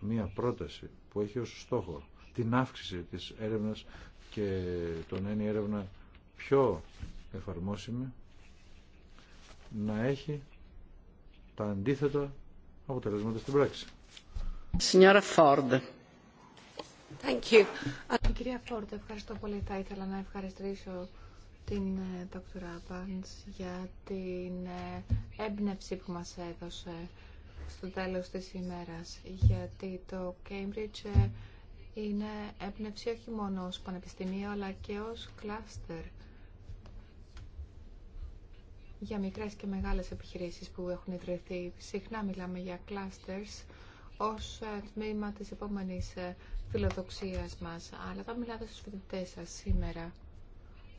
μία πρόταση που έχει ως στόχο την αύξηση της έρευνας και τον έννοι έρευνα πιο εφαρμόσιμη να έχει τα αντίθετα αποτελέσματα στην πράξη. Signora Κυρία Φόρτ, ευχαριστώ πολύ. Θα ήθελα να ευχαριστήσω την ε, Δόκτωρα Πάντς για την ε, έμπνευση που μας έδωσε στο τέλος της ημέρας. Γιατί το Cambridge ε, είναι έμπνευση όχι μόνο ως πανεπιστημίο, αλλά και ως κλάστερ για μικρές και μεγάλες επιχειρήσεις που έχουν ιδρυθεί. Συχνά μιλάμε για clusters ως τμήμα της επόμενης φιλοδοξίας μας. Αλλά θα μιλάτε στους φοιτητές σα σήμερα,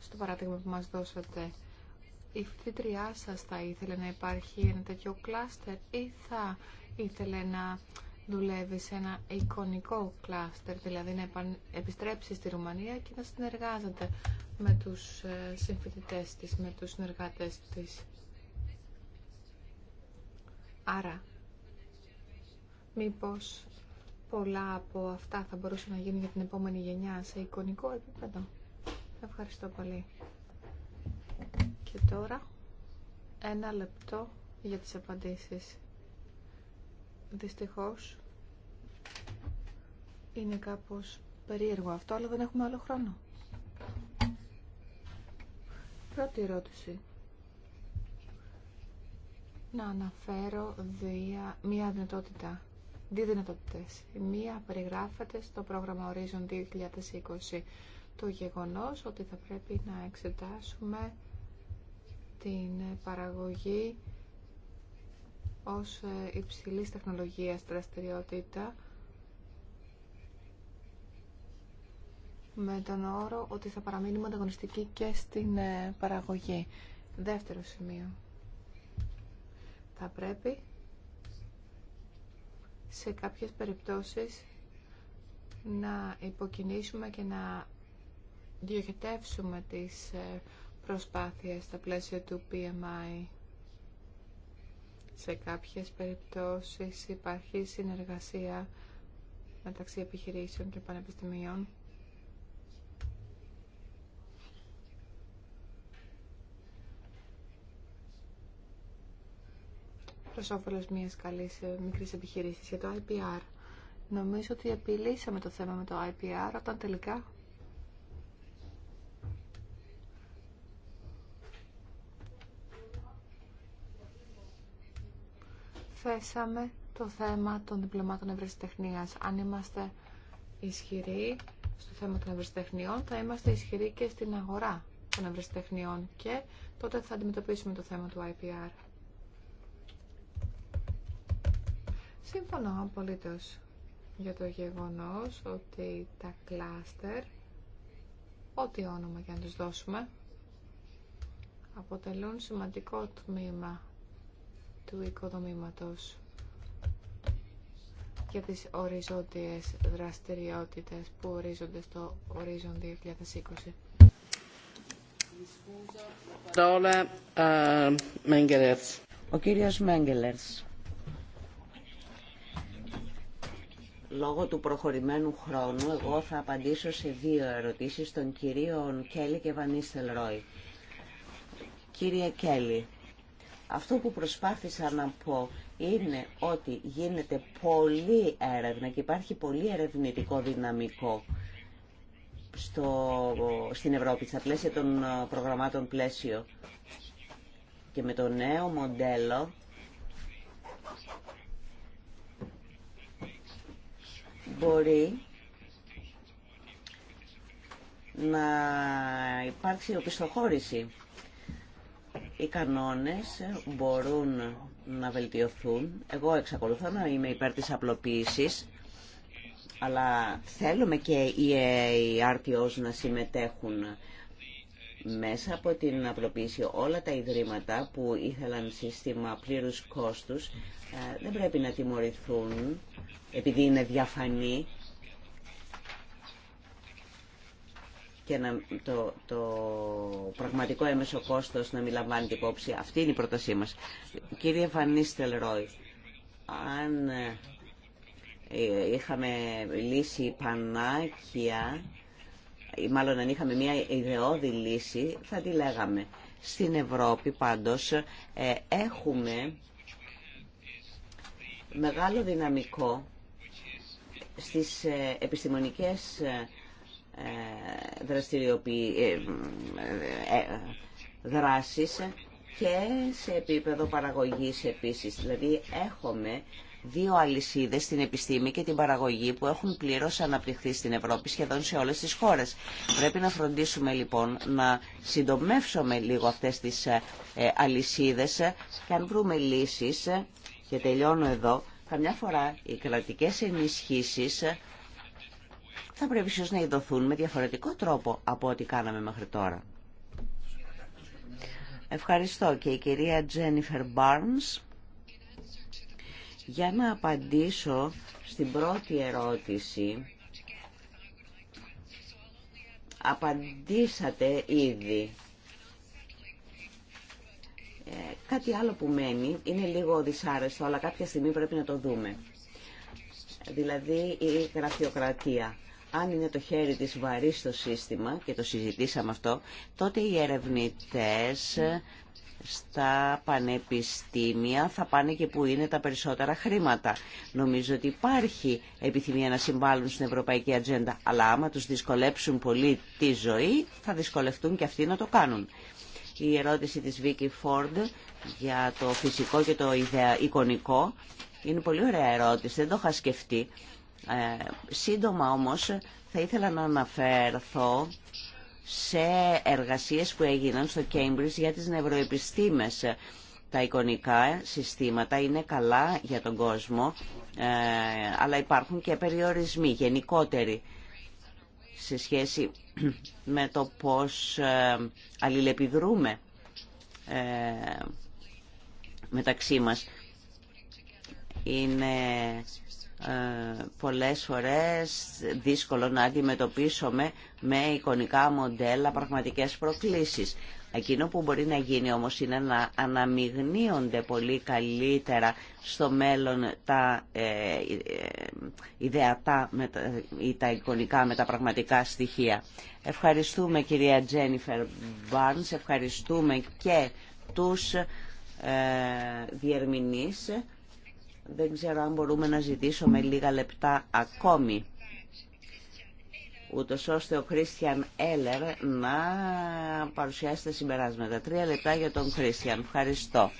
στο παράδειγμα που μας δώσατε, η φοιτητριά σας θα ήθελε να υπάρχει ένα τέτοιο κλάστερ ή θα ήθελε να δουλεύει σε ένα εικονικό κλάστερ, δηλαδή να επιστρέψει στη Ρουμανία και να συνεργάζεται με τους ε, συμφοιτητές της, με τους συνεργάτες της. Άρα, μήπως πολλά από αυτά θα μπορούσαν να γίνουν για την επόμενη γενιά σε εικονικό επίπεδο. Ευχαριστώ πολύ. Και τώρα ένα λεπτό για τις απαντήσεις. Δυστυχώς είναι κάπως περίεργο αυτό, αλλά δεν έχουμε άλλο χρόνο. Πρώτη ερώτηση. Να αναφέρω μία δυνατότητα δύο δυνατότητε. Η μία περιγράφεται στο πρόγραμμα Horizon 2020 το γεγονός ότι θα πρέπει να εξετάσουμε την παραγωγή ως ε, υψηλής τεχνολογίας δραστηριότητα με τον όρο ότι θα παραμείνουμε ανταγωνιστικοί και στην ε, παραγωγή. Δεύτερο σημείο. Θα πρέπει σε κάποιες περιπτώσεις να υποκινήσουμε και να διοχετεύσουμε τις ε, προσπάθειες στα πλαίσια του PMI. Σε κάποιες περιπτώσεις υπάρχει συνεργασία μεταξύ επιχειρήσεων και πανεπιστημίων προ όφελο μια καλή ε, μικρή επιχειρήση για το IPR. Νομίζω ότι επιλύσαμε το θέμα με το IPR όταν τελικά θέσαμε το θέμα των διπλωμάτων ευρεσιτεχνία. Αν είμαστε ισχυροί στο θέμα των ευρεσιτεχνιών, θα είμαστε ισχυροί και στην αγορά των ευρεσιτεχνιών και τότε θα αντιμετωπίσουμε το θέμα του IPR. Σύμφωνα απολύτως για το γεγονός ότι τα κλάστερ, ό,τι όνομα και να τους δώσουμε, αποτελούν σημαντικό τμήμα του οικοδομήματος για τις οριζόντιες δραστηριότητες που ορίζονται στο ορίζον 2020. Ε, Ο κύριος Μέγκελερς. Λόγω του προχωρημένου χρόνου, εγώ θα απαντήσω σε δύο ερωτήσεις των κυρίων Κέλλη και Βανίστελ Ρόι. Κύριε Κέλλη, αυτό που προσπάθησα να πω είναι ότι γίνεται πολύ έρευνα και υπάρχει πολύ ερευνητικό δυναμικό στο, στην Ευρώπη, στα πλαίσια των ε, προγραμμάτων πλαίσιο. Και με το νέο μοντέλο μπορεί να υπάρξει οπισθοχώρηση. Οι κανόνες μπορούν να βελτιωθούν. Εγώ εξακολουθώ να είμαι υπέρ της απλοποίησης, αλλά θέλουμε και οι RPOs να συμμετέχουν μέσα από την απλοποίηση όλα τα ιδρύματα που ήθελαν σύστημα πλήρους κόστους ε, δεν πρέπει να τιμωρηθούν επειδή είναι διαφανή και το, το πραγματικό έμεσο κόστος να μην την υπόψη. Αυτή είναι η πρότασή μας. Κύριε Βανίστελ Ρόι, αν ε, είχαμε λύσει πανάκια, ή μάλλον αν είχαμε μια ιδεώδη λύση, θα τη λέγαμε. Στην Ευρώπη πάντως ε, έχουμε μεγάλο δυναμικό στις ε, επιστημονικές ε, ε, δραστηριοποιη... δράσεις και σε επίπεδο παραγωγής επίσης. Δηλαδή έχουμε δύο αλυσίδες στην επιστήμη και την παραγωγή που έχουν πλήρως αναπτυχθεί στην Ευρώπη σχεδόν σε όλες τις χώρες. Πρέπει να φροντίσουμε λοιπόν να συντομεύσουμε λίγο αυτές τις αλυσίδες και αν βρούμε λύσεις, και τελειώνω εδώ, Καμιά φορά οι κρατικέ ενισχύσεις θα πρέπει ίσως να ειδωθούν με διαφορετικό τρόπο από ό,τι κάναμε μέχρι τώρα. Ευχαριστώ και η κυρία Τζένιφερ Μπάρνς για να απαντήσω στην πρώτη ερώτηση. Απαντήσατε ήδη. Ε, κάτι άλλο που μένει, είναι λίγο δυσάρεστο, αλλά κάποια στιγμή πρέπει να το δούμε. Δηλαδή η γραφειοκρατία. Αν είναι το χέρι της βαρύ στο σύστημα, και το συζητήσαμε αυτό, τότε οι ερευνητές στα πανεπιστήμια θα πάνε και που είναι τα περισσότερα χρήματα. Νομίζω ότι υπάρχει επιθυμία να συμβάλλουν στην ευρωπαϊκή ατζέντα, αλλά άμα τους δυσκολέψουν πολύ τη ζωή, θα δυσκολευτούν και αυτοί να το κάνουν η ερώτηση της Βίκη Φόρντ για το φυσικό και το εικονικό. Είναι πολύ ωραία ερώτηση, δεν το είχα σκεφτεί. Ε, σύντομα όμως θα ήθελα να αναφερθώ σε εργασίες που έγιναν στο Cambridge για τις νευροεπιστήμες. Τα εικονικά συστήματα είναι καλά για τον κόσμο, ε, αλλά υπάρχουν και περιορισμοί γενικότεροι σε σχέση με το πώς ε, αλληλεπιδρούμε ε, μεταξύ μας. Είναι ε, πολλές φορές δύσκολο να αντιμετωπίσουμε με εικονικά μοντέλα πραγματικές προκλήσεις. Εκείνο που μπορεί να γίνει όμως είναι να αναμειγνύονται πολύ καλύτερα στο μέλλον τα ε, ε ιδεατά ή τα εικονικά με τα πραγματικά στοιχεία. Ευχαριστούμε κυρία Τζένιφερ Μπάρνς, ευχαριστούμε και τους ε, διερμηνείς. Δεν ξέρω αν μπορούμε να ζητήσουμε λίγα λεπτά ακόμη ούτως ώστε ο Κρίστιαν Έλερ να παρουσιάσει τα συμπεράσματα. Τρία λεπτά για τον Κρίστιαν. Ευχαριστώ.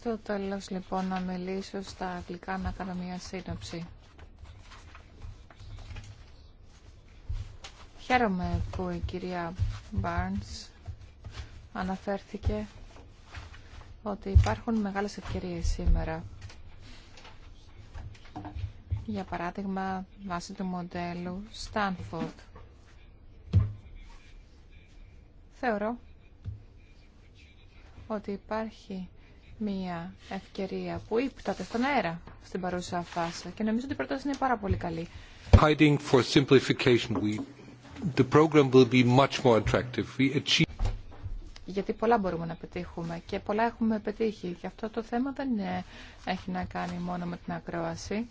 Στο τέλος λοιπόν να μιλήσω στα αγγλικά να κάνω μια σύνοψη. Χαίρομαι που η κυρία Μπάρνς αναφέρθηκε ότι υπάρχουν μεγάλες ευκαιρίες σήμερα για παράδειγμα βάσει του μοντέλου Stanford. Θεωρώ ότι υπάρχει μία ευκαιρία που ύπταται στον αέρα στην παρούσα φάση και νομίζω ότι η πρόταση είναι πάρα πολύ καλή. Γιατί πολλά μπορούμε να πετύχουμε και πολλά έχουμε πετύχει. Και αυτό το θέμα δεν ε, έχει να κάνει μόνο με την ακρόαση.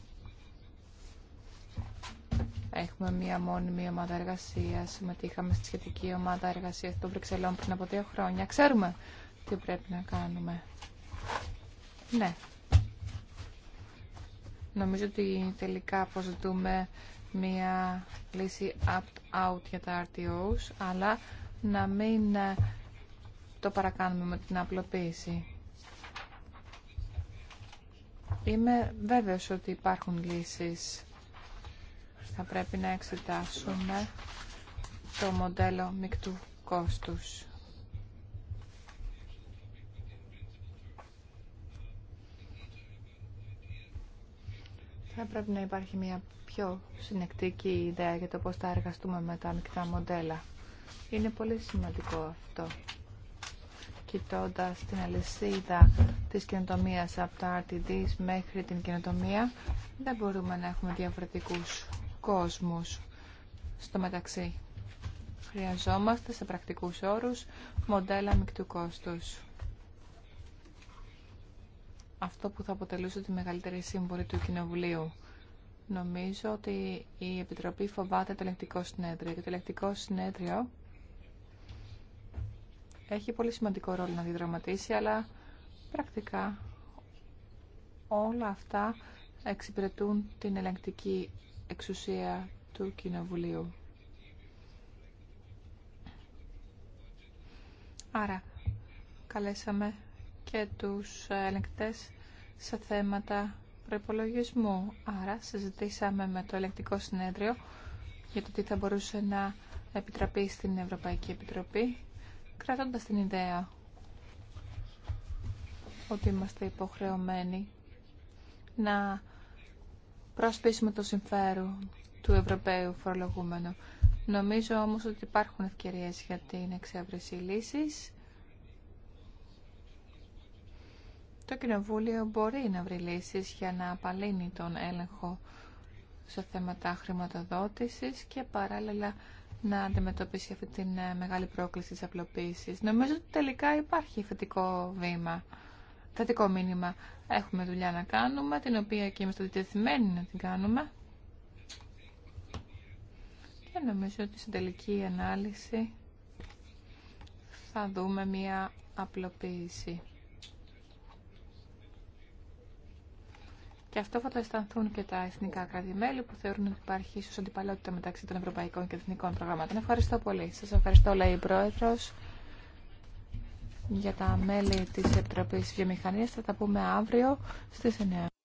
Έχουμε μία μόνιμη ομάδα εργασία. Συμμετείχαμε στη σχετική ομάδα εργασία των Βρυξελών πριν από δύο χρόνια. Ξέρουμε τι πρέπει να κάνουμε. Ναι. Νομίζω ότι τελικά αποζητούμε μία λύση opt-out για τα RTOs, αλλά να μην ε, το παρακάνουμε με την απλοποίηση. Είμαι βέβαιος ότι υπάρχουν λύσεις θα πρέπει να εξετάσουμε το μοντέλο μικτού κόστους. Θα πρέπει να υπάρχει μια πιο συνεκτική ιδέα για το πώς θα εργαστούμε με τα μεικτά μοντέλα. Είναι πολύ σημαντικό αυτό. Κοιτώντας την αλυσίδα της καινοτομία από τα RTDs μέχρι την καινοτομία, δεν μπορούμε να έχουμε διαφορετικούς στο μεταξύ, χρειαζόμαστε σε πρακτικούς όρους μοντέλα μεικτού κόστους. Αυτό που θα αποτελούσε τη μεγαλύτερη σύμβολη του Κοινοβουλίου. Νομίζω ότι η Επιτροπή φοβάται το ελεκτικό συνέδριο και το ελεκτικό συνέδριο έχει πολύ σημαντικό ρόλο να διδραματίσει, αλλά πρακτικά όλα αυτά εξυπηρετούν την ελεγκτική εξουσία του Κοινοβουλίου. Άρα, καλέσαμε και τους ελεγκτές σε θέματα προϋπολογισμού. Άρα, συζητήσαμε με το ελεγκτικό συνέδριο για το τι θα μπορούσε να επιτραπεί στην Ευρωπαϊκή Επιτροπή, κρατώντας την ιδέα ότι είμαστε υποχρεωμένοι να προσπίσουμε το συμφέρον του Ευρωπαίου φορολογούμενου. Νομίζω όμως ότι υπάρχουν ευκαιρίες για την εξέβρεση λύσης. Το Κοινοβούλιο μπορεί να βρει λύσεις για να απαλύνει τον έλεγχο σε θέματα χρηματοδότησης και παράλληλα να αντιμετωπίσει αυτή την ε, μεγάλη πρόκληση της απλοποίησης. Νομίζω ότι τελικά υπάρχει θετικό βήμα θετικό μήνυμα. Έχουμε δουλειά να κάνουμε, την οποία και είμαστε διτεθειμένοι να την κάνουμε. Και νομίζω ότι στην τελική ανάλυση θα δούμε μία απλοποίηση. Και αυτό θα το αισθανθούν και τα εθνικά κράτη-μέλη που θεωρούν ότι υπάρχει ίσω αντιπαλότητα μεταξύ των ευρωπαϊκών και εθνικών προγραμμάτων. Ευχαριστώ πολύ. Σα ευχαριστώ, λέει η Πρόεδρο για τα μέλη της Επιτροπής Βιομηχανίας. Θα τα πούμε αύριο στις 9.